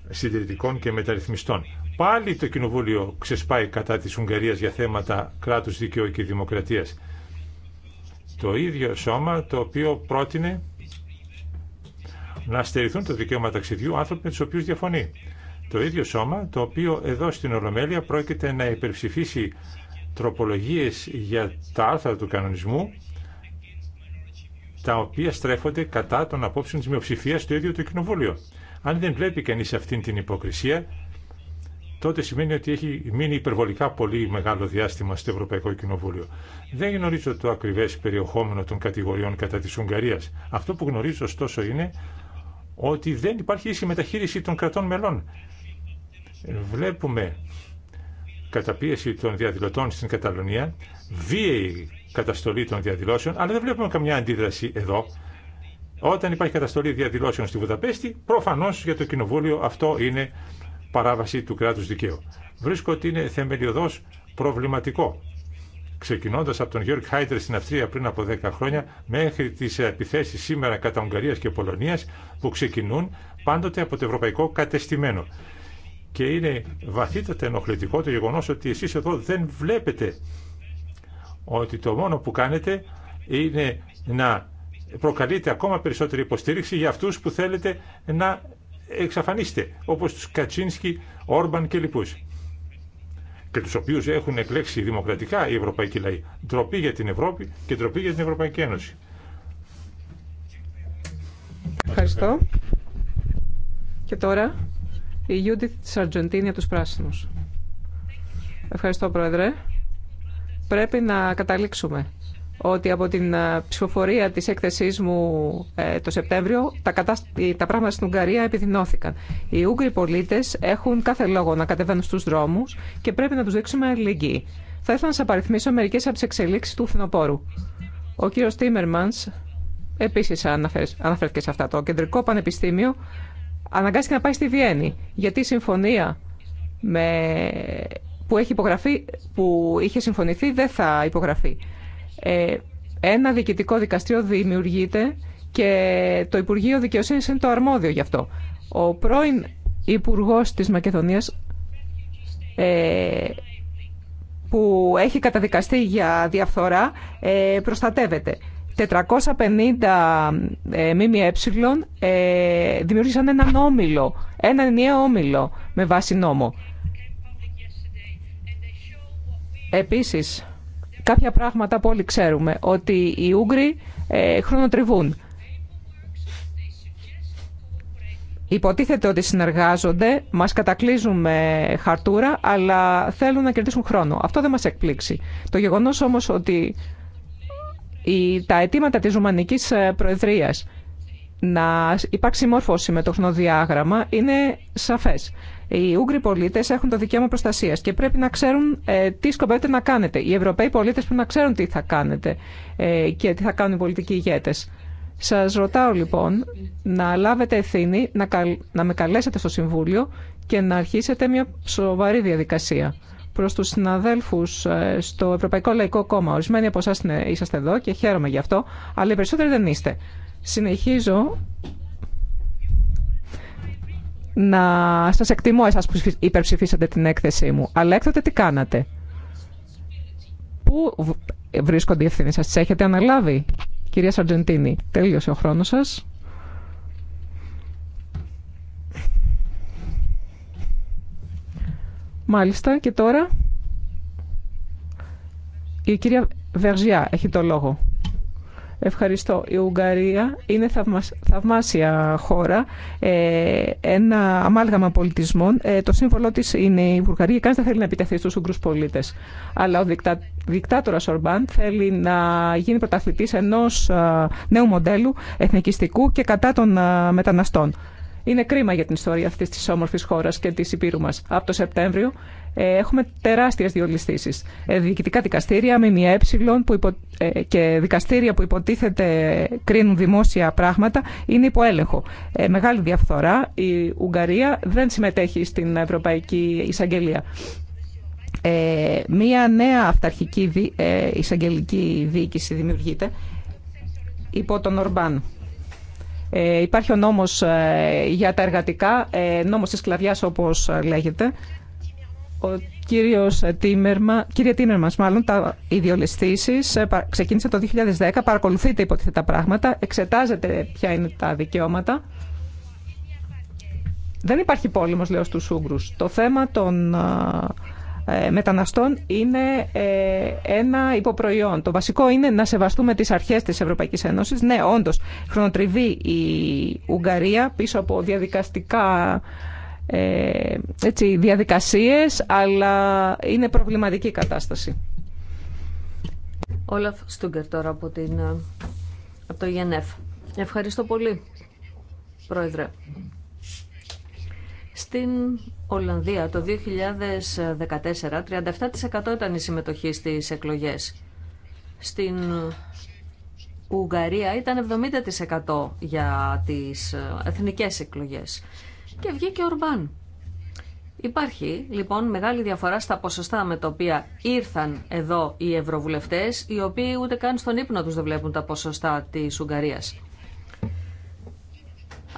συντηρητικών και μεταρρυθμιστών. Πάλι το Κοινοβούλιο ξεσπάει κατά της Ουγγαρίας για θέματα κράτους δικαίου και δημοκρατίας το ίδιο σώμα το οποίο πρότεινε να στερηθούν το δικαίωμα ταξιδιού άνθρωποι με του οποίου διαφωνεί. Το ίδιο σώμα το οποίο εδώ στην Ολομέλεια πρόκειται να υπερψηφίσει τροπολογίες για τα άρθρα του κανονισμού τα οποία στρέφονται κατά των απόψεων της μειοψηφίας στο ίδιο το Κοινοβούλιο. Αν δεν βλέπει κανείς αυτήν την υποκρισία, τότε σημαίνει ότι έχει μείνει υπερβολικά πολύ μεγάλο διάστημα στο Ευρωπαϊκό Κοινοβούλιο. Δεν γνωρίζω το ακριβέ περιεχόμενο των κατηγοριών κατά πίεση των Αυτό που γνωρίζω ωστόσο είναι ότι δεν υπάρχει ίση μεταχείριση των κρατών μελών. Βλέπουμε καταπίεση των διαδηλωτών στην Καταλωνία, βίαιη καταστολή των διαδηλώσεων, αλλά δεν βλέπουμε καμιά αντίδραση εδώ. Όταν υπάρχει καταστολή διαδηλώσεων στη Βουδαπέστη, προφανώ για το Κοινοβούλιο αυτό είναι παράβαση του κράτου δικαίου. Βρίσκω ότι είναι θεμελιωδώς προβληματικό. Ξεκινώντα από τον Γιώργ Χάιντερ στην Αυστρία πριν από 10 χρόνια μέχρι τι επιθέσει σήμερα κατά Ουγγαρία και Πολωνία που ξεκινούν πάντοτε από το ευρωπαϊκό κατεστημένο. Και είναι βαθύτατα ενοχλητικό το γεγονό ότι εσεί εδώ δεν βλέπετε ότι το μόνο που κάνετε είναι να προκαλείτε ακόμα περισσότερη υποστήριξη για αυτούς που θέλετε να εξαφανίστε, όπως τους Κατσίνσκι, Όρμπαν και λοιπούς. Και τους οποίους έχουν εκλέξει δημοκρατικά οι ευρωπαϊκοί λαοί. Τροπή για την Ευρώπη και τροπή για την Ευρωπαϊκή Ένωση. Ευχαριστώ. Και τώρα η Judith της Αργεντίνη τους Πράσινους. Ευχαριστώ, Πρόεδρε. Πρέπει να καταλήξουμε ότι από την ε, ψηφοφορία της έκθεσής μου ε, το Σεπτέμβριο τα, τα πράγματα στην Ουγγαρία επιδεινώθηκαν. Οι Ούγγροι πολίτες έχουν κάθε λόγο να κατεβαίνουν στους δρόμους και πρέπει να τους δείξουμε αλληλεγγύη. Θα ήθελα να σας απαριθμίσω μερικές από τις εξελίξεις του φθινοπόρου. Ο κύριος Τίμερμανς επίσης αναφέρθηκε σε αυτά. Το Κεντρικό Πανεπιστήμιο αναγκάστηκε να πάει στη Βιέννη γιατί η συμφωνία με... που, έχει υπογραφεί, που είχε συμφωνηθεί δεν θα υπογραφεί. Ε, ένα διοικητικό δικαστήριο δημιουργείται και το Υπουργείο Δικαιοσύνη είναι το αρμόδιο γι' αυτό. Ο πρώην Υπουργό τη Μακεδονία ε, που έχει καταδικαστεί για διαφθορά ε, προστατεύεται. 450 ΜΜΕ δημιούργησαν έναν όμιλο, ένα ενιαίο όμιλο με βάση νόμο. Επίσης, κάποια πράγματα που όλοι ξέρουμε, ότι οι Ούγγροι ε, χρονοτριβούν. Υποτίθεται ότι συνεργάζονται, μας κατακλείζουν με χαρτούρα, αλλά θέλουν να κερδίσουν χρόνο. Αυτό δεν μας εκπλήξει. Το γεγονός όμως ότι η, τα αιτήματα της Ρουμανικής ε, Προεδρίας να υπάρξει μόρφωση με το χρονοδιάγραμμα είναι σαφές. Οι Ούγγροι πολίτε έχουν το δικαίωμα προστασία και πρέπει να ξέρουν ε, τι σκοπεύετε να κάνετε. Οι Ευρωπαίοι πολίτε πρέπει να ξέρουν τι θα κάνετε ε, και τι θα κάνουν οι πολιτικοί ηγέτε. Σα ρωτάω λοιπόν να λάβετε ευθύνη, να, καλ... με καλέσετε στο Συμβούλιο και να αρχίσετε μια σοβαρή διαδικασία. Προς τους συναδέλφους ε, στο Ευρωπαϊκό Λαϊκό Κόμμα, ορισμένοι από εσάς είσαστε εδώ και χαίρομαι γι' αυτό, αλλά οι περισσότεροι δεν είστε. Συνεχίζω να σα εκτιμώ εσά που υπερψηφίσατε την έκθεσή μου. Αλλά έκτοτε τι κάνατε. Πού βρίσκονται οι ευθύνε σα, τι έχετε αναλάβει. Κυρία Σαρτζεντίνη, τέλειωσε ο χρόνος σας. Μάλιστα και τώρα η κυρία Βεργιά έχει το λόγο. Ευχαριστώ. Η Ουγγαρία είναι θαυμάσια χώρα, ε, ένα αμάλγαμα πολιτισμών. Ε, το σύμβολό της είναι η Βουλγαρία. Κανείς δεν θέλει να επιτεθεί στους Ουγγρούς πολίτες. Αλλά ο δικτάτορας Ορμπάν θέλει να γίνει πρωταθλητής ενός ε, νέου μοντέλου εθνικιστικού και κατά των μεταναστών. Είναι κρίμα για την ιστορία αυτής της όμορφης χώρας και της υπήρου μας. Από το Σεπτέμβριο ε, έχουμε τεράστιες διολυστήσεις. Ε, διοικητικά δικαστήρια, ΜΜΕ που υπο... Ε, και δικαστήρια που υποτίθεται κρίνουν δημόσια πράγματα είναι υπό έλεγχο. μεγάλη διαφθορά. Η Ουγγαρία δεν συμμετέχει στην Ευρωπαϊκή Εισαγγελία. μία νέα αυταρχική δι... ε, εισαγγελική διοίκηση δημιουργείται υπό τον Ορμπάν. Ε, υπάρχει ο νόμος για τα εργατικά, νόμος της σκλαβιάς όπως λέγεται, ο κύριος Τίμερμα, κύριε Τίμερμα, μάλλον τα ιδιολεστήσει ε, ξεκίνησε το 2010, παρακολουθείτε υποτίθεται τα πράγματα, εξετάζετε ποια είναι τα δικαιώματα. Δεν υπάρχει πόλεμος, λέω, στους Ούγγρους. Το θέμα των ε, μεταναστών είναι ε, ένα υποπροϊόν. Το βασικό είναι να σεβαστούμε τις αρχές της Ευρωπαϊκής Ένωσης. Ναι, όντως, χρονοτριβεί η Ουγγαρία πίσω από διαδικαστικά ε, έτσι, διαδικασίες, αλλά είναι προβληματική κατάσταση. Όλαφ Στούγκερ τώρα από, την, ε, από το ΙΕΝΕΦ. Ευχαριστώ πολύ, Πρόεδρε. Στην Ολλανδία το 2014 37% ήταν η συμμετοχή στις εκλογές. Στην Ουγγαρία ήταν 70% για τις ε, εθνικές εκλογές και βγήκε ο Ορμπάν. Υπάρχει λοιπόν μεγάλη διαφορά στα ποσοστά με τα οποία ήρθαν εδώ οι ευρωβουλευτές, οι οποίοι ούτε καν στον ύπνο τους δεν βλέπουν τα ποσοστά της Ουγγαρίας.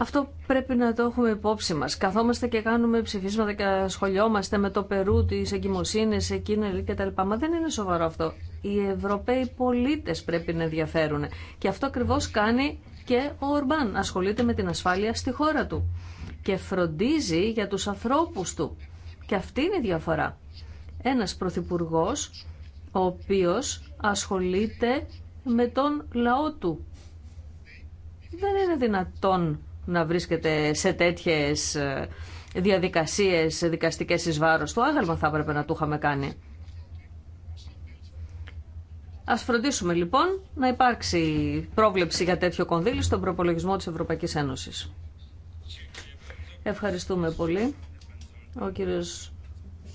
Αυτό πρέπει να το έχουμε υπόψη μας. Καθόμαστε και κάνουμε ψηφίσματα και ασχολιόμαστε με το Περού, τις εγκυμοσύνες, εκείνο και τα λοιπά. Μα δεν είναι σοβαρό αυτό. Οι Ευρωπαίοι πολίτες πρέπει να ενδιαφέρουν. Και αυτό ακριβώς κάνει και ο Ορμπάν. Ασχολείται με την ασφάλεια στη χώρα του και φροντίζει για τους ανθρώπους του. Και αυτή είναι η διαφορά. Ένας Πρωθυπουργό ο οποίος ασχολείται με τον λαό του. Δεν είναι δυνατόν να βρίσκεται σε τέτοιες ε, διαδικασίες δικαστικές εις βάρος του. Άγαλμα θα έπρεπε να του είχαμε κάνει. Ας φροντίσουμε λοιπόν να υπάρξει πρόβλεψη για τέτοιο κονδύλι στον προπολογισμό της Ευρωπαϊκής Ένωσης. Ευχαριστούμε πολύ. Ο κύριος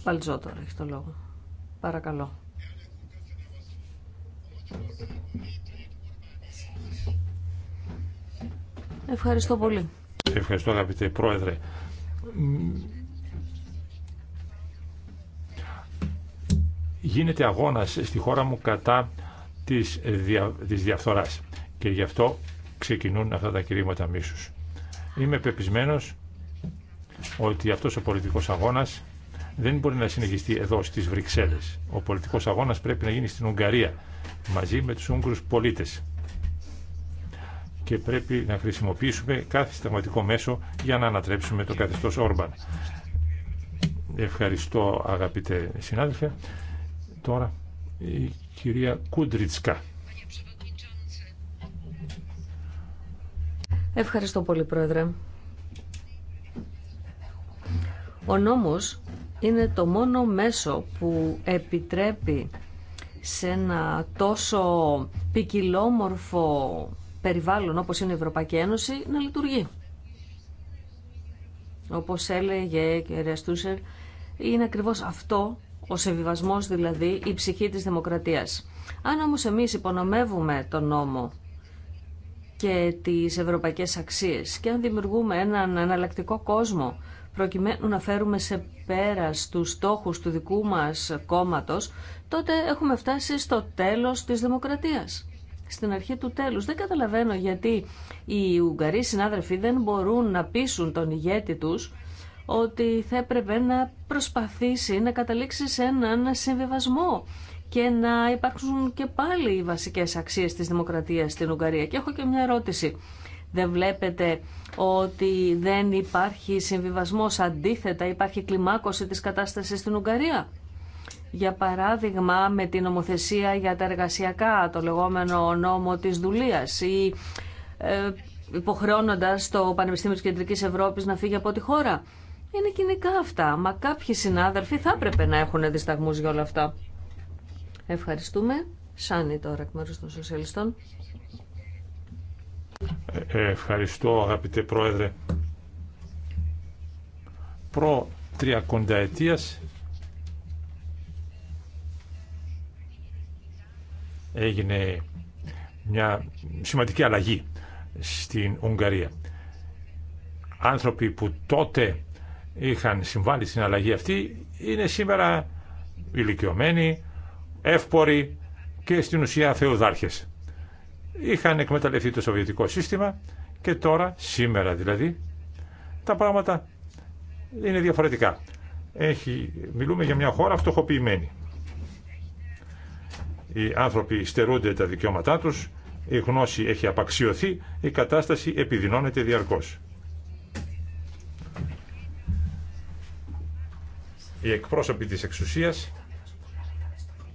Παλτζότορ έχει το λόγο. Παρακαλώ. Ευχαριστώ πολύ. Ευχαριστώ αγαπητέ Πρόεδρε. Γίνεται αγώνας στη χώρα μου κατά της, δια, της διαφθοράς και γι' αυτό ξεκινούν αυτά τα κηρύγματα μίσους. Είμαι πεπισμένος ότι αυτός ο πολιτικός αγώνας δεν μπορεί να συνεχιστεί εδώ στις Βρυξέλλες. Ο πολιτικός αγώνας πρέπει να γίνει στην Ουγγαρία μαζί με τους Ούγγρους πολίτες και πρέπει να χρησιμοποιήσουμε κάθε συνταγματικό μέσο για να ανατρέψουμε το καθεστώς Όρμπαν. Ευχαριστώ αγαπητέ συνάδελφε. Τώρα η κυρία Κούντριτσκα. Ευχαριστώ πολύ πρόεδρε. Ο νόμος είναι το μόνο μέσο που επιτρέπει σε ένα τόσο ποικιλόμορφο περιβάλλον όπως είναι η Ευρωπαϊκή Ένωση να λειτουργεί. Όπως έλεγε η κυρία Στούσερ, είναι ακριβώς αυτό ο σεβιβασμός δηλαδή η ψυχή της δημοκρατίας. Αν όμως εμείς υπονομεύουμε τον νόμο και τις ευρωπαϊκές αξίες και αν δημιουργούμε έναν εναλλακτικό κόσμο προκειμένου να φέρουμε σε πέρα τους στόχους του δικού μας κόμματος, τότε έχουμε φτάσει στο τέλος της δημοκρατίας. Στην αρχή του τέλους. Δεν καταλαβαίνω γιατί οι Ουγγαροί συνάδελφοι δεν μπορούν να πείσουν τον ηγέτη τους ότι θα έπρεπε να προσπαθήσει να καταλήξει σε έναν συμβιβασμό και να υπάρξουν και πάλι οι βασικές αξίες της δημοκρατίας στην Ουγγαρία. Και έχω και μια ερώτηση. Δεν βλέπετε ότι δεν υπάρχει συμβιβασμός αντίθετα, υπάρχει κλιμάκωση της κατάστασης στην Ουγγαρία. Για παράδειγμα με την νομοθεσία για τα εργασιακά, το λεγόμενο νόμο της δουλείας ή ε, υποχρεώνοντας το Πανεπιστήμιο της Κεντρικής Ευρώπης να φύγει από τη χώρα. Είναι κοινικά αυτά, μα κάποιοι συνάδελφοι θα έπρεπε να έχουν δισταγμούς για όλα αυτά. Ευχαριστούμε. Σάνι τώρα εκ μέρους των Σοσιαλιστών. Ε, ε, ευχαριστώ αγαπητέ Πρόεδρε. Προ τριακονταετίας έγινε μια σημαντική αλλαγή στην Ουγγαρία. Άνθρωποι που τότε είχαν συμβάλει στην αλλαγή αυτή είναι σήμερα ηλικιωμένοι, εύποροι και στην ουσία θεοδάρχες είχαν εκμεταλλευτεί το σοβιετικό σύστημα και τώρα, σήμερα δηλαδή, τα πράγματα είναι διαφορετικά. Έχει, μιλούμε για μια χώρα φτωχοποιημένη. Οι άνθρωποι στερούνται τα δικαιώματά τους, η γνώση έχει απαξιωθεί, η κατάσταση επιδεινώνεται διαρκώς. Οι εκπρόσωποι της εξουσίας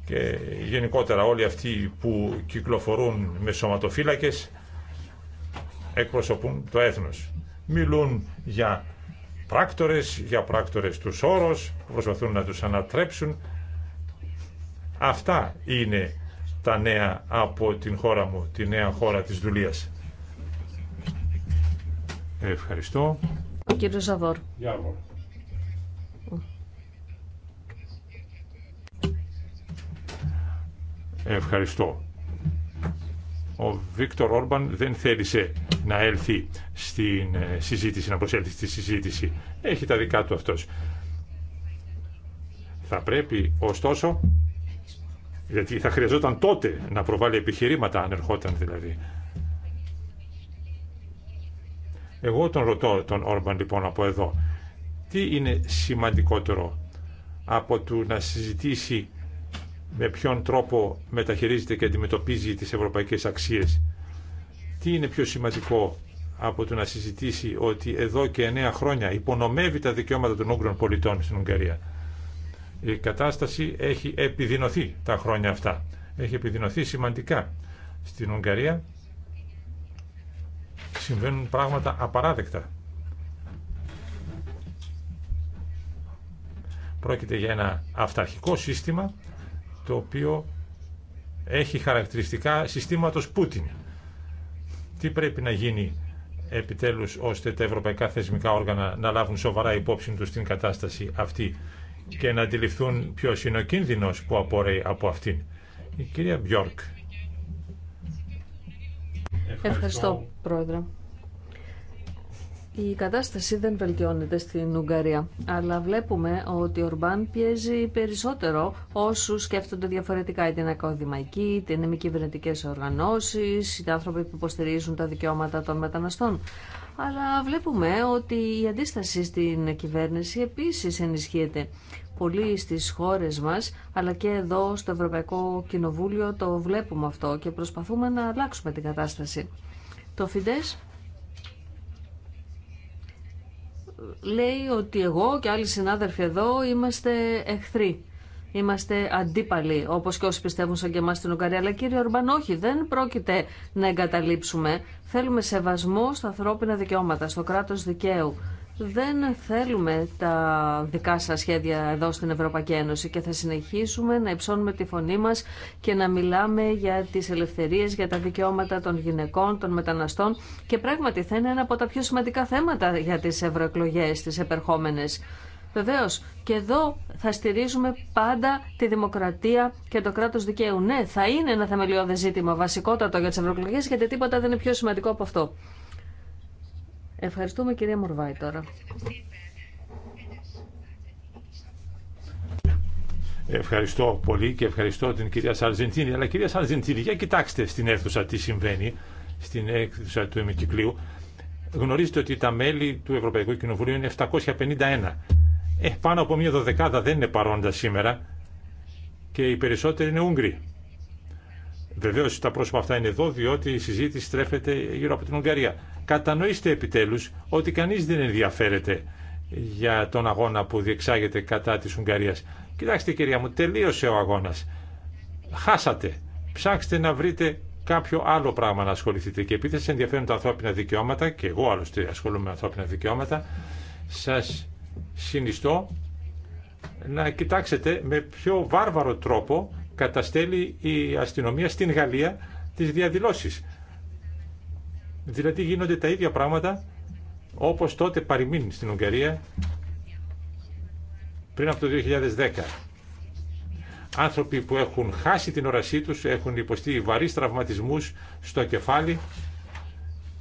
και γενικότερα όλοι αυτοί που κυκλοφορούν με σωματοφύλακες εκπροσωπούν το έθνος. Μιλούν για πράκτορες, για πράκτορες του όρου, προσπαθούν να τους ανατρέψουν. Αυτά είναι τα νέα από την χώρα μου, τη νέα χώρα της δουλείας. Ευχαριστώ. Ο κύριος Ευχαριστώ. Ο Βίκτορ Όρμπαν δεν θέλησε να έλθει στην ε, συζήτηση, να προσέλθει στη συζήτηση. Έχει τα δικά του αυτός. Θα πρέπει ωστόσο, γιατί θα χρειαζόταν τότε να προβάλλει επιχειρήματα αν ερχόταν δηλαδή. Εγώ τον ρωτώ τον Όρμπαν λοιπόν από εδώ. Τι είναι σημαντικότερο από του να συζητήσει με ποιον τρόπο μεταχειρίζεται και αντιμετωπίζει τις ευρωπαϊκές αξίες. Τι είναι πιο σημαντικό από το να συζητήσει ότι εδώ και εννέα χρόνια υπονομεύει τα δικαιώματα των Ούγγρων πολιτών στην Ουγγαρία. Η κατάσταση έχει επιδεινωθεί τα χρόνια αυτά. Έχει επιδεινωθεί σημαντικά στην Ουγγαρία. Συμβαίνουν πράγματα απαράδεκτα. Πρόκειται για ένα αυταρχικό σύστημα το οποίο έχει χαρακτηριστικά συστήματος Πούτιν. Τι πρέπει να γίνει επιτέλους ώστε τα ευρωπαϊκά θεσμικά όργανα να λάβουν σοβαρά υπόψη τους την κατάσταση αυτή και να αντιληφθούν ποιο είναι ο κίνδυνος που απορρέει από αυτήν. Η κυρία Μπιόρκ. Ευχαριστώ, Πρόεδρε. Η κατάσταση δεν βελτιώνεται στην Ουγγαρία, αλλά βλέπουμε ότι ο Ορμπάν πιέζει περισσότερο όσους σκέφτονται διαφορετικά, είτε είναι ακαδημαϊκοί, είτε είναι μη κυβερνητικέ οργανώσεις, είτε άνθρωποι που υποστηρίζουν τα δικαιώματα των μεταναστών. Αλλά βλέπουμε ότι η αντίσταση στην κυβέρνηση επίσης ενισχύεται. Πολλοί στις χώρες μας, αλλά και εδώ στο Ευρωπαϊκό Κοινοβούλιο το βλέπουμε αυτό και προσπαθούμε να αλλάξουμε την κατάσταση. Το Φιντές λέει ότι εγώ και άλλοι συνάδελφοι εδώ είμαστε εχθροί. Είμαστε αντίπαλοι, όπω και όσοι πιστεύουν σαν και εμάς στην Ουγγαρία. Αλλά κύριε Ορμπάν, όχι, δεν πρόκειται να εγκαταλείψουμε. Θέλουμε σεβασμό στα ανθρώπινα δικαιώματα, στο κράτος δικαίου, δεν θέλουμε τα δικά σα σχέδια εδώ στην Ευρωπαϊκή Ένωση και θα συνεχίσουμε να υψώνουμε τη φωνή μα και να μιλάμε για τι ελευθερίε, για τα δικαιώματα των γυναικών, των μεταναστών και πράγματι θα είναι ένα από τα πιο σημαντικά θέματα για τι ευρωεκλογέ τι επερχόμενε. Βεβαίω, και εδώ θα στηρίζουμε πάντα τη δημοκρατία και το κράτο δικαίου. Ναι, θα είναι ένα θεμελιώδε ζήτημα, βασικότατο για τι ευρωεκλογέ, γιατί τίποτα δεν είναι πιο σημαντικό από αυτό. Ευχαριστούμε κυρία Μορβάη τώρα. Ευχαριστώ πολύ και ευχαριστώ την κυρία Σαρζεντίνη. Αλλά κυρία Σαρζεντίνη, για κοιτάξτε στην αίθουσα τι συμβαίνει, στην αίθουσα του Εμικυκλίου. Γνωρίζετε ότι τα μέλη του Ευρωπαϊκού Κοινοβουλίου είναι 751. Ε, πάνω από μία δωδεκάδα δεν είναι παρόντα σήμερα και οι περισσότεροι είναι Ούγγροι. Βεβαίω τα πρόσωπα αυτά είναι εδώ, διότι η συζήτηση στρέφεται γύρω από την Ουγγαρία. Κατανοήστε επιτέλου ότι κανεί δεν ενδιαφέρεται για τον αγώνα που διεξάγεται κατά τη Ουγγαρία. Κοιτάξτε, κυρία μου, τελείωσε ο αγώνα. Χάσατε. Ψάξτε να βρείτε κάποιο άλλο πράγμα να ασχοληθείτε. Και επειδή σα ενδιαφέρουν τα ανθρώπινα δικαιώματα, και εγώ άλλωστε ασχολούμαι με ανθρώπινα δικαιώματα, σα συνιστώ να κοιτάξετε με πιο βάρβαρο τρόπο καταστέλει η αστυνομία στην Γαλλία τις διαδηλώσεις. Δηλαδή γίνονται τα ίδια πράγματα όπως τότε παρημείνει στην Ουγγαρία πριν από το 2010. Άνθρωποι που έχουν χάσει την όρασή τους, έχουν υποστεί βαρύς τραυματισμούς στο κεφάλι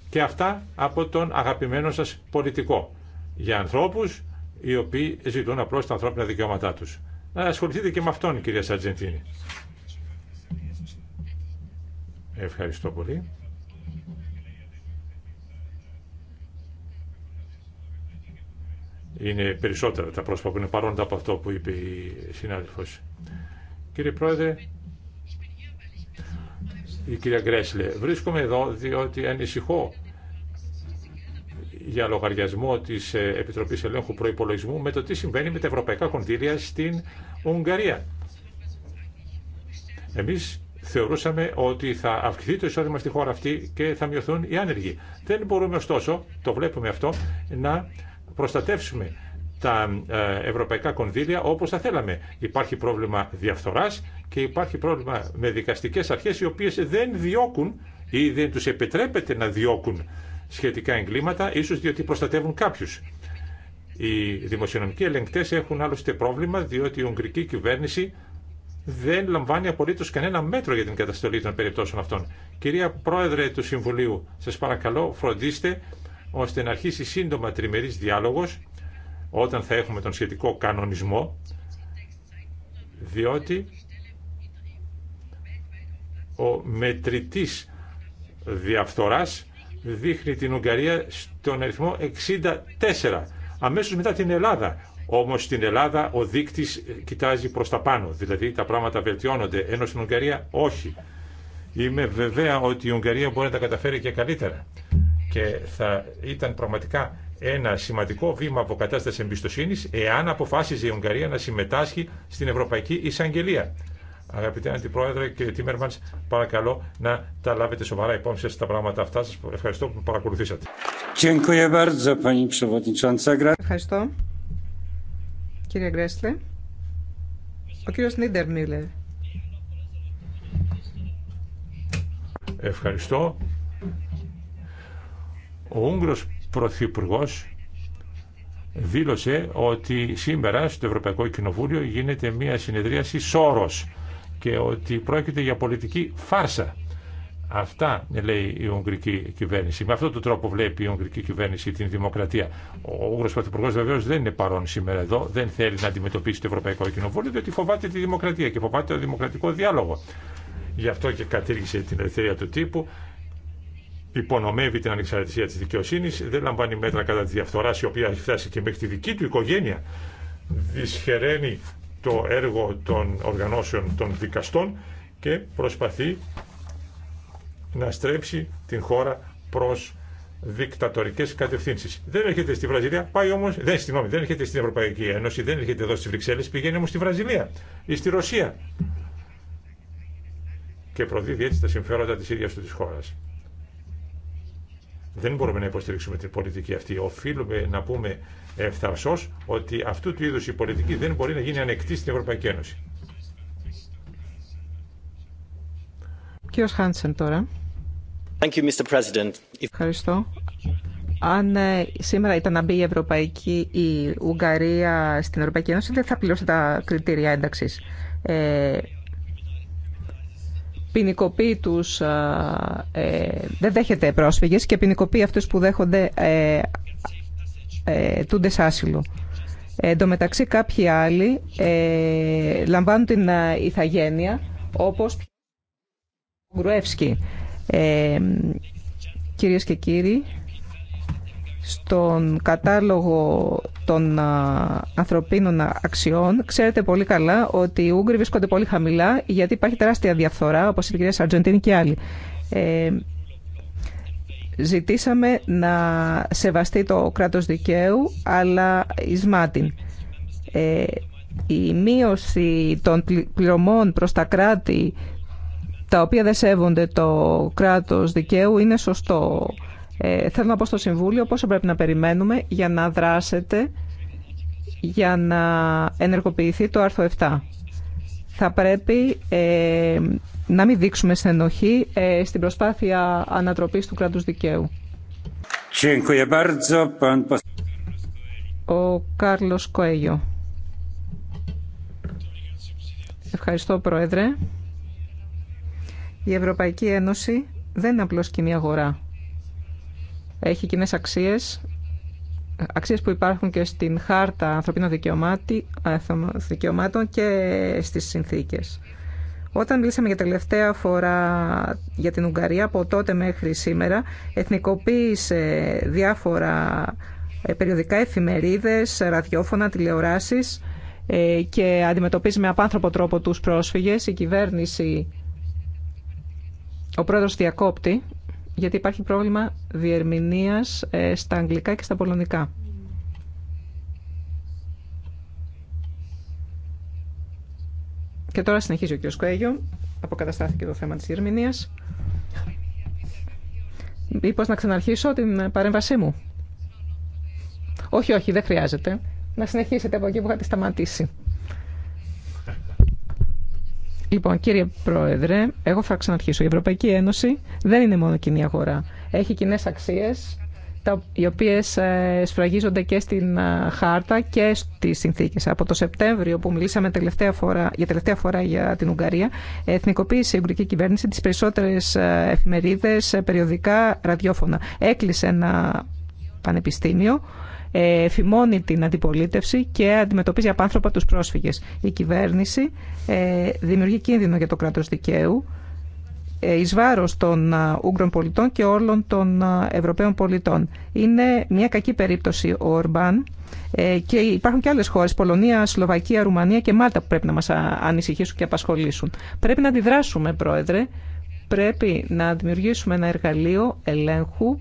και αυτά από τον αγαπημένο σας πολιτικό. Για ανθρώπους οι οποίοι ζητούν απλώς τα ανθρώπινα δικαιώματά τους. Να ασχοληθείτε και με αυτόν, κυρία Σαρτζεντίνη. Ευχαριστώ πολύ. Είναι περισσότερα τα πρόσωπα που είναι παρόντα από αυτό που είπε η συνάδελφος. Κύριε Πρόεδρε, η κυρία Γκρέσλε, βρίσκομαι εδώ διότι ανησυχώ για λογαριασμό τη ε, επιτροπή Ελέγχου προπολογισμού με το τι συμβαίνει με τα ευρωπαϊκά κονδύλια στην Ουγγαρία. Εμεί θεωρούσαμε ότι θα αυξηθεί το εισόδημα στη χώρα αυτή και θα μειωθούν οι άνεργοι. Δεν μπορούμε ωστόσο, το βλέπουμε αυτό, να προστατεύσουμε τα ε, ευρωπαϊκά κονδύλια όπως θα θέλαμε. Υπάρχει πρόβλημα διαφθοράς και υπάρχει πρόβλημα με δικαστικές αρχές οι οποίες δεν διώκουν ή δεν τους επιτρέπεται να διώκουν σχετικά εγκλήματα, ίσως διότι προστατεύουν κάποιους. Οι δημοσιονομικοί ελεγκτές έχουν άλλωστε πρόβλημα, διότι η Ουγγρική κυβέρνηση δεν λαμβάνει απολύτω κανένα μέτρο για την καταστολή των περιπτώσεων αυτών. Κυρία Πρόεδρε του Συμβουλίου, σα παρακαλώ φροντίστε ώστε να αρχίσει σύντομα τριμερή διάλογο όταν θα έχουμε τον σχετικό κανονισμό, διότι ο μετρητής διαφθοράς δείχνει την Ουγγαρία στον αριθμό 64, αμέσως μετά την Ελλάδα. Όμως στην Ελλάδα ο δείκτης ε, κοιτάζει προς τα πάνω, δηλαδή τα πράγματα βελτιώνονται, ενώ στην Ουγγαρία όχι. Είμαι βεβαία ότι η Ουγγαρία μπορεί να τα καταφέρει και καλύτερα και θα ήταν πραγματικά ένα σημαντικό βήμα αποκατάσταση εμπιστοσύνη εάν αποφάσιζε η Ουγγαρία να συμμετάσχει στην Ευρωπαϊκή Εισαγγελία. Αγαπητέ Αντιπρόεδρε, κύριε Τίμερμαν, παρακαλώ να τα λάβετε σοβαρά υπόψη σα τα πράγματα αυτά. Σα ευχαριστώ που παρακολουθήσατε. Ευχαριστώ. Κύριε Γκρέσλε. Ο κύριος Νίντερ Ευχαριστώ. Ο Ούγγρος Πρωθυπουργός δήλωσε ότι σήμερα στο Ευρωπαϊκό Κοινοβούλιο γίνεται μια συνεδρίαση σώρος και ότι πρόκειται για πολιτική φάρσα. Αυτά λέει η Ουγγρική κυβέρνηση. Με αυτόν τον τρόπο βλέπει η Ουγγρική κυβέρνηση την δημοκρατία. Ο Ούγγρο Πρωθυπουργό βεβαίω δεν είναι παρόν σήμερα εδώ, δεν θέλει να αντιμετωπίσει το Ευρωπαϊκό Κοινοβούλιο, διότι φοβάται τη δημοκρατία και φοβάται το δημοκρατικό διάλογο. Γι' αυτό και κατήργησε την ελευθερία του τύπου, υπονομεύει την ανεξαρτησία τη δικαιοσύνη, δεν λαμβάνει μέτρα κατά τη διαφθορά, η οποία έχει φτάσει και μέχρι τη δική του οικογένεια. Δυσχεραίνει το έργο των οργανώσεων των δικαστών και προσπαθεί να στρέψει την χώρα προς δικτατορικέ κατευθύνσει. Δεν έρχεται στη Βραζιλία, πάει όμω. Δεν, δεν έρχεται στην Ευρωπαϊκή Ένωση, δεν έρχεται εδώ στι Βρυξέλλε, πηγαίνει όμω στη Βραζιλία ή στη Ρωσία. Και προδίδει έτσι τα συμφέροντα τη ίδια του τη χώρα. Δεν μπορούμε να υποστηρίξουμε την πολιτική αυτή. Οφείλουμε να πούμε ευθαρσώ ότι αυτού του είδου η πολιτική δεν μπορεί να γίνει ανεκτή στην Ευρωπαϊκή Ένωση. Κύριος Χάντσεν τώρα. Ευχαριστώ. Αν ε, σήμερα ήταν να μπει η Ευρωπαϊκή, η Ουγγαρία στην Ευρωπαϊκή Ένωση, δεν θα πληρώσει τα κριτήρια ένταξης. Ε, ποινικοποιεί ε, δεν δέχεται πρόσφυγες και ποινικοποιεί αυτούς που δέχονται ε, ε, τούντες άσυλο. Ε, εν τω μεταξύ κάποιοι άλλοι ε, λαμβάνουν την ε, ηθαγένεια όπως ο Ε, κυρίες και κύριοι, στον κατάλογο των ανθρωπίνων αξιών, ξέρετε πολύ καλά ότι οι Ούγγροι βρίσκονται πολύ χαμηλά γιατί υπάρχει τεράστια διαφθορά, όπως είπε η κυρία Σαρτζεντίνη και άλλοι. Ε, ζητήσαμε να σεβαστεί το κράτος δικαίου, αλλά εις μάτιν. Ε, η μείωση των πληρωμών προς τα κράτη τα οποία δεν σέβονται το κράτος δικαίου είναι σωστό ε, θέλω να πω στο Συμβούλιο πόσο πρέπει να περιμένουμε για να δράσετε, για να ενεργοποιηθεί το άρθρο 7. Θα πρέπει ε, να μην δείξουμε στενοχή ε, στην προσπάθεια ανατροπής του κράτους δικαίου. Ο Κάρλος Κοέγιο. Ευχαριστώ, Πρόεδρε. Η Ευρωπαϊκή Ένωση δεν είναι απλώς και αγορά έχει κοινέ αξίες, αξίες που υπάρχουν και στην Χάρτα Ανθρωπίνων Δικαιωμάτων και στις συνθήκες. Όταν μιλήσαμε για τελευταία φορά για την Ουγγαρία, από τότε μέχρι σήμερα, εθνικοποίησε διάφορα ε, περιοδικά εφημερίδες, ραδιόφωνα, τηλεοράσεις ε, και αντιμετωπίζει με απάνθρωπο τρόπο τους πρόσφυγες. Η κυβέρνηση, ο πρόεδρος διακόπτη γιατί υπάρχει πρόβλημα διερμηνίας ε, στα αγγλικά και στα πολωνικά. Και τώρα συνεχίζει ο κ. Σκουέγιο. Αποκαταστάθηκε το θέμα της διερμηνίας. Μήπως να ξαναρχίσω την παρέμβασή μου. Όχι, όχι, δεν χρειάζεται. Να συνεχίσετε από εκεί που είχατε σταματήσει. Λοιπόν, κύριε Πρόεδρε, εγώ θα ξαναρχίσω. Η Ευρωπαϊκή Ένωση δεν είναι μόνο κοινή αγορά. Έχει κοινέ αξίε, οι οποίε ε, σφραγίζονται και στην ε, χάρτα και στι συνθήκε. Από το Σεπτέμβριο, που μιλήσαμε τελευταία φορά, για τελευταία φορά για την Ουγγαρία, εθνικοποίησε η Ουγγρική κυβέρνηση τι περισσότερε ε, εφημερίδε, περιοδικά, ραδιόφωνα. Έκλεισε ένα πανεπιστήμιο ε, φημώνει την αντιπολίτευση και αντιμετωπίζει απάνθρωπα τους πρόσφυγες. Η κυβέρνηση ε, δημιουργεί κίνδυνο για το κράτος δικαίου ε, εις βάρος των Ούγγρων πολιτών και όλων των Ευρωπαίων πολιτών. Είναι μια κακή περίπτωση ο Ορμπάν και υπάρχουν και άλλες χώρες, Πολωνία, Σλοβακία, Ρουμανία και Μάλτα που πρέπει να μας ανησυχήσουν και απασχολήσουν. Πρέπει να αντιδράσουμε, Πρόεδρε, πρέπει να δημιουργήσουμε ένα εργαλείο ελέγχου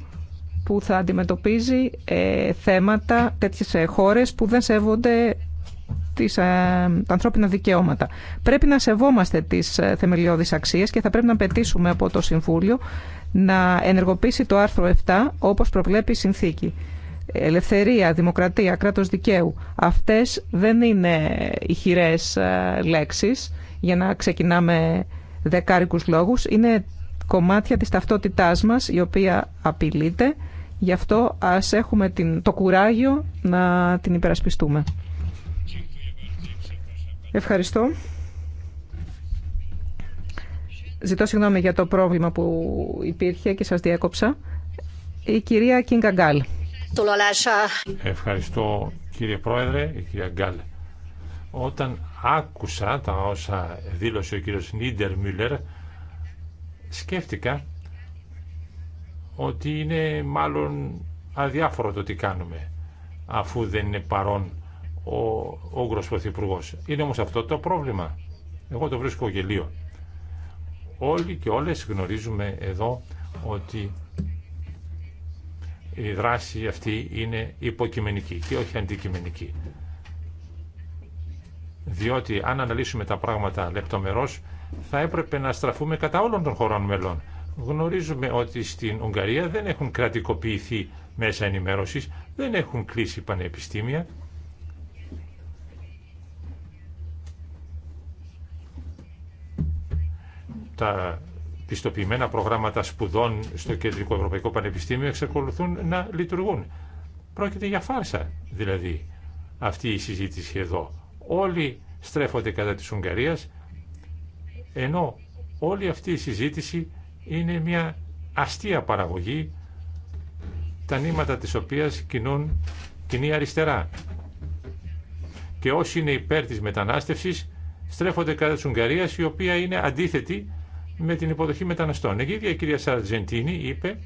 που θα αντιμετωπίζει ε, θέματα τέτοιες ε, χώρες που δεν σέβονται τις, ε, τα ανθρώπινα δικαιώματα. Πρέπει να σεβόμαστε τις θεμελιώδεις αξίες και θα πρέπει να πετύσουμε από το Συμβούλιο να ενεργοποιήσει το άρθρο 7 όπως προβλέπει η συνθήκη. Ελευθερία, δημοκρατία, κράτος δικαίου. Αυτές δεν είναι ηχηρές λέξεις για να ξεκινάμε δεκάρικους λόγους. Είναι κομμάτια της ταυτότητάς μας η οποία απειλείται Γι' αυτό ας έχουμε την, το κουράγιο να την υπερασπιστούμε. Ευχαριστώ. Ζητώ συγγνώμη για το πρόβλημα που υπήρχε και σας διέκοψα. Η κυρία Κίνγκα Γκάλ. Ευχαριστώ κύριε Πρόεδρε, η κυρία Γκάλ. Όταν άκουσα τα όσα δήλωσε ο κύριος Νίντερ Μιούλερ, σκέφτηκα ότι είναι μάλλον αδιάφορο το τι κάνουμε αφού δεν είναι παρόν ο Όγκρος Πρωθυπουργό. Είναι όμως αυτό το πρόβλημα. Εγώ το βρίσκω γελίο. Όλοι και όλες γνωρίζουμε εδώ ότι η δράση αυτή είναι υποκειμενική και όχι αντικειμενική. Διότι αν αναλύσουμε τα πράγματα λεπτομερώς θα έπρεπε να στραφούμε κατά όλων των χωρών μελών Γνωρίζουμε ότι στην Ουγγαρία δεν έχουν κρατικοποιηθεί μέσα ενημέρωσης, δεν έχουν κλείσει πανεπιστήμια. Τα πιστοποιημένα προγράμματα σπουδών στο Κεντρικό Ευρωπαϊκό Πανεπιστήμιο εξακολουθούν να λειτουργούν. Πρόκειται για φάρσα δηλαδή αυτή η συζήτηση εδώ. Όλοι στρέφονται κατά της Ουγγαρίας, ενώ όλη αυτή η συζήτηση είναι μια αστεία παραγωγή τα νήματα της οποίας κινούν κοινή αριστερά. Και όσοι είναι υπέρ της μετανάστευσης στρέφονται κατά της Ουγγαρίας η οποία είναι αντίθετη με την υποδοχή μεταναστών. Η η κυρία Σαρτζεντίνη είπε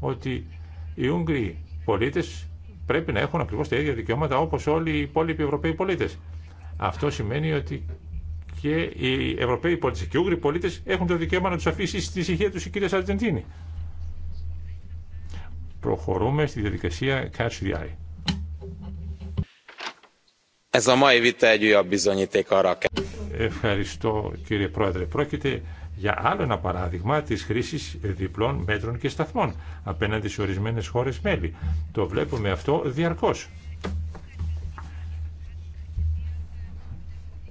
ότι οι Ούγγροι πολίτες πρέπει να έχουν ακριβώς τα ίδια δικαιώματα όπως όλοι οι υπόλοιποι Ευρωπαίοι πολίτες. Αυτό σημαίνει ότι και οι Ευρωπαίοι πολίτες και οι Ούγγροι πολίτες έχουν το δικαίωμα να τους αφήσει στη ησυχία τους η κυρία Σαρτζεντίνη. Προχωρούμε στη διαδικασία Catch the Eye. Ευχαριστώ κύριε Πρόεδρε. Πρόκειται για άλλο ένα παράδειγμα τη χρήση διπλών μέτρων και σταθμών απέναντι σε ορισμένε χώρε μέλη. Το βλέπουμε αυτό διαρκώ.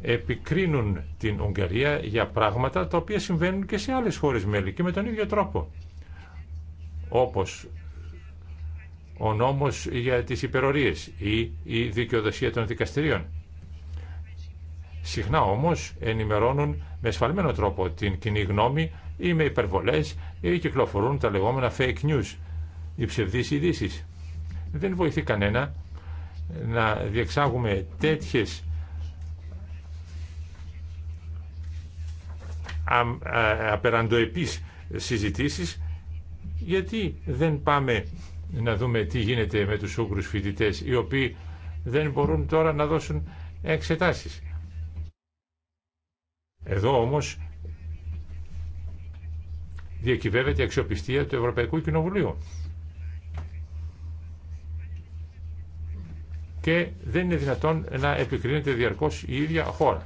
επικρίνουν την Ουγγαρία για πράγματα τα οποία συμβαίνουν και σε άλλες χώρες μέλη και με τον ίδιο τρόπο. Όπως ο νόμος για τις υπερορίες ή η δικαιοδοσία των δικαστηρίων. Συχνά όμως ενημερώνουν με σφαλμένο τρόπο την κοινή γνώμη ή με υπερβολές ή κυκλοφορούν τα λεγόμενα fake news, οι ψευδείς ειδήσει. Δεν βοηθεί κανένα να διεξάγουμε τέτοιες απεραντοεπείς συζητήσεις γιατί δεν πάμε να δούμε τι γίνεται με τους Ούγγρους φοιτητέ, οι οποίοι δεν μπορούν τώρα να δώσουν εξετάσεις. Εδώ όμως διακυβεύεται η αξιοπιστία του Ευρωπαϊκού Κοινοβουλίου. Και δεν είναι δυνατόν να επικρίνεται διαρκώς η ίδια χώρα.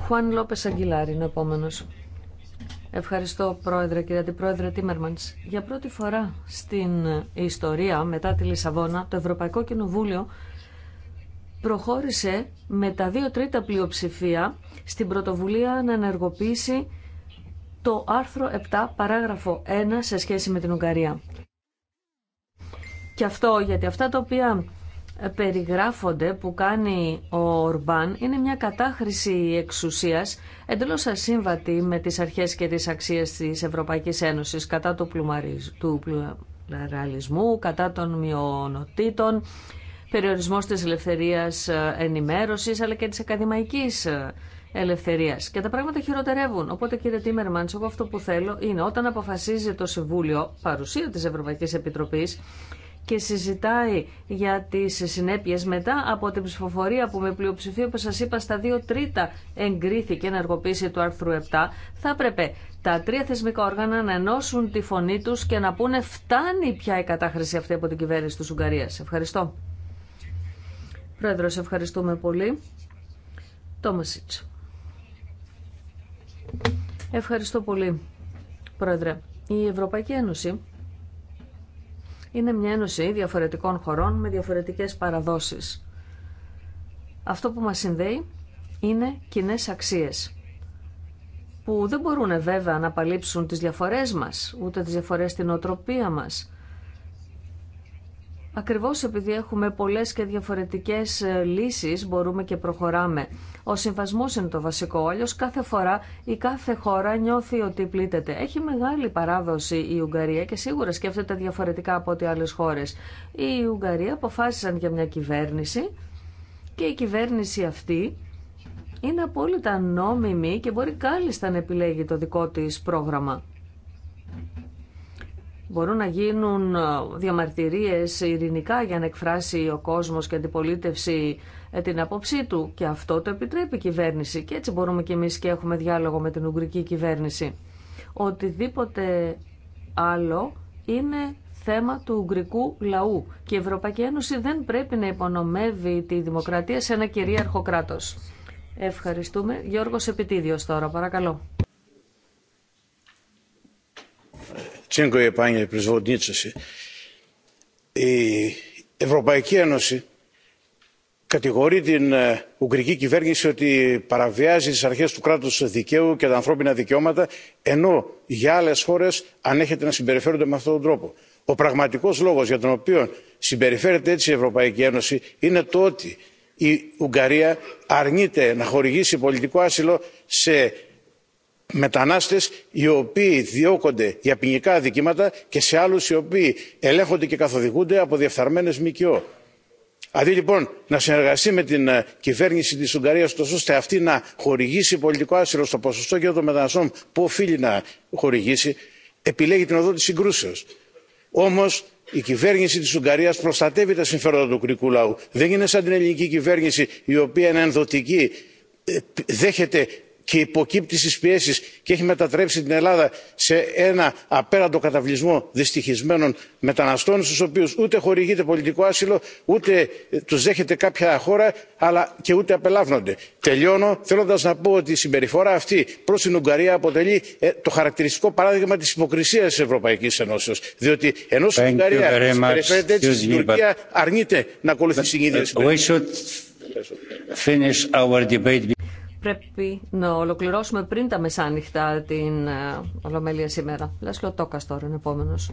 Χουάν Λόπε Αγγιλάρη είναι ο επόμενο. Ευχαριστώ, Πρόεδρε, κύριε Αντιπρόεδρε Τίμερμαντ. Για πρώτη φορά στην ιστορία, μετά τη Λισαβόνα, το Ευρωπαϊκό Κοινοβούλιο προχώρησε με τα δύο τρίτα πλειοψηφία στην πρωτοβουλία να ενεργοποιήσει το άρθρο 7 παράγραφο 1 σε σχέση με την Ουγγαρία. Και αυτό γιατί αυτά τα οποία περιγράφονται που κάνει ο Ορμπάν είναι μια κατάχρηση εξουσίας εντελώς ασύμβατη με τις αρχές και τις αξίες της Ευρωπαϊκής Ένωσης κατά του, του κατά των μειονοτήτων, περιορισμός της ελευθερίας ε, ενημέρωσης αλλά και της ακαδημαϊκής ε, ελευθερίας. Και τα πράγματα χειροτερεύουν. Οπότε κύριε Τίμερμαντς, εγώ αυτό που θέλω είναι όταν αποφασίζει το Συμβούλιο παρουσία της Ευρωπαϊκής Επιτροπής και συζητάει για τις συνέπειες μετά από την ψηφοφορία που με πλειοψηφία που σας είπα στα δύο τρίτα εγκρίθηκε ενεργοποίηση του άρθρου 7 θα έπρεπε τα τρία θεσμικά όργανα να ενώσουν τη φωνή τους και να πούνε φτάνει πια η κατάχρηση αυτή από την κυβέρνηση της Ουγγαρίας. Ευχαριστώ. Πρόεδρος, ευχαριστούμε πολύ. Ευχαριστώ πολύ, Πρόεδρε. Η Ευρωπαϊκή Ένωση είναι μια ένωση διαφορετικών χωρών με διαφορετικές παραδόσεις. Αυτό που μας συνδέει είναι κοινέ αξίες που δεν μπορούν βέβαια να παλύψουν τις διαφορές μας, ούτε τις διαφορές στην οτροπία μας, Ακριβώς επειδή έχουμε πολλές και διαφορετικές ε, λύσεις μπορούμε και προχωράμε. Ο συμβασμός είναι το βασικό, αλλιώς κάθε φορά η κάθε χώρα νιώθει ότι πλήττεται. Έχει μεγάλη παράδοση η Ουγγαρία και σίγουρα σκέφτεται διαφορετικά από ό,τι άλλες χώρες. Η Ουγγαρία αποφάσισαν για μια κυβέρνηση και η κυβέρνηση αυτή είναι απόλυτα νόμιμη και μπορεί κάλλιστα να επιλέγει το δικό της πρόγραμμα. Μπορούν να γίνουν ε, διαμαρτυρίες ειρηνικά για να εκφράσει ο κόσμος και αντιπολίτευση ε, την απόψή του και αυτό το επιτρέπει η κυβέρνηση και έτσι μπορούμε και εμείς και έχουμε διάλογο με την Ουγγρική κυβέρνηση. Οτιδήποτε άλλο είναι θέμα του Ουγγρικού λαού και η Ευρωπαϊκή Ένωση δεν πρέπει να υπονομεύει τη δημοκρατία σε ένα κυρίαρχο κράτος. Ευχαριστούμε. Γιώργος Επιτίδιος τώρα, παρακαλώ. panie przewodniczący! η ευρωπαϊκή ένωση κατηγορεί την ουγγρική κυβέρνηση ότι παραβιάζει τις αρχές του κράτους δικαίου και τα ανθρώπινα δικαιώματα ενώ για άλλες χώρες ανέχεται να συμπεριφέρονται με αυτόν τον τρόπο. ο πραγματικός λόγος για τον οποίο συμπεριφέρεται έτσι η ευρωπαϊκή ένωση είναι το ότι η ουγγαρία αρνείται να χορηγήσει πολιτικό άσυλο σε μετανάστες οι οποίοι διώκονται για ποινικά αδικήματα και σε άλλους οι οποίοι ελέγχονται και καθοδηγούνται από διεφθαρμένες μκο. αντί λοιπόν να συνεργαστεί με την ε, κυβέρνηση της ουγγαρίας τόσο ώστε αυτή να χορηγήσει πολιτικό άσυλο στο ποσοστό και των μεταναστών που οφείλει να χορηγήσει επιλέγει την οδό της συγκρούσεως. όμως η κυβέρνηση της ουγγαρίας προστατεύει τα συμφέροντα του κρικού λαού. δεν είναι σαν την ελληνική κυβέρνηση η οποία είναι ενδοτική ε, δέχεται και υποκύπτει στις πιέσεις και έχει μετατρέψει την ελλάδα σε ένα απέραντο καταβλισμό δυστυχισμένων μεταναστών στους οποίους ούτε χορηγείται πολιτικό άσυλο ούτε τους δέχεται κάποια χώρα αλλά και ούτε απελάβνονται. τελειώνω θέλοντας να πω ότι η συμπεριφορά αυτή προς την ουγγαρία αποτελεί ε, το χαρακτηριστικό παράδειγμα της υποκρισίας της ευρωπαϊκής ενώσεως διότι ενώ στην ουγγαρία συμπεριφέρεται έτσι η τουρκία αρνείται να ακολουθήσει την ίδια συμπεριφορά πρέπει να ολοκληρώσουμε πριν τα μεσάνυχτα την ε, Ολομέλεια σήμερα. Λέσλο Τόκας τώρα είναι επόμενος.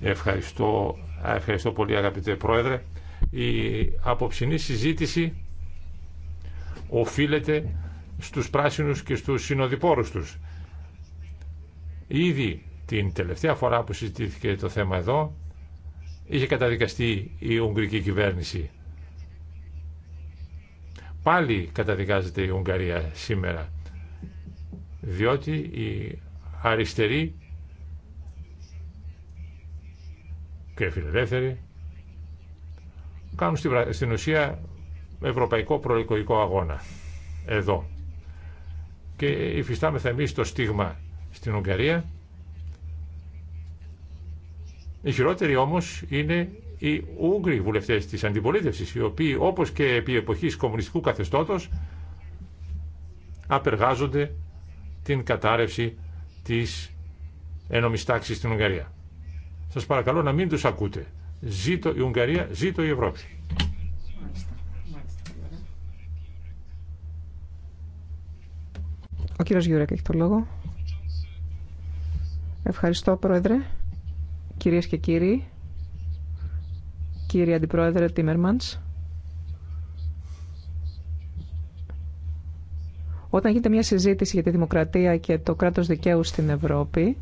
Ευχαριστώ, ευχαριστώ πολύ αγαπητέ Πρόεδρε. Η απόψινή συζήτηση οφείλεται στους πράσινους και στους συνοδοιπόρους τους. Ήδη την τελευταία φορά που συζητήθηκε το θέμα εδώ, είχε καταδικαστεί η Ουγγρική κυβέρνηση. Πάλι καταδικάζεται η Ουγγαρία σήμερα, διότι οι αριστεροί και φιλελεύθεροι κάνουν στην ουσία ευρωπαϊκό προοικοϊκό αγώνα εδώ. Και υφιστάμεθα εμείς το στίγμα στην Ουγγαρία οι χειρότεροι όμως είναι οι Ούγγροι βουλευτέ τη αντιπολίτευσης, οι οποίοι όπως και επί εποχής κομμουνιστικού καθεστώτος απεργάζονται την κατάρρευση της ένομης τάξη στην Ουγγαρία. Σας παρακαλώ να μην του ακούτε. Ζήτω η Ουγγαρία, ζήτω η Ευρώπη. Ο κύριος έχει το λόγο. Ευχαριστώ, Πρόεδρε. Κυρίες και κύριοι, κύριε Αντιπρόεδρε Τίμερμαντς, όταν γίνεται μια συζήτηση για τη δημοκρατία και το κράτος δικαίου στην Ευρώπη,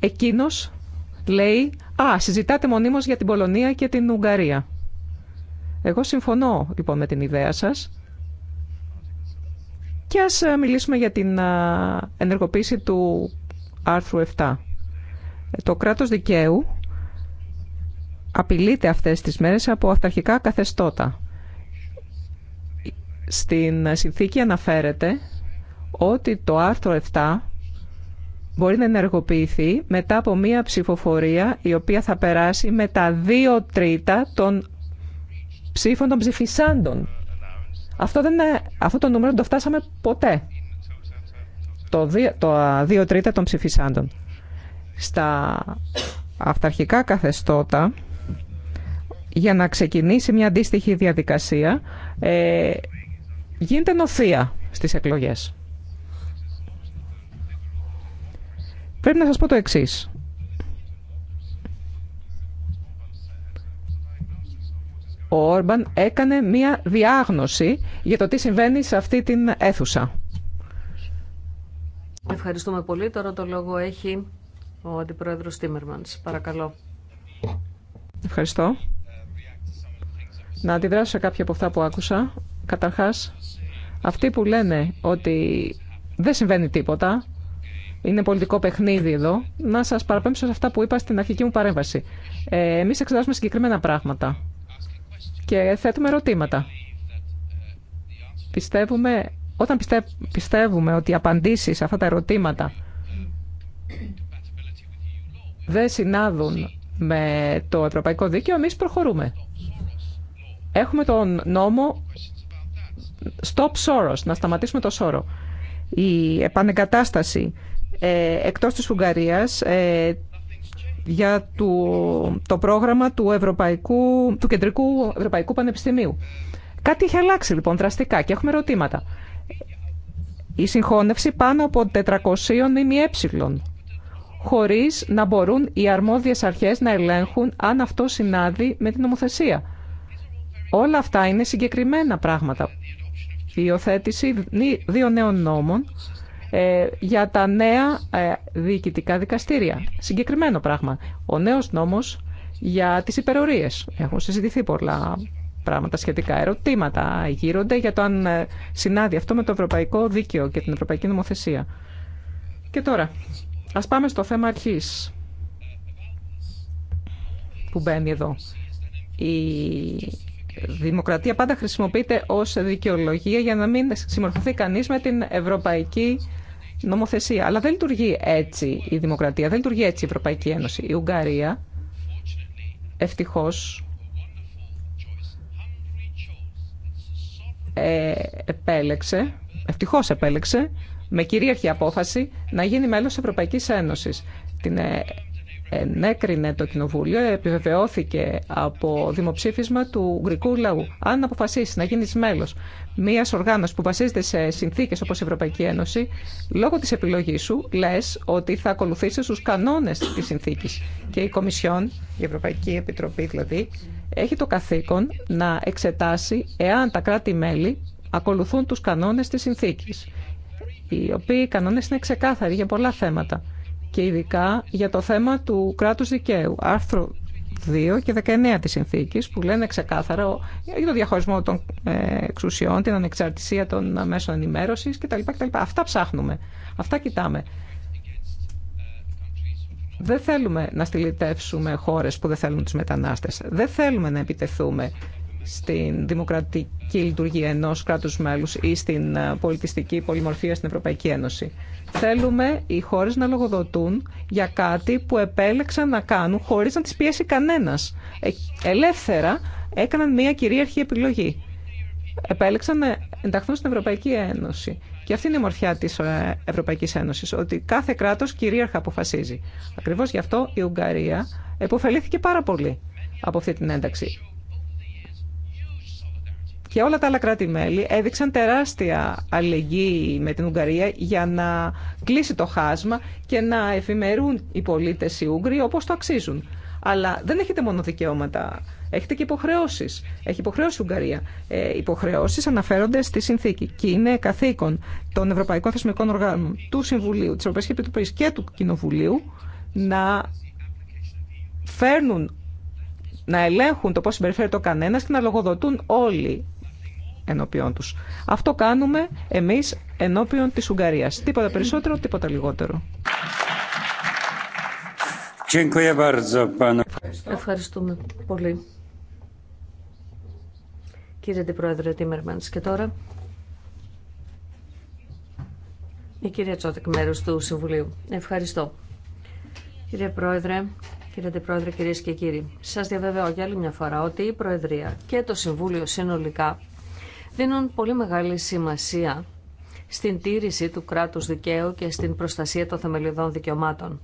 εκείνος λέει «Α, συζητάτε μονίμως για την Πολωνία και την Ουγγαρία». Εγώ συμφωνώ λοιπόν με την ιδέα σας και ας ε, μιλήσουμε για την ενεργοποίηση του άρθρου 7. Το κράτος δικαίου απειλείται αυτές τις μέρες από αυταρχικά καθεστώτα. Στην συνθήκη αναφέρεται ότι το άρθρο 7 μπορεί να ενεργοποιηθεί μετά από μία ψηφοφορία η οποία θα περάσει με τα δύο τρίτα των ψήφων των ψηφισάντων. Αυτό, δεν, αυτό το νούμερο δεν το φτάσαμε ποτέ το 2 τρίτα των ψηφισάντων. Στα αυταρχικά καθεστώτα, για να ξεκινήσει μια αντίστοιχη διαδικασία, ε, γίνεται νοθεία στις εκλογές. Πρέπει να σας πω το εξής. Ο Όρμπαν έκανε μία διάγνωση για το τι συμβαίνει σε αυτή την αίθουσα. Ευχαριστούμε πολύ. Τώρα το λόγο έχει ο Αντιπρόεδρος Τίμερμανς. Παρακαλώ. Ευχαριστώ. Να αντιδράσω σε κάποια από αυτά που άκουσα. Καταρχάς, αυτοί που λένε ότι δεν συμβαίνει τίποτα, είναι πολιτικό παιχνίδι εδώ, να σας παραπέμψω σε αυτά που είπα στην αρχική μου παρέμβαση. Ε, εμείς εξετάζουμε συγκεκριμένα πράγματα και θέτουμε ερωτήματα. Πιστεύουμε όταν πιστεύουμε ότι οι απαντήσεις σε αυτά τα ερωτήματα δεν συνάδουν με το Ευρωπαϊκό Δίκαιο, εμείς προχωρούμε. Έχουμε τον νόμο Stop Soros, να σταματήσουμε το σώρο. Η επανεγκατάσταση ε, εκτός της Ουγγαρίας ε, για το, το πρόγραμμα του, Ευρωπαϊκού, του Κεντρικού Ευρωπαϊκού Πανεπιστημίου. Κάτι έχει αλλάξει λοιπόν δραστικά και έχουμε ερωτήματα η συγχώνευση πάνω από 400 ΜΜΕ, χωρίς να μπορούν οι αρμόδιες αρχές να ελέγχουν αν αυτό συνάδει με την νομοθεσία. Όλα αυτά είναι συγκεκριμένα πράγματα. Η υιοθέτηση δύο νέων νόμων ε, για τα νέα ε, διοικητικά δικαστήρια. Συγκεκριμένο πράγμα. Ο νέος νόμος για τις υπερορίες. Έχουν συζητηθεί πολλά πράγματα σχετικά. Ερωτήματα γύρονται για το αν ε, συνάδει αυτό με το ευρωπαϊκό δίκαιο και την ευρωπαϊκή νομοθεσία. Και τώρα, ας πάμε στο θέμα αρχής που μπαίνει εδώ. Η δημοκρατία πάντα χρησιμοποιείται ως δικαιολογία για να μην συμμορφωθεί κανείς με την ευρωπαϊκή νομοθεσία. Αλλά δεν λειτουργεί έτσι η δημοκρατία, δεν λειτουργεί έτσι η Ευρωπαϊκή Ένωση. Η Ουγγαρία, ευτυχώς, Ε, επέλεξε, ευτυχώς επέλεξε, με κυρίαρχη απόφαση να γίνει μέλος της Ευρωπαϊκής Ένωσης. Την ε, ενέκρινε το Κοινοβούλιο, επιβεβαιώθηκε από δημοψήφισμα του Ουγγρικού λαού. Αν αποφασίσει να γίνει μέλος μια οργάνωση που βασίζεται σε συνθήκε όπω η Ευρωπαϊκή Ένωση, λόγω τη επιλογή σου λε ότι θα ακολουθήσει του κανόνε τη συνθήκη. Και η Κομισιόν, η Ευρωπαϊκή Επιτροπή δηλαδή, έχει το καθήκον να εξετάσει εάν τα κράτη-μέλη ακολουθούν του κανόνε τη συνθήκη. Οι οποίοι κανόνε είναι ξεκάθαροι για πολλά θέματα και ειδικά για το θέμα του κράτου δικαίου. 2 και 19 της συνθήκης που λένε ξεκάθαρα για το διαχωρισμό των ε, εξουσιών, την ανεξαρτησία των μέσων ενημέρωσης κτλ. κτλ. Αυτά ψάχνουμε, αυτά κοιτάμε. Δεν θέλουμε να στυλιτεύσουμε χώρες που δεν θέλουν τους μετανάστες. Δεν θέλουμε να επιτεθούμε στην δημοκρατική λειτουργία ενός κράτους μέλους ή στην ε, πολιτιστική πολυμορφία στην Ευρωπαϊκή Ένωση. Θέλουμε οι χώρες να λογοδοτούν για κάτι που επέλεξαν να κάνουν χωρίς να τις πιέσει κανένας. Ε, ελεύθερα έκαναν μια κυρίαρχη επιλογή. Επέλεξαν να ενταχθούν στην Ευρωπαϊκή Ένωση. Και αυτή είναι η μορφιά τη ε, Ευρωπαϊκή Ένωση, ότι κάθε κράτο κυρίαρχα αποφασίζει. Ακριβώ γι' αυτό η Ουγγαρία επωφελήθηκε πάρα πολύ από αυτή την ένταξη και όλα τα άλλα κράτη-μέλη έδειξαν τεράστια αλληλεγγύη με την Ουγγαρία για να κλείσει το χάσμα και να εφημερούν οι πολίτες οι Ούγγροι όπως το αξίζουν. Αλλά δεν έχετε μόνο δικαιώματα, έχετε και υποχρεώσει. Έχει υποχρεώσει η Ουγγαρία. Ε, υποχρεώσει αναφέρονται στη συνθήκη και είναι καθήκον των Ευρωπαϊκών Θεσμικών Οργάνων, του Συμβουλίου, τη Ευρωπαϊκή Επιτροπή και του Κοινοβουλίου να φέρνουν να ελέγχουν το πώς συμπεριφέρεται ο κανένας και να λογοδοτούν όλοι ενώπιόν τους. Αυτό κάνουμε εμείς ενώπιον της Ουγγαρίας. Τίποτα περισσότερο, τίποτα λιγότερο. Ευχαριστούμε πολύ. Κύριε Αντιπρόεδρε Τίμερμανς και τώρα η κυρία Τσότεκ μέρος του Συμβουλίου. Ευχαριστώ. Κύριε Πρόεδρε, κύριε Αντιπρόεδρε, κυρίες και κύριοι, σας διαβεβαιώ για άλλη μια φορά ότι η Προεδρία και το Συμβούλιο συνολικά δίνουν πολύ μεγάλη σημασία στην τήρηση του κράτους δικαίου και στην προστασία των θεμελιωδών δικαιωμάτων.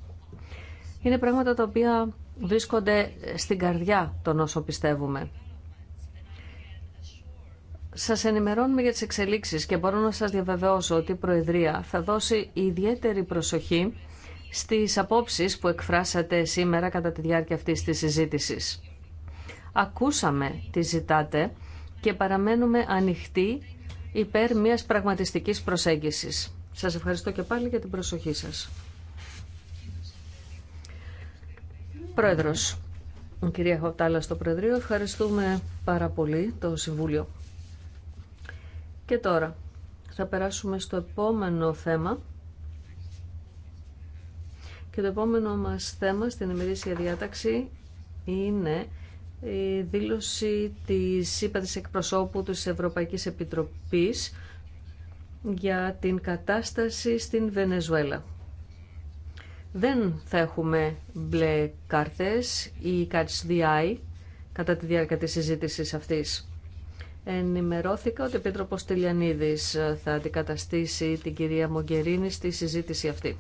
Είναι πράγματα τα οποία βρίσκονται στην καρδιά των όσων πιστεύουμε. Σας ενημερώνουμε για τις εξελίξεις και μπορώ να σας διαβεβαιώσω ότι η Προεδρία θα δώσει ιδιαίτερη προσοχή στις απόψεις που εκφράσατε σήμερα κατά τη διάρκεια αυτής της συζήτησης. Ακούσαμε τι ζητάτε και παραμένουμε ανοιχτοί υπέρ μιας πραγματιστικής προσέγγισης. Σας ευχαριστώ και πάλι για την προσοχή σας. Πρόεδρος, κυρία Χοτάλα στο Προεδρείο, ευχαριστούμε πάρα πολύ το Συμβούλιο. Και τώρα θα περάσουμε στο επόμενο θέμα. Και το επόμενο μας θέμα στην ημερήσια διάταξη είναι η δήλωση της ΥΠΑ εκπροσώπου της Ευρωπαϊκής Επιτροπής για την κατάσταση στην Βενεζουέλα. Δεν θα έχουμε μπλε κάρτες ή catch the κατά τη διάρκεια της συζήτησης αυτής. Ενημερώθηκα ότι ο Επίτροπος Τελιανίδης θα αντικαταστήσει την κυρία Μογκερίνη στη συζήτηση αυτή.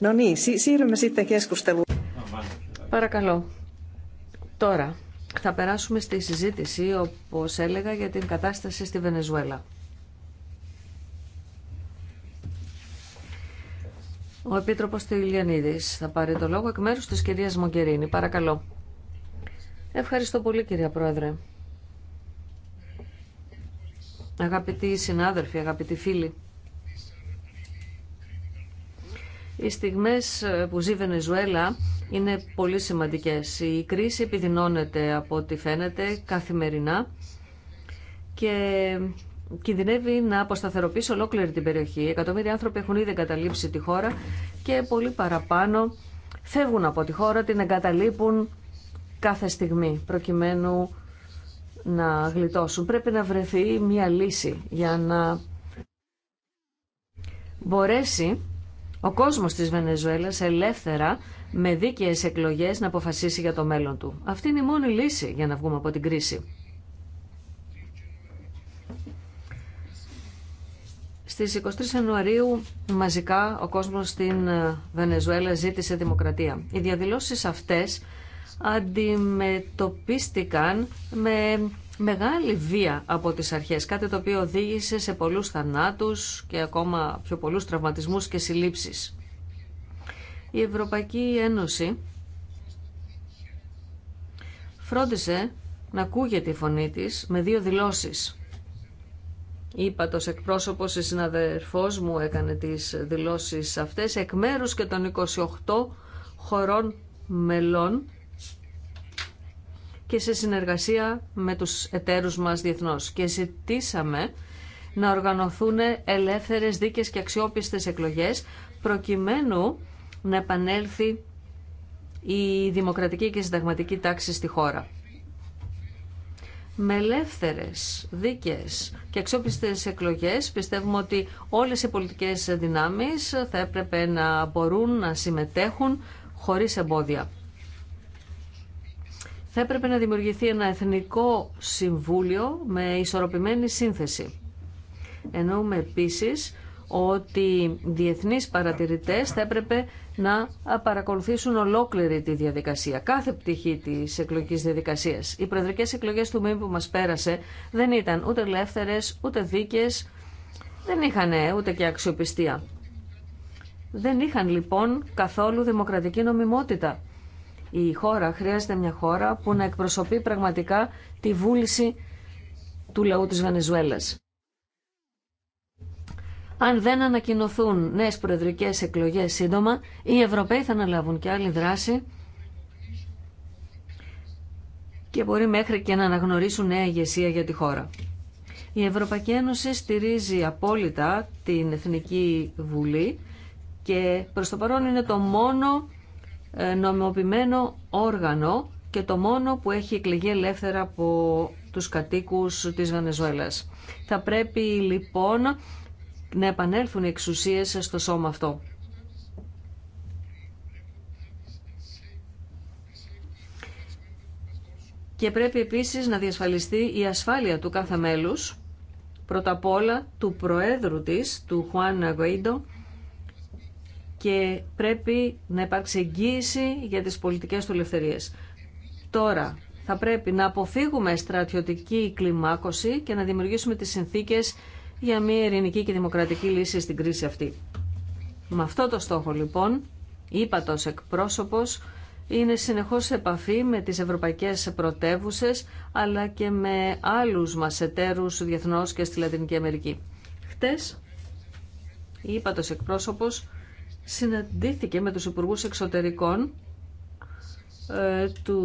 No niin, siirrymme sitten keskusteluun. Παρακαλώ. Τώρα θα περάσουμε στη συζήτηση, όπως έλεγα, για την κατάσταση στη Βενεζουέλα. Ο Επίτροπος Τηλιανίδης θα πάρει το λόγο εκ μέρους της κυρίας Μογκερίνη. Παρακαλώ. Ευχαριστώ πολύ κυρία Πρόεδρε. Αγαπητοί συνάδελφοι, αγαπητοί φίλοι. Οι στιγμές που ζει η Βενεζουέλα είναι πολύ σημαντικές. Η κρίση επιδεινώνεται από ό,τι φαίνεται καθημερινά και κινδυνεύει να αποσταθεροποιήσει ολόκληρη την περιοχή. Εκατομμύρια άνθρωποι έχουν ήδη εγκαταλείψει τη χώρα και πολύ παραπάνω φεύγουν από τη χώρα, την εγκαταλείπουν κάθε στιγμή προκειμένου να γλιτώσουν. Πρέπει να βρεθεί μια λύση για να μπορέσει ο κόσμος της Βενεζουέλας ελεύθερα με δίκαιες εκλογές να αποφασίσει για το μέλλον του. Αυτή είναι η μόνη λύση για να βγούμε από την κρίση. Στις 23 Ιανουαρίου μαζικά ο κόσμος στην Βενεζουέλα ζήτησε δημοκρατία. Οι διαδηλώσεις αυτές αντιμετωπίστηκαν με μεγάλη βία από τις αρχές, κάτι το οποίο οδήγησε σε πολλούς θανάτους και ακόμα πιο πολλούς τραυματισμούς και συλλήψεις. Η Ευρωπαϊκή Ένωση φρόντισε να ακούγεται τη φωνή της με δύο δηλώσεις. Είπα το εκπρόσωπος, η συναδερφός μου έκανε τις δηλώσεις αυτές εκ μέρους και των 28 χωρών μελών και σε συνεργασία με τους εταίρους μας διεθνώς. Και ζητήσαμε να οργανωθούν ελεύθερες δίκες και αξιόπιστες εκλογές προκειμένου να επανέλθει η δημοκρατική και συνταγματική τάξη στη χώρα. Με ελεύθερε, δίκες και αξιόπιστες εκλογές πιστεύουμε ότι όλες οι πολιτικές δυνάμεις θα έπρεπε να μπορούν να συμμετέχουν χωρίς εμπόδια θα έπρεπε να δημιουργηθεί ένα εθνικό συμβούλιο με ισορροπημένη σύνθεση. Εννοούμε επίσης ότι διεθνείς παρατηρητές θα έπρεπε να παρακολουθήσουν ολόκληρη τη διαδικασία, κάθε πτυχή της εκλογικής διαδικασίας. Οι προεδρικές εκλογές του ΜΕΜ που μας πέρασε δεν ήταν ούτε ελεύθερες, ούτε δίκες, δεν είχαν ούτε και αξιοπιστία. Δεν είχαν λοιπόν καθόλου δημοκρατική νομιμότητα η χώρα χρειάζεται μια χώρα που να εκπροσωπεί πραγματικά τη βούληση του λαού της Βενεζουέλας. Αν δεν ανακοινωθούν νέες προεδρικές εκλογές σύντομα, οι Ευρωπαίοι θα αναλάβουν και άλλη δράση και μπορεί μέχρι και να αναγνωρίσουν νέα ηγεσία για τη χώρα. Η Ευρωπαϊκή Ένωση στηρίζει απόλυτα την Εθνική Βουλή και προς το παρόν είναι το μόνο ε, νομιμοποιημένο όργανο και το μόνο που έχει εκλεγεί ελεύθερα από τους κατοίκους της Βενεζουέλας. Θα πρέπει λοιπόν να επανέλθουν οι εξουσίες στο σώμα αυτό. Και πρέπει επίσης να διασφαλιστεί η ασφάλεια του κάθε μέλους, πρώτα απ' όλα του Προέδρου της, του Χουάν Αγκοίντο, και πρέπει να υπάρξει εγγύηση για τις πολιτικές του ελευθερίες. Τώρα, θα πρέπει να αποφύγουμε στρατιωτική κλιμάκωση και να δημιουργήσουμε τις συνθήκες για μια ειρηνική και δημοκρατική λύση στην κρίση αυτή. Με αυτό το στόχο λοιπόν, είπα εκπρόσωπο, εκπρόσωπος, είναι συνεχώς σε επαφή με τις ευρωπαϊκές πρωτεύουσε, αλλά και με άλλους μας εταίρους διεθνώς και στη Λατινική Αμερική. Χτες, είπα εκπρόσωπος, συναντήθηκε με τους Υπουργούς Εξωτερικών ε, του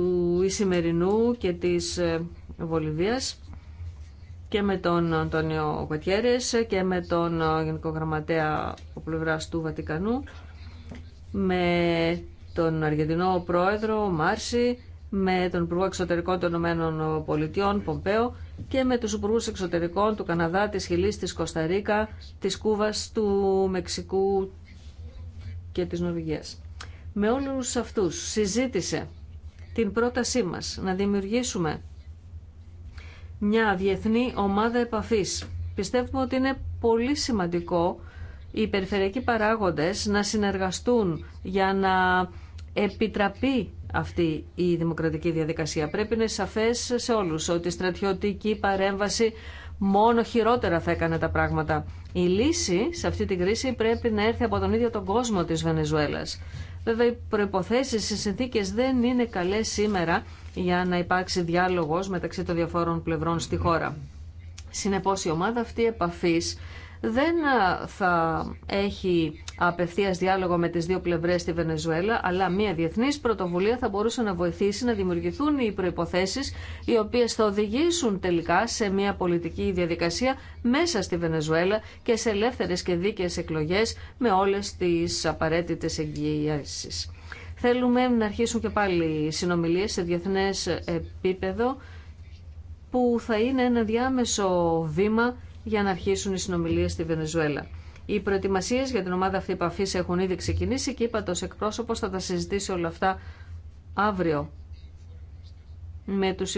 Ισημερινού και της ε, Βολιβίας και με τον Αντώνιο Κοτιέρης και με τον ε, Γενικό Γραμματέα ο πλευράς του Βατικανού με τον Αργεντινό Πρόεδρο Μάρση με τον Υπουργό Εξωτερικών των Ηνωμένων Πολιτειών Πομπέο και με τους Υπουργού Εξωτερικών του Καναδά, της Χιλής, της Κωνσταντίνα, της Κούβας, του Μεξικού, και της Με όλους αυτούς συζήτησε την πρότασή μας να δημιουργήσουμε μια διεθνή ομάδα επαφής. Πιστεύουμε ότι είναι πολύ σημαντικό οι περιφερειακοί παράγοντες να συνεργαστούν για να επιτραπεί αυτή η δημοκρατική διαδικασία. Πρέπει να είναι σαφές σε όλους ότι η στρατιωτική παρέμβαση μόνο χειρότερα θα έκανε τα πράγματα. Η λύση σε αυτή την κρίση πρέπει να έρθει από τον ίδιο τον κόσμο της Βενεζουέλας. Βέβαια, οι προποθέσει οι συνθήκε δεν είναι καλές σήμερα για να υπάρξει διάλογος μεταξύ των διαφόρων πλευρών στη χώρα. Συνεπώς, η ομάδα αυτή επαφής δεν θα έχει απευθεία διάλογο με τι δύο πλευρέ στη Βενεζουέλα, αλλά μια διεθνή πρωτοβουλία θα μπορούσε να βοηθήσει να δημιουργηθούν οι προποθέσει οι οποίε θα οδηγήσουν τελικά σε μια πολιτική διαδικασία μέσα στη Βενεζουέλα και σε ελεύθερε και δίκαιε εκλογέ με όλε τι απαραίτητε εγγυήσει. Θέλουμε να αρχίσουν και πάλι συνομιλίες σε διεθνές επίπεδο που θα είναι ένα διάμεσο βήμα για να αρχίσουν οι συνομιλίες στη Βενεζουέλα. Οι προετοιμασίε για την ομάδα αυτή επαφή έχουν ήδη ξεκινήσει και είπα το εκπρόσωπο θα τα συζητήσει όλα αυτά αύριο με τους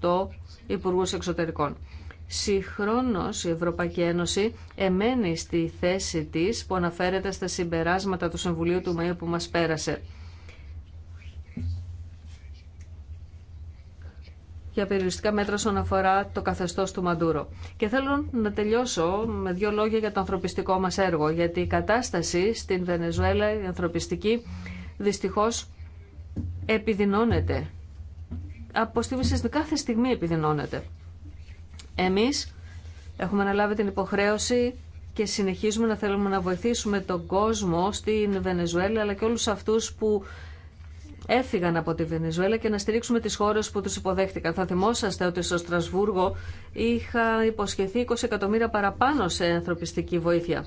28 Υπουργούς Εξωτερικών. Συγχρόνως η Ευρωπαϊκή Ένωση εμένει στη θέση της που αναφέρεται στα συμπεράσματα του Συμβουλίου του Μαΐου που μας πέρασε. για περιοριστικά μέτρα όσον αφορά το καθεστώς του Μαντούρο. Και θέλω να τελειώσω με δύο λόγια για το ανθρωπιστικό μας έργο, γιατί η κατάσταση στην Βενεζουέλα, η ανθρωπιστική, δυστυχώς επιδεινώνεται. Από στιγμή σε κάθε στιγμή επιδεινώνεται. Εμείς έχουμε αναλάβει την υποχρέωση και συνεχίζουμε να θέλουμε να βοηθήσουμε τον κόσμο στην Βενεζουέλα αλλά και όλους αυτούς που έφυγαν από τη Βενεζουέλα και να στηρίξουμε τις χώρες που τους υποδέχτηκαν. Θα θυμόσαστε ότι στο Στρασβούργο είχα υποσχεθεί 20 εκατομμύρια παραπάνω σε ανθρωπιστική βοήθεια.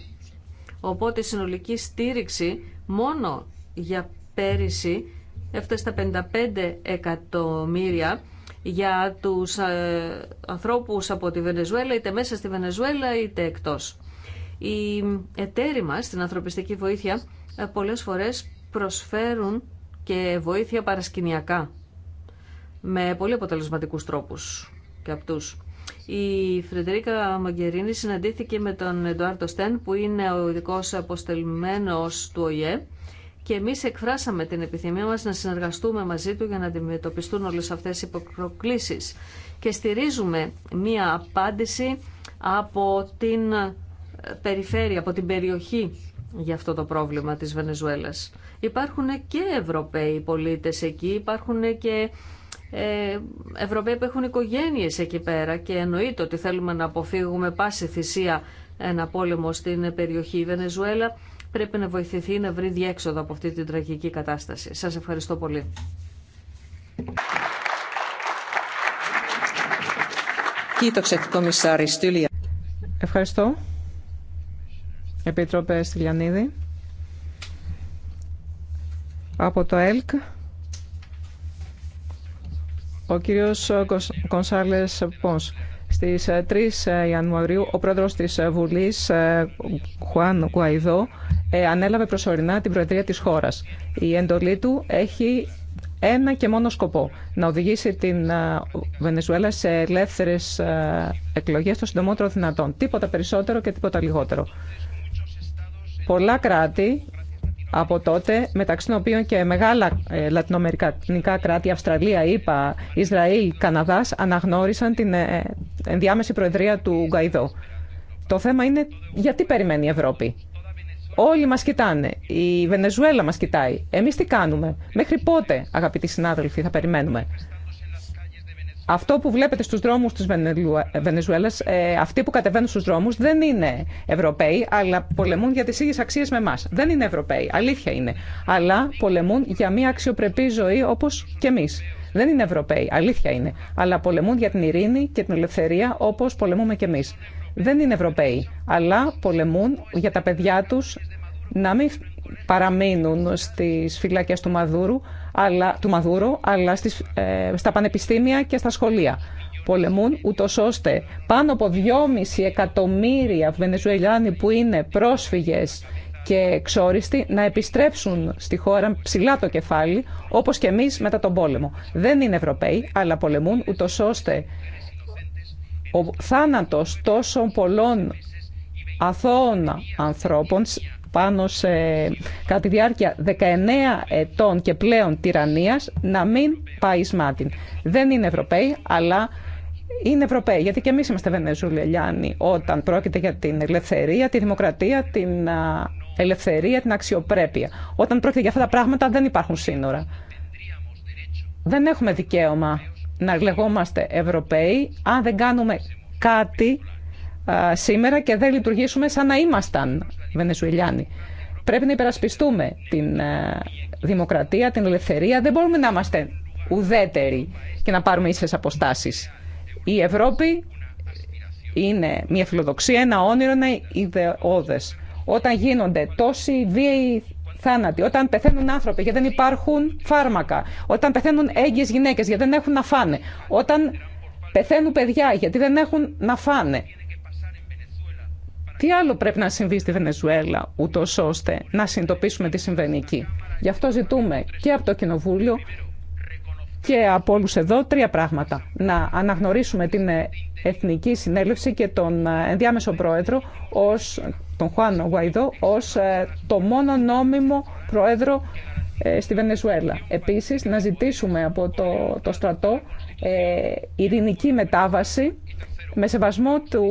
Οπότε η συνολική στήριξη μόνο για πέρυσι έφτασε στα 55 εκατομμύρια για τους ε, ανθρώπους από τη Βενεζουέλα, είτε μέσα στη Βενεζουέλα είτε εκτός. Οι εταίροι μας στην ανθρωπιστική βοήθεια ε, πολλές φορές προσφέρουν και βοήθεια παρασκηνιακά με πολύ αποτελεσματικούς τρόπους και απτούς. Η Φρεντερίκα Μαγκερίνη συναντήθηκε με τον Εντουάρτο Στέν που είναι ο ειδικό αποστελμένος του ΟΗΕ και εμείς εκφράσαμε την επιθυμία μας να συνεργαστούμε μαζί του για να αντιμετωπιστούν όλες αυτές οι προκλήσεις και στηρίζουμε μία απάντηση από την περιφέρεια, από την περιοχή για αυτό το πρόβλημα της Βενεζουέλας. Υπάρχουν και Ευρωπαίοι πολίτες εκεί, υπάρχουν και ε, Ευρωπαίοι που έχουν οικογένειες εκεί πέρα και εννοείται ότι θέλουμε να αποφύγουμε πάση θυσία ένα πόλεμο στην περιοχή Βενεζουέλα πρέπει να βοηθηθεί να βρει διέξοδο από αυτή την τραγική κατάσταση. Σας ευχαριστώ πολύ. Ευχαριστώ. Επίτροπε Στυλιανίδη. Από το ΕΛΚ, ο κύριος Κονσάλες Πόνς. Στις 3 ε, ε, Ιανουαρίου, ο πρόεδρος της Βουλής, ε, Χουάν Γουαϊδό, ανέλαβε προσωρινά την προεδρία της χώρας. Η εντολή του έχει ένα και μόνο σκοπό, να οδηγήσει την Βενεζουέλα σε ελεύθερες εκλογές το συντομότερο δυνατόν. Τίποτα περισσότερο και τίποτα λιγότερο. Πολλά κράτη από τότε, μεταξύ των οποίων και μεγάλα ε, λατινοαμερικανικά κράτη, Αυστραλία, ΗΠΑ, Ισραήλ, Καναδάς, αναγνώρισαν την ε, ενδιάμεση προεδρία του Γκαϊδό. Το θέμα είναι γιατί περιμένει η Ευρώπη. Όλοι μας κοιτάνε. Η Βενεζουέλα μας κοιτάει. Εμείς τι κάνουμε. Μέχρι πότε, αγαπητοί συνάδελφοι, θα περιμένουμε. Αυτό που βλέπετε στους δρόμους της Βενεζουέλας, ε, αυτοί που κατεβαίνουν στους δρόμους δεν είναι Ευρωπαίοι, αλλά πολεμούν για τις ίδιες αξίες με εμά. Δεν είναι Ευρωπαίοι, αλήθεια είναι, αλλά πολεμούν για μια αξιοπρεπή ζωή όπως και εμείς. Δεν είναι Ευρωπαίοι, αλήθεια είναι, αλλά πολεμούν για την ειρήνη και την ελευθερία όπως πολεμούμε και εμείς. Δεν είναι Ευρωπαίοι, αλλά πολεμούν για τα παιδιά τους να μην παραμείνουν στις φυλακές του Μαδούρου, αλλά, του Μαδούρου, αλλά στις, ε, στα πανεπιστήμια και στα σχολεία. Πολεμούν ούτω ώστε πάνω από 2,5 εκατομμύρια Βενεζουελιάνοι που είναι πρόσφυγες και εξόριστοι να επιστρέψουν στη χώρα ψηλά το κεφάλι, όπως και εμείς μετά τον πόλεμο. Δεν είναι Ευρωπαίοι, αλλά πολεμούν ούτω ώστε ο θάνατος τόσων πολλών αθώων ανθρώπων πάνω σε, κατά τη διάρκεια 19 ετών και πλέον τυραννίας να μην πάει σμάτιν. Δεν είναι Ευρωπαίοι, αλλά είναι Ευρωπαίοι, γιατί και εμείς είμαστε Βενεζουλελιάνοι όταν πρόκειται για την ελευθερία, τη δημοκρατία, την ελευθερία, την αξιοπρέπεια. Όταν πρόκειται για αυτά τα πράγματα δεν υπάρχουν σύνορα. Δεν έχουμε δικαίωμα να λεγόμαστε Ευρωπαίοι αν δεν κάνουμε κάτι σήμερα και δεν λειτουργήσουμε σαν να ήμασταν οι Βενεζουελιάνοι. Πρέπει να υπερασπιστούμε την ε, δημοκρατία, την ελευθερία. Δεν μπορούμε να είμαστε ουδέτεροι και να πάρουμε ίσες αποστάσεις. Η Ευρώπη είναι μια φιλοδοξία, ένα όνειρο, ένα ιδεώδες. Όταν γίνονται τόσοι βίαιοι θάνατοι, όταν πεθαίνουν άνθρωποι γιατί δεν υπάρχουν φάρμακα, όταν πεθαίνουν έγκυες γυναίκες γιατί δεν έχουν να φάνε, όταν πεθαίνουν παιδιά γιατί δεν έχουν να φάνε, τι άλλο πρέπει να συμβεί στη Βενεζουέλα, ούτω ώστε να συνειδητοποιήσουμε τι συμβαίνει εκεί. Γι' αυτό ζητούμε και από το Κοινοβούλιο και από όλου εδώ τρία πράγματα. Να αναγνωρίσουμε την Εθνική Συνέλευση και τον ενδιάμεσο πρόεδρο, ως, τον Χουάνο Γουαϊδό, ως ε, το μόνο νόμιμο πρόεδρο ε, στη Βενεζουέλα. Επίσης, να ζητήσουμε από το, στρατό ε, ειρηνική μετάβαση με σεβασμό του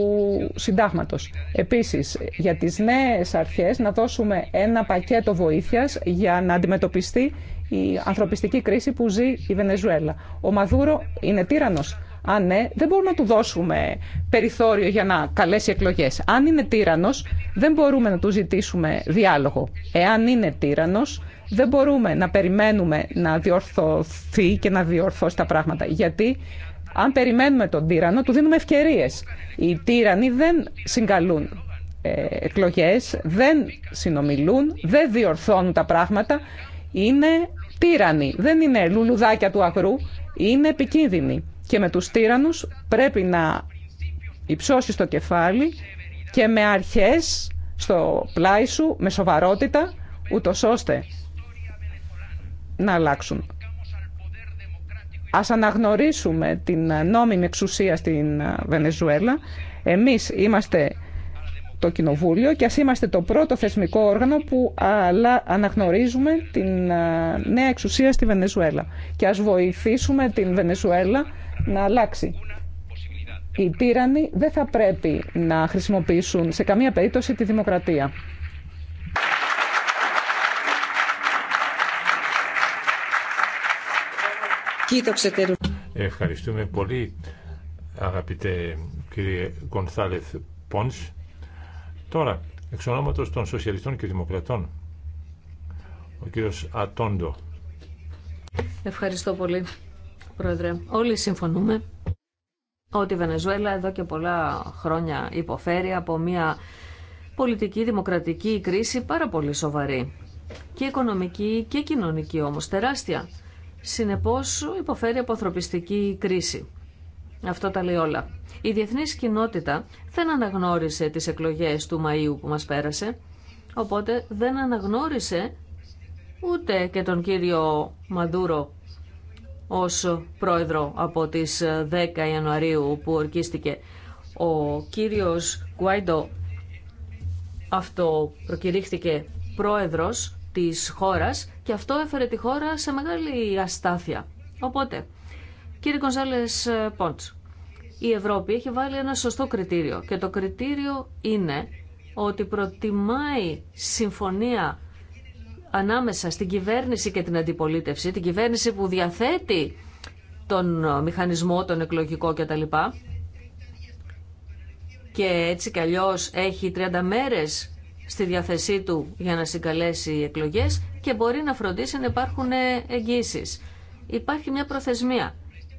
συντάγματος. Επίσης, για τι νέε αρχέ να δώσουμε ένα πακέτο βοήθειας για να αντιμετωπιστεί η ανθρωπιστική κρίση που ζει η Βενεζουέλα. Ο Μαδούρο είναι τύρανο. Αν ναι, δεν μπορούμε να του δώσουμε περιθώριο για να καλέσει εκλογές. Αν είναι τύρανο, δεν μπορούμε να του ζητήσουμε διάλογο. Εάν είναι τύρανο, δεν μπορούμε να περιμένουμε να διορθωθεί και να διορθώσει τα πράγματα. Αν περιμένουμε τον τύρανο, του δίνουμε ευκαιρίε. Οι τύρανοι δεν συγκαλούν ε, εκλογέ, δεν συνομιλούν, δεν διορθώνουν τα πράγματα. Είναι τύρανοι, δεν είναι λουλουδάκια του αγρού, είναι επικίνδυνοι. Και με τους τύρανου πρέπει να υψώσεις το κεφάλι και με αρχές στο πλάι σου, με σοβαρότητα, ούτω ώστε να αλλάξουν. Ας αναγνωρίσουμε την νόμιμη εξουσία στην Βενεζουέλα. Εμείς είμαστε το Κοινοβούλιο και ας είμαστε το πρώτο θεσμικό όργανο που αναγνωρίζουμε την νέα εξουσία στη Βενεζουέλα. Και ας βοηθήσουμε την Βενεζουέλα να αλλάξει. Οι τύρανοι δεν θα πρέπει να χρησιμοποιήσουν σε καμία περίπτωση τη δημοκρατία. Ευχαριστούμε πολύ αγαπητέ κύριε Γκονθάλεθ Πόνς. Τώρα, εξ ονόματος των Σοσιαλιστών και Δημοκρατών, ο κύριος Ατόντο. Ευχαριστώ πολύ, Πρόεδρε. Όλοι συμφωνούμε ότι η Βενεζουέλα εδώ και πολλά χρόνια υποφέρει από μια πολιτική δημοκρατική κρίση πάρα πολύ σοβαρή και οικονομική και κοινωνική όμως τεράστια συνεπώς υποφέρει από ανθρωπιστική κρίση. Αυτό τα λέει όλα. Η διεθνής κοινότητα δεν αναγνώρισε τις εκλογές του Μαΐου που μας πέρασε, οπότε δεν αναγνώρισε ούτε και τον κύριο Μαντούρο ως πρόεδρο από τις 10 Ιανουαρίου που ορκίστηκε. Ο κύριος Γκουάιντο αυτό προκηρύχθηκε πρόεδρος της χώρας και αυτό έφερε τη χώρα σε μεγάλη αστάθεια. Οπότε, κύριε Κονσάλες ε, Πόντς, η Ευρώπη έχει βάλει ένα σωστό κριτήριο και το κριτήριο είναι ότι προτιμάει συμφωνία ανάμεσα στην κυβέρνηση και την αντιπολίτευση, την κυβέρνηση που διαθέτει τον μηχανισμό, τον εκλογικό κτλ. Και έτσι κι έχει 30 μέρες στη διάθεσή του για να συγκαλέσει εκλογές και μπορεί να φροντίσει να υπάρχουν εγγύσεις. Υπάρχει μια προθεσμία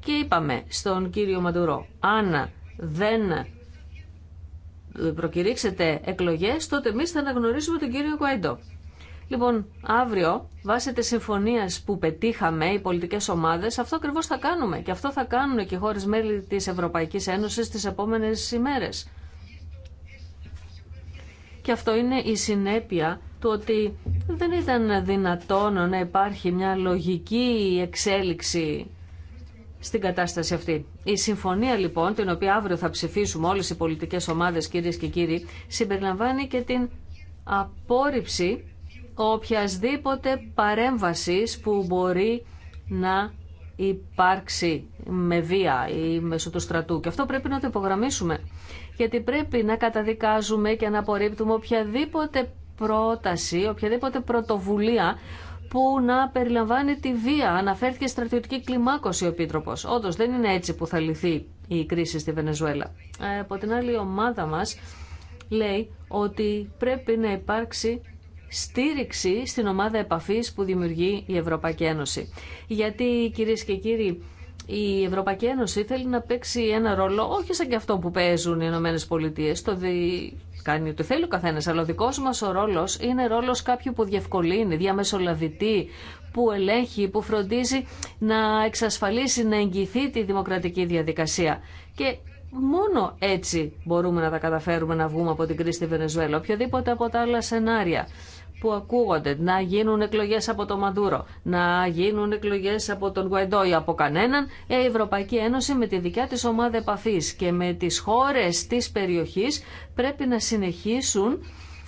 και είπαμε στον κύριο Μαντουρό, αν δεν προκηρύξετε εκλογές, τότε εμεί θα αναγνωρίσουμε τον κύριο Κουαϊντό. Λοιπόν, αύριο, βάσει τη συμφωνία που πετύχαμε οι πολιτικέ ομάδε, αυτό ακριβώ θα κάνουμε. Και αυτό θα κάνουν και χώρε μέλη τη Ευρωπαϊκή Ένωση τι επόμενε ημέρε. Και αυτό είναι η συνέπεια του ότι δεν ήταν δυνατόν να υπάρχει μια λογική εξέλιξη στην κατάσταση αυτή. Η συμφωνία λοιπόν, την οποία αύριο θα ψηφίσουμε όλες οι πολιτικές ομάδες κυρίες και κύριοι, συμπεριλαμβάνει και την απόρριψη οποιασδήποτε παρέμβασης που μπορεί να υπάρξει με βία ή μέσω του στρατού. Και αυτό πρέπει να το υπογραμμίσουμε γιατί πρέπει να καταδικάζουμε και να απορρίπτουμε οποιαδήποτε πρόταση, οποιαδήποτε πρωτοβουλία που να περιλαμβάνει τη βία. Αναφέρθηκε στρατιωτική κλιμάκωση ο Επίτροπο. Όντω δεν είναι έτσι που θα λυθεί η κρίση στη Βενεζουέλα. Ε, από την άλλη, η ομάδα μα λέει ότι πρέπει να υπάρξει στήριξη στην ομάδα επαφής που δημιουργεί η Ευρωπαϊκή Ένωση. Γιατί κυρίες και κύριοι η Ευρωπαϊκή Ένωση θέλει να παίξει ένα ρόλο, όχι σαν και αυτό που παίζουν οι Ηνωμένε Πολιτείε. Το δι... κάνει ό,τι θέλει ο καθένα. Αλλά ο δικό μα ο ρόλο είναι ρόλο κάποιου που διευκολύνει, διαμεσολαβητή, που ελέγχει, που φροντίζει να εξασφαλίσει, να εγγυηθεί τη δημοκρατική διαδικασία. Και μόνο έτσι μπορούμε να τα καταφέρουμε να βγούμε από την κρίση στη Βενεζουέλα. Οποιοδήποτε από τα άλλα σενάρια που ακούγονται, να γίνουν εκλογές από τον Μαντούρο, να γίνουν εκλογές από τον Γουαϊντό ή από κανέναν, ε, η Ευρωπαϊκή Ένωση με τη δικιά της ομάδα επαφή και με τις χώρες τη περιοχή πρέπει να συνεχίσουν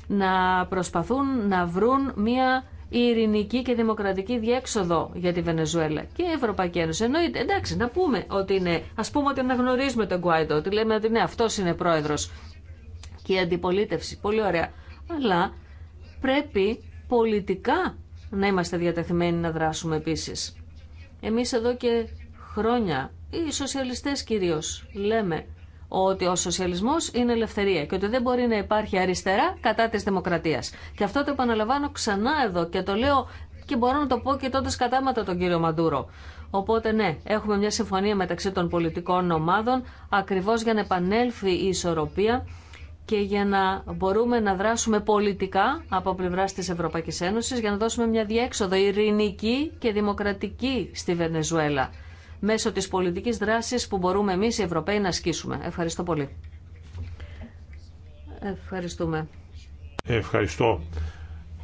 να προσπαθούν να βρουν μια ειρηνική και δημοκρατική διέξοδο για τη Βενεζουέλα και η Ευρωπαϊκή Ένωση. Εννοείται, εντάξει, να πούμε ότι είναι, α πούμε ότι αναγνωρίζουμε τον Γκουάιντο, ότι λέμε ότι ναι, αυτό είναι πρόεδρο και η αντιπολίτευση. Πολύ ωραία. Αλλά πρέπει πολιτικά να είμαστε διατεθειμένοι να δράσουμε επίσης. Εμείς εδώ και χρόνια, οι σοσιαλιστές κυρίως, λέμε ότι ο σοσιαλισμός είναι ελευθερία και ότι δεν μπορεί να υπάρχει αριστερά κατά της δημοκρατίας. Και αυτό το επαναλαμβάνω ξανά εδώ και το λέω και μπορώ να το πω και τότε κατάματα τον κύριο Μαντούρο. Οπότε ναι, έχουμε μια συμφωνία μεταξύ των πολιτικών ομάδων ακριβώς για να επανέλθει η ισορροπία και για να μπορούμε να δράσουμε πολιτικά από πλευρά τη Ευρωπαϊκή Ένωση για να δώσουμε μια διέξοδο ειρηνική και δημοκρατική στη Βενεζουέλα μέσω τη πολιτική δράση που μπορούμε εμείς οι Ευρωπαίοι να ασκήσουμε. Ευχαριστώ πολύ. Ευχαριστούμε. Ευχαριστώ.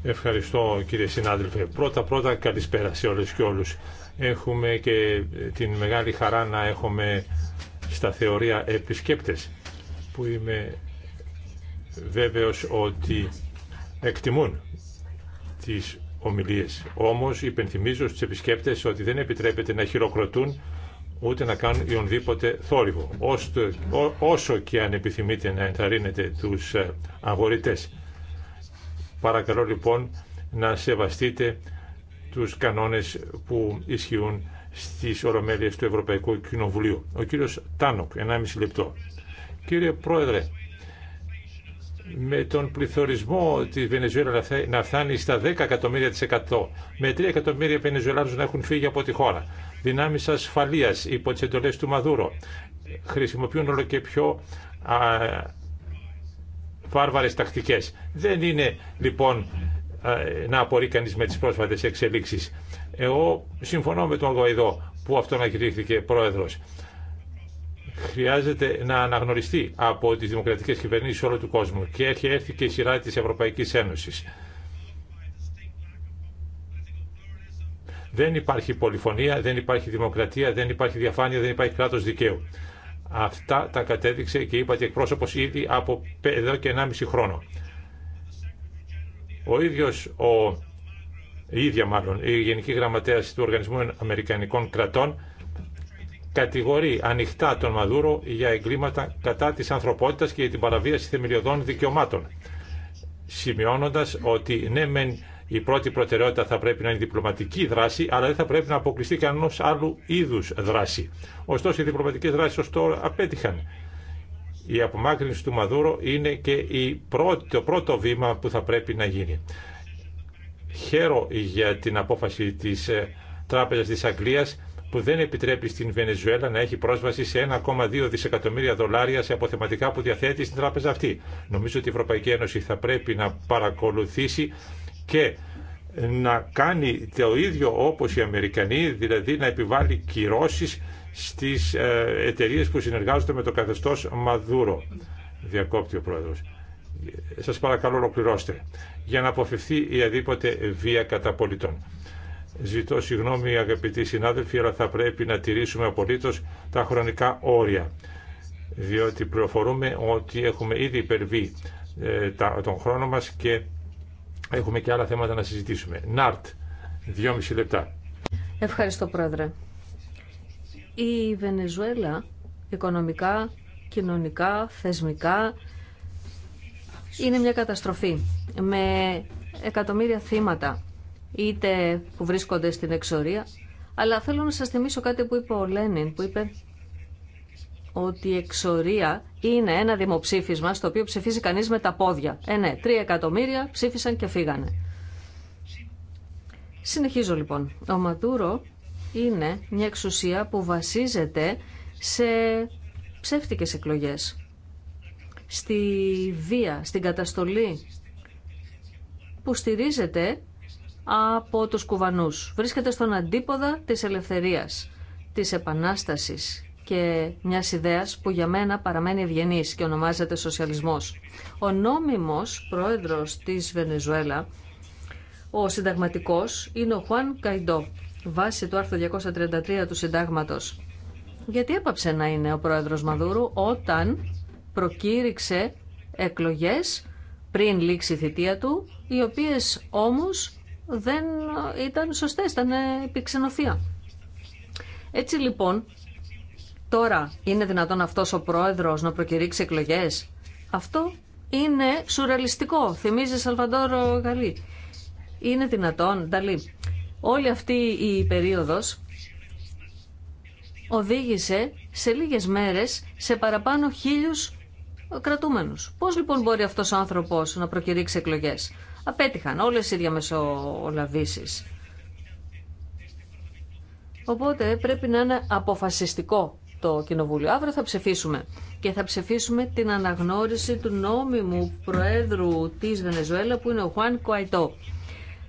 Ευχαριστώ κύριε συνάδελφε. Πρώτα πρώτα καλησπέρα σε όλες και όλους. Έχουμε και την μεγάλη χαρά να έχουμε στα θεωρία επισκέπτες που είμαι βέβαιος ότι εκτιμούν τις ομιλίες. Όμως υπενθυμίζω στους επισκέπτες ότι δεν επιτρέπεται να χειροκροτούν ούτε να κάνουν ιονδήποτε θόρυβο, όσο και αν επιθυμείτε να ενθαρρύνετε τους ε, αγορητές. Παρακαλώ λοιπόν να σεβαστείτε τους κανόνες που ισχύουν στις ορομέλειες του Ευρωπαϊκού Κοινοβουλίου. Ο κύριος Τάνοκ, 1,5 λεπτό. Κύριε Πρόεδρε, με τον πληθωρισμό τη Βενεζουέλα να φτάνει στα 10 εκατομμύρια της εκατό, με 3 εκατομμύρια Βενεζουελάνου να έχουν φύγει από τη χώρα. Δυνάμεις ασφαλεία υπό τι εντολέ του Μαδούρο χρησιμοποιούν όλο και πιο α, βάρβαρες τακτικές. Δεν είναι λοιπόν να απορεί κανεί με τις πρόσφατες εξελίξεις. Εγώ συμφωνώ με τον Γοηδό που να κηρύχθηκε πρόεδρος χρειάζεται να αναγνωριστεί από τις δημοκρατικές κυβερνήσεις όλου του κόσμου και έχει έρθει και η σειρά της Ευρωπαϊκής Ένωσης. Δεν υπάρχει πολυφωνία, δεν υπάρχει δημοκρατία, δεν υπάρχει διαφάνεια, δεν υπάρχει κράτος δικαίου. Αυτά τα κατέδειξε και είπατε εκπρόσωπος ήδη από εδώ και 1,5 χρόνο. Ο ίδιος, η ίδια μάλλον, η Γενική Γραμματέας του Οργανισμού Αμερικανικών Κρατών κατηγορεί ανοιχτά τον Μαδούρο για εγκλήματα κατά της ανθρωπότητας και για την παραβίαση θεμελιωδών δικαιωμάτων. Σημειώνοντας ότι ναι μεν η πρώτη προτεραιότητα θα πρέπει να είναι διπλωματική δράση, αλλά δεν θα πρέπει να αποκλειστεί κανένα άλλου είδου δράση. Ωστόσο, οι διπλωματικέ δράσει ω τώρα απέτυχαν. Η απομάκρυνση του Μαδούρο είναι και η πρώτη, το πρώτο βήμα που θα πρέπει να γίνει. Χαίρο για την απόφαση της ε, Τράπεζας της Αγγλίας που δεν επιτρέπει στην Βενεζουέλα να έχει πρόσβαση σε 1,2 δισεκατομμύρια δολάρια σε αποθεματικά που διαθέτει στην τράπεζα αυτή. Νομίζω ότι η Ευρωπαϊκή Ένωση θα πρέπει να παρακολουθήσει και να κάνει το ίδιο όπως οι Αμερικανοί, δηλαδή να επιβάλλει κυρώσεις στις ε, εταιρείες που συνεργάζονται με το καθεστώς Μαδούρο. Διακόπτει ο Πρόεδρος. Σας παρακαλώ ολοκληρώστε για να αποφευθεί η αδίποτε βία κατά πολιτών. Ζητώ συγγνώμη αγαπητοί συνάδελφοι, αλλά θα πρέπει να τηρήσουμε απολύτω τα χρονικά όρια. Διότι πληροφορούμε ότι έχουμε ήδη υπερβεί ε, τον χρόνο μας και έχουμε και άλλα θέματα να συζητήσουμε. Ναρτ, δυόμιση λεπτά. Ευχαριστώ Πρόεδρε. Η Βενεζουέλα οικονομικά, κοινωνικά, θεσμικά είναι μια καταστροφή με εκατομμύρια θύματα είτε που βρίσκονται στην εξορία. Αλλά θέλω να σας θυμίσω κάτι που είπε ο Λένιν, που είπε ότι η εξορία είναι ένα δημοψήφισμα στο οποίο ψηφίζει κανείς με τα πόδια. Ε, ναι, τρία εκατομμύρια ψήφισαν και φύγανε. Συνεχίζω λοιπόν. Ο Ματούρο είναι μια εξουσία που βασίζεται σε ψεύτικες εκλογές, στη βία, στην καταστολή, που στηρίζεται από τους κουβανούς. Βρίσκεται στον αντίποδα της ελευθερίας, της επανάστασης και μια ιδέα που για μένα παραμένει ευγενή και ονομάζεται σοσιαλισμός. Ο νόμιμος πρόεδρος της Βενεζουέλα, ο συνταγματικός, είναι ο Χουάν Καϊντό, βάσει του άρθρου 233 του συντάγματος. Γιατί έπαψε να είναι ο πρόεδρος Μαδούρου όταν προκήρυξε εκλογές πριν λήξει η θητεία του, οι οποίες όμως δεν ήταν σωστές, ήταν επιξενοθεία. Έτσι λοιπόν, τώρα είναι δυνατόν αυτός ο πρόεδρος να προκηρύξει εκλογές. Αυτό είναι σουρεαλιστικό, θυμίζει Σαλβαντόρο Γαλή. Είναι δυνατόν, Νταλή. Όλη αυτή η περίοδος οδήγησε σε λίγες μέρες σε παραπάνω χίλιους κρατούμενους. Πώς λοιπόν μπορεί αυτός ο άνθρωπος να προκηρύξει εκλογές απέτυχαν όλες οι διαμεσολαβήσεις. Οπότε πρέπει να είναι αποφασιστικό το Κοινοβούλιο. Αύριο θα ψηφίσουμε και θα ψηφίσουμε την αναγνώριση του νόμιμου Προέδρου της Βενεζουέλα που είναι ο Χουάν Κουαϊτό.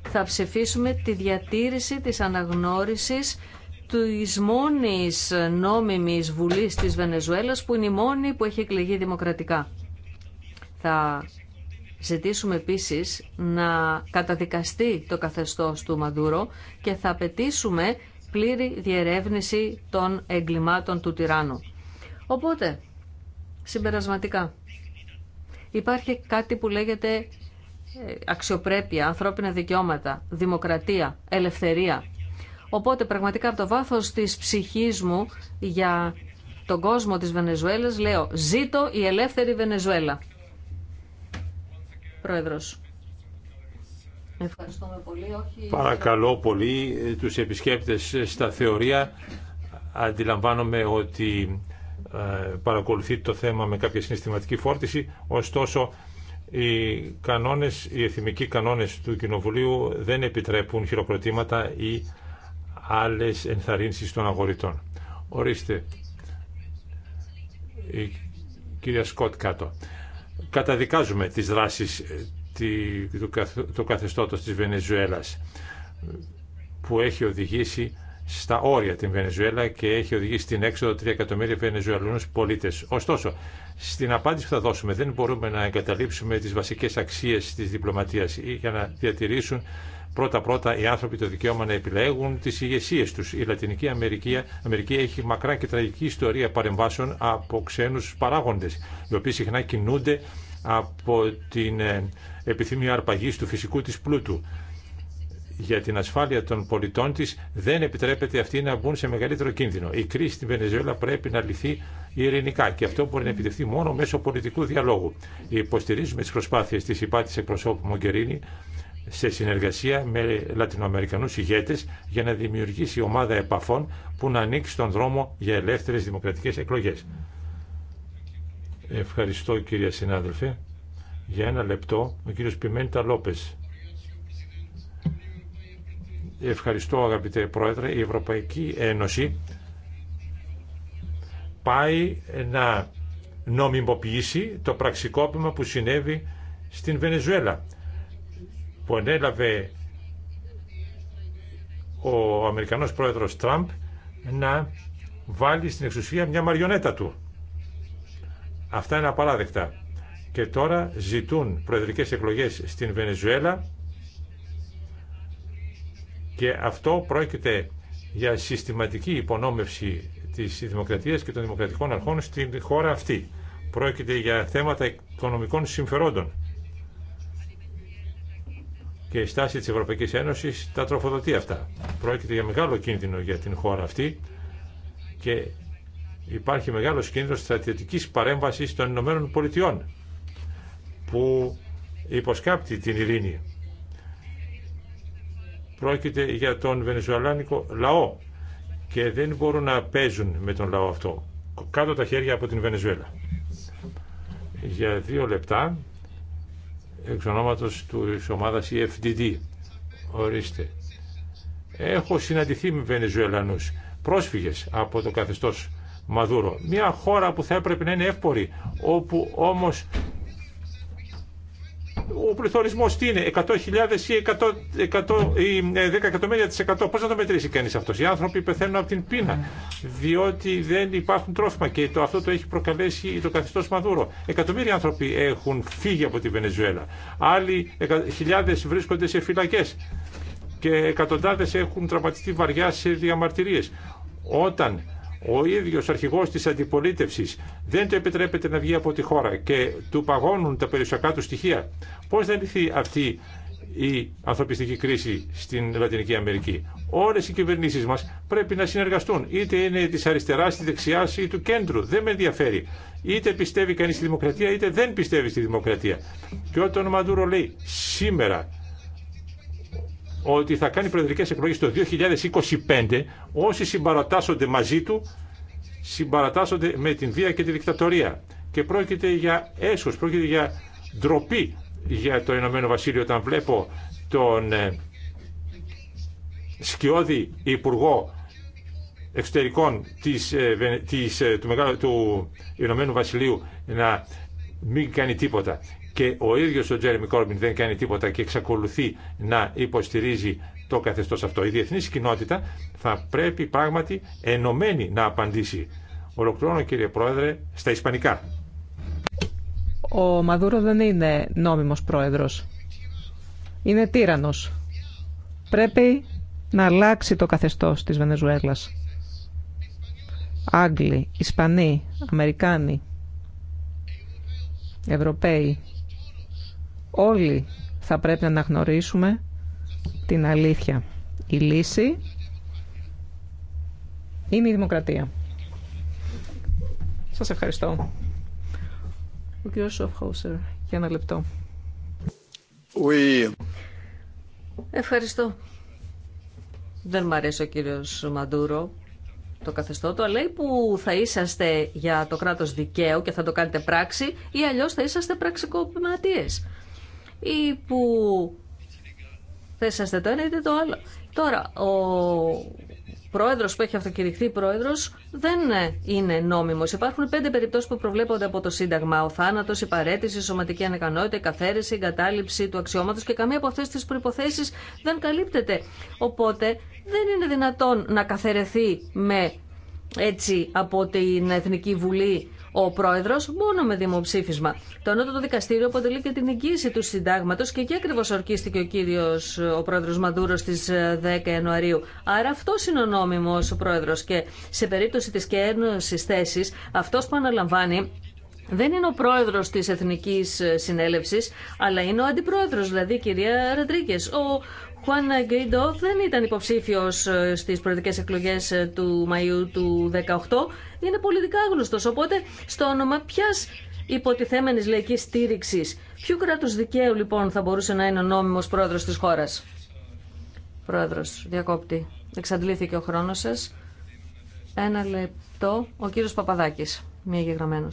Θα ψηφίσουμε τη διατήρηση της αναγνώρισης του μόνης νόμιμης βουλής της Βενεζουέλας που είναι η μόνη που έχει εκλεγεί δημοκρατικά. Θα Ζητήσουμε επίσης να καταδικαστεί το καθεστώς του Μαντούρο και θα απαιτήσουμε πλήρη διερεύνηση των εγκλημάτων του τυράννου. Οπότε, συμπερασματικά, υπάρχει κάτι που λέγεται ε, αξιοπρέπεια, ανθρώπινα δικαιώματα, δημοκρατία, ελευθερία. Οπότε πραγματικά από το βάθος της ψυχής μου για τον κόσμο της Βενεζουέλας λέω ζήτω η ελεύθερη Βενεζουέλα. Πρόεδρος. Παρακαλώ πολύ ε, τους επισκέπτες ε, στα θεωρία. Αντιλαμβάνομαι ότι ε, παρακολουθεί το θέμα με κάποια συναισθηματική φόρτιση, ωστόσο οι κανόνες, οι κανόνες του Κοινοβουλίου δεν επιτρέπουν χειροκροτήματα ή άλλες ενθαρρύνσεις των αγοριτών. Ορίστε, η κυρία αγορητών. οριστε η κάτω καταδικάζουμε τις δράσεις ε, του καθεστώτος της Βενεζουέλας που έχει οδηγήσει στα όρια την Βενεζουέλα και έχει οδηγήσει στην έξοδο 3 εκατομμύρια Βενεζουελινού πολίτε. Ωστόσο, στην απάντηση που θα δώσουμε δεν μπορούμε να εγκαταλείψουμε τι βασικέ αξίε τη διπλωματία για να διατηρήσουν πρώτα-πρώτα οι άνθρωποι το δικαίωμα να επιλέγουν τι ηγεσίε του. Η Λατινική Αμερική, Αμερική έχει μακρά και τραγική ιστορία παρεμβάσεων από ξένου παράγοντε, οι οποίοι συχνά κινούνται από την ε, επιθυμία αρπαγής του φυσικού τη πλούτου. Για την ασφάλεια των πολιτών τη, δεν επιτρέπεται αυτοί να μπουν σε μεγαλύτερο κίνδυνο. Η κρίση στην Βενεζουέλα πρέπει να λυθεί ειρηνικά και αυτό μπορεί να επιτευχθεί μόνο μέσω πολιτικού διαλόγου. Υποστηρίζουμε τι προσπάθειε τη υπάτη εκπροσώπου Μογκερίνη σε συνεργασία με Λατινοαμερικανούς ηγέτες για να δημιουργήσει ομάδα επαφών που να ανοίξει τον δρόμο για ελεύθερες δημοκρατικές εκλογές. Ευχαριστώ κύριε συνάδελφε. Για ένα λεπτό ο κύριος Πιμέντα Λόπες. Ευχαριστώ αγαπητέ Πρόεδρε. Η Ευρωπαϊκή Ένωση πάει να νομιμοποιήσει το πραξικόπημα που συνέβη στην Βενεζουέλα που ανέλαβε ο Αμερικανός πρόεδρος Τραμπ να βάλει στην εξουσία μια μαριονέτα του. Αυτά είναι απαράδεκτα. Και τώρα ζητούν προεδρικές εκλογές στην Βενεζουέλα και αυτό πρόκειται για συστηματική υπονόμευση της δημοκρατίας και των δημοκρατικών αρχών στην χώρα αυτή. Πρόκειται για θέματα οικονομικών συμφερόντων και η στάση της Ευρωπαϊκής Ένωσης τα τροφοδοτεί αυτά. Πρόκειται για μεγάλο κίνδυνο για την χώρα αυτή και υπάρχει μεγάλος κίνδυνος στρατιωτικής παρέμβασης των Ηνωμένων Πολιτειών που υποσκάπτει την ειρήνη. Πρόκειται για τον βενεζουελάνικο λαό και δεν μπορούν να παίζουν με τον λαό αυτό. Κάτω τα χέρια από την Βενεζουέλα. Για δύο λεπτά εξ ονόματος του ομάδας EFDD. Ορίστε. Έχω συναντηθεί με Βενεζουελανούς πρόσφυγες από το καθεστώς Μαδούρο. Μια χώρα που θα έπρεπε να είναι εύπορη, όπου όμως ο πληθωρισμός τι είναι, 100.000 ή 100, 10 ε, εκατομμύρια τη εκατό πώς να το μετρήσει κανείς αυτό; Οι άνθρωποι πεθαίνουν από την πείνα, διότι δεν υπάρχουν τρόφιμα και το, αυτό το έχει προκαλέσει το καθιστό Μαδούρο. Εκατομμύρια άνθρωποι έχουν φύγει από τη Βενεζουέλα, άλλοι χιλιάδε βρίσκονται σε φυλακέ και εκατοντάδε έχουν τραυματιστεί βαριά σε διαμαρτυρίε. Όταν ο ίδιος αρχηγός της αντιπολίτευσης δεν του επιτρέπεται να βγει από τη χώρα και του παγώνουν τα περιουσιακά του στοιχεία. Πώς θα λυθεί αυτή η ανθρωπιστική κρίση στην Λατινική Αμερική. Όλε οι κυβερνήσει μα πρέπει να συνεργαστούν. Είτε είναι τη αριστερά, τη δεξιά ή του κέντρου. Δεν με ενδιαφέρει. Είτε πιστεύει κανεί στη δημοκρατία, είτε δεν πιστεύει στη δημοκρατία. Και όταν ο Μαντούρο λέει σήμερα ότι θα κάνει προεδρικές εκλογές το 2025 όσοι συμπαρατάσσονται μαζί του συμπαρατάσσονται με την βία και τη δικτατορία. Και πρόκειται για έσχος, πρόκειται για ντροπή για το Ηνωμένο Βασίλειο όταν βλέπω τον ε, σκιώδη υπουργό εξωτερικών της, ε, της, ε, του, μεγάλου, του Ηνωμένου Βασιλείου να μην κάνει τίποτα και ο ίδιος ο Τζέρεμι Κόρμπιν δεν κάνει τίποτα και εξακολουθεί να υποστηρίζει το καθεστώς αυτό. Η διεθνή κοινότητα θα πρέπει πράγματι ενωμένη να απαντήσει. Ολοκληρώνω κύριε Πρόεδρε στα Ισπανικά. Ο Μαδούρο δεν είναι νόμιμος πρόεδρος. Είναι τύρανος. Πρέπει να αλλάξει το καθεστώς της Βενεζουέλας. Άγγλοι, Ισπανοί, Αμερικάνοι, Ευρωπαίοι, Όλοι θα πρέπει να αναγνωρίσουμε την αλήθεια. Η λύση είναι η δημοκρατία. Σας ευχαριστώ. Ο κ. Σοφχάουσερ, για ένα λεπτό. Oui. Ευχαριστώ. Δεν μ' αρέσει ο κύριος Μαντούρο το καθεστώ του, αλλά ή που θα είσαστε για το κράτος δικαίου και θα το κάνετε πράξη ή αλλιώς θα είσαστε πραξικοπηματίες ή που θέσαστε το ένα είτε το άλλο. Τώρα, ο πρόεδρος που έχει αυτοκηρυχθεί πρόεδρος δεν είναι νόμιμος. Υπάρχουν πέντε περιπτώσεις που προβλέπονται από το Σύνταγμα. Ο θάνατος, η παρέτηση, η σωματική ανεκανότητα, η καθαίρεση, η εγκατάλειψη του αξιώματος και καμία από αυτές τις προϋποθέσεις δεν καλύπτεται. Οπότε δεν είναι δυνατόν να καθαιρεθεί με έτσι από την Εθνική Βουλή ο πρόεδρο μόνο με δημοψήφισμα. Το ανώτατο δικαστήριο αποτελεί και την εγγύηση του συντάγματο και εκεί ακριβώ ορκίστηκε ο κύριο ο πρόεδρο Μαδούρο στι 10 ε, Ιανουαρίου. Άρα αυτό είναι ο νόμιμο πρόεδρο και σε περίπτωση τη κέρνωση θέση αυτό που αναλαμβάνει δεν είναι ο πρόεδρο τη Εθνική Συνέλευση, αλλά είναι ο αντιπρόεδρο, δηλαδή η κυρία Ροντρίγκε. Ο Χουάν Γκριντο δεν ήταν υποψήφιος ε, στις προεδρικέ εκλογές ε, του Μαΐου του 18. Είναι πολιτικά άγνωστος, οπότε στο όνομα ποιας υποτιθέμενης λαϊκή στήριξη. Ποιου κράτου δικαίου λοιπόν θα μπορούσε να είναι ο νόμιμος πρόεδρος της χώρας. Πρόεδρο διακόπτη. Εξαντλήθηκε ο χρόνο σα. Ένα λεπτό. Ο κύριο Παπαδάκη, μία γεγραμμένο.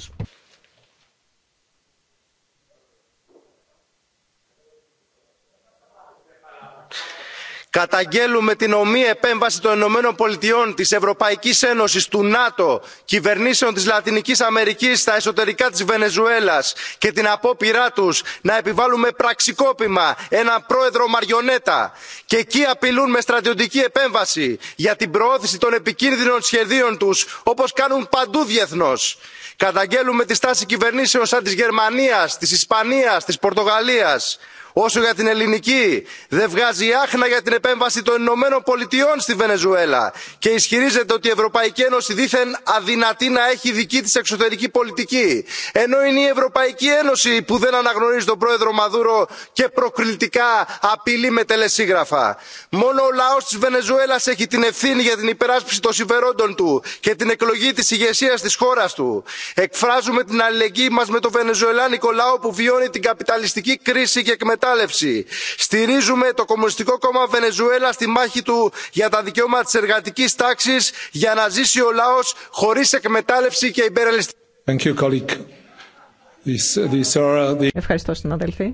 καταγγέλουμε την ομοίη επέμβαση των ηνωμένων πολιτειών της ευρωπαϊκής ένωσης του νατο κυβερνήσεων της λατινικής αμερικής στα εσωτερικά της βενεζουέλας και την απόπειρά τους να επιβάλλουν με πραξικόπημα έναν πρόεδρο μαριονέτα και εκεί απειλούν με στρατιωτική επέμβαση για την προώθηση των επικίνδυνων σχεδίων τους όπως κάνουν παντού διεθνώς. καταγγέλουμε τη στάση κυβερνήσεων σαν της γερμανίας της ισπανίας της πορτογαλίας Όσο για την ελληνική, δεν βγάζει άχνα για την επέμβαση των Ηνωμένων Πολιτειών στη Βενεζουέλα και ισχυρίζεται ότι η Ευρωπαϊκή Ένωση δήθεν αδυνατή να έχει δική της εξωτερική πολιτική. Ενώ είναι η Ευρωπαϊκή Ένωση που δεν αναγνωρίζει τον πρόεδρο Μαδούρο και προκλητικά απειλεί με τελεσίγραφα. Μόνο ο λαός της Βενεζουέλας έχει την ευθύνη για την υπεράσπιση των συμφερόντων του και την εκλογή της ηγεσία της χώρας του. Εκφράζουμε την αλληλεγγύη μας με το βενεζουελάνικο λαό που βιώνει την καπιταλιστική κρίση και εκμετάλλευση εκμετάλλευση. Στηρίζουμε το Κομμουνιστικό Κόμμα Βενεζουέλα στη μάχη του για τα δικαιώματα της εργατικής τάξης για να ζήσει ο λαός χωρίς εκμετάλλευση και υπερελιστή. Ευχαριστώ συναδελφοί.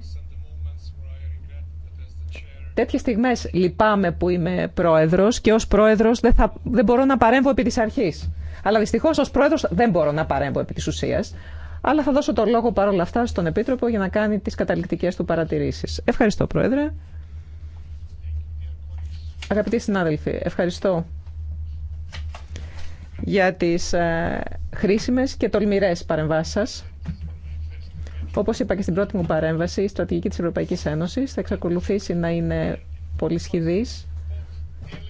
Τέτοιες στιγμές λυπάμαι που είμαι πρόεδρος και ως πρόεδρος δεν, δεν μπορώ να παρέμβω επί της αρχής. Αλλά δυστυχώς ως πρόεδρος δεν μπορώ να παρέμβω επί της ουσίας. Αλλά θα δώσω το λόγο παρόλα αυτά στον Επίτροπο για να κάνει τις καταληκτικές του παρατηρήσεις. Ευχαριστώ, Πρόεδρε. Αγαπητοί συνάδελφοι, ευχαριστώ για τις ε, χρήσιμες και τολμηρές παρεμβάσεις σας. Όπως είπα και στην πρώτη μου παρέμβαση, η στρατηγική της Ευρωπαϊκής Ένωσης θα εξακολουθήσει να είναι πολυσχηδής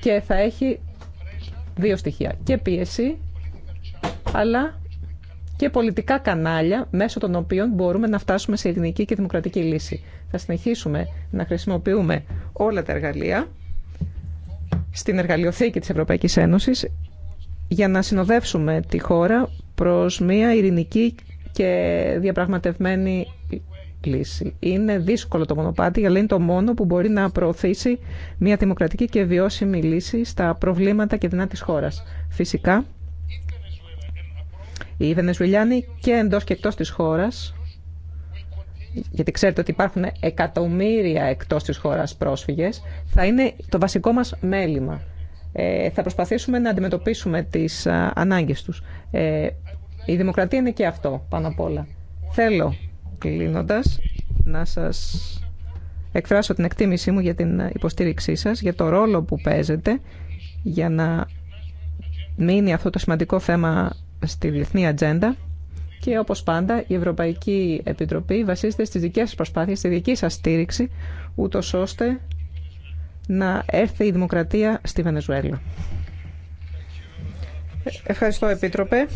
και θα έχει δύο στοιχεία. Και πίεση, αλλά και πολιτικά κανάλια μέσω των οποίων μπορούμε να φτάσουμε σε ειρηνική και δημοκρατική λύση. Θα συνεχίσουμε να χρησιμοποιούμε όλα τα εργαλεία στην εργαλειοθήκη της Ευρωπαϊκής Ένωσης για να συνοδεύσουμε τη χώρα προς μια ειρηνική και διαπραγματευμένη λύση. Είναι δύσκολο το μονοπάτι, αλλά είναι το μόνο που μπορεί να προωθήσει μια δημοκρατική και βιώσιμη λύση στα προβλήματα και δεινά της χώρας. Φυσικά, οι Βενεζουελιάνοι και εντός και εκτός της χώρας, γιατί ξέρετε ότι υπάρχουν εκατομμύρια εκτός της χώρας πρόσφυγες, θα είναι το βασικό μας μέλημα. Ε, θα προσπαθήσουμε να αντιμετωπίσουμε τις α, ανάγκες τους. Ε, η δημοκρατία είναι και αυτό, πάνω απ' όλα. Θέλω, κλείνοντας, να σας εκφράσω την εκτίμησή μου για την υποστήριξή σας, για το ρόλο που παίζετε για να μείνει αυτό το σημαντικό θέμα στη διεθνή ατζέντα και όπως πάντα η Ευρωπαϊκή Επιτροπή βασίζεται στις δικές σας προσπάθειες, στη δική σας στήριξη, ούτω ώστε να έρθει η δημοκρατία στη Βενεζουέλα. Ευχαριστώ Επίτροπε.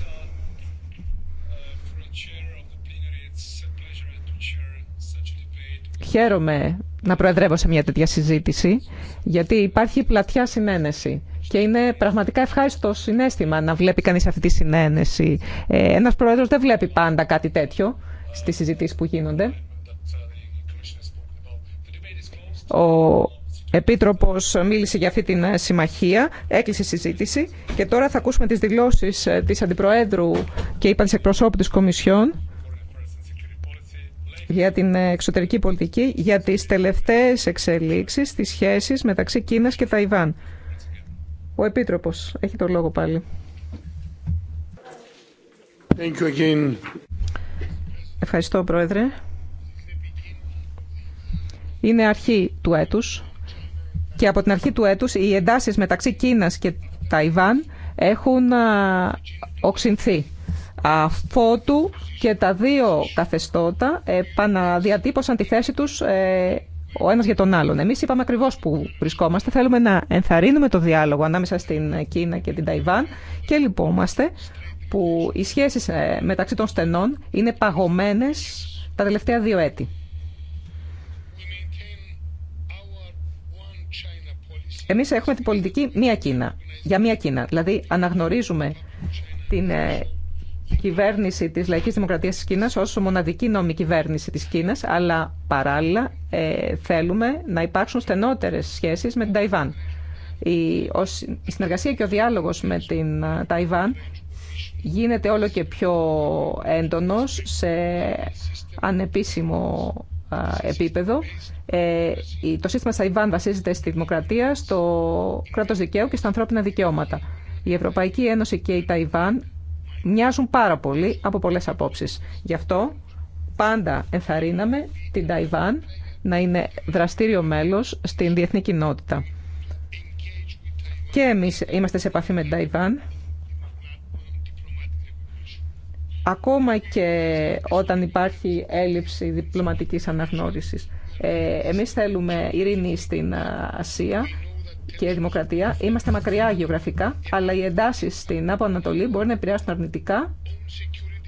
Χαίρομαι να προεδρεύω σε μια τέτοια συζήτηση, γιατί υπάρχει πλατιά συνένεση και είναι πραγματικά ευχάριστο συνέστημα να βλέπει κανείς αυτή τη συνένεση. Ε, ένας πρόεδρος δεν βλέπει πάντα κάτι τέτοιο στις συζητήσεις που γίνονται. Ο Επίτροπος μίλησε για αυτή την ε, συμμαχία, έκλεισε συζήτηση και τώρα θα ακούσουμε τις δηλώσεις ε, της Αντιπροέδρου και είπαν σε εκπροσώπου της Κομισιόν για την εξωτερική πολιτική, για τις τελευταίες εξελίξεις, στις σχέσεις μεταξύ Κίνας και Ταϊβάν. Ο Επίτροπος έχει το λόγο πάλι. Thank you Ευχαριστώ, Πρόεδρε. Είναι αρχή του έτους και από την αρχή του έτους οι εντάσεις μεταξύ Κίνας και Ταϊβάν έχουν οξυνθεί. Αφότου και τα δύο καθεστώτα επαναδιατύπωσαν τη θέση τους ε, ο ένας για τον άλλον. Εμείς είπαμε ακριβώς που βρισκόμαστε. Θέλουμε να ενθαρρύνουμε το διάλογο ανάμεσα στην Κίνα και την Ταϊβάν και λυπόμαστε που οι σχέσεις ε, μεταξύ των στενών είναι παγωμένες τα τελευταία δύο έτη. Εμείς έχουμε την πολιτική μία Κίνα, για μία Κίνα. Δηλαδή αναγνωρίζουμε την ε, κυβέρνηση της Λαϊκής Δημοκρατίας της Κίνας ως μοναδική νόμη κυβέρνηση της Κίνας, αλλά παράλληλα ε, θέλουμε να υπάρξουν στενότερες σχέσεις με την Ταϊβάν. Η, η συνεργασία και ο διάλογος με την ε, Ταϊβάν γίνεται όλο και πιο έντονος σε ανεπίσημο ε, επίπεδο. το σύστημα Ταϊβάν βασίζεται στη δημοκρατία, στο κράτος δικαίου και στα ανθρώπινα δικαιώματα. Η Ευρωπαϊκή Ένωση και η Ταϊβάν μοιάζουν πάρα πολύ από πολλές απόψεις. Γι' αυτό πάντα ενθαρρύναμε την Ταϊβάν να είναι δραστήριο μέλος στην διεθνή κοινότητα. Και εμείς είμαστε σε επαφή με την Ταϊβάν. Ακόμα και όταν υπάρχει έλλειψη διπλωματικής αναγνώρισης. Ε, εμείς θέλουμε ειρήνη στην Ασία και δημοκρατία. Είμαστε μακριά γεωγραφικά, αλλά οι εντάσει στην Άπο Ανατολή μπορεί να επηρεάσουν αρνητικά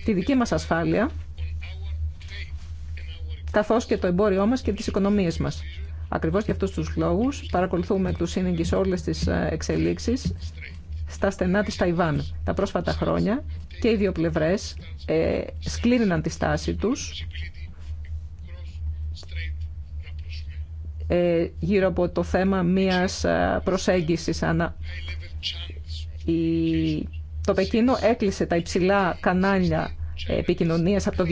τη δική μας ασφάλεια, καθώ και το εμπόριό μας και τις οικονομίες μας. Ακριβώς για αυτού τους λόγους παρακολουθούμε εκ του σύνεγγυ όλες τις ε, εξελίξεις στα στενά της Ταϊβάν τα πρόσφατα χρόνια και οι δύο πλευρέ ε, σκλήριναν τη στάση του. Ε, γύρω από το θέμα μίας ε, προσέγγισης. Το Πεκίνο έκλεισε τα υψηλά κανάλια ε, επικοινωνίας από το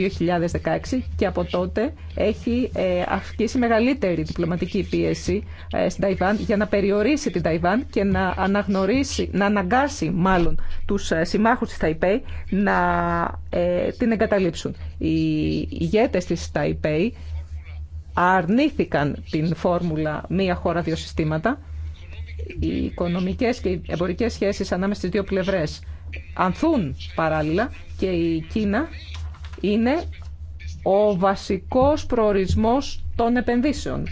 2016 και από τότε έχει αυξήσει μεγαλύτερη διπλωματική πίεση στην Ταϊβάν για να περιορίσει την Ταϊβάν και να αναγνωρίσει, να αναγκάσει μάλλον τους συμμάχους της Ταϊπέη να την εγκαταλείψουν. Οι ηγέτες της Ταϊπέη αρνήθηκαν την φόρμουλα «μία χώρα, δύο συστήματα». Οι οικονομικές και οι εμπορικές σχέσεις ανάμεσα στις δύο πλευρές ανθούν παράλληλα και η Κίνα είναι ο βασικός προορισμός των επενδύσεων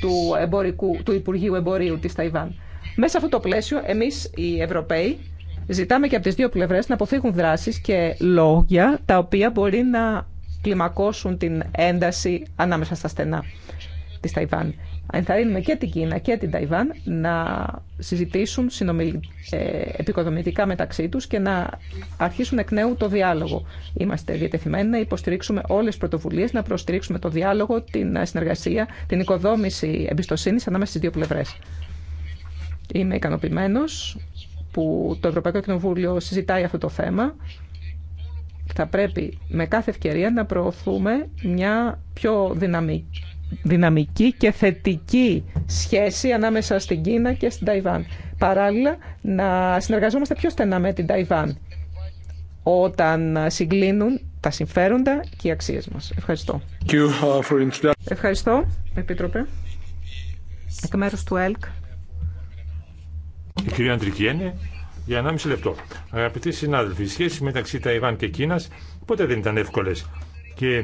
του, εμπορικού, του Υπουργείου Εμπορίου της Ταϊβάν. Μέσα σε αυτό το πλαίσιο, εμείς οι Ευρωπαίοι ζητάμε και από τις δύο πλευρές να αποφύγουν δράσεις και λόγια τα οποία μπορεί να κλιμακώσουν την ένταση ανάμεσα στα στενά της Ταϊβάν. Ενθαρρύνουμε και την Κίνα και την Ταϊβάν να συζητήσουν συνομιλ... Ε, επικοδομητικά μεταξύ τους και να αρχίσουν εκ νέου το διάλογο. Είμαστε διατεθειμένοι να υποστηρίξουμε όλες τις πρωτοβουλίες, να προστηρίξουμε το διάλογο, την συνεργασία, την οικοδόμηση εμπιστοσύνης ανάμεσα στις δύο πλευρές. Είμαι ικανοποιημένος που το Ευρωπαϊκό Κοινοβούλιο συζητάει αυτό το θέμα θα πρέπει με κάθε ευκαιρία να προωθούμε μια πιο δυναμική και θετική σχέση ανάμεσα στην Κίνα και στην Ταϊβάν. Παράλληλα, να συνεργαζόμαστε πιο στενά με την Ταϊβάν όταν συγκλίνουν τα συμφέροντα και οι αξίες μας. Ευχαριστώ. Uh, Ευχαριστώ, Επίτροπε. Εκ μέρους του ΕΛΚ. Η κυρία για 1,5 λεπτό. Αγαπητοί συνάδελφοι, οι σχέσει μεταξύ Ταϊβάν και Κίνα ποτέ δεν ήταν εύκολε. Και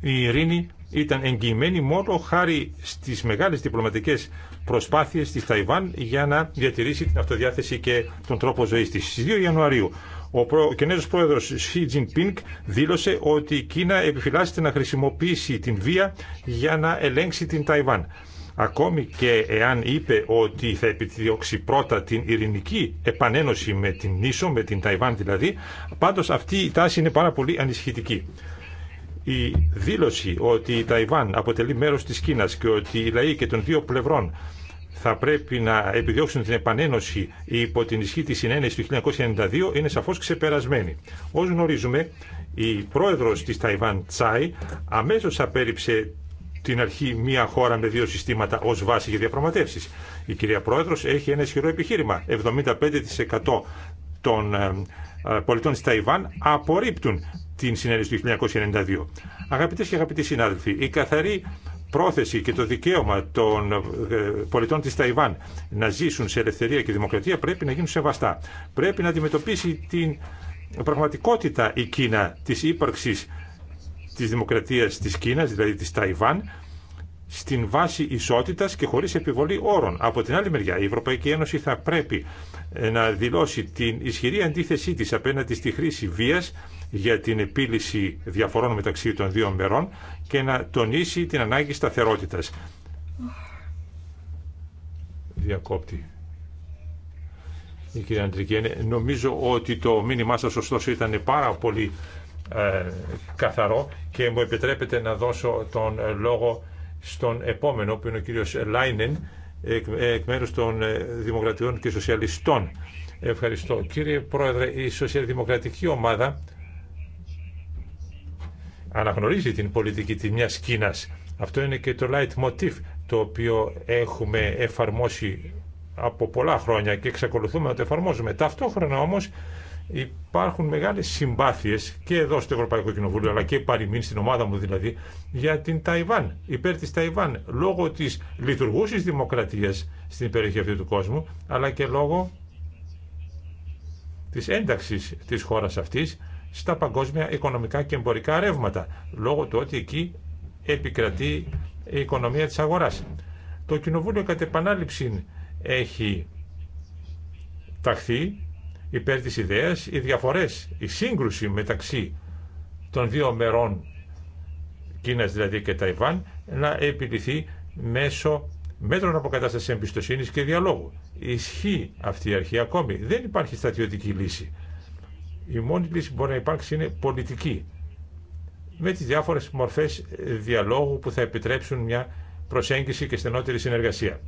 η ειρήνη ήταν εγγυημένη μόνο χάρη στις μεγάλες διπλωματικέ προσπάθειες τη Ταϊβάν για να διατηρήσει την αυτοδιάθεση και τον τρόπο ζωής της. Στι 2 Ιανουαρίου ο, πρόεδρο Κινέζος πρόεδρος Xi δήλωσε ότι η Κίνα επιφυλάσσεται να χρησιμοποιήσει την βία για να ελέγξει την Ταϊβάν ακόμη και εάν είπε ότι θα επιδιώξει πρώτα την ειρηνική επανένωση με την Νήσο, με την Ταϊβάν δηλαδή, πάντως αυτή η τάση είναι πάρα πολύ ανησυχητική. Η δήλωση ότι η Ταϊβάν αποτελεί μέρος της Κίνας και ότι οι λαοί και των δύο πλευρών θα πρέπει να επιδιώξουν την επανένωση υπό την ισχύ της συνένεσης του 1992 είναι σαφώς ξεπερασμένη. Όσο γνωρίζουμε, η πρόεδρος της Ταϊβάν Τσάι αμέσως απέριψε την αρχή μία χώρα με δύο συστήματα ως βάση για διαπραγματεύσεις. Η κυρία Πρόεδρος έχει ένα ισχυρό επιχείρημα. 75% των ε, ε, πολιτών της Ταϊβάν απορρίπτουν την συνέλευση του 1992. Αγαπητές και αγαπητοί συνάδελφοι, η καθαρή πρόθεση και το δικαίωμα των ε, πολιτών της Ταϊβάν να ζήσουν σε ελευθερία και δημοκρατία πρέπει να γίνουν σεβαστά. Πρέπει να αντιμετωπίσει την πραγματικότητα η Κίνα της ύπαρξης της Δημοκρατίας της Κίνας, δηλαδή της Ταϊβάν, στην βάση ισότητας και χωρίς επιβολή όρων. Από την άλλη μεριά, η Ευρωπαϊκή Ένωση θα πρέπει ε, να δηλώσει την ισχυρή αντίθεσή της απέναντι στη χρήση βίας για την επίλυση διαφορών μεταξύ των δύο μερών και να τονίσει την ανάγκη σταθερότητας. Διακόπτη. Η κυρία νομίζω ότι το μήνυμά σας ωστόσο ήταν πάρα πολύ ε, καθαρό και μου επιτρέπετε να δώσω τον λόγο στον επόμενο που είναι ο κύριος Λάινεν εκ, εκ μέρους των ε, Δημοκρατιών και Σοσιαλιστών. Ευχαριστώ. Κύριε Πρόεδρε, η Σοσιαλδημοκρατική Ομάδα αναγνωρίζει την πολιτική τη μιας Κίνας. Αυτό είναι και το light motif το οποίο έχουμε εφαρμόσει από πολλά χρόνια και εξακολουθούμε να το εφαρμόζουμε. Ταυτόχρονα όμως υπάρχουν μεγάλες συμπάθειε και εδώ στο Ευρωπαϊκό Κοινοβούλιο αλλά και παροιμήν στην ομάδα μου δηλαδή για την Ταϊβάν, υπέρ της Ταϊβάν λόγω της λειτουργούση δημοκρατία στην περιοχή αυτή του κόσμου αλλά και λόγω της ένταξης της χώρας αυτής στα παγκόσμια οικονομικά και εμπορικά ρεύματα λόγω του ότι εκεί επικρατεί η οικονομία της αγοράς. Το Κοινοβούλιο κατ' επανάληψη έχει ταχθεί υπέρ της ιδέας οι διαφορές, η σύγκρουση μεταξύ των δύο μερών Κίνας δηλαδή και Ταϊβάν να επιληθεί μέσω μέτρων αποκατάστασης εμπιστοσύνης και διαλόγου. Ισχύει αυτή η αρχή ακόμη. Δεν υπάρχει στρατιωτική λύση. Η μόνη λύση που μπορεί να υπάρξει είναι πολιτική με τις διάφορες μορφές διαλόγου που θα επιτρέψουν μια προσέγγιση και στενότερη συνεργασία.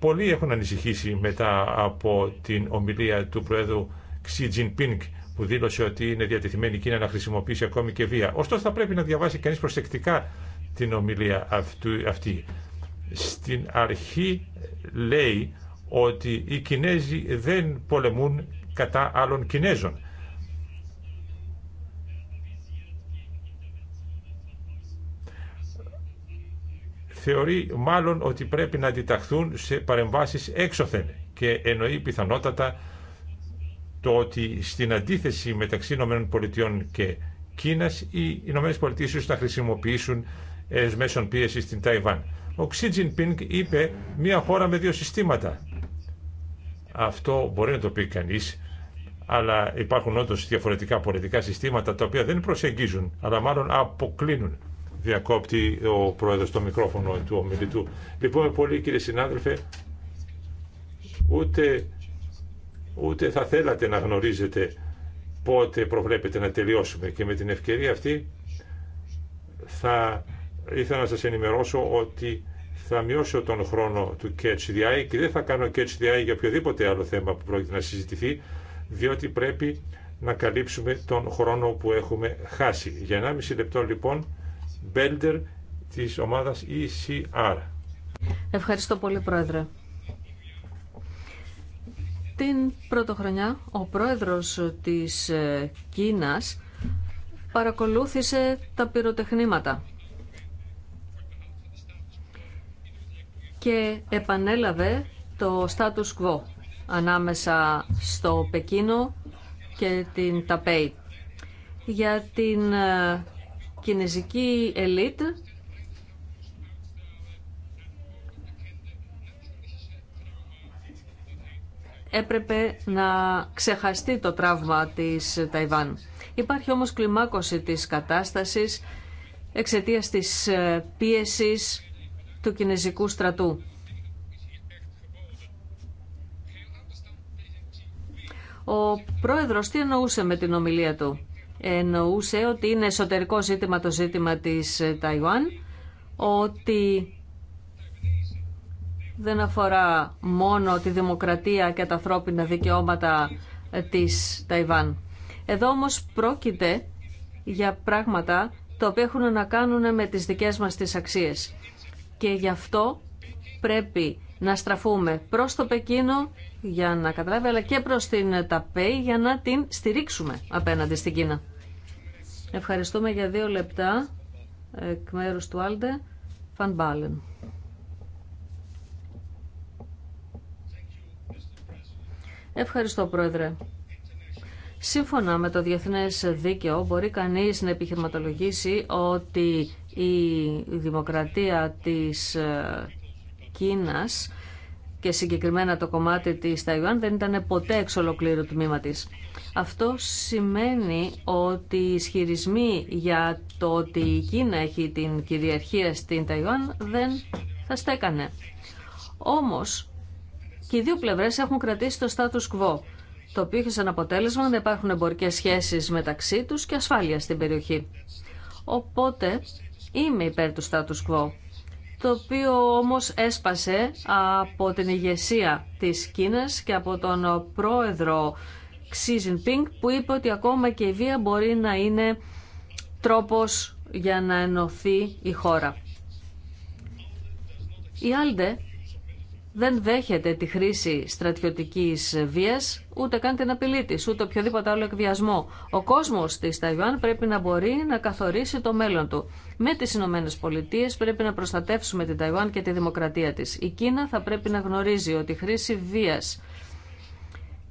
Πολλοί έχουν ανησυχήσει μετά από την ομιλία του Προέδρου Xi Jinping που δήλωσε ότι είναι διατεθειμένη η Κίνα να χρησιμοποιήσει ακόμη και βία. Ωστόσο θα πρέπει να διαβάσει κανείς προσεκτικά την ομιλία αυτή. Στην αρχή λέει ότι οι Κινέζοι δεν πολεμούν κατά άλλων Κινέζων. θεωρεί μάλλον ότι πρέπει να αντιταχθούν σε παρεμβάσεις έξωθεν και εννοεί πιθανότατα το ότι στην αντίθεση μεταξύ ΗΠΑ και Κίνας οι ΗΠΑ ίσως να χρησιμοποιήσουν μέσον πίεση στην Ταϊβάν. Ο Ξι Τζινπίνγκ είπε μια χώρα με δύο συστήματα. Αυτό μπορεί να το πει κανείς, αλλά υπάρχουν όντω διαφορετικά πολιτικά συστήματα τα οποία δεν προσεγγίζουν, αλλά μάλλον αποκλίνουν διακόπτει ο πρόεδρος το μικρόφωνο του ομιλητού. Λοιπόν, πολύ κύριε συνάδελφε, ούτε, ούτε θα θέλατε να γνωρίζετε πότε προβλέπετε να τελειώσουμε και με την ευκαιρία αυτή θα ήθελα να σας ενημερώσω ότι θα μειώσω τον χρόνο του Catch the Eye και δεν θα κάνω Catch the Eye για οποιοδήποτε άλλο θέμα που πρόκειται να συζητηθεί διότι πρέπει να καλύψουμε τον χρόνο που έχουμε χάσει. Για 1,5 λεπτό λοιπόν Μπέντερ της ομάδας ECR. Ευχαριστώ πολύ Πρόεδρε. Την χρονιά ο πρόεδρος της ε, Κίνας παρακολούθησε τα πυροτεχνήματα και επανέλαβε το status quo ανάμεσα στο Πεκίνο και την Ταπέι. Για την ε, κινέζικη ελίτ έπρεπε να ξεχαστεί το τραύμα της Ταϊβάν. Υπάρχει όμως κλιμάκωση της κατάστασης εξαιτίας της ε, πίεσης του κινέζικου στρατού. Ο πρόεδρος τι εννοούσε με την ομιλία του εννοούσε ότι είναι εσωτερικό ζήτημα το ζήτημα της Ταϊουάν, ότι δεν αφορά μόνο τη δημοκρατία και τα ανθρώπινα δικαιώματα της Ταϊβάν. Εδώ όμως πρόκειται για πράγματα τα οποία έχουν να κάνουν με τις δικές μας τις αξίες. Και γι' αυτό πρέπει να στραφούμε προς το Πεκίνο για να καταλάβει, αλλά και προς την ΤΑΠΕΙ για να την στηρίξουμε απέναντι στην Κίνα. Ευχαριστούμε για δύο λεπτά εκ μέρους του Άλντε, Φαν Ευχαριστώ, Πρόεδρε. Σύμφωνα με το Διεθνές Δίκαιο μπορεί κανείς να επιχειρηματολογήσει ότι η δημοκρατία της ε, Κίνας και συγκεκριμένα το κομμάτι της Ταϊουάν δεν ήταν ποτέ εξ ολοκλήρου τμήμα της. Αυτό σημαίνει ότι οι ισχυρισμοί για το ότι η Κίνα έχει την κυριαρχία στην Ταϊβάν δεν θα στέκανε. Όμως και οι δύο πλευρές έχουν κρατήσει το status quo, το οποίο είχε σαν αποτέλεσμα να υπάρχουν εμπορικές σχέσεις μεταξύ τους και ασφάλεια στην περιοχή. Οπότε είμαι υπέρ του status quo, το οποίο όμως έσπασε από την ηγεσία της Κίνας και από τον πρόεδρο Xi Jinping που είπε ότι ακόμα και η βία μπορεί να είναι τρόπος για να ενωθεί η χώρα. Η Άλντε δεν δέχεται τη χρήση στρατιωτικής βίας, ούτε καν την απειλή της, ούτε οποιοδήποτε άλλο εκβιασμό. Ο κόσμος της Ταϊβάν πρέπει να μπορεί να καθορίσει το μέλλον του. Με τις Ηνωμένε Πολιτείε πρέπει να προστατεύσουμε την Ταϊβάν και τη δημοκρατία της. Η Κίνα θα πρέπει να γνωρίζει ότι η χρήση βίας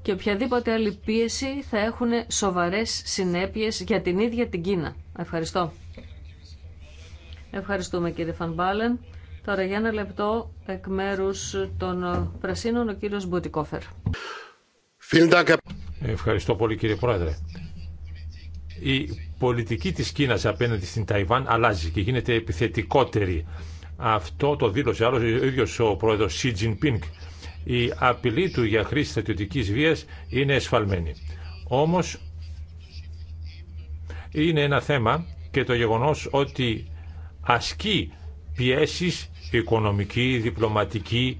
και οποιαδήποτε άλλη πίεση θα έχουν σοβαρές συνέπειες για την ίδια την Κίνα. Ευχαριστώ. Ευχαριστούμε κύριε Φανμπάλεν. Τώρα για ένα λεπτό εκ μέρου των Πρασίνων ο κύριος Μπουτικόφερ. Ευχαριστώ πολύ κύριε Πρόεδρε. Η πολιτική της Κίνας απέναντι στην Ταϊβάν αλλάζει και γίνεται επιθετικότερη. Αυτό το δήλωσε άλλος ο ίδιος ο πρόεδρος Σι Πίνκ η απειλή του για χρήση στρατιωτικής βίας είναι εσφαλμένη. Όμως είναι ένα θέμα και το γεγονός ότι ασκεί πιέσεις οικονομική, διπλωματική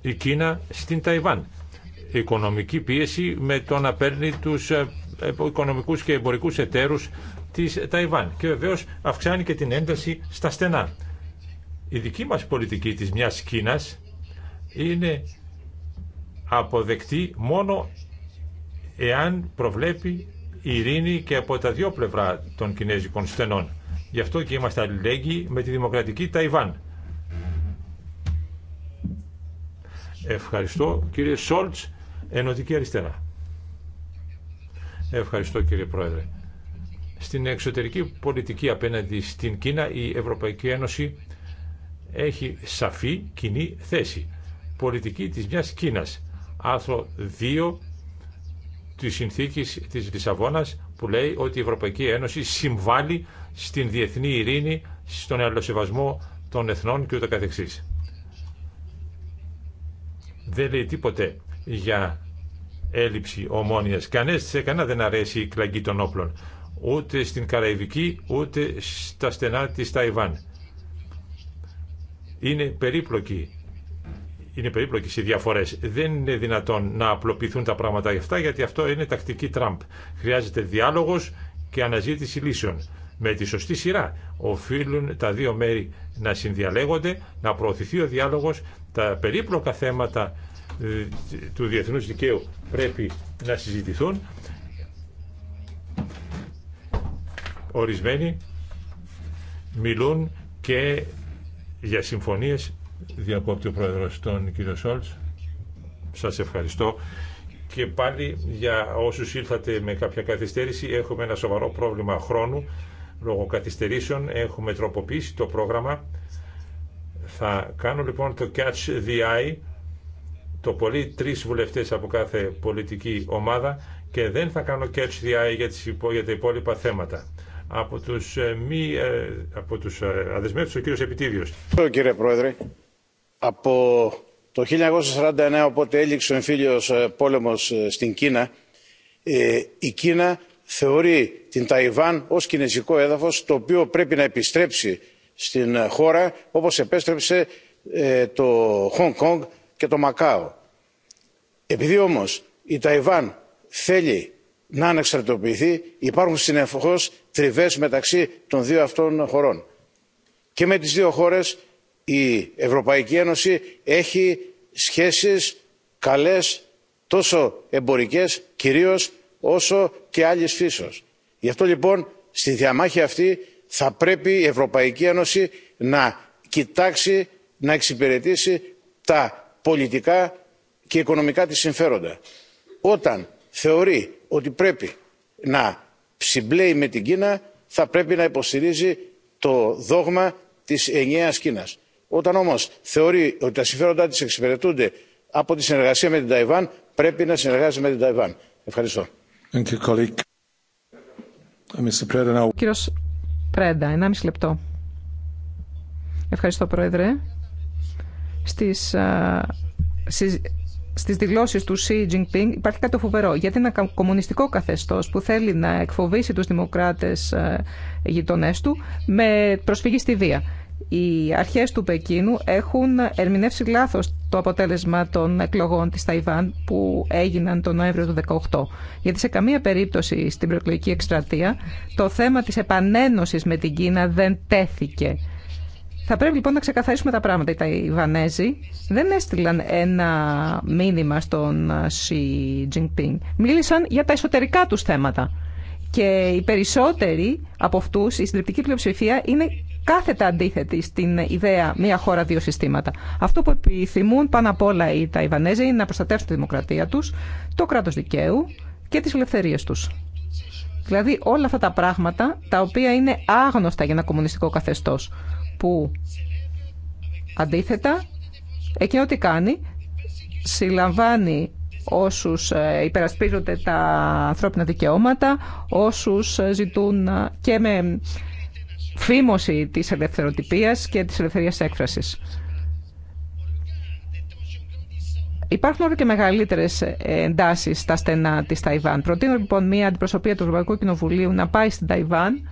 η Κίνα στην Ταϊβάν. Οικονομική πίεση με το να παίρνει τους ε, οικονομικούς και εμπορικούς εταίρους της Ταϊβάν. Και βεβαίως αυξάνει και την ένταση στα στενά. Η δική μας πολιτική της μιας Κίνας είναι αποδεκτή μόνο εάν προβλέπει ειρήνη και από τα δύο πλευρά των κινέζικων στενών. Γι' αυτό και είμαστε αλληλέγγυοι με τη δημοκρατική Ταϊβάν. Ευχαριστώ κύριε Σόλτς, Ενωτική Αριστερά. Ευχαριστώ κύριε Πρόεδρε. Στην εξωτερική πολιτική απέναντι στην Κίνα η Ευρωπαϊκή Ένωση έχει σαφή κοινή θέση πολιτική της μιας Κίνας. Άρθρο 2 της συνθήκης της Λισαβόνας που λέει ότι η Ευρωπαϊκή Ένωση συμβάλλει στην διεθνή ειρήνη, στον αλληλοσεβασμό των εθνών και ούτω καθεξής. Δεν λέει τίποτε για έλλειψη ομόνιας. Κανές, σε κανένα δεν αρέσει η κλαγή των όπλων. Ούτε στην Καραϊβική, ούτε στα στενά της Ταϊβάν. Είναι περίπλοκη είναι περίπλοκε οι διαφορές. Δεν είναι δυνατόν να απλοποιηθούν τα πράγματα για αυτά γιατί αυτό είναι τακτική Τραμπ. Χρειάζεται διάλογος και αναζήτηση λύσεων. Με τη σωστή σειρά οφείλουν τα δύο μέρη να συνδιαλέγονται, να προωθηθεί ο διάλογος, τα περίπλοκα θέματα ε, του διεθνούς δικαίου πρέπει να συζητηθούν. Ορισμένοι μιλούν και για συμφωνίες Διακόπτει ο Πρόεδρος τον κύριο Σόλτς. Σας ευχαριστώ. Και πάλι για όσους ήλθατε με κάποια καθυστέρηση έχουμε ένα σοβαρό πρόβλημα χρόνου. Λόγω καθυστερήσεων έχουμε τροποποιήσει το πρόγραμμα. Θα κάνω λοιπόν το Catch the Eye το πολύ τρεις βουλευτές από κάθε πολιτική ομάδα και δεν θα κάνω catch the eye για, τις τα υπόλοιπα θέματα. Από τους, ε, μη, ε, ε, ο κύριος Επιτίδιος. Κύριε Πρόεδρε, από το 1949 όποτε έληξε ο εμφύλιος ε, πόλεμος ε, στην Κίνα ε, η Κίνα θεωρεί την Ταϊβάν ως κινέζικο έδαφος το οποίο πρέπει να επιστρέψει στην χώρα όπως επέστρεψε το Χονγκ Κονγκ και το Μακάο. Επειδή όμως η Ταϊβάν θέλει να ανεξαρτητοποιηθεί υπάρχουν συνεχώς τριβές μεταξύ των δύο αυτών χωρών. Και με τις δύο χώρες η Ευρωπαϊκή Ένωση έχει σχέσεις καλές τόσο εμπορικές κυρίως όσο και άλλης φύσεως. Γι' αυτό λοιπόν στη διαμάχη αυτή θα πρέπει η Ευρωπαϊκή Ένωση να κοιτάξει να εξυπηρετήσει τα πολιτικά και οικονομικά της συμφέροντα. Όταν θεωρεί ότι πρέπει να συμπλέει με την Κίνα θα πρέπει να υποστηρίζει το δόγμα της ενιαίας Κίνας όταν όμω θεωρεί ότι τα συμφέροντά τη εξυπηρετούνται από τη συνεργασία με την Ταϊβάν, πρέπει να συνεργάζεται με την Ταϊβάν. Ευχαριστώ. Κύριο Πρέντα, 1,5 λεπτό. Ευχαριστώ, Πρόεδρε. Στις, στις, δηλώσεις του Xi Jinping υπάρχει κάτι φοβερό. Γιατί ένα κομμουνιστικό καθεστώς που θέλει να εκφοβήσει τους δημοκράτες γειτονέ του με προσφυγή στη βία οι αρχές του Πεκίνου έχουν ερμηνεύσει λάθος το αποτέλεσμα των εκλογών της Ταϊβάν που έγιναν τον Νοέμβριο του 2018. Γιατί σε καμία περίπτωση στην προεκλογική εκστρατεία το θέμα της επανένωσης με την Κίνα δεν τέθηκε. Θα πρέπει λοιπόν να ξεκαθαρίσουμε τα πράγματα. Οι Ταϊβανέζοι δεν έστειλαν ένα μήνυμα στον Xi Jinping. Μίλησαν για τα εσωτερικά τους θέματα. Και οι περισσότεροι από αυτούς, η συντριπτική πλειοψηφία, είναι κάθετα αντίθετη στην ιδέα μία χώρα, δύο συστήματα. Αυτό που επιθυμούν πάνω απ' όλα οι Ταϊβανέζοι είναι να προστατεύσουν τη δημοκρατία τους, το κράτος δικαίου και τις ελευθερίες τους. Δηλαδή όλα αυτά τα πράγματα τα οποία είναι άγνωστα για ένα κομμουνιστικό καθεστώς που αντίθετα εκείνο τι κάνει συλλαμβάνει όσους ε, υπερασπίζονται τα ανθρώπινα δικαιώματα, όσους ε, ζητούν ε, και με φήμωση της ελευθεροτυπίας και της ελευθερίας έκφρασης. Υπάρχουν όλο και μεγαλύτερε εντάσει στα στενά τη Ταϊβάν. Προτείνω λοιπόν μια αντιπροσωπεία του Ευρωπαϊκού Κοινοβουλίου να πάει στην Ταϊβάν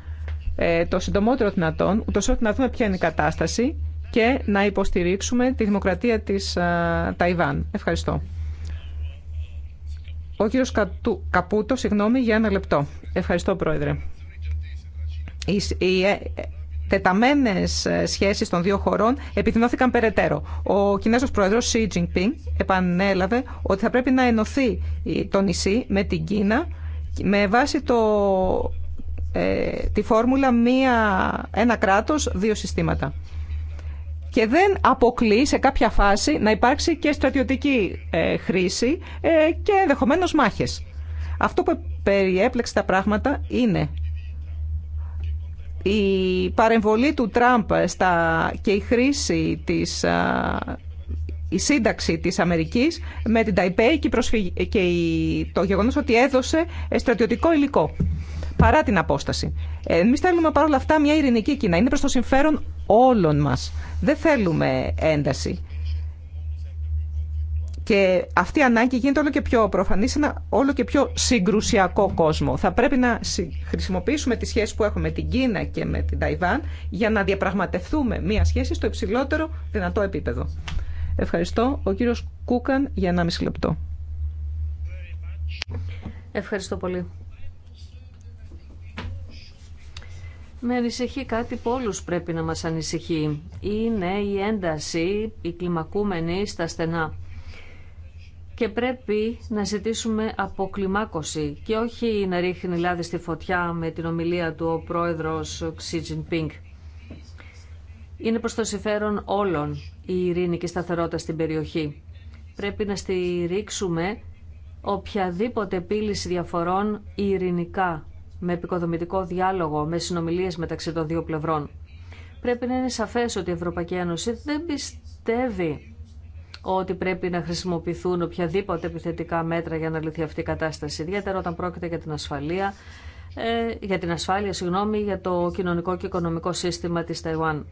ε, το συντομότερο δυνατόν, ούτω ώστε να δούμε ποια είναι η κατάσταση και να υποστηρίξουμε τη δημοκρατία τη ε, Ταϊβάν. Ευχαριστώ. Ο κύριο Καπούτο, συγγνώμη, για ένα λεπτό. Ευχαριστώ, Πρόεδρε οι ε, τεταμένες ε, σχέσεις των δύο χωρών επιδεινώθηκαν περαιτέρω. Ο Κινέζος Πρόεδρος Σι Jinping επανέλαβε ότι θα πρέπει να ενωθεί το νησί με την Κίνα με βάση το, ε, τη φόρμουλα μία, ένα κράτος, δύο συστήματα. Και δεν αποκλεί σε κάποια φάση να υπάρξει και στρατιωτική χρήση και ενδεχομένω μάχες. Αυτό που περιέπλεξε τα πράγματα είναι η παρεμβολή του Τραμπ στα, και η χρήση της, η σύνταξη της Αμερικής με την Ταϊπέη και, και το γεγονός ότι έδωσε στρατιωτικό υλικό παρά την απόσταση. Εμεί θέλουμε παρόλα αυτά μια ειρηνική Κίνα. Είναι προς το συμφέρον όλων μας. Δεν θέλουμε ένταση. Και αυτή η ανάγκη γίνεται όλο και πιο προφανή σε ένα όλο και πιο συγκρουσιακό κόσμο. Θα πρέπει να χρησιμοποιήσουμε τις σχέσεις που έχουμε με την Κίνα και με την Ταϊβάν για να διαπραγματευτούμε μία σχέση στο υψηλότερο δυνατό επίπεδο. Ευχαριστώ. Ο κύριος Κούκαν για ένα μισή λεπτό. Ευχαριστώ πολύ. Με ανησυχεί κάτι που όλους πρέπει να μας ανησυχεί. Είναι η ένταση, η κλιμακούμενη στα στενά και πρέπει να ζητήσουμε αποκλιμάκωση και όχι να ρίχνει λάδι στη φωτιά με την ομιλία του ο πρόεδρος Xi Jinping. Είναι προς το συμφέρον όλων η ειρήνη και η σταθερότητα στην περιοχή. Πρέπει να στηρίξουμε οποιαδήποτε επίλυση διαφορών ειρηνικά, με επικοδομητικό διάλογο, με συνομιλίες μεταξύ των δύο πλευρών. Πρέπει να είναι σαφές ότι η Ευρωπαϊκή Ένωση δεν πιστεύει ότι πρέπει να χρησιμοποιηθούν οποιαδήποτε επιθετικά μέτρα για να λυθεί αυτή η κατάσταση, ιδιαίτερα όταν πρόκειται για την ασφαλεία, ε, για την ασφάλεια, συγγνώμη, για το κοινωνικό και οικονομικό σύστημα της Ταϊουάν.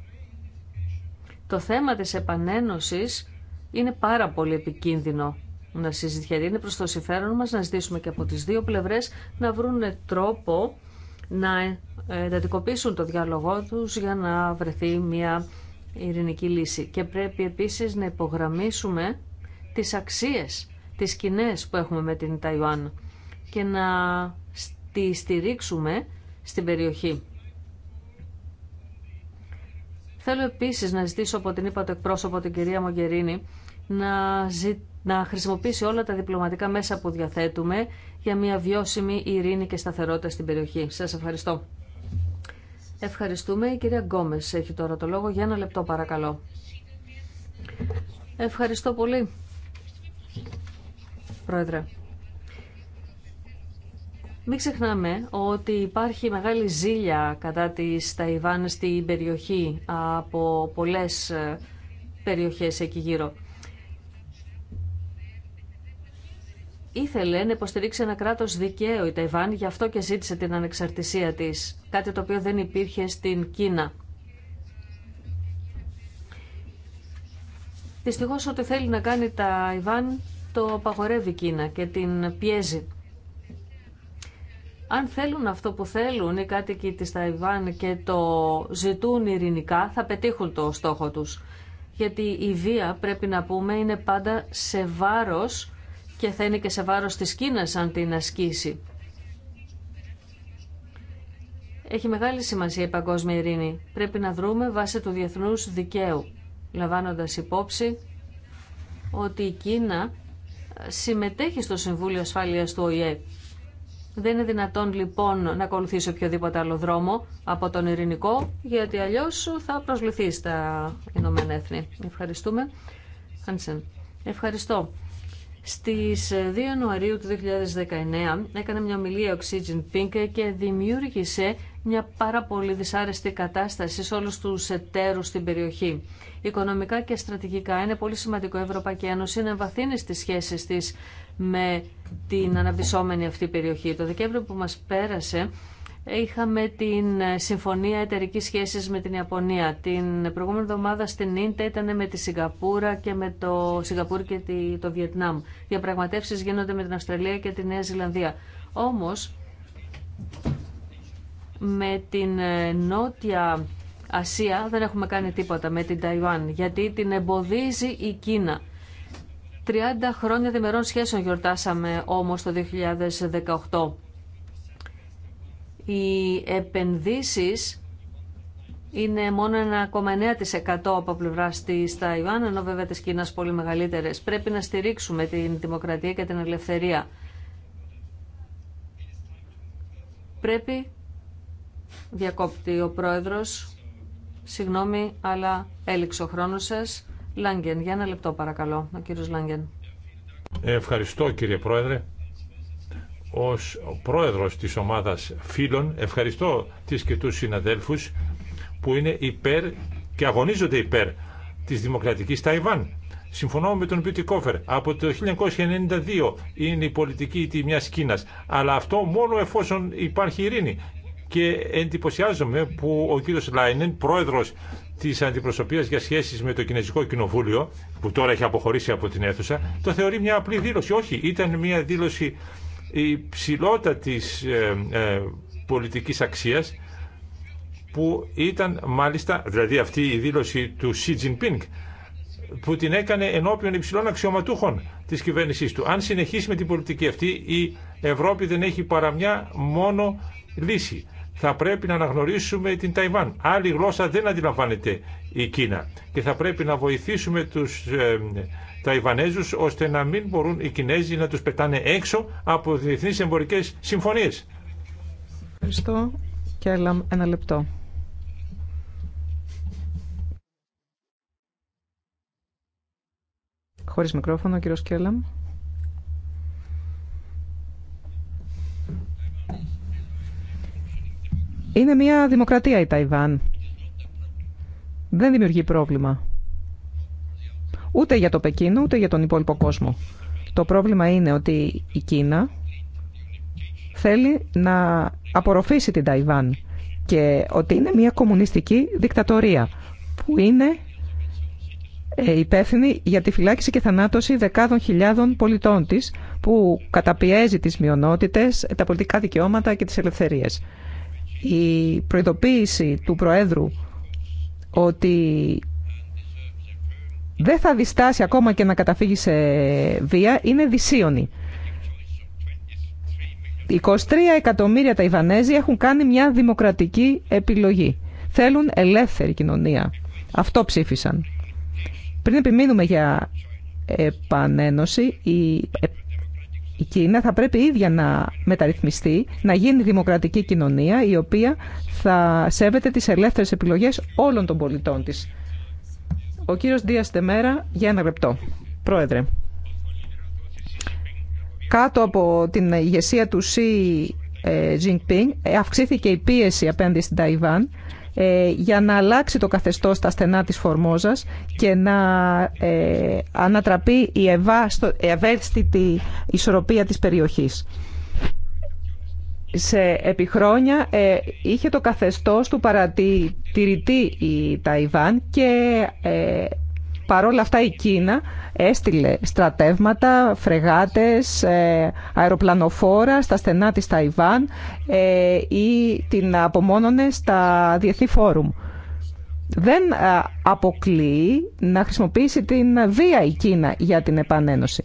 Το θέμα της επανένωσης είναι πάρα πολύ επικίνδυνο να συζητιέται. Είναι προς το συμφέρον μας να ζητήσουμε και από τις δύο πλευρές να βρουν τρόπο να ε, εντατικοποιήσουν το διάλογό τους για να βρεθεί μια ειρηνική λύση. Και πρέπει επίσης να υπογραμμίσουμε τις αξίες, τις κοινέ που έχουμε με την Ταϊουάν και να τη στηρίξουμε στην περιοχή. Θέλω επίσης να ζητήσω από την είπα το εκπρόσωπο την κυρία Μογκερίνη να, να χρησιμοποιήσει όλα τα διπλωματικά μέσα που διαθέτουμε για μια βιώσιμη ειρήνη και σταθερότητα στην περιοχή. Σας ευχαριστώ. Ευχαριστούμε. Η κυρία Γκόμες έχει τώρα το λόγο. Για ένα λεπτό παρακαλώ. Ευχαριστώ πολύ. Πρόεδρε. Μην ξεχνάμε ότι υπάρχει μεγάλη ζήλια κατά της Ταϊβάν στην περιοχή από πολλές περιοχές εκεί γύρω. ήθελε να υποστηρίξει ένα κράτος δικαίου η Ταϊβάν, γι' αυτό και ζήτησε την ανεξαρτησία της, κάτι το οποίο δεν υπήρχε στην Κίνα. Δυστυχώ ό,τι θέλει να κάνει τα Ιβάν το απαγορεύει η Κίνα και την πιέζει. Αν θέλουν αυτό που θέλουν οι κάτοικοι της Ταϊβάν και το ζητούν ειρηνικά, θα πετύχουν το στόχο τους. Γιατί η βία, πρέπει να πούμε, είναι πάντα σε βάρος και θα είναι και σε βάρος της Κίνας αν την ασκήσει. Έχει μεγάλη σημασία η παγκόσμια ειρήνη. Πρέπει να δρούμε βάσει του διεθνούς δικαίου, λαμβάνοντας υπόψη ότι η Κίνα συμμετέχει στο Συμβούλιο Ασφάλειας του ΟΗΕ. Δεν είναι δυνατόν λοιπόν να ακολουθήσει οποιοδήποτε άλλο δρόμο από τον ειρηνικό, γιατί αλλιώς θα προσβληθεί στα Ηνωμένα Έθνη. Ευχαριστούμε. Ευχαριστώ. Στις 2 ε, Ιανουαρίου του 2019 έκανε μια ομιλία ο Xi Jinping και δημιούργησε μια πάρα πολύ δυσάρεστη κατάσταση σε όλους τους εταίρους στην περιοχή. Οικονομικά και στρατηγικά είναι πολύ σημαντικό η Ευρωπαϊκή Ένωση να εμβαθύνει στις σχέσεις της με την αναπτυσσόμενη αυτή περιοχή. Το Δεκέμβριο που μας πέρασε είχαμε την συμφωνία εταιρικής σχέσης με την Ιαπωνία. Την προηγούμενη εβδομάδα στην Ίντα ήταν με τη Σιγκαπούρα και με το Σιγκαπούρ και το Βιετνάμ. Διαπραγματεύσεις γίνονται με την Αυστραλία και τη Νέα Ζηλανδία. Όμως, με την ε, Νότια Ασία δεν έχουμε κάνει τίποτα με την Ταϊβάν, γιατί την εμποδίζει η Κίνα. 30 χρόνια διμερών σχέσεων γιορτάσαμε όμως το 2018 οι επενδύσεις είναι μόνο 1,9% από πλευρά τη Ταϊβάν, ενώ βέβαια τη Κίνα πολύ μεγαλύτερε. Πρέπει να στηρίξουμε την δημοκρατία και την ελευθερία. Πρέπει, διακόπτει ο πρόεδρο, συγγνώμη, αλλά έληξε ο χρόνο σα. Λάγκεν, για ένα λεπτό παρακαλώ, ο κύριος Λάγκεν. Ευχαριστώ κύριε πρόεδρε ως πρόεδρος της ομάδας φίλων ευχαριστώ τις και τους συναδέλφους που είναι υπέρ και αγωνίζονται υπέρ της δημοκρατικής Ταϊβάν. Συμφωνώ με τον Πιούτι Κόφερ. Από το 1992 είναι η πολιτική τη μιας Κίνας. Αλλά αυτό μόνο εφόσον υπάρχει ειρήνη. Και εντυπωσιάζομαι που ο κύριος Λάινεν, πρόεδρος της αντιπροσωπείας για σχέσει με το Κινέζικο Κοινοβούλιο, που τώρα έχει αποχωρήσει από την αίθουσα, το θεωρεί μια απλή δήλωση. Όχι, ήταν μια δήλωση η ε, ε, πολιτικής αξίας που ήταν μάλιστα, δηλαδή αυτή η δήλωση του Xi Jinping που την έκανε ενώπιον υψηλών αξιωματούχων της κυβέρνησής του. Αν συνεχίσει με την πολιτική αυτή η Ευρώπη δεν έχει παρά μια μόνο λύση. Θα πρέπει να αναγνωρίσουμε την Ταϊβάν. Άλλη γλώσσα δεν αντιλαμβάνεται η Κίνα. Και θα πρέπει να βοηθήσουμε τους ε, Ταϊβανέζους ώστε να μην μπορούν οι Κινέζοι να τους πετάνε έξω από διεθνείς εμπορικές συμφωνίες. Ευχαριστώ. Και έλα ένα λεπτό. Χωρίς μικρόφωνο, κύριος Είναι μια δημοκρατία η Ταϊβάν δεν δημιουργεί πρόβλημα. Ούτε για το Πεκίνο, ούτε για τον υπόλοιπο κόσμο. Το πρόβλημα είναι ότι η Κίνα θέλει να απορροφήσει την Ταϊβάν και ότι είναι μια κομμουνιστική δικτατορία που είναι ε, υπεύθυνη για τη φυλάκιση και θανάτωση δεκάδων χιλιάδων πολιτών της που καταπιέζει τις μειονότητες, τα πολιτικά δικαιώματα και τις ελευθερίες. Η προειδοποίηση του Προέδρου ότι δεν θα διστάσει ακόμα και να καταφύγει σε βία είναι δυσίωνη. 23 εκατομμύρια τα Ιβανέζοι έχουν κάνει μια δημοκρατική επιλογή. Θέλουν ελεύθερη κοινωνία. Αυτό ψήφισαν. Πριν επιμείνουμε για επανένωση, η Κίνα θα πρέπει ίδια να μεταρρυθμιστεί, να γίνει δημοκρατική κοινωνία η οποία θα σέβεται τις ελεύθερες επιλογές όλων των πολιτών της. Ο κύριος Δίας Τεμέρα για ένα λεπτό. Πρόεδρε, κάτω από την ηγεσία του Xi ε, Jinping ε, αυξήθηκε η πίεση απέναντι στην Ταϊβάν ε, για να αλλάξει το καθεστώς στα στενά της Φορμόζας και να ε, ανατραπεί η ευαίσθητη ισορροπία της περιοχής σε επιχρόνια ε, είχε το καθεστώς του παρατηρητή η Ταϊβάν και Παρόλα αυτά η Κίνα έστειλε στρατεύματα, φρεγάτες, ε, αεροπλανοφόρα στα στενά της Ταϊβάν ε, ή την απομόνωνε στα διεθνή φόρουμ. Δεν ε, αποκλείει να χρησιμοποιήσει την βία η Κίνα για την επανένωση.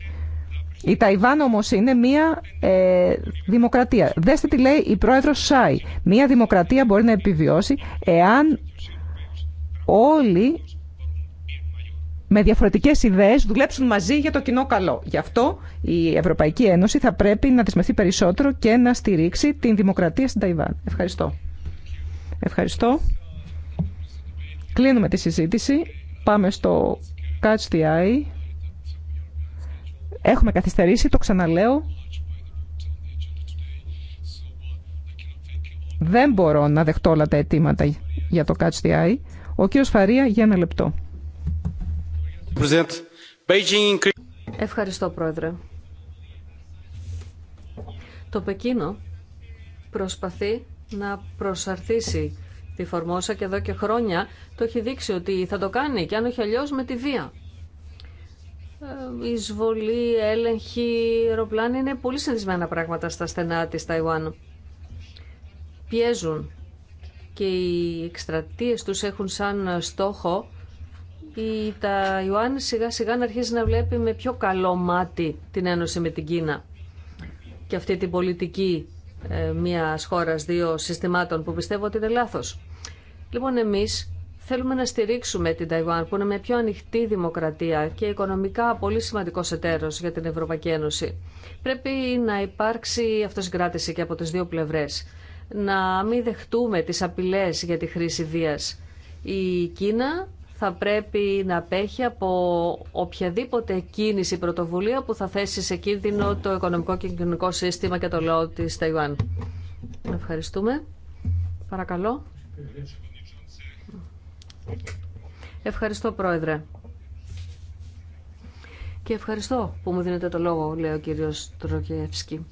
Η Ταϊβάν όμως είναι μία ε, δημοκρατία. Δέστε τι λέει η πρόεδρος Σάι. Μία δημοκρατία μπορεί να επιβιώσει εάν όλοι με διαφορετικές ιδέες δουλέψουν μαζί για το κοινό καλό. Γι' αυτό η Ευρωπαϊκή Ένωση θα πρέπει να δεσμευτεί περισσότερο και να στηρίξει την δημοκρατία στην Ταϊβάν. Ευχαριστώ. Ευχαριστώ. Κλείνουμε τη συζήτηση. Πάμε στο Catch the Eye. Έχουμε καθυστερήσει, το ξαναλέω. Δεν μπορώ να δεχτώ όλα τα αιτήματα για το Catch the Eye. Ο κύριος Φαρία για ένα λεπτό. E Ευχαριστώ, Πρόεδρε. Το Πεκίνο προσπαθεί να προσαρτήσει τη Φορμόσα και εδώ και χρόνια το έχει δείξει ότι θα το κάνει και αν όχι αλλιώς με τη βία. Η ε, εισβολή, έλεγχη, αεροπλάνη είναι πολύ συνδυσμένα πράγματα στα στενά της Ταϊουάν. Πιέζουν και οι εκστρατείες τους έχουν σαν στόχο η Ταϊουάν σιγά σιγά να αρχίζει να βλέπει με πιο καλό μάτι την ένωση με την Κίνα και αυτή την πολιτική μια ε, μιας χώρας δύο συστημάτων που πιστεύω ότι είναι λάθος. Λοιπόν εμείς θέλουμε να στηρίξουμε την Ταϊβάν που είναι μια πιο ανοιχτή δημοκρατία και οικονομικά πολύ σημαντικό εταίρος για την Ευρωπαϊκή Ένωση. Πρέπει να υπάρξει αυτοσυγκράτηση και από τις δύο πλευρές. Να μην δεχτούμε τις απειλές για τη χρήση βίας. Η Κίνα θα πρέπει να απέχει από οποιαδήποτε κίνηση πρωτοβουλία που θα θέσει σε κίνδυνο το οικονομικό και κοινωνικό σύστημα και το λαό τη Ταϊβάν. Ευχαριστούμε. Παρακαλώ. Ευχαριστώ, Πρόεδρε. Και ευχαριστώ που μου δίνετε το λόγο, λέει ο κύριος Τροκεύσκη.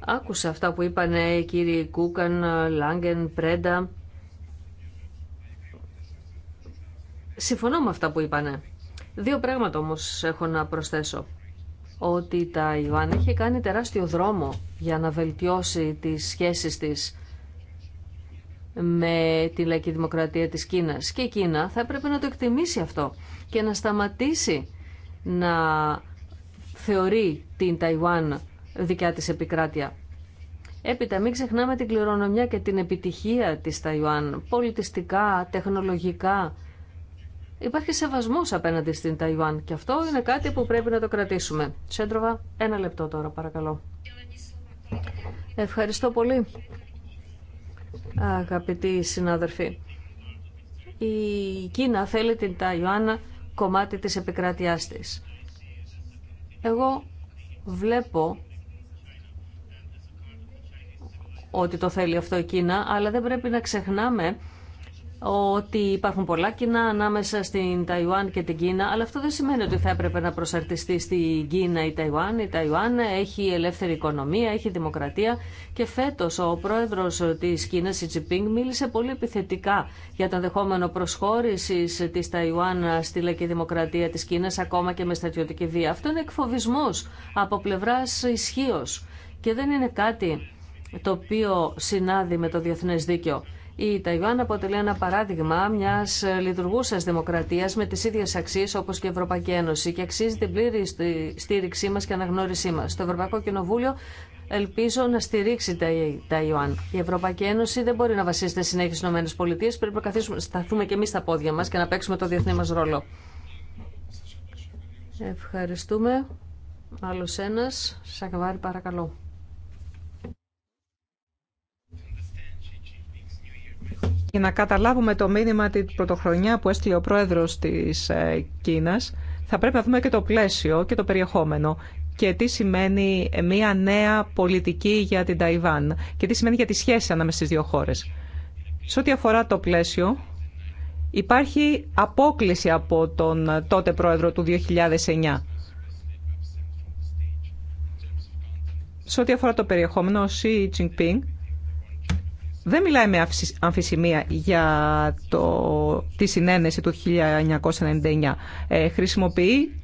Άκουσα αυτά που είπαν οι κύριοι Κούκαν, Λάγκεν, Πρέντα Συμφωνώ με αυτά που είπανε. Δύο πράγματα όμως έχω να προσθέσω. Ότι τα Ιωάννη έχει κάνει τεράστιο δρόμο για να βελτιώσει τις σχέσεις της με τη λαϊκή δημοκρατία της Κίνας. Και η Κίνα θα έπρεπε να το εκτιμήσει αυτό και να σταματήσει να θεωρεί την Ταϊουάν δικιά της επικράτεια. Έπειτα μην ξεχνάμε την κληρονομιά και την επιτυχία της Ταϊουάν, πολιτιστικά, τεχνολογικά, υπάρχει σεβασμό απέναντι στην Ταϊβάν και αυτό είναι κάτι που πρέπει να το κρατήσουμε. Σέντροβα, ένα λεπτό τώρα παρακαλώ. Ευχαριστώ πολύ, αγαπητοί συνάδελφοι. Η Κίνα θέλει την Ταϊβάν κομμάτι της επικράτειάς της. Εγώ βλέπω ότι το θέλει αυτό η Κίνα, αλλά δεν πρέπει να ξεχνάμε ότι υπάρχουν πολλά κοινά ανάμεσα στην Ταϊουάν και την Κίνα, αλλά αυτό δεν σημαίνει ότι θα έπρεπε να προσαρτιστεί στην Κίνα η Ταϊουάν. Η Ταϊουάν έχει ελεύθερη οικονομία, έχει δημοκρατία και φέτο ο πρόεδρο τη Κίνα, η Τζιπίνγκ, μίλησε πολύ επιθετικά για το δεχόμενο προσχώρηση τη Ταϊουάν στη λαϊκή δημοκρατία τη Κίνα, ακόμα και με στρατιωτική βία. Αυτό είναι εκφοβισμό από πλευρά ισχύω και δεν είναι κάτι το οποίο συνάδει με το διεθνές δίκαιο. Η Ταϊβάν αποτελεί ένα παράδειγμα μια λειτουργούσα δημοκρατία με τι ίδιε αξίε όπω και η Ευρωπαϊκή Ένωση και αξίζει την πλήρη στήριξή μα και αναγνώρισή μα. Το Ευρωπαϊκό Κοινοβούλιο ελπίζω να στηρίξει τα Ταϊβάν. Η Ευρωπαϊκή Ένωση δεν μπορεί να βασίζεται συνέχεια στι ΗΠΑ. Πρέπει να καθίσουμε, σταθούμε και εμεί στα πόδια μα και να παίξουμε το διεθνή μα ρόλο. Ευχαριστούμε. Άλλο ένα. Σακβάρη, παρακαλώ. για να καταλάβουμε το μήνυμα την πρωτοχρονιά που έστειλε ο πρόεδρος της ε, Κίνας, θα πρέπει να δούμε και το πλαίσιο και το περιεχόμενο και τι σημαίνει μια νέα πολιτική για την Ταϊβάν και τι σημαίνει για τη σχέση ανάμεσα στις δύο χώρες. Σε ό,τι αφορά το πλαίσιο, υπάρχει απόκληση από τον τότε πρόεδρο του 2009. Σε ό,τι αφορά το περιεχόμενο, ο Xi Jinping δεν μιλάει με αμφισημία για το, τη συνένεση του 1999. Ε, χρησιμοποιεί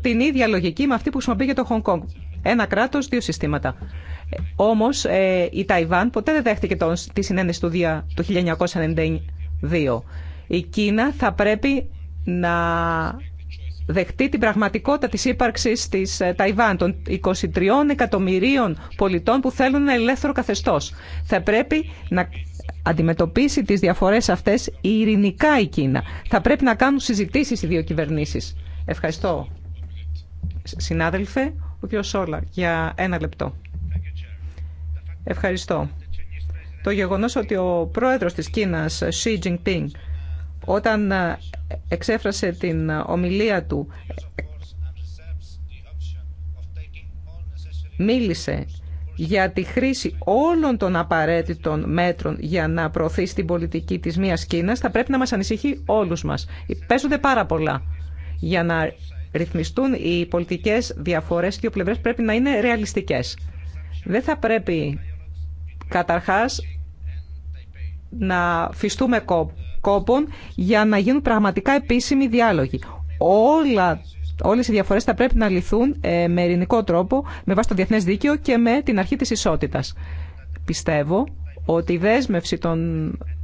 την ίδια λογική με αυτή που χρησιμοποιεί για το Χονγκ Κόνγκ. Ένα κράτος, δύο συστήματα. όμως ε, η Ταϊβάν ποτέ δεν δέχτηκε τη συνένεση του, του 1992. Η Κίνα θα πρέπει να δεχτεί την πραγματικότητα της ύπαρξης της ε, Ταϊβάν των 23 εκατομμυρίων πολιτών που θέλουν ένα ελεύθερο καθεστώς. Θα πρέπει να αντιμετωπίσει τις διαφορές αυτές η ειρηνικά η Κίνα. Θα πρέπει να κάνουν συζητήσεις οι δύο κυβερνήσεις. Ευχαριστώ. Συνάδελφε, ο κ. Σόλα, για ένα λεπτό. Ευχαριστώ. Το γεγονός ότι ο πρόεδρος της Κίνας, Xi Jinping, όταν ε, εξέφρασε την ομιλία του μίλησε για τη χρήση όλων των απαραίτητων μέτρων για να προωθήσει την πολιτική της μίας Κίνας θα πρέπει να μας ανησυχεί όλους μας. Παίζονται πάρα πολλά. Για να ρυθμιστούν οι πολιτικές διαφορές και οι πλευρές πρέπει να είναι ρεαλιστικές. Δεν θα πρέπει καταρχάς να φυστούμε κόπο για να γίνουν πραγματικά επίσημοι διάλογοι. Όλα Όλε οι διαφορές θα πρέπει να λυθούν ε, με ειρηνικό τρόπο, με βάση το διεθνές δίκαιο και με την αρχή της ισότητας. Πιστεύω ότι η δέσμευση των,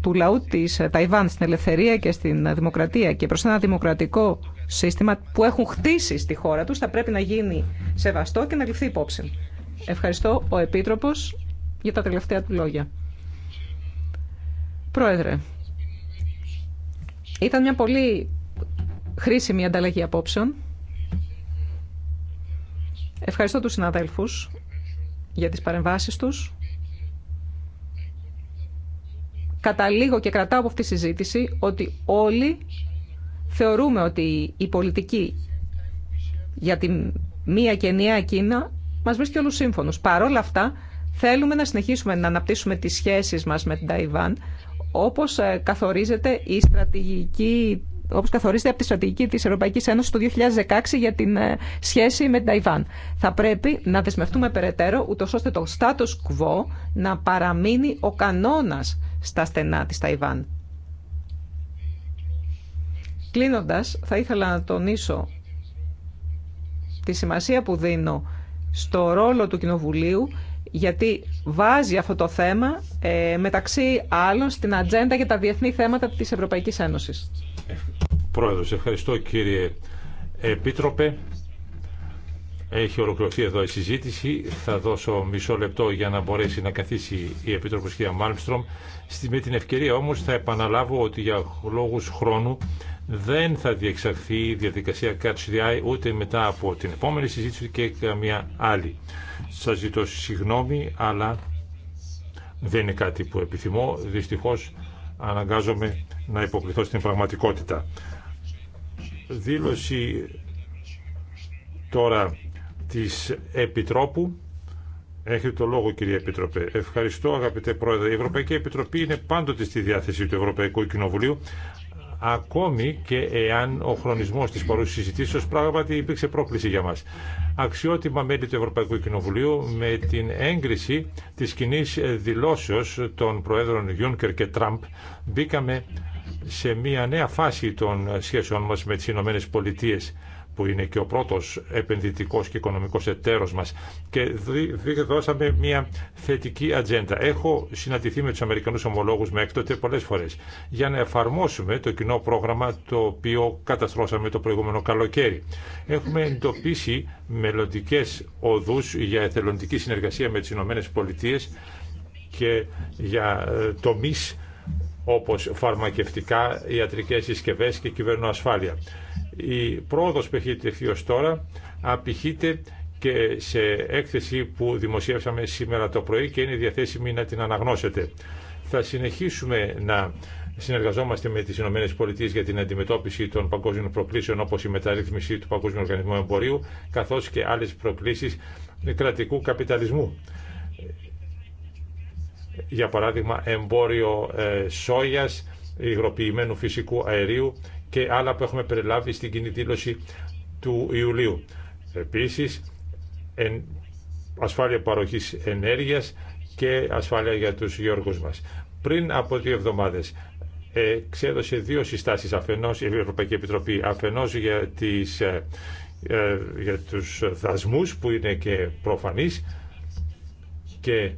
του λαού τη ε, Ταϊβάν στην ελευθερία και στην δημοκρατία και προ ένα δημοκρατικό σύστημα που έχουν χτίσει στη χώρα τους θα πρέπει να γίνει σεβαστό και να ληφθεί υπόψη. Ευχαριστώ ο Επίτροπος, για τα τελευταία του λόγια. Πρόεδρε, ήταν μια πολύ χρήσιμη ανταλλαγή απόψεων. Ευχαριστώ τους συναδέλφους για τις παρεμβάσεις τους. Καταλήγω και κρατάω από αυτή τη συζήτηση ότι όλοι θεωρούμε ότι η πολιτική για τη μία και ενιαία Κίνα μας βρίσκει όλους σύμφωνους. Παρ' αυτά θέλουμε να συνεχίσουμε να αναπτύσσουμε τις σχέσεις μας με την Ταϊβάν όπως ε, καθορίζεται η στρατηγική όπως καθορίζεται από τη στρατηγική της Ευρωπαϊκής Ένωσης το 2016 για την ε, σχέση με την Ταϊβάν. Θα πρέπει να δεσμευτούμε περαιτέρω, ούτως ώστε το status quo να παραμείνει ο κανόνας στα στενά της Ταϊβάν. Κλείνοντας, θα ήθελα να τονίσω τη σημασία που δίνω στο ρόλο του Κοινοβουλίου γιατί βάζει αυτό το θέμα ε, μεταξύ άλλων στην ατζέντα για τα διεθνή θέματα της Ευρωπαϊκής Ένωσης. Πρόεδρος, ευχαριστώ κύριε Επίτροπε. Έχει ολοκληρωθεί εδώ η συζήτηση. Θα δώσω μισό λεπτό για να μπορέσει να καθίσει η Επίτροπος κ. Μάλμστρομ. Με την ευκαιρία όμως θα επαναλάβω ότι για λόγους χρόνου δεν θα διεξαχθεί η διαδικασία Catch the ούτε μετά από την επόμενη συζήτηση και καμία άλλη. Σας ζητώ συγγνώμη, αλλά δεν είναι κάτι που επιθυμώ. Δυστυχώς αναγκάζομαι να υποκριθώ στην πραγματικότητα. Δήλωση τώρα της Επιτρόπου. Έχετε το λόγο κύριε Επιτροπέ. Ευχαριστώ αγαπητέ Πρόεδρε. Η Ευρωπαϊκή Επιτροπή είναι πάντοτε στη διάθεση του Ευρωπαϊκού Κοινοβουλίου ακόμη και εάν ο χρονισμό της παρούση συζητήσεω πράγματι υπήρξε πρόκληση για μας. Αξιότιμα μέλη του Ευρωπαϊκού Κοινοβουλίου με την έγκριση της κοινή δηλώσεω των Προέδρων Γιούνκερ και Τραμπ μπήκαμε σε μια νέα φάση των σχέσεων μα με τι Ηνωμένε Πολιτείε που είναι και ο πρώτος επενδυτικός και οικονομικός εταίρος μας και δώσαμε μια θετική ατζέντα. Έχω συναντηθεί με τους Αμερικανούς ομολόγους μέχρι τότε πολλές φορές για να εφαρμόσουμε το κοινό πρόγραμμα το οποίο καταστρώσαμε το προηγούμενο καλοκαίρι. Έχουμε εντοπίσει μελλοντικέ οδούς για εθελοντική συνεργασία με τις ΗΠΑ... και για ε, τομείς όπως φαρμακευτικά, ιατρικές συσκευές και κυβέρνο ασφάλεια... Η πρόοδος που έχει επιτευχθεί ως τώρα απηχείται και σε έκθεση που δημοσίευσαμε σήμερα το πρωί και είναι διαθέσιμη να την αναγνώσετε. Θα συνεχίσουμε να συνεργαζόμαστε με τις ΗΠΑ για την αντιμετώπιση των παγκόσμιων προκλήσεων όπως η μεταρρύθμιση του Παγκόσμιου Οργανισμού Εμπορίου καθώς και άλλες προκλήσεις κρατικού καπιταλισμού. Για παράδειγμα εμπόριο ε, σόγιας, υγροποιημένου φυσικού αερίου και άλλα που έχουμε περιλάβει στην κοινή δήλωση του Ιουλίου. Επίσης, ασφάλεια παροχής ενέργειας και ασφάλεια για τους γεωργούς μας. Πριν από δύο εβδομάδες εξέδωσε δύο συστάσεις αφενός, η Ευρωπαϊκή Επιτροπή αφενός για, τις, ε, ε, για τους δασμούς που είναι και προφανείς και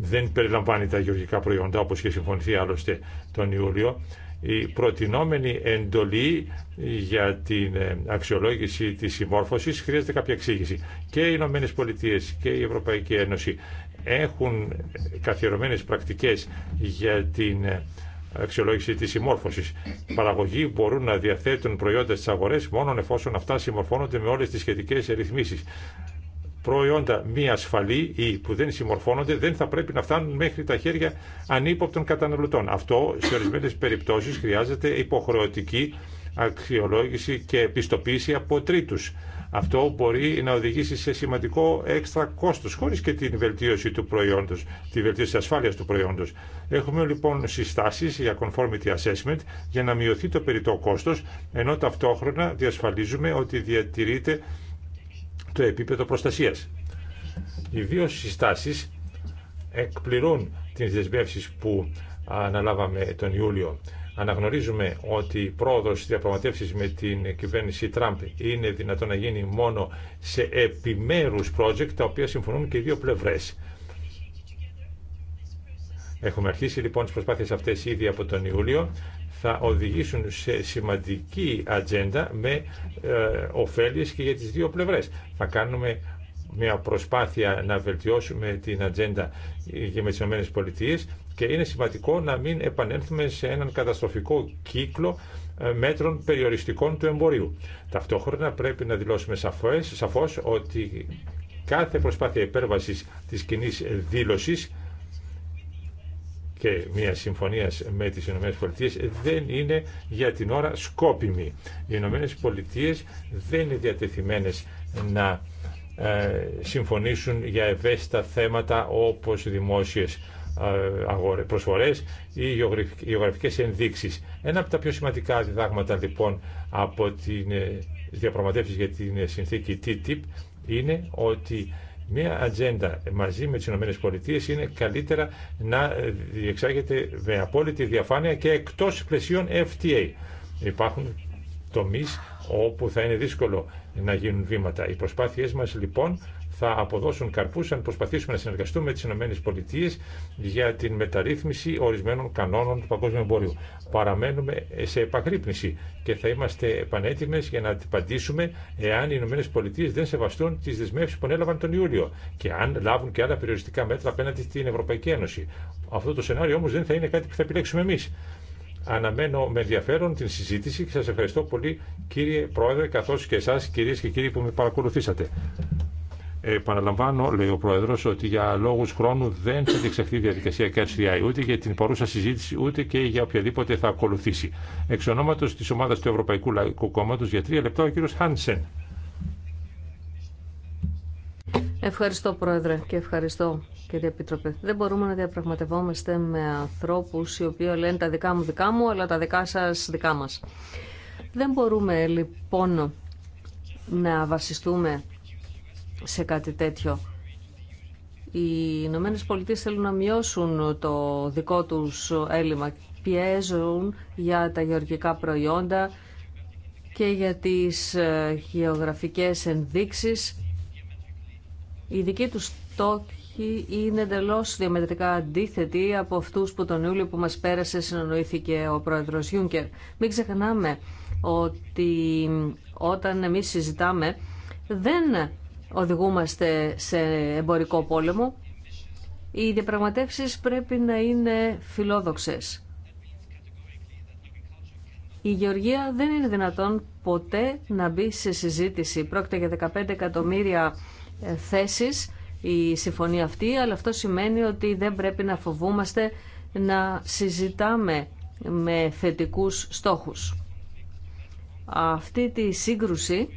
δεν περιλαμβάνει τα γεωργικά προϊόντα όπως και συμφωνηθεί άλλωστε τον Ιούλιο η προτινόμενη εντολή για την ε, αξιολόγηση της συμμόρφωσης χρειάζεται κάποια εξήγηση. Και οι Ηνωμένε Πολιτείε και η Ευρωπαϊκή Ένωση έχουν καθιερωμένες πρακτικές για την ε, αξιολόγηση της συμμόρφωσης. παραγωγοί μπορούν να διαθέτουν προϊόντα στις αγορές μόνο εφόσον αυτά συμμορφώνονται με όλες τις σχετικές ρυθμίσεις προϊόντα μη ασφαλή ή που δεν συμμορφώνονται δεν θα πρέπει να φτάνουν μέχρι τα χέρια ανύποπτων καταναλωτών. Αυτό σε ορισμένες περιπτώσεις χρειάζεται υποχρεωτική αξιολόγηση και επιστοποίηση από τρίτους. Αυτό μπορεί να οδηγήσει σε σημαντικό έξτρα κόστος, χωρίς και την βελτίωση του προϊόντος, τη βελτίωση της ασφάλειας του προϊόντος. Έχουμε λοιπόν συστάσεις για conformity assessment για να μειωθεί το περιττό κόστο, ενώ ταυτόχρονα διασφαλίζουμε ότι διατηρείται το επίπεδο προστασίας. Οι δύο συστάσεις εκπληρούν τις δεσμεύσεις που αναλάβαμε τον Ιούλιο. Αναγνωρίζουμε ότι η πρόοδο στι διαπραγματεύσει με την κυβέρνηση Τραμπ είναι δυνατόν να γίνει μόνο σε επιμέρου project τα οποία συμφωνούν και οι δύο πλευρέ. Έχουμε αρχίσει λοιπόν τι προσπάθειε αυτέ ήδη από τον Ιούλιο θα οδηγήσουν σε σημαντική ατζέντα με ε, και για τις δύο πλευρές. Θα κάνουμε μια προσπάθεια να βελτιώσουμε την ατζέντα για με τις ΗΠΑ και είναι σημαντικό να μην επανέλθουμε σε έναν καταστροφικό κύκλο ε, μέτρων περιοριστικών του εμπορίου. Ταυτόχρονα πρέπει να δηλώσουμε σαφώς, σαφώς ότι κάθε προσπάθεια υπέρβασης της κοινή δήλωσης και μια συμφωνία με τις ΗΠΑ δεν είναι για την ώρα σκόπιμη. Οι ΗΠΑ Πολιτείες δεν είναι διατεθειμένες να ε, συμφωνήσουν για ευαίσθητα θέματα όπως δημόσιες ε, προσφορές ή γεωγραφικές ενδείξεις. Ένα από τα πιο σημαντικά διδάγματα λοιπόν από τις ε, διαπραγματεύσεις για την συνθήκη TTIP είναι ότι Μία ατζέντα μαζί με τις ΗΠΑ είναι καλύτερα να διεξάγεται με απόλυτη διαφάνεια και εκτός πλαισίων FTA. Υπάρχουν τομείς όπου θα είναι δύσκολο να γίνουν βήματα. Οι προσπάθειές μας λοιπόν θα αποδώσουν καρπού αν προσπαθήσουμε να συνεργαστούμε με τις ΗΠΑ για την μεταρρύθμιση ορισμένων κανόνων του παγκόσμιου εμπόριου. Παραμένουμε σε επαγρύπνηση και θα είμαστε πανέτοιμε για να αντιπαντήσουμε εάν οι ΗΠΑ δεν σεβαστούν τι δεσμεύσεις που ανέλαβαν τον Ιούλιο και αν λάβουν και άλλα περιοριστικά μέτρα απέναντι στην Ευρωπαϊκή Ένωση. Αυτό το σενάριο όμω δεν θα είναι κάτι που θα επιλέξουμε εμεί. Αναμένω με ενδιαφέρον την συζήτηση και σας ευχαριστώ πολύ κύριε Πρόεδρε καθώς και εσάς κυρίες και κύριοι που με παρακολουθήσατε. Επαναλαμβάνω, λέει ο Πρόεδρο, ότι για λόγου χρόνου δεν θα διεξαχθεί η διαδικασία CatchDI ούτε για την παρούσα συζήτηση ούτε και για οποιαδήποτε θα ακολουθήσει. Εξ ονόματο τη ομάδα του Ευρωπαϊκού Λαϊκού Κόμματο, για τρία λεπτά ο κύριο Χάνσεν. Ευχαριστώ Πρόεδρε και ευχαριστώ κύριε Επίτροπε. Δεν μπορούμε να διαπραγματευόμαστε με ανθρώπου, οι οποίοι λένε τα δικά μου δικά μου αλλά τα δικά σα δικά μα. Δεν μπορούμε λοιπόν να βασιστούμε σε κάτι τέτοιο. Οι Ηνωμένε Πολιτείε θέλουν να μειώσουν το δικό τους έλλειμμα. Πιέζουν για τα γεωργικά προϊόντα και για τις ε, γεωγραφικές ενδείξεις. Η δική τους στόχη είναι εντελώ διαμετρικά αντίθετη από αυτούς που τον Ιούλιο που μας πέρασε συνονοήθηκε ο πρόεδρος Γιούγκερ. Μην ξεχνάμε ότι όταν εμείς συζητάμε δεν οδηγούμαστε σε εμπορικό πόλεμο. Οι διαπραγματεύσεις πρέπει να είναι φιλόδοξες. Η Γεωργία δεν είναι δυνατόν ποτέ να μπει σε συζήτηση. Πρόκειται για 15 εκατομμύρια ε, θέσεις η συμφωνία αυτή, αλλά αυτό σημαίνει ότι δεν πρέπει να φοβούμαστε να συζητάμε με θετικούς στόχους. Αυτή τη σύγκρουση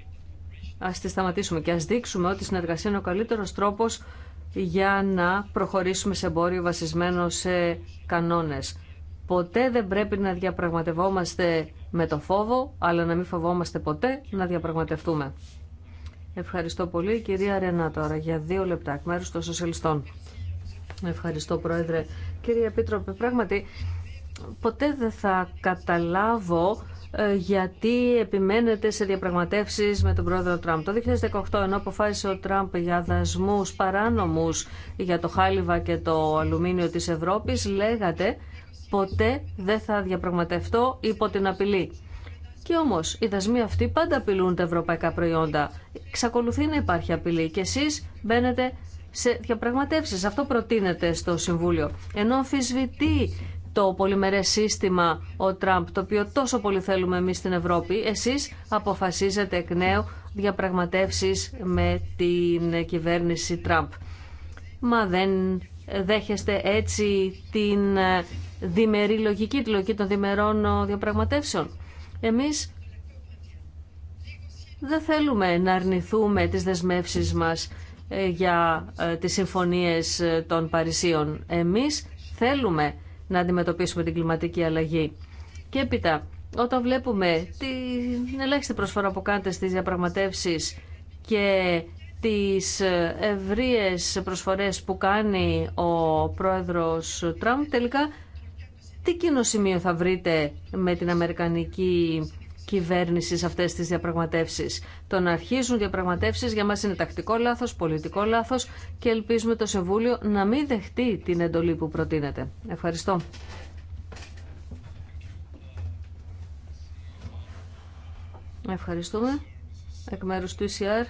Α τη σταματήσουμε και α δείξουμε ότι η συνεργασία είναι ο καλύτερος τρόπος για να προχωρήσουμε σε εμπόριο βασισμένο σε κανόνες. Ποτέ δεν πρέπει να διαπραγματευόμαστε με το φόβο, αλλά να μην φοβόμαστε ποτέ να διαπραγματευτούμε. Ευχαριστώ πολύ. Κυρία Ρενά τώρα για δύο λεπτά εκ μέρου των σοσιαλιστών. Ευχαριστώ Πρόεδρε. Κύριε Επίτροπε, πράγματι ποτέ δεν θα καταλάβω ε, γιατί επιμένετε σε διαπραγματεύσεις με τον πρόεδρο Τραμπ. Το 2018, ενώ αποφάσισε ο Τραμπ για δασμούς παράνομους για το χάλιβα και το αλουμίνιο της Ευρώπης, λέγατε ποτέ δεν θα διαπραγματευτώ υπό την απειλή. Και όμως, οι δασμοί αυτοί πάντα απειλούν τα ευρωπαϊκά προϊόντα. Ξακολουθεί να υπάρχει απειλή και εσείς μπαίνετε σε διαπραγματεύσεις. Αυτό προτείνεται στο Συμβούλιο. Ενώ αμφισβητεί το πολυμερές σύστημα ο Τραμπ, το οποίο τόσο πολύ θέλουμε εμείς στην Ευρώπη, εσείς αποφασίζετε εκ νέου διαπραγματεύσεις με την κυβέρνηση Τραμπ. Μα δεν δέχεστε έτσι την διμερή λογική, τη λογική των διμερών διαπραγματεύσεων. Εμείς δεν θέλουμε να αρνηθούμε τις δεσμεύσεις μας ε, για ε, τις συμφωνίες ε, των Παρισίων. Εμείς θέλουμε να αντιμετωπίσουμε την κλιματική αλλαγή. Και έπειτα, όταν βλέπουμε την ελάχιστη προσφορά που κάνετε στις διαπραγματεύσεις και τις ευρείες προσφορές που κάνει ο πρόεδρος Τραμπ, τελικά τι κοινό σημείο θα βρείτε με την Αμερικανική κυβέρνηση σε αυτές τις διαπραγματεύσεις. Το να αρχίζουν διαπραγματεύσεις για μας είναι τακτικό λάθος, πολιτικό λάθος και ελπίζουμε το Σεβούλιο να μην δεχτεί την εντολή που προτείνεται. Ευχαριστώ. Ευχαριστούμε. Εκ μέρου του ECR,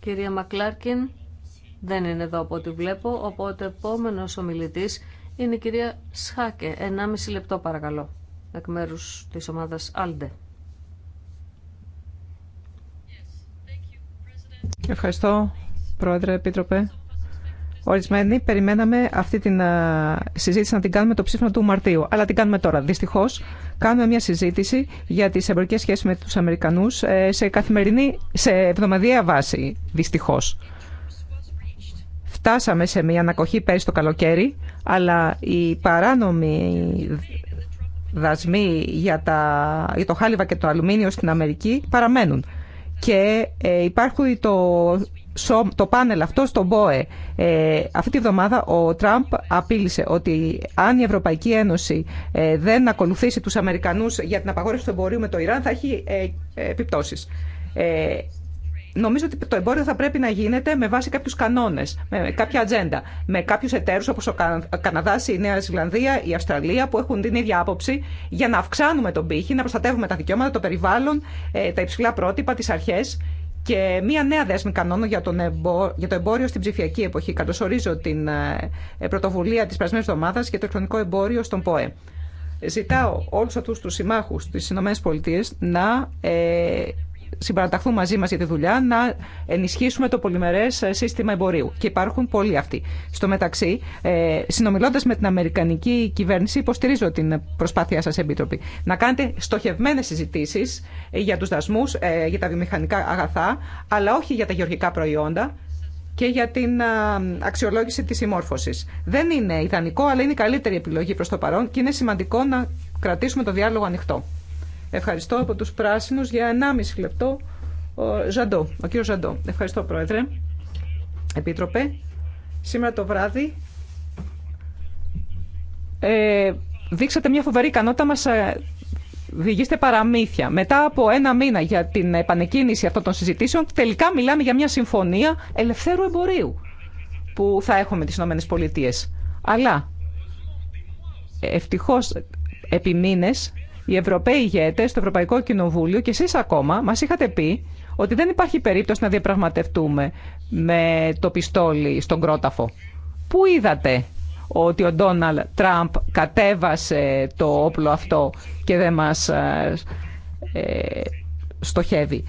κυρία Μακλάρκιν, δεν είναι εδώ από ό,τι βλέπω, οπότε επόμενος ομιλητή είναι η κυρία Σχάκε. 1,5 λεπτό παρακαλώ, εκ μέρου τη ομάδα ALDE. Ευχαριστώ, Πρόεδρε, Επίτροπε. Ορισμένοι περιμέναμε αυτή την συζήτηση να την κάνουμε το ψήφισμα του Μαρτίου. Αλλά την κάνουμε τώρα. Δυστυχώ, κάνουμε μια συζήτηση για τι εμπορικέ σχέσει με του Αμερικανού ε, σε καθημερινή, σε εβδομαδιαία βάση. Δυστυχώ. Φτάσαμε σε μια ανακοχή πέρυσι το καλοκαίρι, αλλά οι παράνομοι δασμοί για, τα, για το χάλιβα και το αλουμίνιο στην Αμερική παραμένουν και ε, υπάρχει το, το πάνελ αυτό στον ΠΟΕ. Ε, αυτή τη βδομάδα ο Τραμπ απείλησε ότι αν η Ευρωπαϊκή Ένωση ε, δεν ακολουθήσει τους Αμερικανούς για την απαγόρευση του εμπορίου με το Ιράν θα έχει επιπτώσεις. Νομίζω ότι το εμπόριο θα πρέπει να γίνεται με βάση κάποιου κανόνε, με κάποια ατζέντα. Με κάποιου εταίρου όπω ο Καναδά, η Νέα Ζηλανδία, η Αυστραλία που έχουν την ίδια άποψη για να αυξάνουμε τον πύχη, να προστατεύουμε τα δικαιώματα, το περιβάλλον, ε, τα υψηλά πρότυπα, τι αρχέ και μία νέα δέσμη κανόνων για, εμπο... για το εμπόριο στην ψηφιακή εποχή. κατοσορίζω την ε, πρωτοβουλία τη περασμένη εβδομάδα για το ηλεκτρονικό εμπόριο στον ΠΟΕ. Ζητάω όλου αυτού του συμμάχου τη ΗΠΑ να ε, συμπαραταχθούν μαζί μα για τη δουλειά να ενισχύσουμε το πολυμερέ ε, σύστημα εμπορίου. Και υπάρχουν πολλοί αυτοί. Στο μεταξύ, ε, συνομιλώντα με την Αμερικανική κυβέρνηση, υποστηρίζω την προσπάθειά σα, Επίτροπη, να κάνετε στοχευμένε συζητήσει ε, για του δασμού, ε, για τα βιομηχανικά αγαθά, αλλά όχι για τα γεωργικά προϊόντα και για την αξιολόγηση της συμμόρφωσης. Δεν είναι ιδανικό, αλλά είναι η καλύτερη επιλογή προς το παρόν και είναι σημαντικό να κρατήσουμε το διάλογο ανοιχτό. Ευχαριστώ από τους πράσινους για 1,5 λεπτό ο, Ζαντό, ο κύριος Ζαντό. Ευχαριστώ Πρόεδρε. Επίτροπε, σήμερα το βράδυ ε, δείξατε μια φοβερή ικανότητα μας ε, διηγήστε παραμύθια. Μετά από ένα μήνα για την επανεκκίνηση αυτών των συζητήσεων, τελικά μιλάμε για μια συμφωνία ελευθέρου εμπορίου που θα έχουμε τις ΗΠΑ Πολιτείες. Αλλά ευτυχώς επί μήνες οι Ευρωπαίοι ηγέτε στο Ευρωπαϊκό Κοινοβούλιο και εσεί ακόμα μα είχατε πει ότι δεν υπάρχει περίπτωση να διαπραγματευτούμε με το πιστόλι στον κρόταφο. Πού είδατε ότι ο Ντόναλτ Τραμπ κατέβασε το όπλο αυτό και δεν μας ε, ε στοχεύει.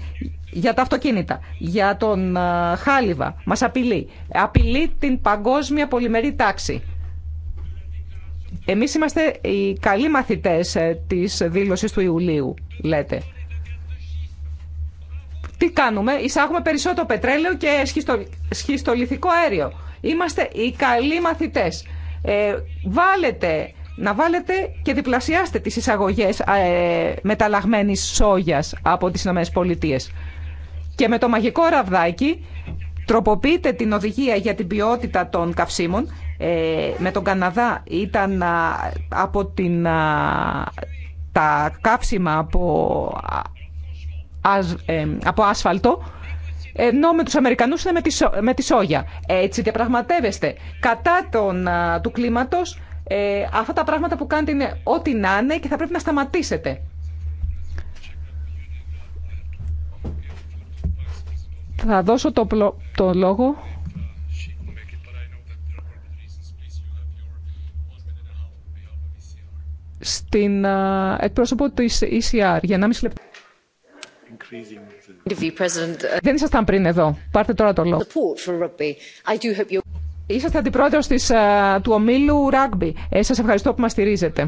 Για τα αυτοκίνητα, για τον ε, Χάλιβα, μας απειλεί. Απειλεί την παγκόσμια πολυμερή τάξη. Εμείς είμαστε οι καλοί μαθητές ε, της δήλωσης του Ιουλίου, λέτε. Τι κάνουμε, εισάγουμε περισσότερο πετρέλαιο και σχιστολιθικό αέριο. Είμαστε οι καλοί μαθητές. Ε, βάλετε, να βάλετε και διπλασιάστε τις εισαγωγές ε, μεταλλαγμένης σόγιας από τις ΗΠΑ. Και με το μαγικό ραβδάκι τροποποιείτε την οδηγία για την ποιότητα των καυσίμων ε, με τον Καναδά ήταν από την, τα κάψιμα από, ε, από άσφαλτο ενώ με τους Αμερικανούς είναι με τη, με σόγια. Έτσι διαπραγματεύεστε κατά τον, του κλίματος ε, αυτά τα πράγματα που κάνετε είναι ό,τι να είναι και θα πρέπει να σταματήσετε. Θα δώσω το, το λόγο την εκπρόσωπο του ECR για 1,5 λεπτό. Uh- Δεν ήσασταν πριν εδώ. Πάρτε τώρα το λόγο. Είσαστε αντιπρόεδρος της, του ομίλου Rugby. Ε, σας ευχαριστώ που μας στηρίζετε.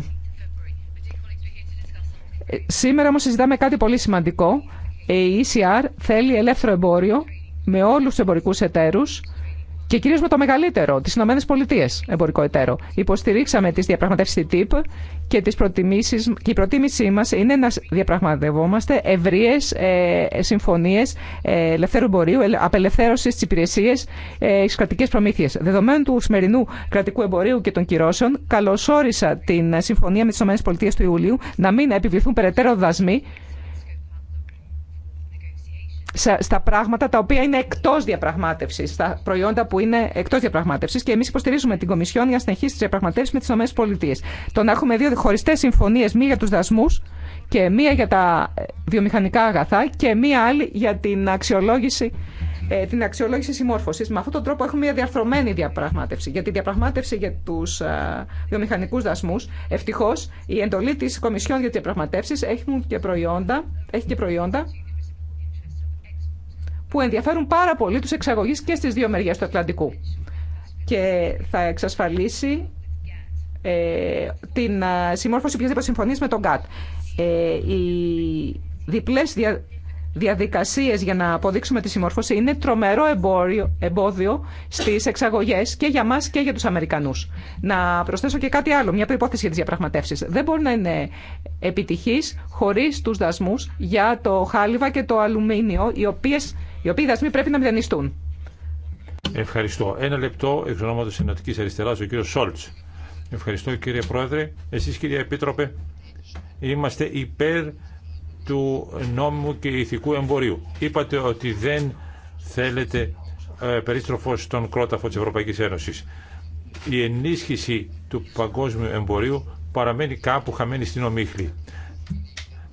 Ε, σήμερα όμως συζητάμε κάτι πολύ σημαντικό. Ε, η ECR θέλει ελεύθερο εμπόριο με όλους τους εμπορικούς εταίρους και κυρίω με το μεγαλύτερο, τι ΗΠΑ εμπορικό εταίρο. Υποστηρίξαμε τι διαπραγματεύσει TTIP και, τις προτιμήσεις, και η προτίμησή μα είναι να διαπραγματευόμαστε ευρείε ε, συμφωνίε ε, ελευθέρου εμπορίου, απελευθέρωση τη υπηρεσία ε, στι κρατικέ προμήθειε. Δεδομένου του σημερινού κρατικού εμπορίου και των κυρώσεων, καλωσόρισα την συμφωνία με τι ΗΠΑ του Ιουλίου να μην επιβληθούν περαιτέρω δασμοί στα πράγματα τα οποία είναι εκτό διαπραγμάτευση, στα προϊόντα που είναι εκτό διαπραγμάτευση και εμεί υποστηρίζουμε την Κομισιόν για να συνεχίσει τι διαπραγματεύσει με τι ΗΠΑ. Το να έχουμε δύο χωριστέ συμφωνίε, μία για του δασμού και μία για τα βιομηχανικά αγαθά και μία άλλη για την αξιολόγηση ε, την αξιολόγηση συμμόρφωσης. Με αυτόν τον τρόπο έχουμε μια διαρθρωμένη διαπραγμάτευση. Για τη διαπραγμάτευση για του ε, βιομηχανικού δασμού. Ευτυχώ, η εντολή τη Κομισιόν για τι έχει και προϊόντα που ενδιαφέρουν πάρα πολύ τους εξαγωγείς και στις δύο μεριές του Ατλαντικού. Και θα εξασφαλίσει ε, την ε, συμμόρφωση οποιασδήποτε συμφωνίας με τον ΚΑΤ. Ε, οι διπλές δια, διαδικασίες για να αποδείξουμε τη συμμόρφωση είναι τρομερό εμπόριο, εμπόδιο στις εξαγωγές και για μας και για τους Αμερικανούς. Να προσθέσω και κάτι άλλο, μια προϋπόθεση για τις διαπραγματεύσεις. Δεν μπορεί να είναι επιτυχής χωρίς τους δασμούς για το χάλιβα και το αλουμίνιο, οι οποίες οι οποίοι δασμοί πρέπει να μηδενιστούν. Ευχαριστώ. Ένα λεπτό εξ ονόματο Ενωτική Αριστερά, ο κύριο Σόλτ. Ευχαριστώ κύριε Πρόεδρε. Εσεί κύριε Επίτροπε, είμαστε υπέρ του νόμου και ηθικού εμπορίου. Είπατε ότι δεν θέλετε ε, περίστροφο στον κρόταφο τη Ευρωπαϊκής Ένωσης. Η ενίσχυση του παγκόσμιου εμπορίου παραμένει κάπου χαμένη στην ομίχλη.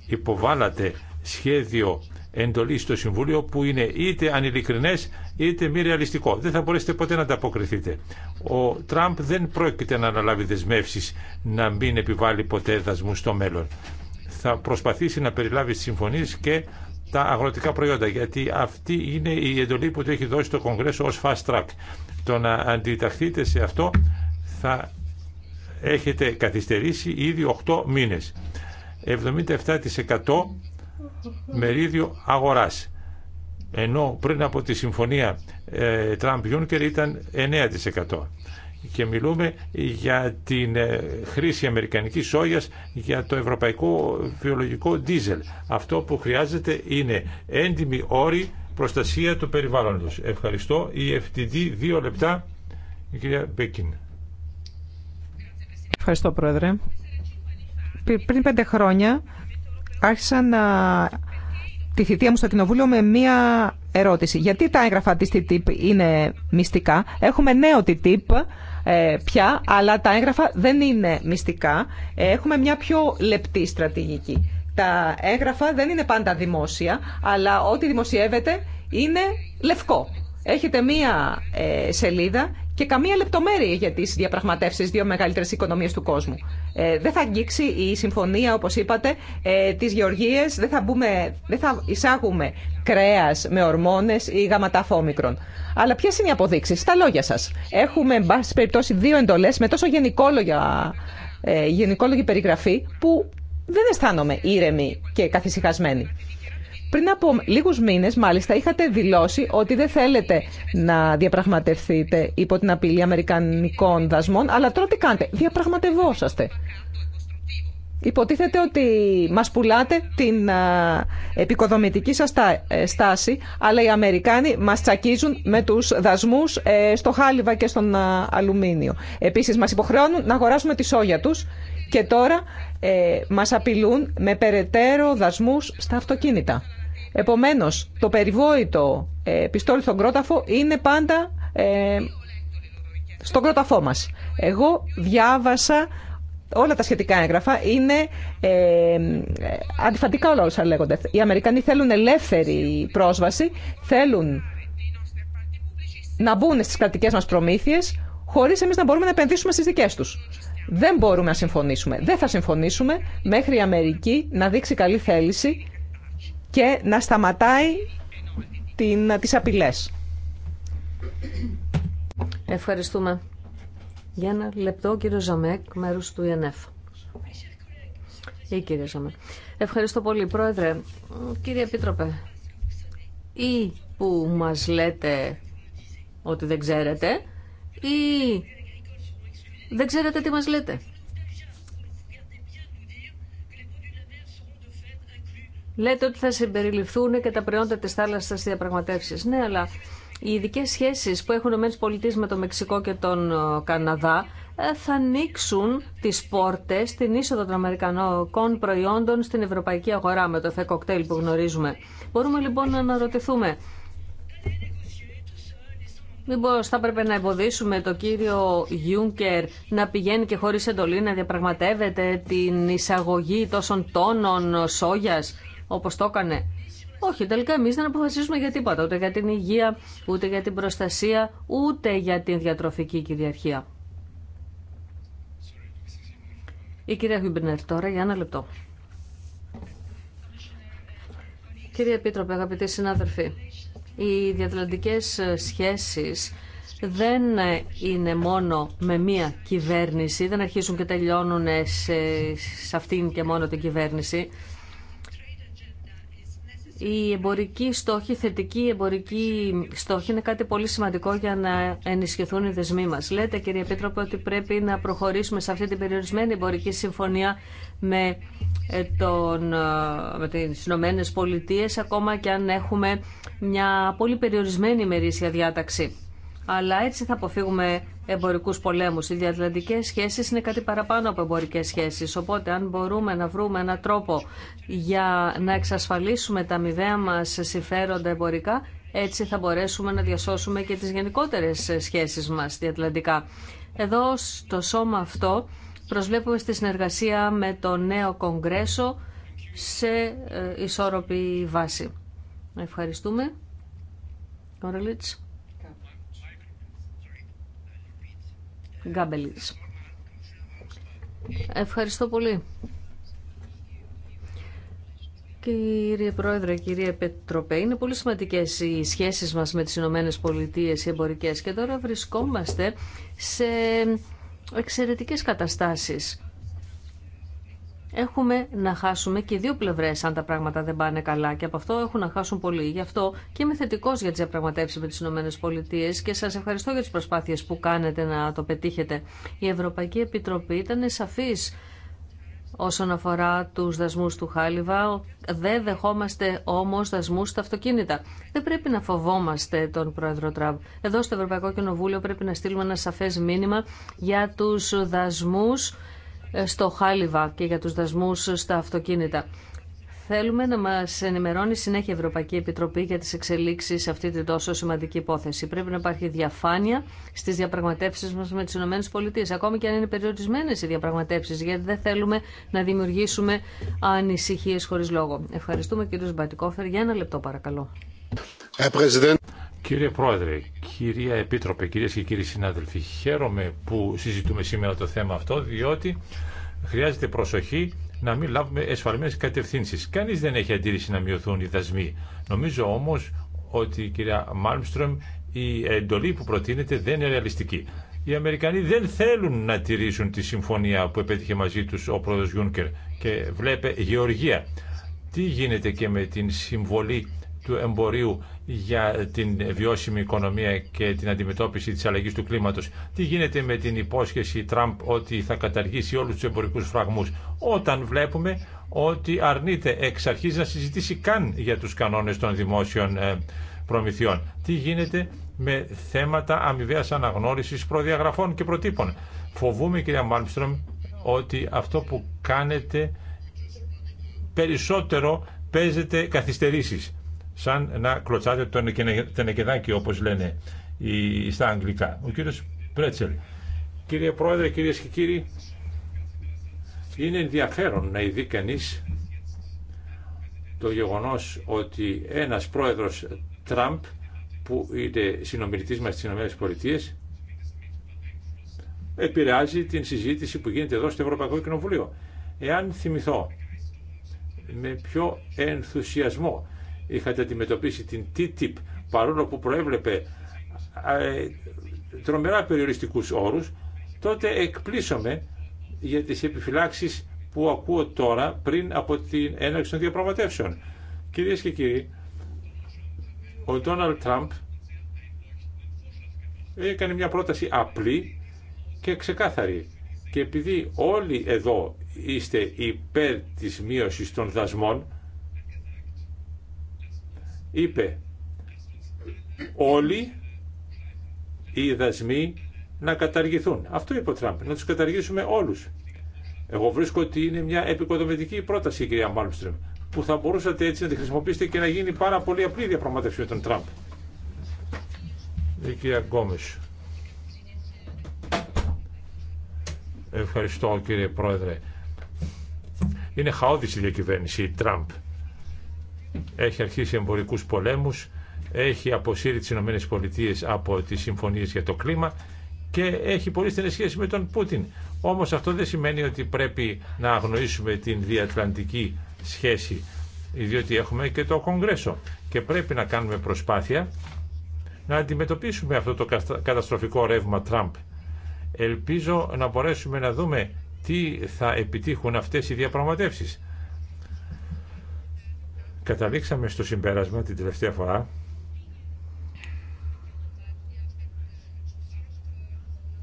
Υποβάλατε σχέδιο εντολή στο Συμβούλιο που είναι είτε ανηλικρινέ είτε μη ρεαλιστικό. Δεν θα μπορέσετε ποτέ να ανταποκριθείτε. Ο Τραμπ δεν πρόκειται να αναλάβει δεσμεύσει να μην επιβάλλει ποτέ δασμού στο μέλλον. Θα προσπαθήσει να περιλάβει στις συμφωνίες και τα αγροτικά προϊόντα, γιατί αυτή είναι η εντολή που του έχει δώσει το Κογκρέσο ως fast track. Το να αντιταχθείτε σε αυτό θα έχετε καθυστερήσει ήδη 8 μήνες. 77% μερίδιο αγοράς ενώ πριν από τη συμφωνία ε, Τραμπ-Γιούνκερ ήταν 9% και μιλούμε για την ε, χρήση αμερικανικής σόγιας για το ευρωπαϊκό βιολογικό δίζελ. Αυτό που χρειάζεται είναι έντιμη όρη προστασία του περιβάλλοντος. Ευχαριστώ. Η FTD, δύο λεπτά, η κυρία Μπέκιν. Ευχαριστώ, Πρόεδρε. Πριν πέντε χρόνια άρχισα να... τη θητεία μου στο Κοινοβούλιο με μία ερώτηση. Γιατί τα έγγραφα της TTIP είναι μυστικά. Έχουμε νέο TTIP ε, πια, αλλά τα έγγραφα δεν είναι μυστικά. Ε, έχουμε μια πιο λεπτή στρατηγική. Τα έγγραφα δεν είναι πάντα δημόσια, αλλά ό,τι δημοσιεύεται είναι λευκό. Έχετε μία ε, σελίδα και καμία λεπτομέρεια για τι διαπραγματεύσει δύο μεγαλύτερε οικονομίε του κόσμου. Ε, δεν θα αγγίξει η συμφωνία, όπω είπατε, ε, τι γεωργίε, δεν, θα δεν θα εισάγουμε κρέα με ορμόνε ή γαματαφόμικρον. Αλλά ποιε είναι οι αποδείξει, στα λόγια σα. Έχουμε, εν πάση περιπτώσει, δύο εντολέ με τόσο γενικόλογια, ε, γενικόλογη περιγραφή που δεν αισθάνομαι ήρεμη και καθησυχασμένη. Πριν από λίγους μήνες, μάλιστα, είχατε δηλώσει ότι δεν θέλετε να διαπραγματευτείτε υπό την απειλή αμερικανικών δασμών, αλλά τώρα τι κάνετε, διαπραγματευόσαστε. Υποτίθεται ότι μας πουλάτε την επικοδομητική σας ε, στάση, αλλά οι Αμερικάνοι μας τσακίζουν με τους δασμούς ε, στο χάλιβα και στον αλουμίνιο. Επίσης, μας υποχρεώνουν να αγοράσουμε τη σόγια τους και τώρα ε, μας απειλούν με περαιτέρω δασμούς στα αυτοκίνητα. Επομένως, το περιβόητο ε, πιστόλι στον κρόταφο είναι πάντα ε, στον κρόταφό μας. Εγώ διάβασα όλα τα σχετικά έγγραφα είναι ε, όλα όσα λέγονται. Οι Αμερικανοί θέλουν ελεύθερη πρόσβαση, θέλουν να μπουν στις κρατικές μας προμήθειες, χωρίς εμείς να μπορούμε να επενδύσουμε στις δικές τους. Δεν μπορούμε να συμφωνήσουμε. Δεν θα συμφωνήσουμε μέχρι η Αμερική να δείξει καλή θέληση και να σταματάει την, τις απειλές. Ευχαριστούμε. Για ένα λεπτό, κύριο Ζαμέκ, μέρους του ΙΕΝΕΦ. Ή κύριε Ζαμέκ. Ευχαριστώ πολύ, Πρόεδρε. Κύριε Επίτροπε, ή που μας λέτε ότι δεν ξέρετε, ή δεν ξέρετε τι μας λέτε. Λέτε ότι θα συμπεριληφθούν και τα προϊόντα τη θάλασσα στι διαπραγματεύσει. Ναι, αλλά οι ειδικέ σχέσει που έχουν οι με το Μεξικό και τον ε, Καναδά ε, θα ανοίξουν τι πόρτε στην είσοδο των Αμερικανικών προϊόντων στην ευρωπαϊκή αγορά με το εφέ κοκτέιλ e που γνωρίζουμε. Μπορούμε λοιπόν να αναρωτηθούμε. Μήπω θα έπρεπε να εμποδίσουμε το κύριο Γιούνκερ να πηγαίνει και χωρίς εντολή να διαπραγματεύεται την εισαγωγή τόσων τόνων σόγιας Όπω το έκανε. Όχι, τελικά εμεί δεν αποφασίζουμε για τίποτα, ούτε για την υγεία, ούτε για την προστασία, ούτε για την διατροφική κυριαρχία. Η κυρία Χουμπινέρ, τώρα για ένα λεπτό. Κύριε Επίτροπε, αγαπητοί συνάδελφοι, οι διατλαντικές σχέσεις δεν είναι μόνο με μία κυβέρνηση, δεν αρχίζουν και τελειώνουν σε, σε αυτήν και μόνο την κυβέρνηση. Η εμπορική στόχοι, θετική εμπορική στόχη είναι κάτι πολύ σημαντικό για να ενισχυθούν οι δεσμοί μας. Λέτε κύριε Επίτροπε ότι πρέπει να προχωρήσουμε σε αυτή την περιορισμένη εμπορική συμφωνία με, ε, τον, ε, με τις Ηνωμένε Πολιτείες ακόμα και αν έχουμε μια πολύ περιορισμένη ημερήσια διάταξη αλλά έτσι θα αποφύγουμε εμπορικούς πολέμους. Οι διατλαντικές σχέσεις είναι κάτι παραπάνω από εμπορικές σχέσεις, οπότε αν μπορούμε να βρούμε έναν τρόπο για να εξασφαλίσουμε τα μηδέα μας συμφέροντα εμπορικά, έτσι θα μπορέσουμε να διασώσουμε και τις γενικότερες σχέσεις μας διατλαντικά. Εδώ στο σώμα αυτό προσβλέπουμε στη συνεργασία με το νέο Κογκρέσο σε ε, ισόρροπη βάση. Ευχαριστούμε. Ευχαριστώ πολύ. Κύριε Πρόεδρε, κύριε Πετροπέ, είναι πολύ σημαντικές οι σχέσεις μας με τις Ηνωμένες Πολιτείες, οι εμπορικές και τώρα βρισκόμαστε σε εξαιρετικές καταστάσεις έχουμε να χάσουμε και δύο πλευρέ αν τα πράγματα δεν πάνε καλά. Και από αυτό έχουν να χάσουν πολλοί. Γι' αυτό και είμαι θετικό για τι διαπραγματεύσει με τι ΗΠΑ και σα ευχαριστώ για τι προσπάθειε που κάνετε να το πετύχετε. Η Ευρωπαϊκή Επιτροπή ήταν σαφή όσον αφορά τους δασμούς του Χάλιβα. Δεν δεχόμαστε όμως δασμούς στα αυτοκίνητα. Δεν πρέπει να φοβόμαστε τον Πρόεδρο Τραμπ. Εδώ στο Ευρωπαϊκό Κοινοβούλιο πρέπει να στείλουμε ένα σαφές μήνυμα για τους δασμούς στο χάλιβα και για τους δασμούς στα αυτοκίνητα. Θέλουμε να μας ενημερώνει συνέχεια η Ευρωπαϊκή Επιτροπή για τις εξελίξεις σε αυτή την τόσο σημαντική υπόθεση. Πρέπει να υπάρχει διαφάνεια στις διαπραγματεύσεις μας με τις ΗΠΑ, ακόμη και αν είναι περιορισμένες οι διαπραγματεύσεις, γιατί δεν θέλουμε να δημιουργήσουμε ανησυχίες χωρίς λόγο. Ευχαριστούμε κύριο Μπατικόφερ. Για ένα λεπτό παρακαλώ. Ε, Κύριε Πρόεδρε, κυρία Επίτροπε, κυρίες και κύριοι συνάδελφοι, χαίρομαι που συζητούμε σήμερα το θέμα αυτό, διότι χρειάζεται προσοχή να μην λάβουμε εσφαλμένες κατευθύνσεις. Κανείς δεν έχει αντίρρηση να μειωθούν οι δασμοί. Νομίζω όμως ότι κυρία Μάλμστρομ η εντολή που προτείνεται δεν είναι ρεαλιστική. Οι Αμερικανοί δεν θέλουν να τηρήσουν τη συμφωνία που επέτυχε μαζί τους ο πρόεδρος Γιούνκερ και βλέπε Γεωργία. Τι γίνεται και με την συμβολή του εμπορίου για την βιώσιμη οικονομία και την αντιμετώπιση της αλλαγής του κλίματος. Τι γίνεται με την υπόσχεση Τραμπ ότι θα καταργήσει όλους τους εμπορικούς φραγμούς όταν βλέπουμε ότι αρνείται εξ αρχής να συζητήσει καν για τους κανόνες των δημόσιων ε, προμηθειών. Τι γίνεται με θέματα αμοιβαία αναγνώρισης προδιαγραφών και προτύπων. Φοβούμε κυρία Μάλμστρομ ότι αυτό που κάνετε περισσότερο παίζεται καθυστερήσεις σαν να κλωτσάτε το τενεκεδάκι όπως λένε στα αγγλικά. Ο κύριος Πρέτσελ. Κύριε Πρόεδρε, κυρίες και κύριοι, είναι ενδιαφέρον να ειδεί κανεί το γεγονός ότι ένας πρόεδρος Τραμπ που είναι συνομιλητής μας στις ΗΠΑ επηρεάζει την συζήτηση που γίνεται εδώ στο Ευρωπαϊκό Κοινοβουλίο. Εάν θυμηθώ με πιο ενθουσιασμό είχατε αντιμετωπίσει την TTIP παρόλο που προέβλεπε ε, τρομερά περιοριστικούς όρους, τότε εκπλήσωμε για τις επιφυλάξεις που ακούω τώρα πριν από την έναρξη των διαπραγματεύσεων. Κυρίε και κύριοι, ο Ντόναλτ Τραμπ έκανε μια πρόταση απλή και ξεκάθαρη. Και επειδή όλοι εδώ είστε υπέρ της μείωσης των δασμών, είπε όλοι οι δασμοί να καταργηθούν. Αυτό είπε ο Τραμπ, να τους καταργήσουμε όλους. Εγώ βρίσκω ότι είναι μια επικοδομητική πρόταση, κυρία Μάλμστρεμ, που θα μπορούσατε έτσι να τη χρησιμοποιήσετε και να γίνει πάρα πολύ απλή διαπραγμάτευση με τον Τραμπ. Η κυρία Γκόμες. Ευχαριστώ κύριε Πρόεδρε. Είναι χαόδηση η διακυβέρνηση η Τραμπ έχει αρχίσει εμπορικούς πολέμους, έχει αποσύρει τις ΗΠΑ Πολιτείες από τις συμφωνίες για το κλίμα και έχει πολύ στενές σχέση με τον Πούτιν. Όμως αυτό δεν σημαίνει ότι πρέπει να αγνοήσουμε την διατλαντική σχέση, διότι έχουμε και το Κογκρέσο και πρέπει να κάνουμε προσπάθεια να αντιμετωπίσουμε αυτό το καταστροφικό ρεύμα Τραμπ. Ελπίζω να μπορέσουμε να δούμε τι θα επιτύχουν αυτές οι διαπραγματεύσεις Καταλήξαμε στο συμπέρασμα την τελευταία φορά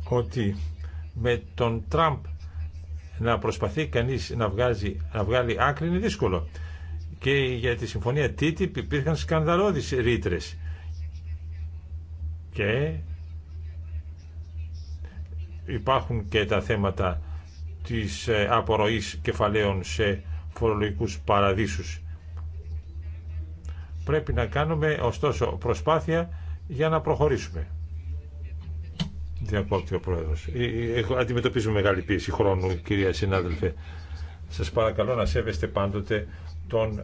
ότι με τον Τραμπ να προσπαθεί κανείς να, να βγάλει άκρη είναι δύσκολο. Και για τη συμφωνία TTIP υπήρχαν σκανδαλώδεις ρήτρε. Και υπάρχουν και τα θέματα της ε, απορροής κεφαλαίων σε φορολογικούς παραδείσους. Πρέπει να κάνουμε ωστόσο προσπάθεια για να προχωρήσουμε. Διακόπτει ο πρόεδρο. Ε, ε, αντιμετωπίζουμε μεγάλη πίεση χρόνου, κυρία συνάδελφε. Σας παρακαλώ να σέβεστε πάντοτε τον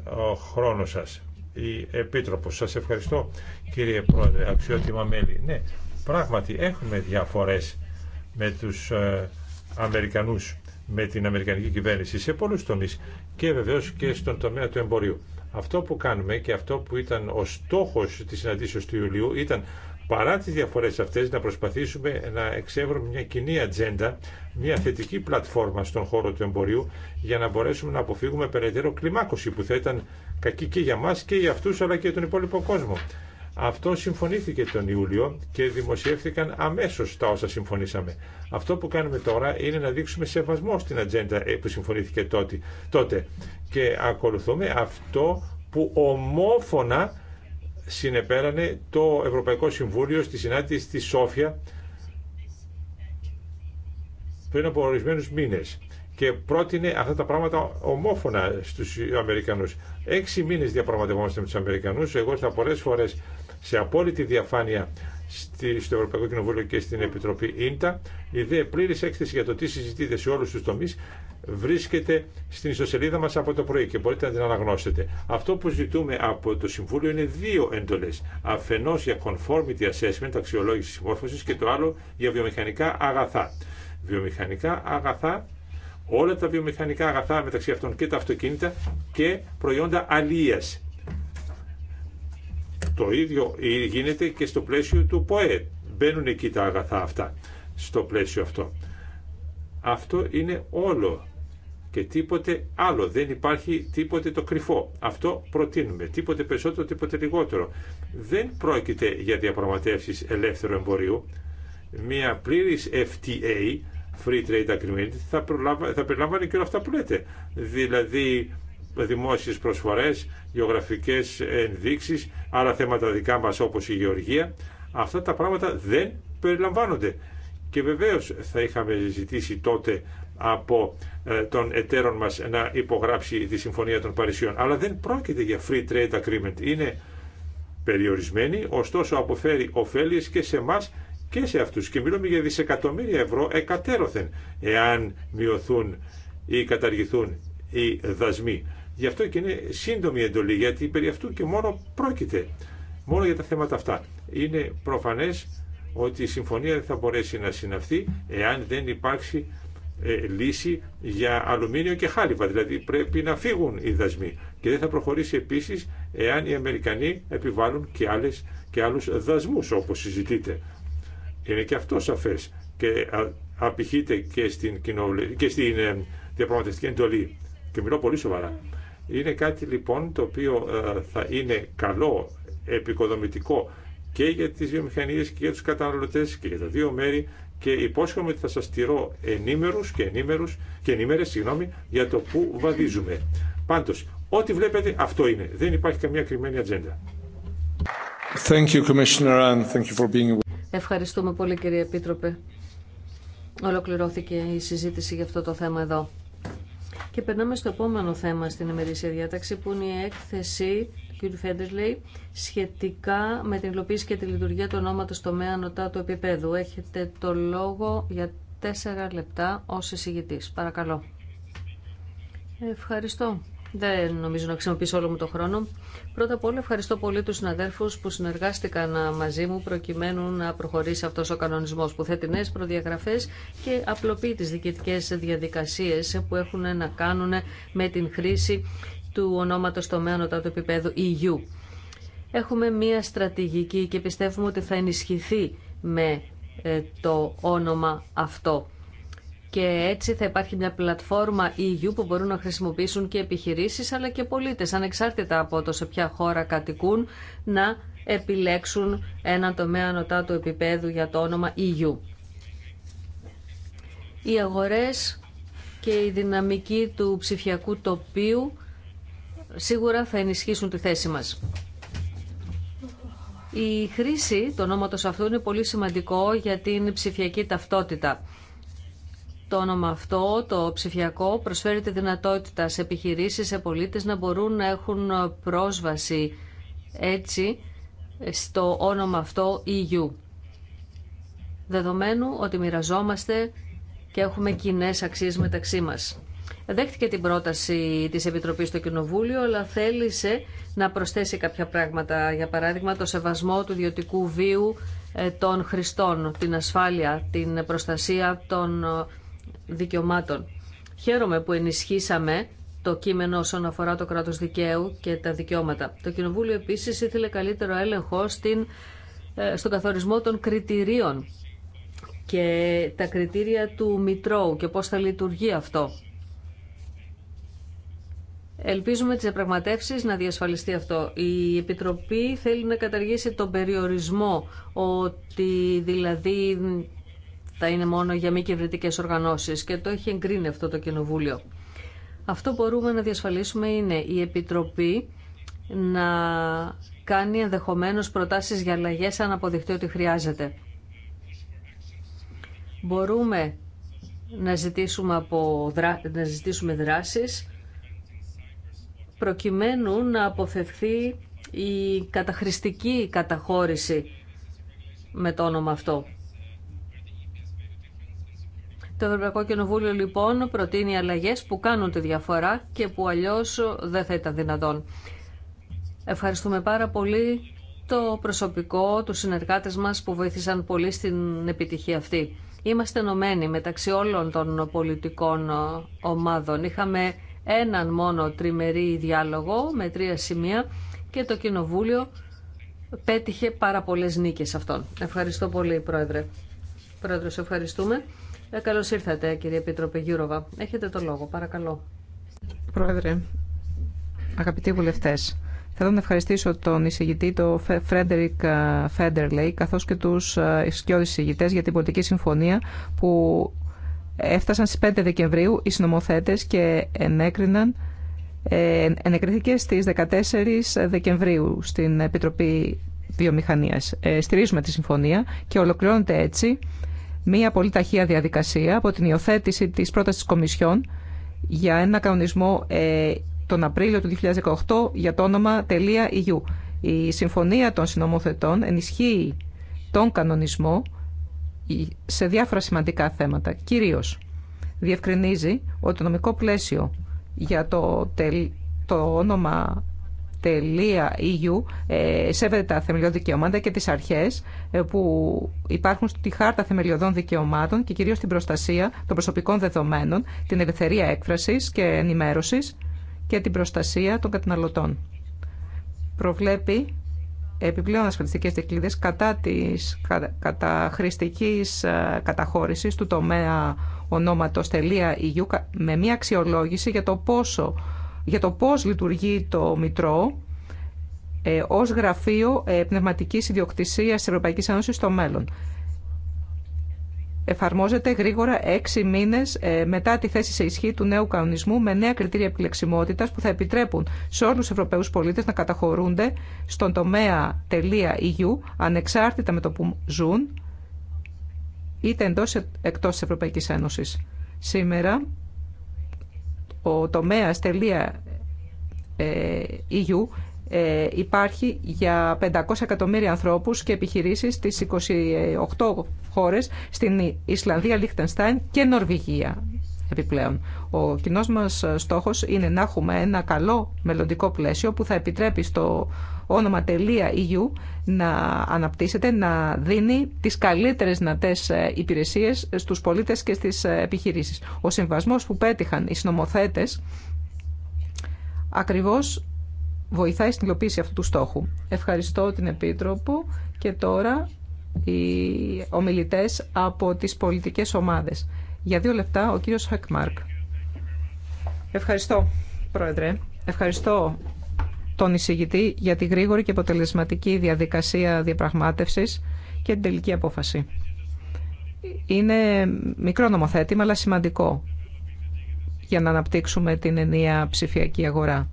χρόνο σας. Η Επίτροπος, σας ευχαριστώ κύριε Πρόεδρε, αξιότιμα μέλη. Ναι, πράγματι έχουμε διαφορές με τους ε, Αμερικανού, με την Αμερικανική κυβέρνηση σε πολλού τομεί και βεβαίω και στον τομέα του εμπορίου. Αυτό που κάνουμε και αυτό που ήταν ο στόχος της συναντήσεως του Ιουλίου ήταν παρά τις διαφορές αυτές να προσπαθήσουμε να εξεύρουμε μια κοινή ατζέντα, μια θετική πλατφόρμα στον χώρο του εμπορίου για να μπορέσουμε να αποφύγουμε περαιτέρω κλιμάκωση που θα ήταν κακή και για μας και για αυτούς αλλά και για τον υπόλοιπο κόσμο. Αυτό συμφωνήθηκε τον Ιούλιο και δημοσιεύθηκαν αμέσως τα όσα συμφωνήσαμε. Αυτό που κάνουμε τώρα είναι να δείξουμε σεβασμό στην ατζέντα ε, που συμφωνήθηκε τότε, τότε. και ακολουθούμε αυτό που ομόφωνα συνεπέρανε το Ευρωπαϊκό Συμβούλιο στη συνάντηση στη Σόφια πριν από ορισμένους μήνες και πρότεινε αυτά τα πράγματα ομόφωνα στους Αμερικανούς. Έξι μήνες διαπραγματευόμαστε με τους Αμερικανού Εγώ στα πολλές φορές σε απόλυτη διαφάνεια στο Ευρωπαϊκό Κοινοβούλιο και στην Επιτροπή ΙΝΤΑ. Η δε έκθεση για το τι συζητείτε σε όλου του τομεί βρίσκεται στην ιστοσελίδα μα από το πρωί και μπορείτε να την αναγνώσετε. Αυτό που ζητούμε από το Συμβούλιο είναι δύο εντολέ. Αφενό για conformity assessment, αξιολόγηση συμμόρφωση, και το άλλο για βιομηχανικά αγαθά. Βιομηχανικά αγαθά, όλα τα βιομηχανικά αγαθά μεταξύ αυτών και τα αυτοκίνητα και προϊόντα αλίας το ίδιο γίνεται και στο πλαίσιο του ΠΟΕ. Μπαίνουν εκεί τα αγαθά αυτά, στο πλαίσιο αυτό. Αυτό είναι όλο και τίποτε άλλο. Δεν υπάρχει τίποτε το κρυφό. Αυτό προτείνουμε. Τίποτε περισσότερο, τίποτε λιγότερο. Δεν πρόκειται για διαπραγματεύσεις ελεύθερου εμπορίου. Μια πλήρης FTA, Free Trade Agreement, θα, θα και όλα αυτά που λέτε. Δηλαδή δημόσιες προσφορές, γεωγραφικές ενδείξεις, άλλα θέματα δικά μας όπως η γεωργία. Αυτά τα πράγματα δεν περιλαμβάνονται. Και βεβαίως θα είχαμε ζητήσει τότε από ε, τον εταίρον μας να υπογράψει τη Συμφωνία των Παρισιών. Αλλά δεν πρόκειται για free trade agreement. Είναι περιορισμένη, ωστόσο αποφέρει ωφέλειες και σε εμά και σε αυτούς. Και μιλούμε για δισεκατομμύρια ευρώ εκατέρωθεν, εάν μειωθούν ή καταργηθούν οι δασμοί. Γι' αυτό και είναι σύντομη εντολή, γιατί περί αυτού και μόνο πρόκειται. Μόνο για τα θέματα αυτά. Είναι προφανές ότι η συμφωνία δεν θα μπορέσει να συναυθεί εάν δεν υπάρξει ε, λύση για αλουμίνιο και χάλιβα. Δηλαδή πρέπει να φύγουν οι δασμοί. Και δεν θα προχωρήσει επίσης εάν οι Αμερικανοί επιβάλλουν και, άλλες, και άλλους δασμούς όπως συζητείτε. Είναι και αυτό σαφές και απηχείται και στην, και στην ε, διαπραγματευτική εντολή. Και μιλώ πολύ σοβαρά. Είναι κάτι λοιπόν το οποίο ε, θα είναι καλό, επικοδομητικό και για τις βιομηχανίες και για τους καταναλωτές και για τα δύο μέρη και υπόσχομαι ότι θα σας τηρώ ενήμερους και, ενήμερους, και ενήμερες συγγνώμη, για το που βαδίζουμε. Πάντως, ό,τι βλέπετε αυτό είναι. Δεν υπάρχει καμία κρυμμένη ατζέντα. Thank you, thank you for being... Ευχαριστούμε πολύ κύριε Επίτροπε. Ολοκληρώθηκε η συζήτηση για αυτό το θέμα εδώ. Και περνάμε στο επόμενο θέμα στην ημερήσια διάταξη που είναι η έκθεση του κ. Φέντερλεϊ σχετικά με την υλοποίηση και τη λειτουργία του ονόματος τομέα νοτά του επίπεδου. Έχετε το λόγο για τέσσερα λεπτά ως εισηγητής. Παρακαλώ. Ευχαριστώ δεν νομίζω να χρησιμοποιήσω όλο μου το χρόνο. Πρώτα απ' όλα ευχαριστώ πολύ τους συναδέλφου που συνεργάστηκαν μαζί μου προκειμένου να προχωρήσει αυτός ο κανονισμός που θέτει νέες προδιαγραφές και απλοποιεί τι διοικητικέ διαδικασίες που έχουν να κάνουν με την χρήση του ονόματος τομέα του επίπεδου EU. Έχουμε μία στρατηγική και πιστεύουμε ότι θα ενισχυθεί με ε, το όνομα αυτό και έτσι θα υπάρχει μια πλατφόρμα EU που μπορούν να χρησιμοποιήσουν και επιχειρήσεις αλλά και πολίτες ανεξάρτητα από το σε ποια χώρα κατοικούν να επιλέξουν ένα τομέα ανωτά του επίπεδου για το όνομα EU. Οι αγορές και η δυναμική του ψηφιακού τοπίου σίγουρα θα ενισχύσουν τη θέση μας. Η χρήση του ονόματος αυτού είναι πολύ σημαντικό για την ψηφιακή ταυτότητα το όνομα αυτό, το ψηφιακό, προσφέρει τη δυνατότητα σε επιχειρήσεις, σε πολίτες να μπορούν να έχουν πρόσβαση έτσι στο όνομα αυτό EU. Δεδομένου ότι μοιραζόμαστε και έχουμε κοινέ αξίες μεταξύ μας. Δέχτηκε την πρόταση της Επιτροπής στο Κοινοβούλιο, αλλά θέλησε να προσθέσει κάποια πράγματα. Για παράδειγμα, το σεβασμό του ιδιωτικού βίου ε, των χρηστών, την ασφάλεια, την προστασία των ε, δικαιωμάτων. Χαίρομαι που ενισχύσαμε το κείμενο όσον αφορά το κράτο δικαίου και τα δικαιώματα. Το Κοινοβούλιο επίση ήθελε καλύτερο έλεγχο στην, ε, στον καθορισμό των κριτηρίων και τα κριτήρια του Μητρώου και πώς θα λειτουργεί αυτό. Ελπίζουμε τις διαπραγματεύσει να διασφαλιστεί αυτό. Η Επιτροπή θέλει να καταργήσει τον περιορισμό ότι δηλαδή αυτά είναι μόνο για μη κυβερνητικέ οργανώσει και το έχει εγκρίνει αυτό το Κοινοβούλιο. Αυτό που μπορούμε να διασφαλίσουμε είναι η Επιτροπή να κάνει ενδεχομένως προτάσεις για αλλαγέ αν αποδειχτεί ότι χρειάζεται. Μπορούμε να ζητήσουμε, από, να ζητήσουμε δράσεις προκειμένου να αποφευθεί η καταχρηστική καταχώρηση με το όνομα αυτό. Το Ευρωπαϊκό Κοινοβούλιο λοιπόν προτείνει αλλαγές που κάνουν τη διαφορά και που αλλιώς δεν θα ήταν δυνατόν. Ευχαριστούμε πάρα πολύ το προσωπικό, τους συνεργάτες μας που βοήθησαν πολύ στην επιτυχία αυτή. Είμαστε ενωμένοι μεταξύ όλων των πολιτικών ομάδων. Είχαμε έναν μόνο τριμερή διάλογο με τρία σημεία και το Κοινοβούλιο πέτυχε πάρα πολλές νίκες αυτών. Ευχαριστώ πολύ, Πρόεδρε. Πρόεδρε, ευχαριστούμε. Ε, Καλώ ήρθατε, κύριε Επίτροπε Γιούροβα. Έχετε το λόγο, παρακαλώ. Πρόεδρε, αγαπητοί βουλευτέ, θέλω να ευχαριστήσω τον εισηγητή, τον Φρέντερικ ε, Φέντερλεϊ, καθώ και του ε, σκιώδει εισηγητέ για την πολιτική συμφωνία που έφτασαν στι 5 Δεκεμβρίου οι συνομοθέτε και ενέκριναν ενεκρίθηκε στις 14 Δεκεμβρίου στην Επιτροπή Βιομηχανίας. στηρίζουμε τη συμφωνία και ολοκληρώνεται έτσι μία πολύ ταχεία διαδικασία από την υιοθέτηση της πρότασης της Κομισιόν για ένα κανονισμό ε, τον Απρίλιο του 2018 για το όνομα .eu. Η Συμφωνία των Συνομοθετών ενισχύει τον κανονισμό σε διάφορα σημαντικά θέματα. Κυρίως διευκρινίζει ότι το νομικό πλαίσιο για το, το όνομα .eu ε, σέβεται τα θεμελιώδη δικαιώματα και τις αρχές ε, που υπάρχουν στη Χάρτα Θεμελιωδών Δικαιωμάτων και κυρίως την προστασία των προσωπικών δεδομένων, την ελευθερία έκφρασης και ενημέρωσης και την προστασία των καταναλωτών. Προβλέπει επιπλέον ασφαλιστικές δικλείδες κατά της καταχρηστικής ε, καταχώρησης του τομέα ονόματος e με μια αξιολόγηση για το πόσο για το πώς λειτουργεί το Μητρό ε, ως γραφείο ε, πνευματικής ιδιοκτησίας της Ευρωπαϊκής Ένωσης στο μέλλον. Εφαρμόζεται γρήγορα έξι μήνες ε, μετά τη θέση σε ισχύ του νέου κανονισμού με νέα κριτήρια επιλεξιμότητας που θα επιτρέπουν σε όλους τους Ευρωπαίους πολίτες να καταχωρούνται στον τομέα .eu ανεξάρτητα με το που ζουν είτε εντός εκτός της Ευρωπαϊκής Ένωσης. Σήμερα ο τομέας .eu ε, ε, υπάρχει για 500 εκατομμύρια ανθρώπους και επιχειρήσεις στις 28 χώρες στην Ισλανδία, Λίχτενστάιν και Νορβηγία επιπλέον. Ο κοινό μας στόχος είναι να έχουμε ένα καλό μελλοντικό πλαίσιο που θα επιτρέπει στο όνομα.eu να αναπτύσσεται, να δίνει τις καλύτερες δυνατές ε, υπηρεσίες στους πολίτες και στις ε, επιχειρήσεις. Ο συμβασμός που πέτυχαν οι συνομοθέτες ακριβώς βοηθάει στην υλοποίηση αυτού του στόχου. Ευχαριστώ την Επίτροπο και τώρα οι ομιλητές από τις πολιτικές ομάδες. Για δύο λεπτά ο κύριος Χακμάρκ. Ευχαριστώ, Πρόεδρε. Ευχαριστώ τον εισηγητή για τη γρήγορη και αποτελεσματική διαδικασία διαπραγμάτευσης και την τελική απόφαση. Είναι μικρό νομοθέτημα, αλλά σημαντικό για να αναπτύξουμε την ενιαία ψηφιακή αγορά.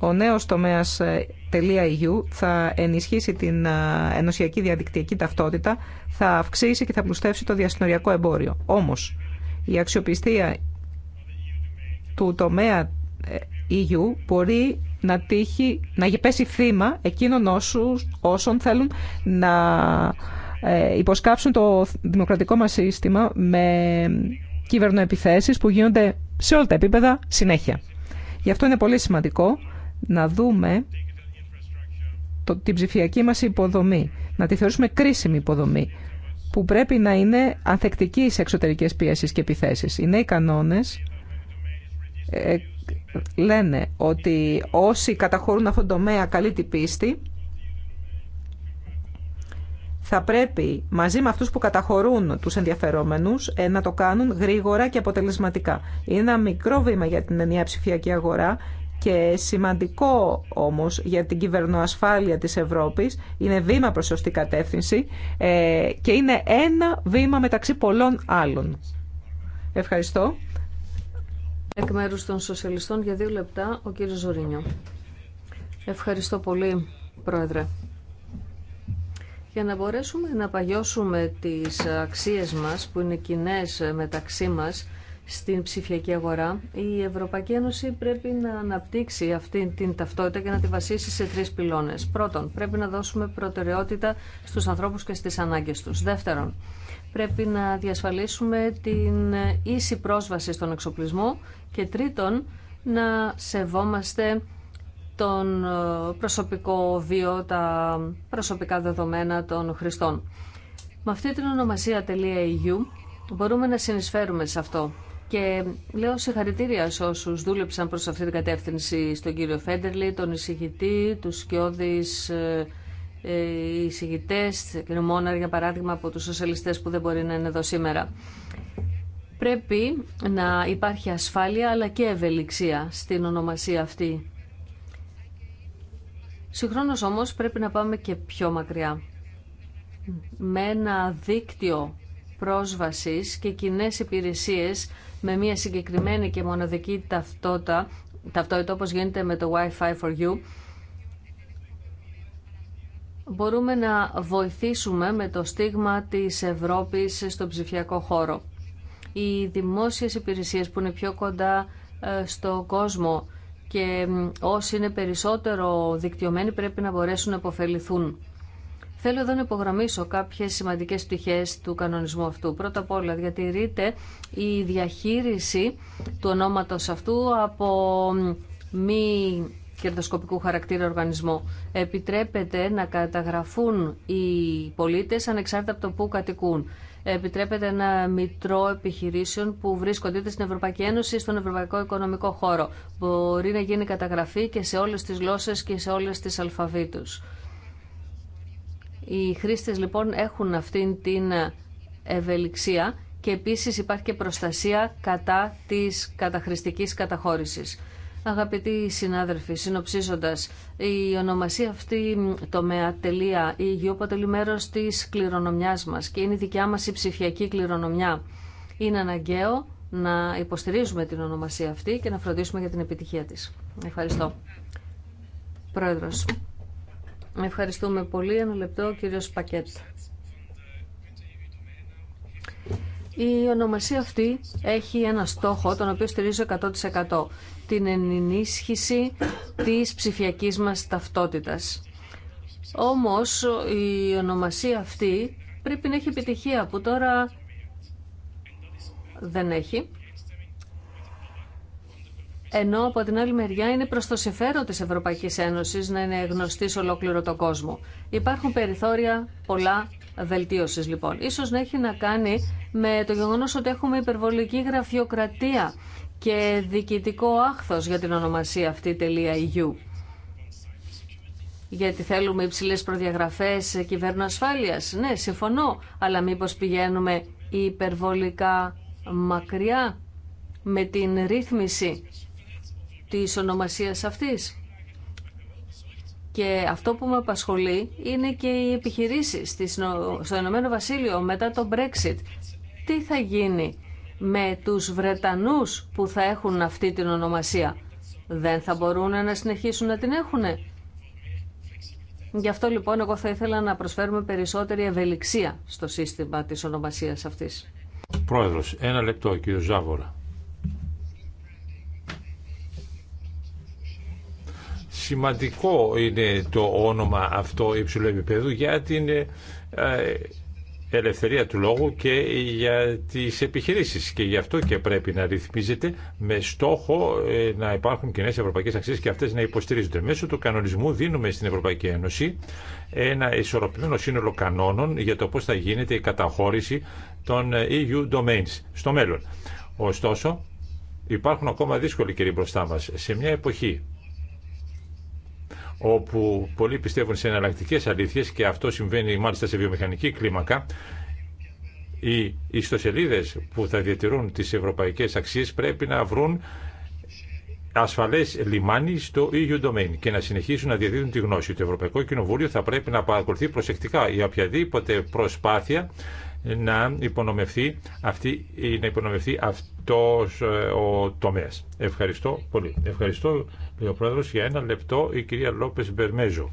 Ο νέος τομέας .eu ε, θα ενισχύσει την ε, ενωσιακή διαδικτυακή ταυτότητα, θα αυξήσει και θα πλουστεύσει το διασυνοριακό εμπόριο. Όμως, η αξιοπιστία του τομέα ε, Υγιού μπορεί να, τύχει, να πέσει θύμα εκείνων όσους, όσων θέλουν να ε, υποσκάψουν το δημοκρατικό μας σύστημα με κυβερνοεπιθέσεις που γίνονται σε όλα τα επίπεδα συνέχεια. Γι' αυτό είναι πολύ σημαντικό να δούμε το, την ψηφιακή μας υποδομή, να τη θεωρήσουμε κρίσιμη υποδομή, που πρέπει να είναι ανθεκτική σε εξωτερικές πίεσεις και επιθέσεις. Οι νέοι κανόνες ε, λένε ότι όσοι καταχωρούν αυτόν τον τομέα καλή την πίστη, θα πρέπει μαζί με αυτούς που καταχωρούν τους ενδιαφερόμενους ε, να το κάνουν γρήγορα και αποτελεσματικά. Είναι ένα μικρό βήμα για την ενιαία ψηφιακή αγορά και σημαντικό όμως για την κυβερνοασφάλεια της Ευρώπης. Είναι βήμα προς σωστή κατεύθυνση ε, και είναι ένα βήμα μεταξύ πολλών άλλων. Ευχαριστώ. Εκ μέρους των Σοσιαλιστών για δύο λεπτά ο κύριος Ζωρίνιο. Ευχαριστώ πολύ, Πρόεδρε. Για να μπορέσουμε να παγιώσουμε τις αξίες μας που είναι κοινέ μεταξύ μας στην ψηφιακή αγορά, η Ευρωπαϊκή Ένωση πρέπει να αναπτύξει αυτή την ταυτότητα και να τη βασίσει σε τρεις πυλώνες. Πρώτον, πρέπει να δώσουμε προτεραιότητα στους ανθρώπους και στις ανάγκες τους. Δεύτερον, πρέπει να διασφαλίσουμε την ίση πρόσβαση στον εξοπλισμό και τρίτον, να σεβόμαστε τον ε, προσωπικό βίο, τα προσωπικά δεδομένα των χρηστών. Με αυτή την ονομασία .eu μπορούμε να συνεισφέρουμε σε αυτό. Και λέω συγχαρητήρια σε όσους δούλεψαν προς αυτή την κατεύθυνση στον κύριο Φέντερλη, τον εισηγητή, τους σκιώδης ε, ε, εισηγητές, τον Μόναρ για παράδειγμα από τους σοσιαλιστές που δεν μπορεί να είναι εδώ σήμερα. Πρέπει να υπάρχει ασφάλεια αλλά και ευελιξία στην ονομασία αυτή. Συγχρόνως όμως πρέπει να πάμε και πιο μακριά. Με ένα δίκτυο πρόσβασης και κοινέ υπηρεσίες με μια συγκεκριμένη και μοναδική ταυτότητα, ταυτότητα όπως γίνεται με το Wi-Fi for You, μπορούμε να βοηθήσουμε με το στίγμα της Ευρώπης στον ψηφιακό χώρο οι δημόσιες υπηρεσίες που είναι πιο κοντά ε, στο κόσμο και όσοι είναι περισσότερο δικτυωμένοι πρέπει να μπορέσουν να υποφεληθούν. Θέλω εδώ να υπογραμμίσω κάποιες σημαντικές πτυχές του κανονισμού αυτού. Πρώτα απ' όλα διατηρείται η διαχείριση του ονόματος αυτού από μη κερδοσκοπικού χαρακτήρα οργανισμό. Επιτρέπεται να καταγραφούν οι πολίτες ανεξάρτητα από το που κατοικούν επιτρέπεται ένα μητρό επιχειρήσεων που βρίσκονται είτε στην Ευρωπαϊκή Ένωση στον Ευρωπαϊκό Οικονομικό Χώρο. Μπορεί να γίνει καταγραφή και σε όλες τις γλώσσες και σε όλες τις αλφαβήτους. Οι χρήστες λοιπόν έχουν αυτήν την ευελιξία και επίσης υπάρχει και προστασία κατά της καταχρηστικής καταχώρησης. Αγαπητοί συνάδελφοι, συνοψίζοντας, η ονομασία αυτή τομέα τελεία η αποτελεί μέρο της κληρονομιάς μας και είναι η δικιά μας η ψηφιακή κληρονομιά. Είναι αναγκαίο να υποστηρίζουμε την ονομασία αυτή και να φροντίσουμε για την επιτυχία της. Ευχαριστώ. Πρόεδρος. Ευχαριστούμε πολύ. Ένα λεπτό, κύριος Πακέτ. Η ονομασία αυτή έχει ένα στόχο, τον οποίο στηρίζω 100%. Την ενίσχυση της ψηφιακής μας ταυτότητας. Όμως η ονομασία αυτή πρέπει να έχει επιτυχία που τώρα δεν έχει. Ενώ από την άλλη μεριά είναι προς το συμφέρον της Ευρωπαϊκής Ένωσης να είναι γνωστή σε ολόκληρο το κόσμο. Υπάρχουν περιθώρια πολλά βελτίωση λοιπόν. Ίσως να έχει να κάνει με το γεγονός ότι έχουμε υπερβολική γραφειοκρατία και διοικητικό άχθος για την ονομασία αυτή τελεία EU. Γιατί θέλουμε υψηλές προδιαγραφές ασφάλειας. Ναι, συμφωνώ, αλλά μήπως πηγαίνουμε υπερβολικά μακριά με την ρύθμιση της ονομασίας αυτής. Και αυτό που με απασχολεί είναι και οι επιχειρήσει στο Ηνωμένο Βασίλειο μετά το Brexit. Τι θα γίνει με τους Βρετανούς που θα έχουν αυτή την ονομασία. Δεν θα μπορούν να συνεχίσουν να την έχουν. Γι' αυτό λοιπόν εγώ θα ήθελα να προσφέρουμε περισσότερη ευελιξία στο σύστημα της ονομασίας αυτής. Πρόεδρος, ένα λεπτό κύριο Ζάβορα. σημαντικό είναι το όνομα αυτό υψηλού επίπεδου για την ε, ελευθερία του λόγου και για τις επιχειρήσεις και γι' αυτό και πρέπει να ρυθμίζεται με στόχο ε, να υπάρχουν κοινέ ευρωπαϊκές αξίες και αυτές να υποστηρίζονται. Μέσω του κανονισμού δίνουμε στην Ευρωπαϊκή Ένωση ένα ισορροπημένο σύνολο κανόνων για το πώς θα γίνεται η καταχώρηση των ε, EU domains στο μέλλον. Ωστόσο, υπάρχουν ακόμα δύσκολοι κύριοι μπροστά μας. Σε μια εποχή όπου πολλοί πιστεύουν σε εναλλακτικέ αλήθειε και αυτό συμβαίνει μάλιστα σε βιομηχανική κλίμακα, οι ιστοσελίδε που θα διατηρούν τις ευρωπαϊκές αξίες πρέπει να βρουν ασφαλέ λιμάνι στο ίδιο e domain και να συνεχίσουν να διαδίδουν τη γνώση. Το Ευρωπαϊκό Κοινοβούλιο θα πρέπει να παρακολουθεί προσεκτικά η οποιαδήποτε προσπάθεια να υπονομευθεί, αυτή, να αυτός ε, ο τομέας. Ευχαριστώ πολύ. Ευχαριστώ λέει ο πρόεδρος, για ένα λεπτό η κυρία Λόπε Μπερμέζο.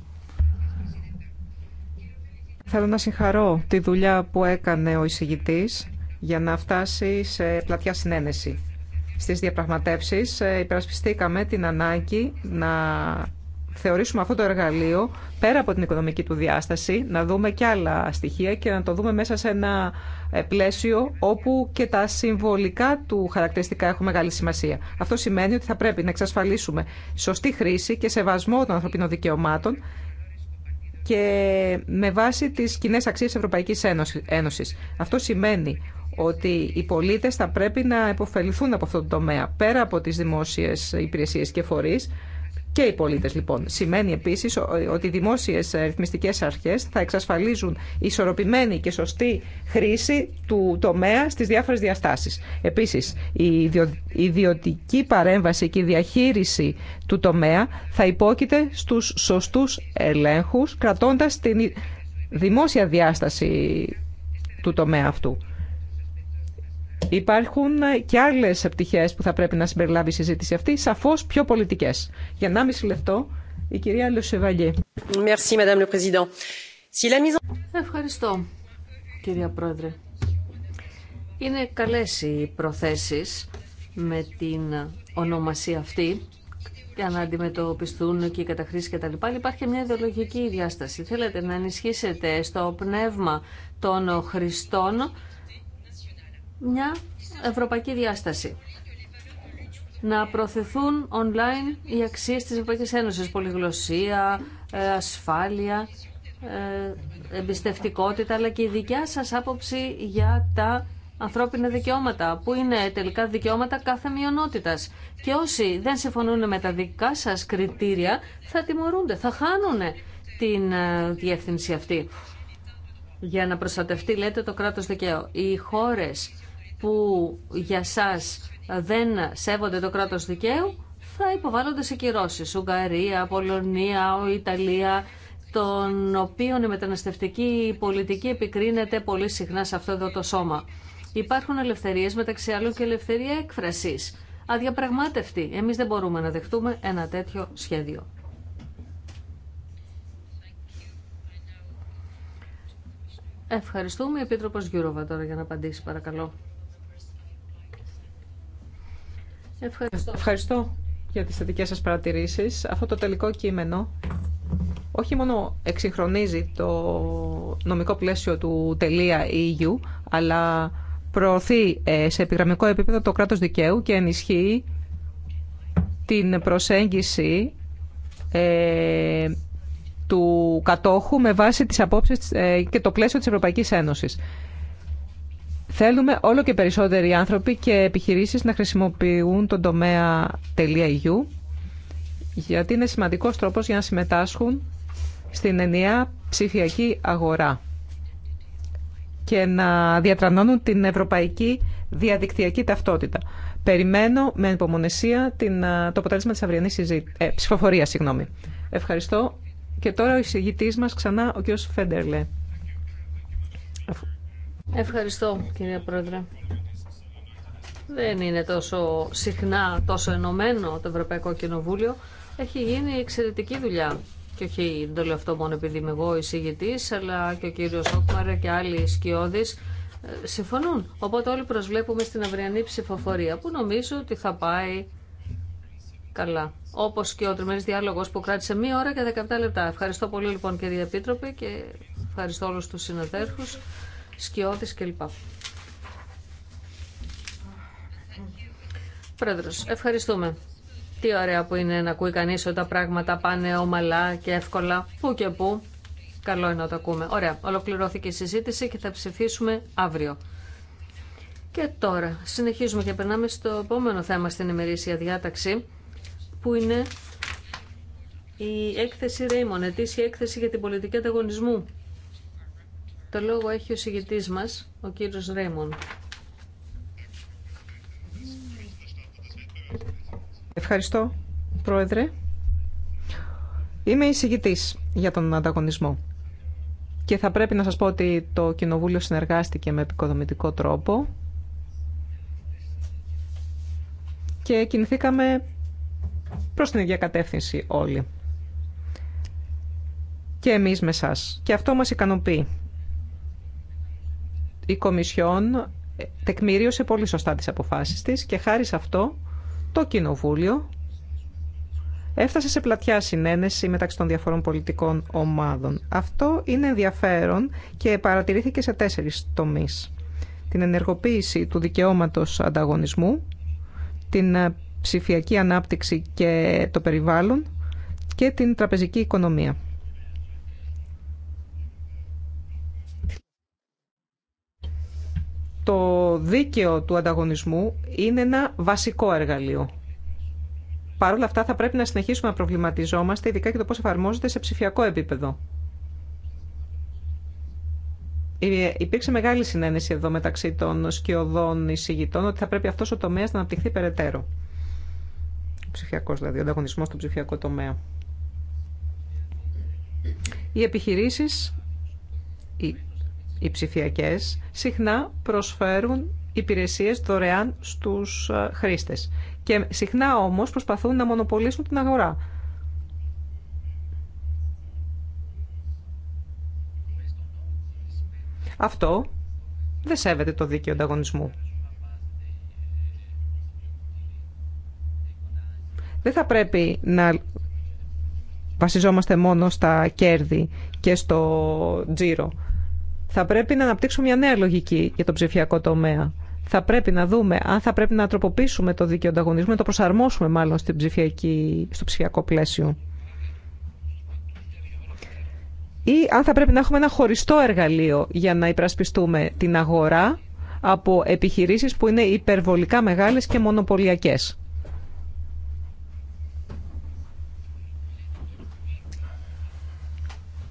Θέλω να συγχαρώ τη δουλειά που έκανε ο εισηγητή για να φτάσει σε πλατιά συνένεση. Στις διαπραγματεύσεις ε, υπερασπιστήκαμε την ανάγκη να θεωρήσουμε αυτό το εργαλείο πέρα από την οικονομική του διάσταση, να δούμε και άλλα στοιχεία και να το δούμε μέσα σε ένα ε, πλαίσιο όπου και τα συμβολικά του χαρακτηριστικά έχουν μεγάλη σημασία. Αυτό σημαίνει ότι θα πρέπει να εξασφαλίσουμε σωστή χρήση και σεβασμό των ανθρωπίνων δικαιωμάτων και με βάση τις κοινέ αξίες Ευρωπαϊκής Ένωσης. Αυτό σημαίνει ότι οι πολίτες θα πρέπει να επωφεληθούν από αυτό το τομέα, πέρα από τις δημόσιες υπηρεσίες και φορείς, και οι πολίτε, λοιπόν. Σημαίνει επίση ότι οι δημόσιε ρυθμιστικέ αρχέ θα εξασφαλίζουν ισορροπημένη και σωστή χρήση του τομέα στι διάφορε διαστάσει. Επίση, η ιδιωτική παρέμβαση και η διαχείριση του τομέα θα υπόκειται στου σωστού ελέγχου, κρατώντα την δημόσια διάσταση του τομέα αυτού. Υπάρχουν ε, και άλλε πτυχέ που θα πρέπει να συμπεριλάβει η συζήτηση αυτή, σαφώ πιο πολιτικέ. Για 1,5 λεπτό, η κυρία Λεσεβαλιέ. Ευχαριστώ, κυρία Πρόεδρε. Είναι καλές οι προθέσεις με την ονομασία αυτή για να αντιμετωπιστούν και οι καταχρήσεις και τα λοιπά. Υπάρχει μια ιδεολογική διάσταση. Θέλετε να ενισχύσετε στο πνεύμα των χρηστών μια ευρωπαϊκή διάσταση. Να προωθηθούν online οι αξίες της Ευρωπαϊκής Ένωσης, Πολυγλωσία, ε, ασφάλεια, ε, εμπιστευτικότητα, αλλά και η δικιά σας άποψη για τα ανθρώπινα δικαιώματα, που είναι τελικά δικαιώματα κάθε μειονότητα. Και όσοι δεν συμφωνούν με τα δικά σας κριτήρια, θα τιμωρούνται, θα χάνουν την ε, διεύθυνση αυτή. Για να προστατευτεί, λέτε, το κράτος δικαίου. Οι χώρες που για σας δεν σέβονται το κράτος δικαίου θα υποβάλλονται σε κυρώσεις. Ουγγαρία, Πολωνία, Ιταλία, των οποίων η μεταναστευτική πολιτική επικρίνεται πολύ συχνά σε αυτό εδώ το σώμα. Υπάρχουν ελευθερίες μεταξύ άλλων και ελευθερία έκφρασης. Αδιαπραγμάτευτη. Εμείς δεν μπορούμε να δεχτούμε ένα τέτοιο σχέδιο. Ευχαριστούμε. Επίτροπος Γιούροβα τώρα για να απαντήσει παρακαλώ. Ευχαριστώ. Ευχαριστώ για τις θετικές σας παρατηρήσεις. Αυτό το τελικό κείμενο όχι μόνο εξυγχρονίζει το νομικό πλαίσιο του τελεία EU, αλλά προωθεί ε, σε επιγραμμικό επίπεδο το κράτος δικαίου και ενισχύει την προσέγγιση ε, του κατόχου με βάση τις απόψεις ε, και το πλαίσιο της Ευρωπαϊκής Ένωσης. Θέλουμε όλο και περισσότεροι άνθρωποι και επιχειρήσεις να χρησιμοποιούν τον τομέα .eu γιατί είναι σημαντικός τρόπος για να συμμετάσχουν στην ενιαία ψηφιακή αγορά και να διατρανώνουν την ευρωπαϊκή διαδικτυακή ταυτότητα. Περιμένω με υπομονησία την, το αποτέλεσμα της αυριανής συζη... Ε, ψηφοφορίας. Συγγνώμη. Ευχαριστώ. Και τώρα ο εισηγητής μας ξανά, ο κ. Φέντερλε. Ευχαριστώ κυρία Πρόεδρε. Δεν είναι τόσο συχνά, τόσο ενωμένο το Ευρωπαϊκό Κοινοβούλιο. Έχει γίνει εξαιρετική δουλειά. Και όχι το λέω αυτό μόνο επειδή είμαι εγώ εισηγητή, αλλά και ο κύριο Όκμαρ και άλλοι σκιώδει ε, συμφωνούν. Οπότε όλοι προσβλέπουμε στην αυριανή ψηφοφορία που νομίζω ότι θα πάει καλά. Όπω και ο τριμερή διάλογο που κράτησε μία ώρα και 17 λεπτά. Ευχαριστώ πολύ λοιπόν κυρία Επίτροπε και ευχαριστώ όλου του συναδέρφου σκιώδης κλπ. Πρόεδρος, ευχαριστούμε. Τι ωραία που είναι να ακούει κανεί ότι τα πράγματα πάνε ομαλά και εύκολα, που και που. Καλό είναι να το ακούμε. Ωραία, ολοκληρώθηκε η συζήτηση και θα ψηφίσουμε αύριο. Και τώρα συνεχίζουμε και περνάμε στο επόμενο θέμα στην ημερήσια διάταξη, που είναι η έκθεση Ρέιμον, ετήσια έκθεση για την πολιτική ανταγωνισμού. Το λόγο έχει ο συγητής μας, ο κύριος Ρέμον. Ευχαριστώ, Πρόεδρε. Είμαι εισηγητής για τον ανταγωνισμό. Και θα πρέπει να σας πω ότι το Κοινοβούλιο συνεργάστηκε με επικοδομητικό τρόπο και κινηθήκαμε προς την ίδια κατεύθυνση όλοι. Και εμείς με σας. Και αυτό μας ικανοποιεί η Κομισιόν ε, τεκμηρίωσε πολύ σωστά τις αποφάσεις της και χάρη σε αυτό το Κοινοβούλιο έφτασε σε πλατιά συνένεση μεταξύ των διαφορών πολιτικών ομάδων. Αυτό είναι ενδιαφέρον και παρατηρήθηκε σε τέσσερις τομείς. Την ενεργοποίηση του δικαιώματος ανταγωνισμού, την ε, ψηφιακή ανάπτυξη και το περιβάλλον και την τραπεζική οικονομία. το δίκαιο του ανταγωνισμού είναι ένα βασικό εργαλείο. Παρ' όλα αυτά θα πρέπει να συνεχίσουμε να προβληματιζόμαστε, ειδικά και το πώς εφαρμόζεται σε ψηφιακό επίπεδο. Ε, υπήρξε μεγάλη συνένεση εδώ μεταξύ των σκιωδών εισηγητών ότι θα πρέπει αυτός ο τομέας να αναπτυχθεί περαιτέρω. Ο ψηφιακός δηλαδή, ο ανταγωνισμός στο ψηφιακό τομέα. Οι επιχειρήσεις, οι ψηφιακές, συχνά προσφέρουν υπηρεσίες δωρεάν στους ε, χρήστες. Και συχνά όμως προσπαθούν να μονοπολίσουν την αγορά. Αυτό δεν σέβεται το δίκαιο ανταγωνισμού. Δεν θα πρέπει να βασιζόμαστε μόνο στα κέρδη και στο τζίρο θα πρέπει να αναπτύξουμε μια νέα λογική για τον ψηφιακό τομέα. Θα πρέπει να δούμε αν θα πρέπει να τροποποιήσουμε το δίκαιο ανταγωνισμό, να το προσαρμόσουμε μάλλον στην ψηφιακή, στο ψηφιακό πλαίσιο. Ή αν θα πρέπει να έχουμε ένα χωριστό εργαλείο για να υπρασπιστούμε την αγορά από επιχειρήσεις που είναι υπερβολικά μεγάλες και μονοπωλιακές.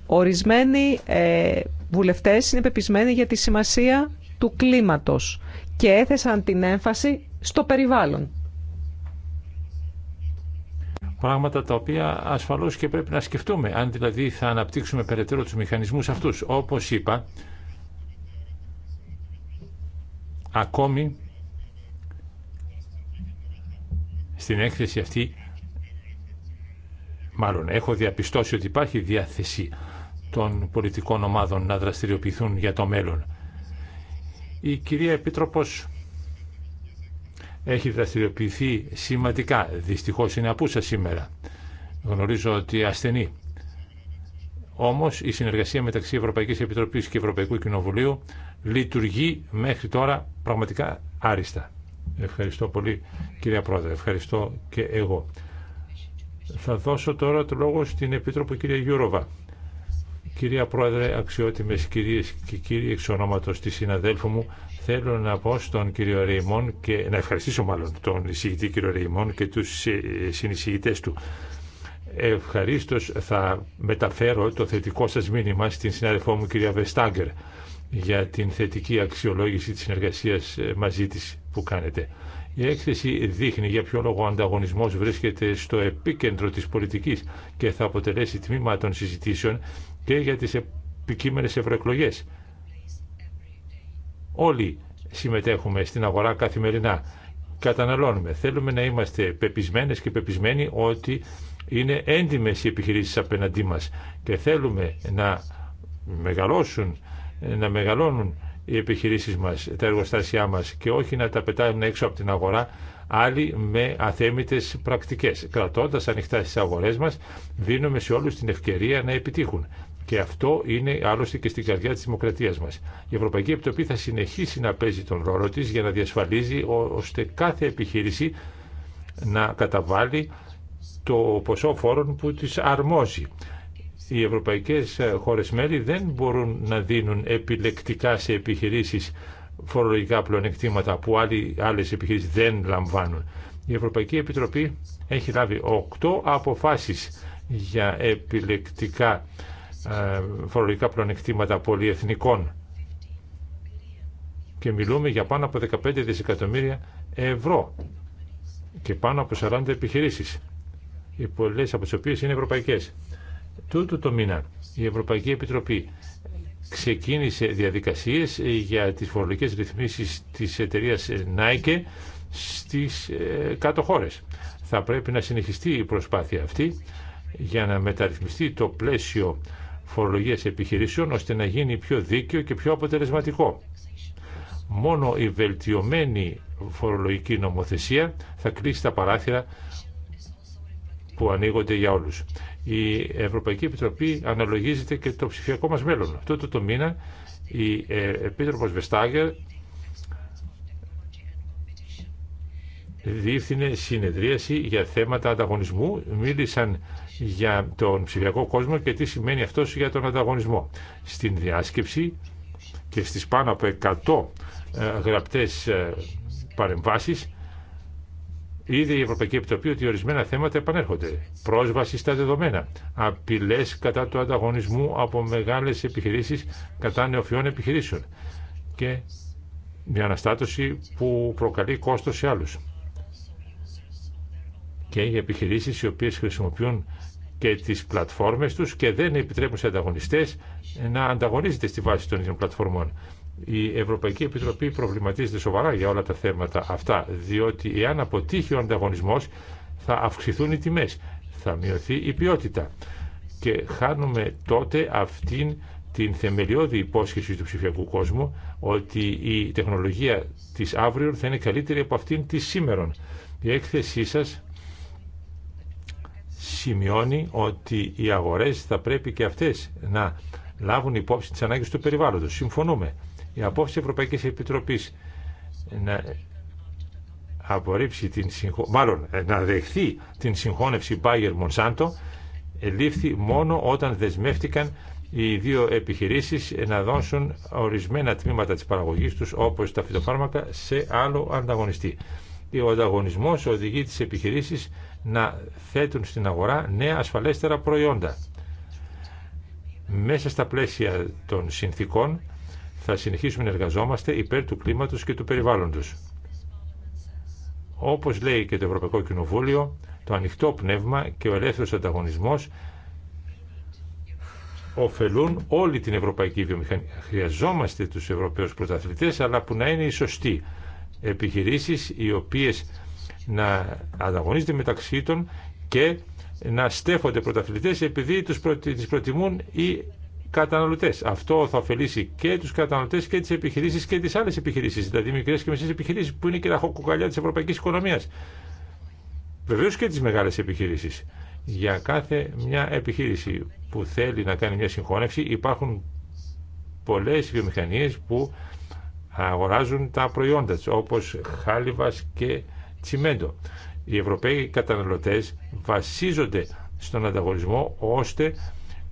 Ορισμένοι ε, βουλευτές είναι πεπισμένοι για τη σημασία του κλίματος και έθεσαν την έμφαση στο περιβάλλον. Πράγματα τα οποία ασφαλώς και πρέπει να σκεφτούμε, αν δηλαδή θα αναπτύξουμε περαιτέρω τους μηχανισμούς αυτούς. Όπως είπα, ακόμη στην έκθεση αυτή, μάλλον έχω διαπιστώσει ότι υπάρχει διάθεση των πολιτικών ομάδων να δραστηριοποιηθούν για το μέλλον. Η κυρία Επίτροπος έχει δραστηριοποιηθεί σημαντικά. Δυστυχώς είναι απούσα σήμερα. Γνωρίζω ότι ασθενεί. Όμως η συνεργασία μεταξύ Ευρωπαϊκής Επιτροπής και Ευρωπαϊκού Κοινοβουλίου λειτουργεί μέχρι τώρα πραγματικά άριστα. Ευχαριστώ πολύ κυρία Πρόεδρε. Ευχαριστώ και εγώ. Θα δώσω τώρα το λόγο στην Επίτροπο κυρία Γιούροβα. Κυρία Πρόεδρε, αξιότιμες κυρίες και κύριοι εξ ονόματος της συναδέλφου μου, θέλω να πω στον κύριο Ρεϊμόν και να ευχαριστήσω μάλλον τον εισηγητή κύριο Ρήμον... και τους ε, συνεισηγητές του. Ευχαρίστως θα μεταφέρω το θετικό σας μήνυμα στην συνάδελφό μου κυρία Βεστάγκερ για την θετική αξιολόγηση της συνεργασίας ε, μαζί της που κάνετε. Η έκθεση δείχνει για ποιο λόγο ο ανταγωνισμό βρίσκεται στο επίκεντρο τη πολιτική και θα αποτελέσει τμήμα των συζητήσεων και για τις επικείμενες ευρωεκλογέ. Όλοι συμμετέχουμε στην αγορά καθημερινά. Καταναλώνουμε. Θέλουμε να είμαστε πεπισμένες και πεπισμένοι ότι είναι έντιμες οι επιχειρήσεις απέναντί μας και θέλουμε να μεγαλώσουν, να μεγαλώνουν οι επιχειρήσεις μας, τα εργοστάσια μας και όχι να τα πετάμε έξω από την αγορά άλλοι με αθέμητες πρακτικές. Κρατώντας ανοιχτά στις αγορές μας, δίνουμε σε όλους την ευκαιρία να επιτύχουν. Και αυτό είναι άλλωστε και στην καρδιά της δημοκρατίας μας. Η Ευρωπαϊκή Επιτροπή θα συνεχίσει να παίζει τον ρόλο της για να διασφαλίζει ώστε κάθε επιχείρηση να καταβάλει το ποσό φόρων που της αρμόζει. Οι ευρωπαϊκές ε, χώρες μέλη δεν μπορούν να δίνουν επιλεκτικά σε επιχειρήσεις φορολογικά πλεονεκτήματα που άλλε άλλες δεν λαμβάνουν. Η Ευρωπαϊκή Επιτροπή έχει λάβει 8 αποφάσεις για επιλεκτικά ε, φορολογικά πλεονεκτήματα πολυεθνικών και μιλούμε για πάνω από 15 δισεκατομμύρια ευρώ και πάνω από 40 επιχειρήσεις οι πολλές από τις οποίες είναι ευρωπαϊκές. Τούτο το μήνα η Ευρωπαϊκή Επιτροπή ξεκίνησε διαδικασίες για τις φορολογικές ρυθμίσεις της εταιρείας Nike στις ε, κάτω χώρες. Θα πρέπει να συνεχιστεί η προσπάθεια αυτή για να μεταρρυθμιστεί το πλαίσιο Φορολογία επιχειρήσεων ώστε να γίνει πιο δίκαιο και πιο αποτελεσματικό. Μόνο η βελτιωμένη φορολογική νομοθεσία θα κλείσει τα παράθυρα που ανοίγονται για όλους. Η Ευρωπαϊκή Επιτροπή αναλογίζεται και το ψηφιακό μας μέλλον. Τότε το μήνα η ε, Επίτροπος Βεστάγερ διεύθυνε συνεδρίαση για θέματα ανταγωνισμού. Μίλησαν για τον ψηφιακό κόσμο και τι σημαίνει αυτό για τον ανταγωνισμό. Στην διάσκεψη και στις πάνω από 100 ε, γραπτές ε, παρεμβάσεις είδε η Ευρωπαϊκή Επιτροπή ότι ορισμένα θέματα επανέρχονται. Πρόσβαση στα δεδομένα, απειλέ κατά του ανταγωνισμού από μεγάλες επιχειρήσεις κατά νεοφιών επιχειρήσεων και μια αναστάτωση που προκαλεί κόστο σε άλλου. Και οι επιχειρήσει οι οποίε χρησιμοποιούν και τις πλατφόρμες τους και δεν επιτρέπουν σε ανταγωνιστές να ανταγωνίζεται στη βάση των ίδιων πλατφορμών. Η Ευρωπαϊκή Επιτροπή προβληματίζεται σοβαρά για όλα τα θέματα αυτά, διότι εάν αποτύχει ο ανταγωνισμός θα αυξηθούν οι τιμές, θα μειωθεί η ποιότητα και χάνουμε τότε αυτήν την θεμελιώδη υπόσχεση του ψηφιακού κόσμου ότι η τεχνολογία της αύριο θα είναι καλύτερη από αυτήν της σήμερον. Η έκθεσή σας σημειώνει ότι οι αγορές θα πρέπει και αυτές να λάβουν υπόψη τις ανάγκες του περιβάλλοντος. Συμφωνούμε. Η απόφαση Ευρωπαϊκής Επιτροπής να απορρίψει την συγχω... μάλλον ε, να δεχθεί την συγχώνευση Bayer Monsanto λήφθη μόνο όταν δεσμεύτηκαν οι δύο επιχειρήσεις να δώσουν ορισμένα τμήματα της παραγωγής τους όπως τα φυτοφάρμακα σε άλλο ανταγωνιστή. Ο ανταγωνισμός οδηγεί τις επιχειρήσεις να θέτουν στην αγορά νέα ασφαλέστερα προϊόντα. Μέσα στα πλαίσια των συνθήκων θα συνεχίσουμε να εργαζόμαστε υπέρ του κλίματος και του περιβάλλοντος. Όπως λέει και το Ευρωπαϊκό Κοινοβούλιο, το ανοιχτό πνεύμα και ο ελεύθερος ανταγωνισμός ωφελούν όλη την ευρωπαϊκή βιομηχανία. Χρειαζόμαστε τους Ευρωπαίους πρωταθλητές, αλλά που να είναι οι σωστοί επιχειρήσεις οι οποίες να ανταγωνίζονται μεταξύ των και να στέφονται πρωταθλητές επειδή τους τις προτιμούν οι καταναλωτές. Αυτό θα ωφελήσει και τους καταναλωτές και τις επιχειρήσεις και τις άλλες επιχειρήσεις, δηλαδή μικρές και μεσές επιχειρήσεις που είναι και κουκαλιά της ευρωπαϊκής οικονομίας. Βεβαίως και τις μεγάλες επιχειρήσεις. Για κάθε μια επιχείρηση που θέλει να κάνει μια συγχώνευση υπάρχουν πολλές βιομηχανίες που αγοράζουν τα προϊόντα τους όπως χάλιβας και τσιμέντο. Οι Ευρωπαίοι καταναλωτές βασίζονται στον ανταγωνισμό ώστε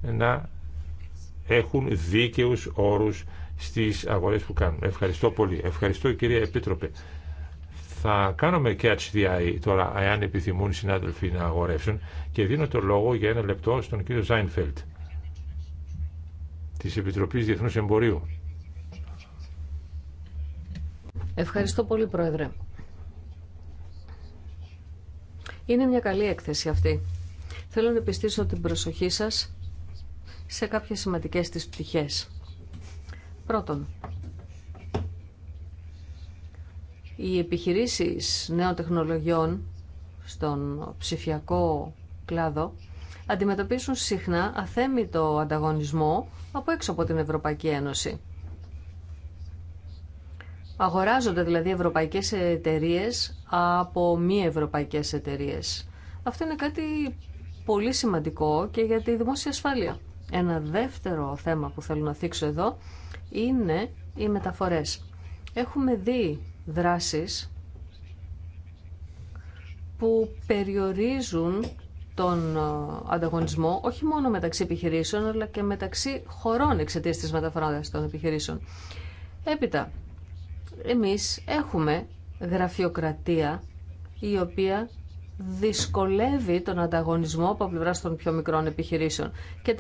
να έχουν δίκαιους όρους στις αγορές που κάνουν. Ευχαριστώ πολύ. Ευχαριστώ κυρία Επίτροπε. Θα κάνουμε και HDI τώρα, εάν επιθυμούν οι συνάδελφοι να αγορεύσουν και δίνω το λόγο για ένα λεπτό στον κύριο Ζάινφελτ της Επιτροπής Διεθνούς Εμπορίου. Ευχαριστώ πολύ, Πρόεδρε. Είναι μια καλή έκθεση αυτή. Θέλω να επιστήσω την προσοχή σας σε κάποιες σημαντικές της πτυχές. Πρώτον, οι επιχειρήσεις νέων τεχνολογιών στον ψηφιακό κλάδο αντιμετωπίζουν συχνά αθέμητο ανταγωνισμό από έξω από την Ευρωπαϊκή Ένωση. Αγοράζονται δηλαδή ευρωπαϊκές εταιρίες από μη ευρωπαϊκές εταιρίες. Αυτό είναι κάτι πολύ σημαντικό και για τη δημόσια ασφάλεια. Ένα δεύτερο θέμα που θέλω να θίξω εδώ είναι οι μεταφορές. Έχουμε δει δράσεις που περιορίζουν τον ε, ανταγωνισμό όχι μόνο μεταξύ επιχειρήσεων αλλά και μεταξύ χωρών εξαιτία της μεταφοράς των επιχειρήσεων. Έπειτα, εμείς έχουμε γραφειοκρατία η οποία δυσκολεύει τον ανταγωνισμό από πλευρά των πιο μικρών επιχειρήσεων.